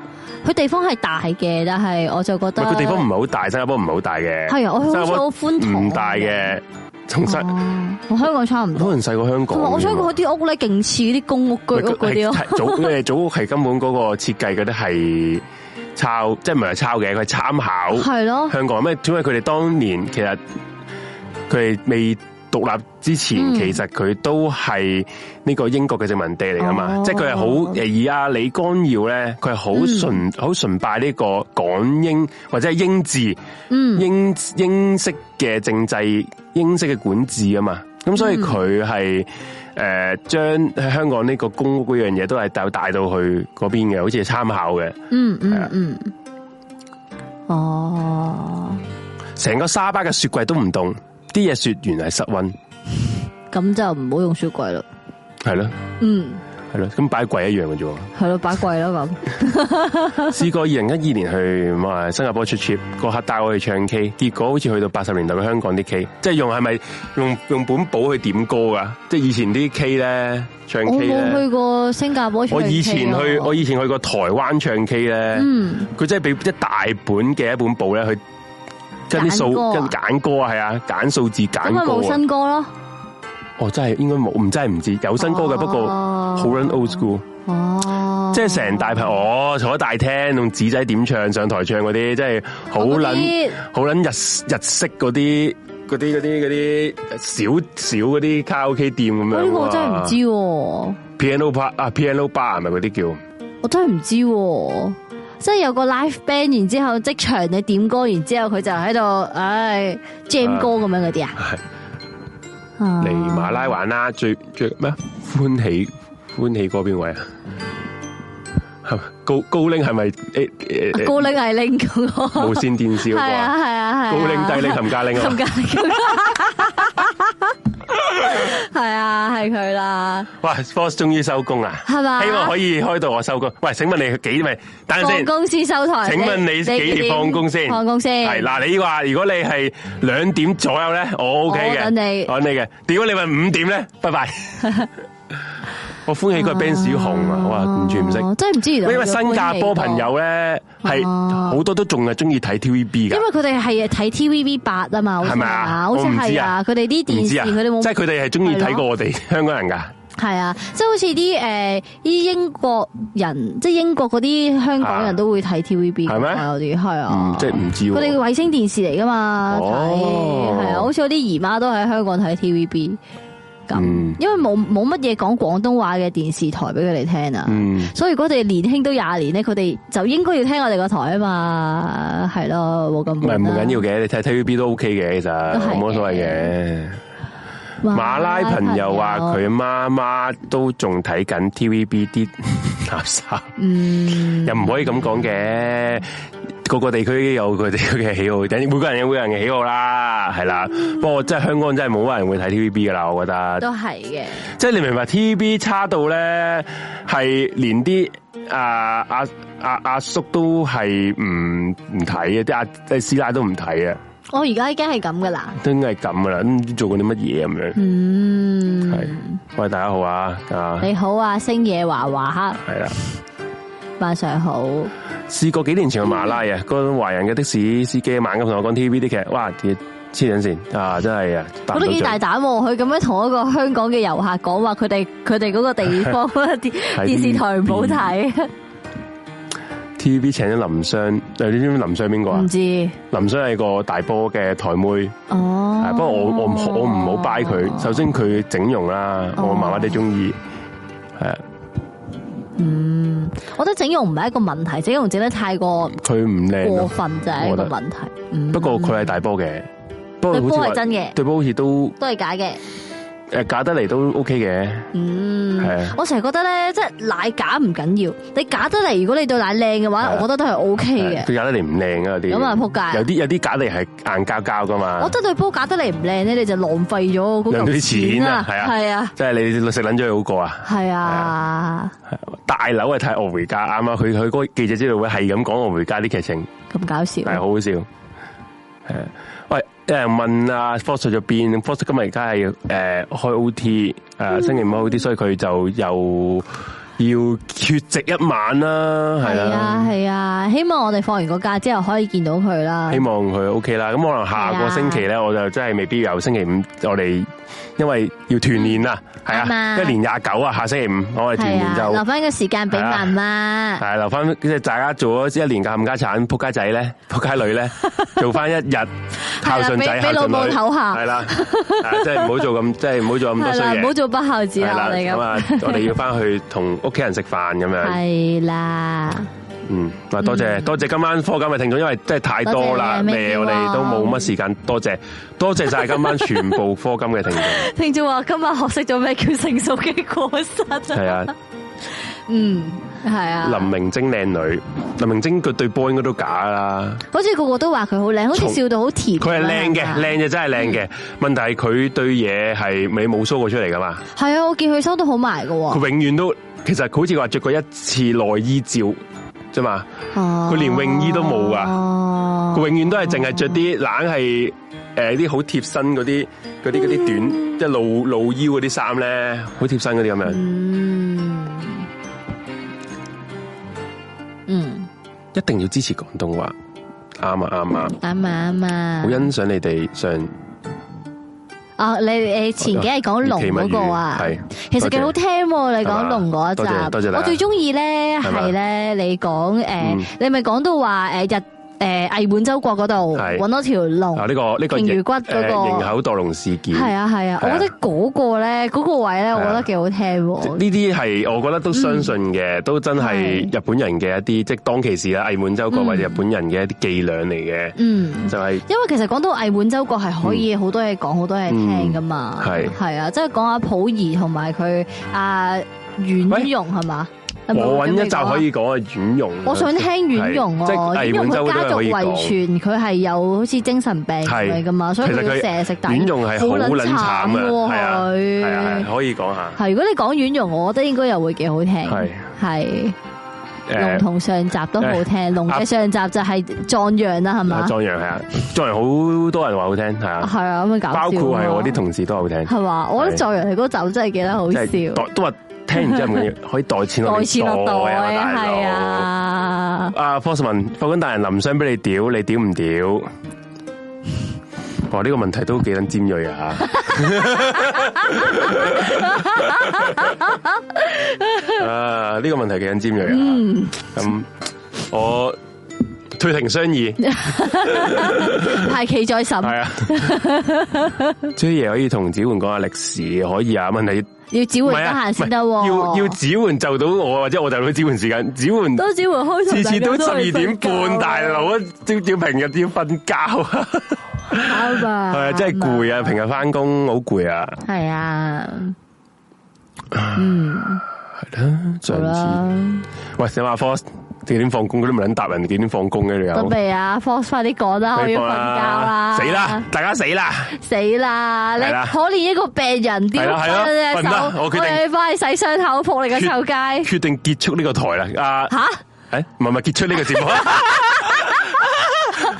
佢地方係大嘅，但係我就覺得佢地方唔係好大，新加坡唔係好大嘅。係啊，我好似好寬敞。唔大嘅，重新同香港差唔多，可能細過香港。我想佢啲屋咧，勁似啲公屋居屋嗰啲早組屋，係根本嗰個設計嗰啲係抄，即係唔係抄嘅，佢係參考。係咯，香港咩？因為佢哋當年其實佢哋未。獨立之前，嗯、其實佢都係呢個英國嘅殖民地嚟噶嘛，哦、即係佢係好誒，以阿李光耀咧，佢係好好崇拜呢個港英或者係英治，嗯，英英式嘅政制，英式嘅管治啊嘛。咁所以佢係誒將喺香港呢個公屋嗰樣嘢都係帶帶到去嗰邊嘅，好似係參考嘅。嗯嗯嗯。哦。成個沙巴嘅雪櫃都唔凍。啲嘢雪完係室温，咁就唔好用雪櫃啦。係咯，嗯，係咯，咁擺櫃一樣嘅啫。係咯，擺櫃啦咁。試過二零一二年去話新加坡出 trip，個客帶我去唱 K，結果好似去到八十年代嘅香港啲 K，即係用係咪用用本簿去點歌噶？即係以前啲 K 咧唱 K，我冇去過新加坡唱。我以前去，我以前去過台灣唱 K 咧，嗯，佢真係俾一大本嘅一本簿咧去。即跟啲數跟簡歌啊，係啊，簡數字簡歌冇新歌咯。哦，真係應該冇，唔真係唔知有新歌嘅、啊，不過好捻 old school。哦，即係成大排，我坐喺大廳用紙仔點唱上台唱嗰啲，即係好捻好捻日日式嗰啲嗰啲嗰啲嗰啲少少嗰啲卡拉 OK 店咁樣、啊。呢個我真係唔知。Piano bar 啊，Piano bar 係咪嗰啲叫？我真係唔知道、啊。即係有個 live band，然之後即場你點歌，然之後佢就喺度，唉，jam 歌咁樣嗰啲啊，來啊，嚟馬拉玩啦，最最咩啊，歡喜歡喜歌邊位啊？高高領係咪誒？高領係領咁咯。無線電視係啊，係啊，係。高領低領冚家領啊！冚家。係啊，係佢啦。哇，Force 終於收工啊！係嘛？希望可以開到我收工。喂，請問你幾咪？等陣先。放公司收台。請問你幾點放工先？放工先。係嗱，你話如果你係兩點左右咧，我 OK 嘅。等你，等你嘅。如果你問五點咧？拜拜。我歡喜個 Ben 小紅啊，我完全唔識。真係唔知。因為新加坡朋友咧，係、啊、好多都仲係中意睇 TVB 噶因為佢哋係睇 TVB 八啊嘛，好似係啊，好似係啊。佢哋啲電視，佢哋冇。即係佢哋係中意睇過我哋香港人噶。係啊，即係好似啲誒，啲、呃、英國人，即係英國嗰啲香港人都會睇 TVB 係咩？有啲係啊，即係唔知、啊。佢哋嘅衛星電視嚟噶嘛？哦，係啊，好似我啲姨媽都喺香港睇 TVB。咁、嗯，因為冇冇乜嘢講廣東話嘅電視台俾佢哋聽啊、嗯，所以如果佢哋年輕都廿年咧，佢哋就應該要聽我哋個台啊嘛，係咯，冇咁。唔係唔緊要嘅，你睇 TVB 都 OK 嘅，其實冇所謂嘅。馬拉朋又話佢媽媽都仲睇緊 TVB 啲垃圾，嗯，又唔可以咁講嘅。各個地區有佢哋嘅喜好，每個人有每個人嘅喜好啦，係啦。不過真係香港真係冇乜人會睇 TVB 噶啦，我覺得。都係嘅。即係你明白 TVB 差到咧，係連啲啊阿阿阿叔都係唔唔睇嘅，啲阿啲師奶都唔睇啊。我而家已經係咁噶啦，都係咁噶啦，都唔知做過啲乜嘢咁樣。嗯，係。喂，大家好啊，啊。你好啊，星野華華。係啊。晚上好，試過幾年前嘅馬拉啊，嗰個華人嘅的,的士司機猛咁同我講 TVB 啲劇，哇，黐緊線啊，真係啊，我都幾大膽喎，佢咁樣同一個香港嘅遊客講話，佢哋佢哋嗰個地方電電視台唔好睇。TVB 請咗林雙，你知唔知林雙係邊個啊？唔知，林雙係個大波嘅台妹哦，不過我我唔我唔好掰佢，首先佢整容啦，我麻麻地中意係啊。哦嗯，我覺得整容唔係一個問題，整容整得太過佢唔靚過分就係、是、一個問題。不過佢係大波嘅，不過好似對波係真嘅，對波好似都都係假嘅。誒，假得嚟都 OK 嘅，嗯，係啊，我成日覺得咧，即係奶假唔緊要，你假得嚟，如果你對奶靚嘅話，啊，我覺得都係 OK 嘅。佢假得嚟唔靚啊，啲咁啊撲街！有啲有啲假得嚟係硬膠膠噶嘛。我覺得對煲假得嚟唔靚咧，你就浪費咗嗰嚿錢啦，係啊，係啊，即係你食撚咗好過啊，係啊，啊，啊，啊，大樓啊太《惡回家》啱啊，佢佢嗰記者知道會係咁講《惡回家》啲劇情，咁搞笑，係好好笑，係，啊。喂，有人問阿 Force 喺邊？Force 今日而家係開 OT，嗯、星期五 OT，所以佢就又要缺席一晚啦，係啦、啊。係啊、啊，希望我哋放完個假之後可以見到佢啦。希望佢 OK 啦，咁可能下個星期咧，啊、我就真係未必有星期五我哋。因為要團年啦，係啊，一年廿九啊，下星期五我哋團年就留翻個時間俾媽媽，係留翻即係大家做咗一年嘅冚家鏟，仆街仔咧，仆街女咧做翻一日孝順仔孝順女，係啦，即係唔好做咁，即係唔好做咁多衰嘢，唔好做不孝子啊！我哋要翻去同屋企人食飯咁樣，係啦，嗯，嗱，多謝多謝今晚科金嘅聽眾，因為真係太多啦，咩我哋都冇乜時間，多謝,謝。多謝晒今晚全部課金嘅聽眾。聽眾話：今晚學識咗咩叫成熟嘅果實？係啊，嗯，係啊。林明禎靚女，林明禎佢對波應該都假啦。好似個個都話佢好靚，好似笑到好甜。佢係靚嘅，靚嘅真係靚嘅。問題係佢對嘢係咪冇 show 過出嚟噶嘛？係啊，我見佢收得好埋噶。佢永遠都其實好似話着過一次內衣照啫嘛。佢連泳衣都冇噶。佢永遠都係淨係着啲冷係。誒，啲好貼身嗰啲嗰啲嗰啲短、mm. 即係露露腰嗰啲衫咧，好貼身嗰啲咁樣。嗯，嗯，一定要支持廣東話，啱啊，啱啊，啱啊，啱啊！好欣賞你哋上、哦你那個。啊，你誒前幾日講龍嗰個啊，係，其實幾好聽。你講龍嗰集多謝，多謝，我最中意咧係咧，你講，誒，你咪講到話誒日。誒、呃，偽滿洲國嗰度揾到條龍，啊呢個呢個，魚、這個、骨嗰、那個營、呃、口墜龍事件，係啊係啊，啊，我覺得嗰個咧，那個位咧、啊，我覺得幾好聽的。呢啲係，我覺得都相信嘅、嗯，都真係日本人嘅一啲，即係當其時啦，偽滿洲國或者日本人嘅一啲伎倆嚟嘅。嗯，就係、是、因為其實講到偽滿洲國係可以好多嘢講，好、嗯、多嘢聽噶嘛。係係啊，即係講下溥儀同埋佢啊婉容係嘛。有有我揾一集可以講啊，婉容。我想聽婉容哦，因為佢家族遺傳，佢係有好似精神病嚟噶嘛，所以佢要成日食蛋。婉容係好卵慘噶，佢係啊，可以講下。係如果你講婉容，我覺得應該又會幾好聽。係係，龍同上集都好聽，龍、呃、嘅、呃、上集就係壯陽啦，係咪？壯陽係啊，壯陽好多人話好聽，係啊，係啊咁樣搞笑，包括我啲同事都好聽，係嘛？我覺得壯陽嗰集真係幾得好笑、就是，都話。聽完之後可以代錢落袋啊，大佬。阿 Fortman，法官大人，林生俾你屌，你屌唔屌？哇，呢個問題都幾撚尖銳啊！啊，呢個問題幾撚尖銳。嗯，咁我退庭商議，排期再審。係啊，即係可以同子煥講下歷史，可以啊？問你。要置換得閒先得，要要置換就到我或者我就佬置換時間，置換都置換開，次次都十二點半，大佬啊，朝朝平日都要瞓覺，係啊，真係攰啊，平日翻工好攰啊，係啊，啊，嗯，係啦，喂，小馬科。Foss 幾點放工？佢唔捻答人哋，幾點放工嘅？準備啊，Fox，快啲講啦，我要瞓覺啦！死啦，大家死啦！死啦！你可憐一個病人，掂翻隻手，對對我哋翻去洗傷口，扑你個臭街決！決定結束呢個台啦！吓、uh,？誒、欸，唔係唔係，結束呢個節目。 (laughs)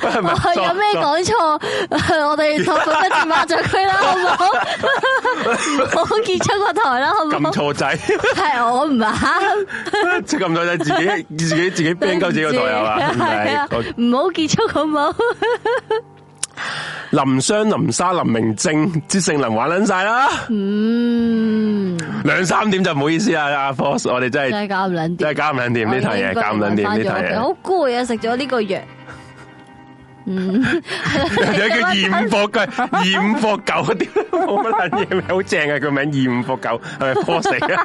錯哦、有錯錯 (laughs) 我有咩講錯？我哋坐翻個電話座區啦，好唔好？我 (laughs) 結束個台啦，好唔好？撳錯仔 (laughs) 不，係我唔係。咁錯仔，自己自己自己驚鳩自己個台係嘛，唔好結束好唔好？ (laughs) 林雙、林沙、林明正，即性林玩捻晒啦。嗯，兩三點就唔好意思 Force,、這個、 (laughs) okay, 好啊，阿 Force 我哋真係搞唔捻掂，真係搞唔捻掂呢台嘢，搞唔捻掂呢台嘢。好攰啊，食咗呢個藥。有 (laughs) 叫二五佛龜，二五佛狗啲冇乜卵嘢，好正 (laughs) 啊！佢名二五佛狗係咪？破死啊！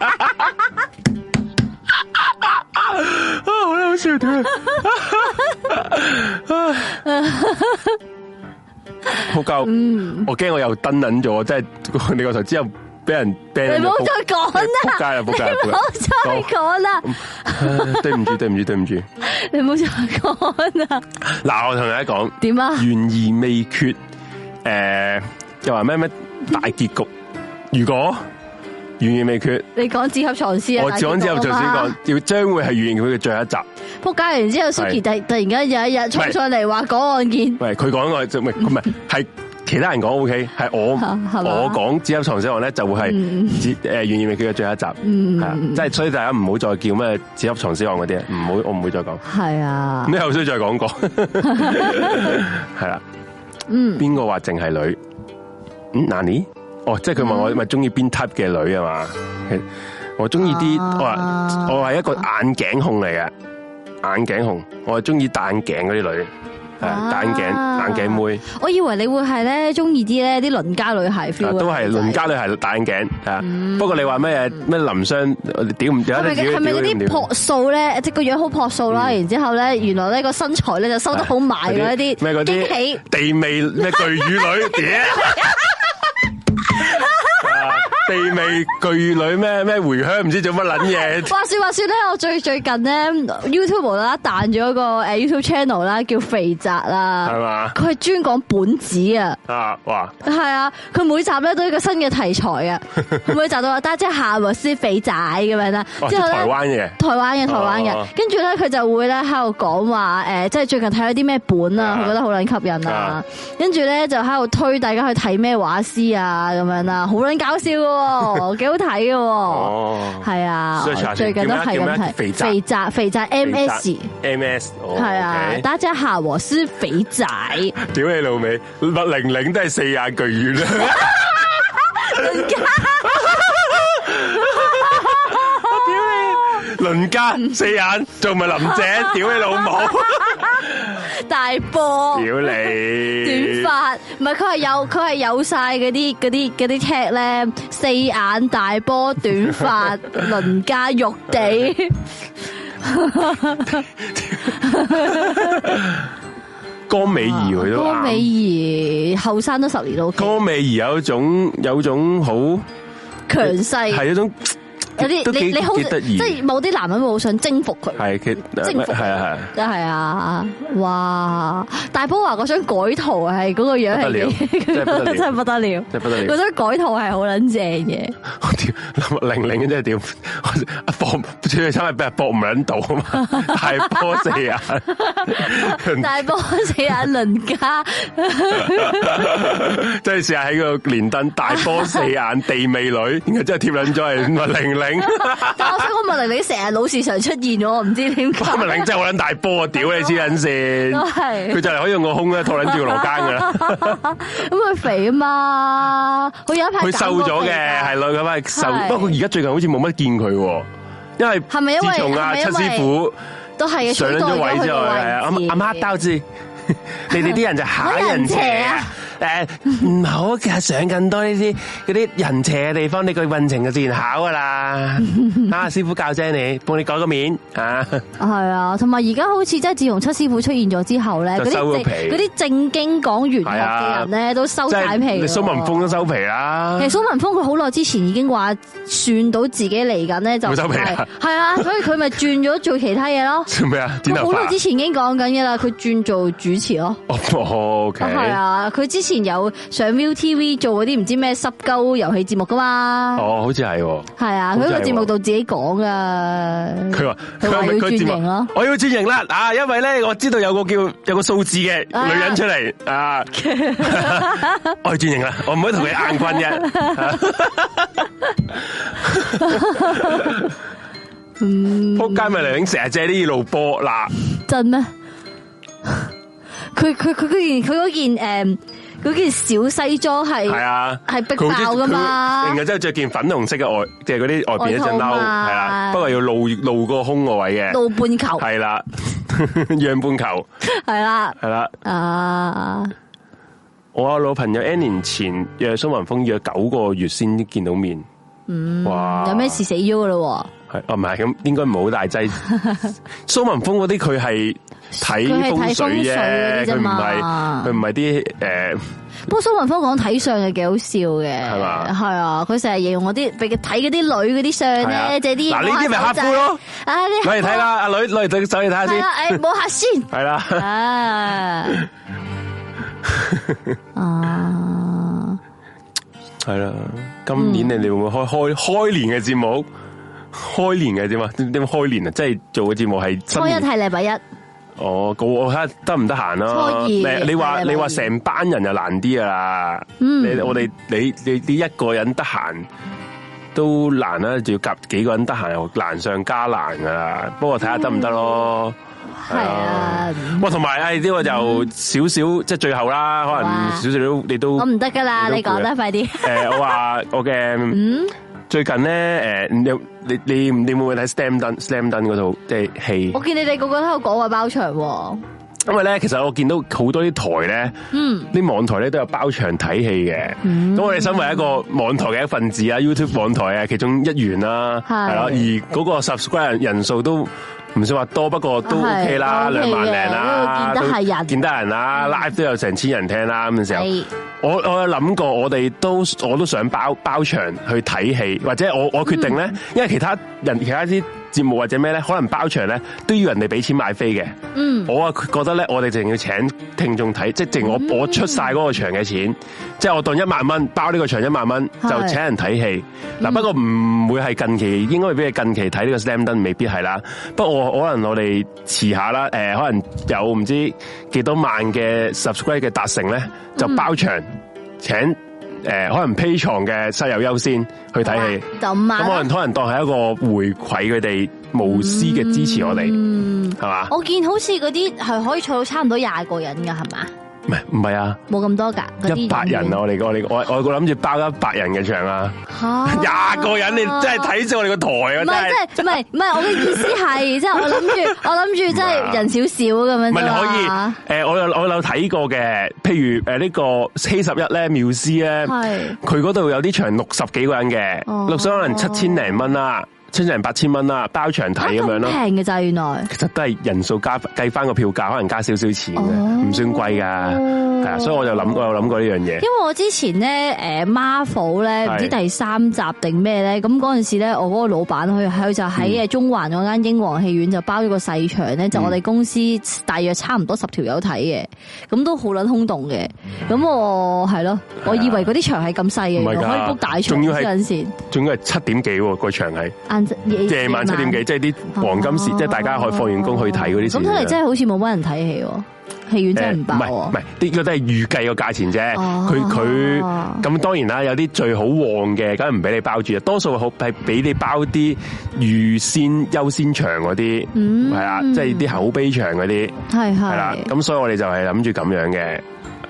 啊！ (laughs) 我有笑到，好狗！我驚我又登卵咗，即係你個頭之後。俾人掟，你唔好再講、哎、 (laughs) 啦！扑街扑街！唔好再講啦！對唔住，對唔住，對唔住！你唔好再講啦！嗱，我同大家講，點啊？懸而未決，誒、呃，又話咩咩大結局？如果懸而未決，你講紙盒藏屍啊？我講之後再先講，要將會係懸言佢嘅最後一集。扑街完之後，Suki 突突然間有一日衝上嚟話講案件，喂，佢講我，唔係唔係係。其他人講 O K，係我我講紙盒藏屍王》咧，就會係，誒，完完全全嘅最後一集，即係所以大家唔好再叫咩紙盒藏屍王》嗰啲，唔好我唔會再講， (laughs) 係啊，你後先再講過，係啦，嗯，邊個話淨係女？嗯，Nani？哦，即係佢問我咪中意邊 type 嘅女啊嘛？我中意啲我話我係一個眼鏡控嚟嘅，眼鏡控，我係中意戴眼鏡嗰啲女。戴眼鏡眼鏡妹，妹，我以為你會係咧中意啲咧啲鄰家女孩 feel 都係鄰家女孩戴眼鏡啊。嗯、不過你話咩咩林湘屌唔屌咧？係咪嗰啲樸素咧，即個樣好樸素啦。然之後咧，原來呢個身材咧就收得好埋嘅啲，咩嗰啲地味咩巨乳女屌。Yeah. (laughs) 地味巨女咩咩回鄉唔知做乜撚嘢？ (laughs) 話說話說咧，我最最近咧 YouTube 啦彈咗個誒 YouTube channel 啦，叫肥宅啦，係嘛？佢係專講本子啊！啊，哇！係啊，佢每集咧都有一個新嘅題材啊！每集都話，但係即係夏集斯肥仔咁樣啦。哦， (laughs) 台灣嘅。台灣嘅台灣嘅，跟住咧佢就會咧喺度講話誒，即係最近睇咗啲咩本啊，佢覺得好撚吸引啊！跟住咧就喺度推大家去睇咩畫師啊咁樣啦，好撚搞笑。幾好睇嘅，係、哦、啊，最近都係咁睇肥宅。肥宅 MS 肥宅 MS 係、哦、啊，打家下和書肥仔，屌你老味，不零零都係四眼巨魚啦。鄰家四眼，仲咪林姐，屌你老母！大波，屌你！短髮，唔係佢係有，佢係有晒嗰啲嗰啲嗰啲 check 咧，四眼大波短髮，鄰家玉地。江 (laughs) (laughs) (laughs) 美儀，江美儀後生都十年咯。江美儀有一種，有種好強勢，係一種。有啲你你好即係某啲男人會好想征服佢，係佢征服係啊係，真係啊哇！大波話我想改圖係嗰個樣，不得了，真係不得了，真係不得了。我想改圖係好撚正嘅。我屌凌凌真係屌，搏穿嚟俾人搏唔撚到啊嘛！大波四眼，大波四眼鄰家，真係試下喺個連登大波四眼地美女，應該真係貼撚咗係咁啊凌凌？ (laughs) 但我想我問玲玲成日老時常出現，我唔知點解。咁啊，玲真係我捻大波啊！屌 (laughs) 你知撚線，佢就嚟可以用個胸咧套捻住個羅間噶啦。咁 (laughs) 佢肥啊嘛，佢有一排。佢瘦咗嘅，係咯咁係瘦。不過佢而家最近好似冇乜見佢，因為係咪因為阿七師傅都係上咗位咗，阿阿黑都知。 (laughs) 你哋啲人就吓人邪啊。誒，唔好其實上咁多呢啲嗰啲人邪嘅地方，你個運程就自然考噶啦。啊，師傅教醒你，幫你改個面啊，啊。係啊，同埋而家好似真係，自從七師傅出現咗之後咧，嗰啲正嗰啲正經講玄學嘅人咧，啊，都收曬皮。蘇文峰都收皮啦，啊啊。其實蘇文峰佢好耐之前已經話算到自己嚟緊咧就。會收皮係啊，啊，所以佢咪轉咗做其他嘢咯。做。做咩啊？好耐之前已經講緊嘅啦，佢轉做主持咯。哦，O K。係啊，佢之。之前有上 Viu TV 做嗰啲唔知咩濕鳩遊戲節目噶嘛？哦，好似係，係啊，佢喺個節目度自己講噶。佢話佢話佢要轉型咯，我要轉型啦啊！因為咧我知道有個叫有個數字嘅女人出嚟啊，啊 (laughs) (laughs) 我要轉型啦，我唔、 (laughs) (laughs) (laughs) 嗯、 (laughs) 可以同佢硬棍嘅。嗯，撲街咪嚟成日借啲路播嗱真咩？佢佢佢佢佢嗰件誒。嗰件小西裝係，係啊，係逼爆噶嘛，然後之後着件粉紅色嘅外，即係嗰啲外邊一隻褸，係啊，不過要露露個胸個位嘅，露半球，係啦，讓半球，係啦，係啦，啊！啊 uh, 我個老朋友 N 年前約蘇雲峰約九個月先見到面，嗯，哇，有咩事死咗噶咯？係、啊，哦，唔係，咁應該唔係好大劑。蘇文峰嗰啲佢係睇風水啫，佢唔係，佢唔係啲誒。呃、不過蘇文峰講睇相又幾好笑嘅，係嘛？係啊，佢成日形容我啲，俾睇嗰啲女嗰啲相咧，即係啲嗱，呢啲咪黑夫咯。啊，你嚟睇啦，阿女，攞嚟對手嚟睇下先。誒，摸下先。係啦。啊。係啦，今年你哋會唔會開開開年嘅節目？開年嘅啫嘛，點開年啊？即係做嘅節目係初一係禮拜一。哦，我睇下得唔得閒啦？初二你，你話你話成班人就難啲啊、嗯！嗯，我哋你你，你一個人得閒都難啦，仲要夾幾個人得閒又難上加難噶啦。不過睇下得唔得咯？係啊。哇，同埋呢個就少少、嗯、即係最後啦，可能少少你都我唔得噶啦，你講得快啲。誒，我話我嘅嗯。 (laughs) 最近呢，誒、呃、你你你你會唔會睇《Slam Dunk》《Slam Dunk》嗰套即係戲？我見你哋個個喺度講話包場喎，哦。因為咧，其實我見到好多啲台咧，嗯，啲網台咧都有包場睇戲嘅。咁、嗯、我哋身為一個網台嘅一份子啊、嗯，YouTube 網台啊，其中一員啦，係咯，而嗰個 subscribe 人人數都唔算話多，不過都 OK 啦，兩萬零啦，見見得人，人，人，見得人啦，live 都有成千人聽啦。咁嘅時候，我我有諗過我，我哋都我都想包包場去睇戲，或者我我決定咧，嗯、因為其他人其他啲。節目或者咩咧，可能包場咧都要人哋俾錢買飛嘅。嗯我，我啊覺得咧，我哋淨要請聽眾睇，即係淨我、嗯、我出晒嗰個場嘅錢，即係我當一萬蚊包呢個場一萬蚊就請人睇戲。嗱、嗯，不過唔會係近期，應該會俾你近期睇呢個 stand up，未必係啦。不過我可能我哋遲下啦，誒、呃，可能有唔知幾多萬嘅 subscribe 嘅達成咧，就包場請。誒，可能 Patreon 嘅室友優先去睇戲，咁可能可能當係一個回饋佢哋無私嘅支持我哋，嗯、係嘛？我見好似嗰啲係可以坐到差唔多廿個人嘅，係嘛？唔係唔係啊，冇咁多噶，一百人，人啊！我哋個你我我我諗住包一百人嘅場啊，吓廿個人 (laughs) 你真係睇住我哋個台！啊！真係唔係唔係，我嘅意思係，即 (laughs) 係我諗住我諗住，啊、真係人少少咁樣啊嘛。唔係，你可以，誒，我有我有睇過嘅，譬如誒呢個七十、啊、一咧，妙思咧，佢嗰度有啲場六十幾個人嘅，六十可能七千零蚊啦。千八千蚊啦，包場睇咁樣咯，平嘅咋原來？其實都係人數加計翻個票價，可能加少少錢嘅，唔、哦、算貴噶、哦。所以我就諗過，有、哦、諗過呢樣嘢。因為我之前咧，誒 Marvel 咧，唔知第三集定咩咧，咁嗰陣時咧，我嗰個老闆佢佢就喺中環嗰間英皇戲院就包咗個細場咧，就、嗯、我哋公司大約差唔多十條友睇嘅，咁都好卵空洞嘅。咁、嗯、我係咯，我以為嗰啲場係咁細嘅，我可以 book 大場先。仲要係七點幾、個場係。夜，夜晚七點幾，即係啲黃金時，啊、即係大家可以放完工去睇嗰啲。咁出嚟真係好似冇乜人睇戲，戲院真係唔爆、呃。唔係，呢個都係預計個價錢啫。佢佢咁當然啦，有啲最好旺嘅，梗係唔俾你包住啦。多數好係俾你包啲預先優先場嗰啲，係、嗯、啦，即係啲口碑場嗰啲，係係啦。咁所以我哋就係諗、啊、住咁樣嘅，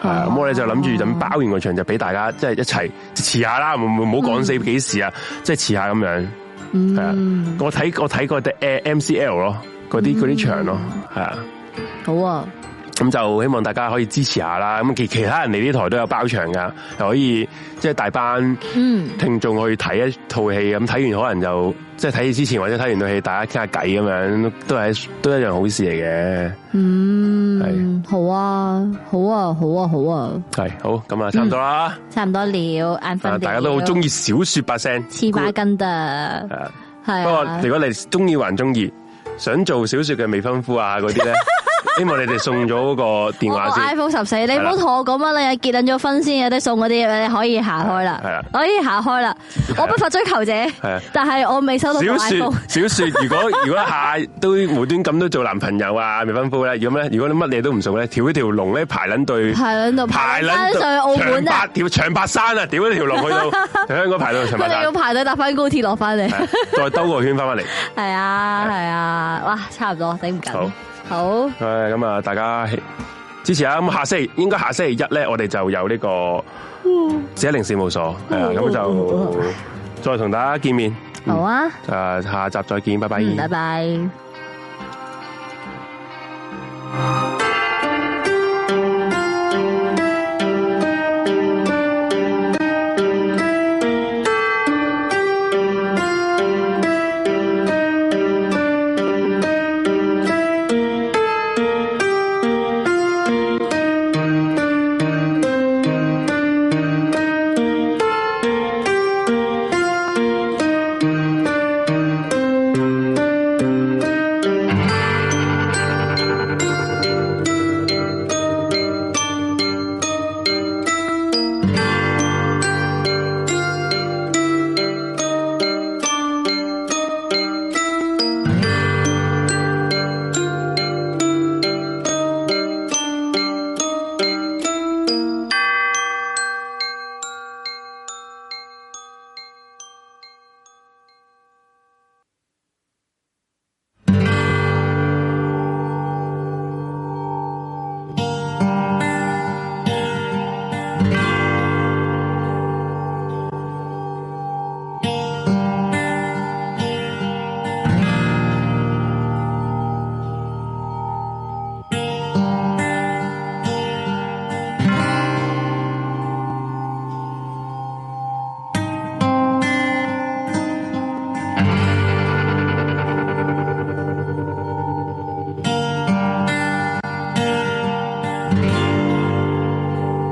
咁我哋就諗住等包完個場就俾大家一起遲一、嗯，即係一齊遲下啦，唔唔好講死幾時啊，即係遲下咁樣。係啊，我睇我睇過啲誒 MCL 咯，啲啲場咯，係、嗯、啊。好啊。咁就希望大家可以支持下啦，咁其其他人嚟呢台都有包場㗎，又可以即係、就是、大班聽眾去睇一套戲咁，睇、嗯、完可能就即係睇之前或者睇完套戲，大家傾下偈咁樣，都係都一樣好事嚟嘅。嗯，好啊，好啊，好啊，好啊。係好，咁啊、嗯，差唔多啦，差唔多了，眼瞓。大家都好中意小說把聲，黐孖筋嘅。係、啊，啊、不過如果你中意，還中意。想做小說嘅未婚夫啊，嗰啲咧，希望你哋送咗嗰個電話先 iPhone 十四，你唔好同我講乜啦，結捻咗婚先有得送嗰啲，可以行開啦。係啊，可以行開啦。我不乏追求者。係啊，但係我未收到。小說小說，如果如果下都無端咁都做男朋友啊未婚夫咧，如果咧，如果你乜嘢都唔送咧，跳一條龍咧排捻隊，排捻到排隊排隊排隊排隊上澳門長白長白山啊！跳一條龍去到，就應排到我哋、 (laughs) 啊 (laughs) 山啊、 (laughs) 要排隊搭翻高鐵落翻嚟，再兜個圈翻翻嚟。係啊係啊。是啊是啊 (laughs) 啊，哇，差唔多頂唔緊，好，係咁啊，大家支持下，咁下星期應該下星期一咧，我哋就有呢個四一零事務所，係啦，咁就再同大家見面，好啊，誒，下集再見，拜拜，拜拜。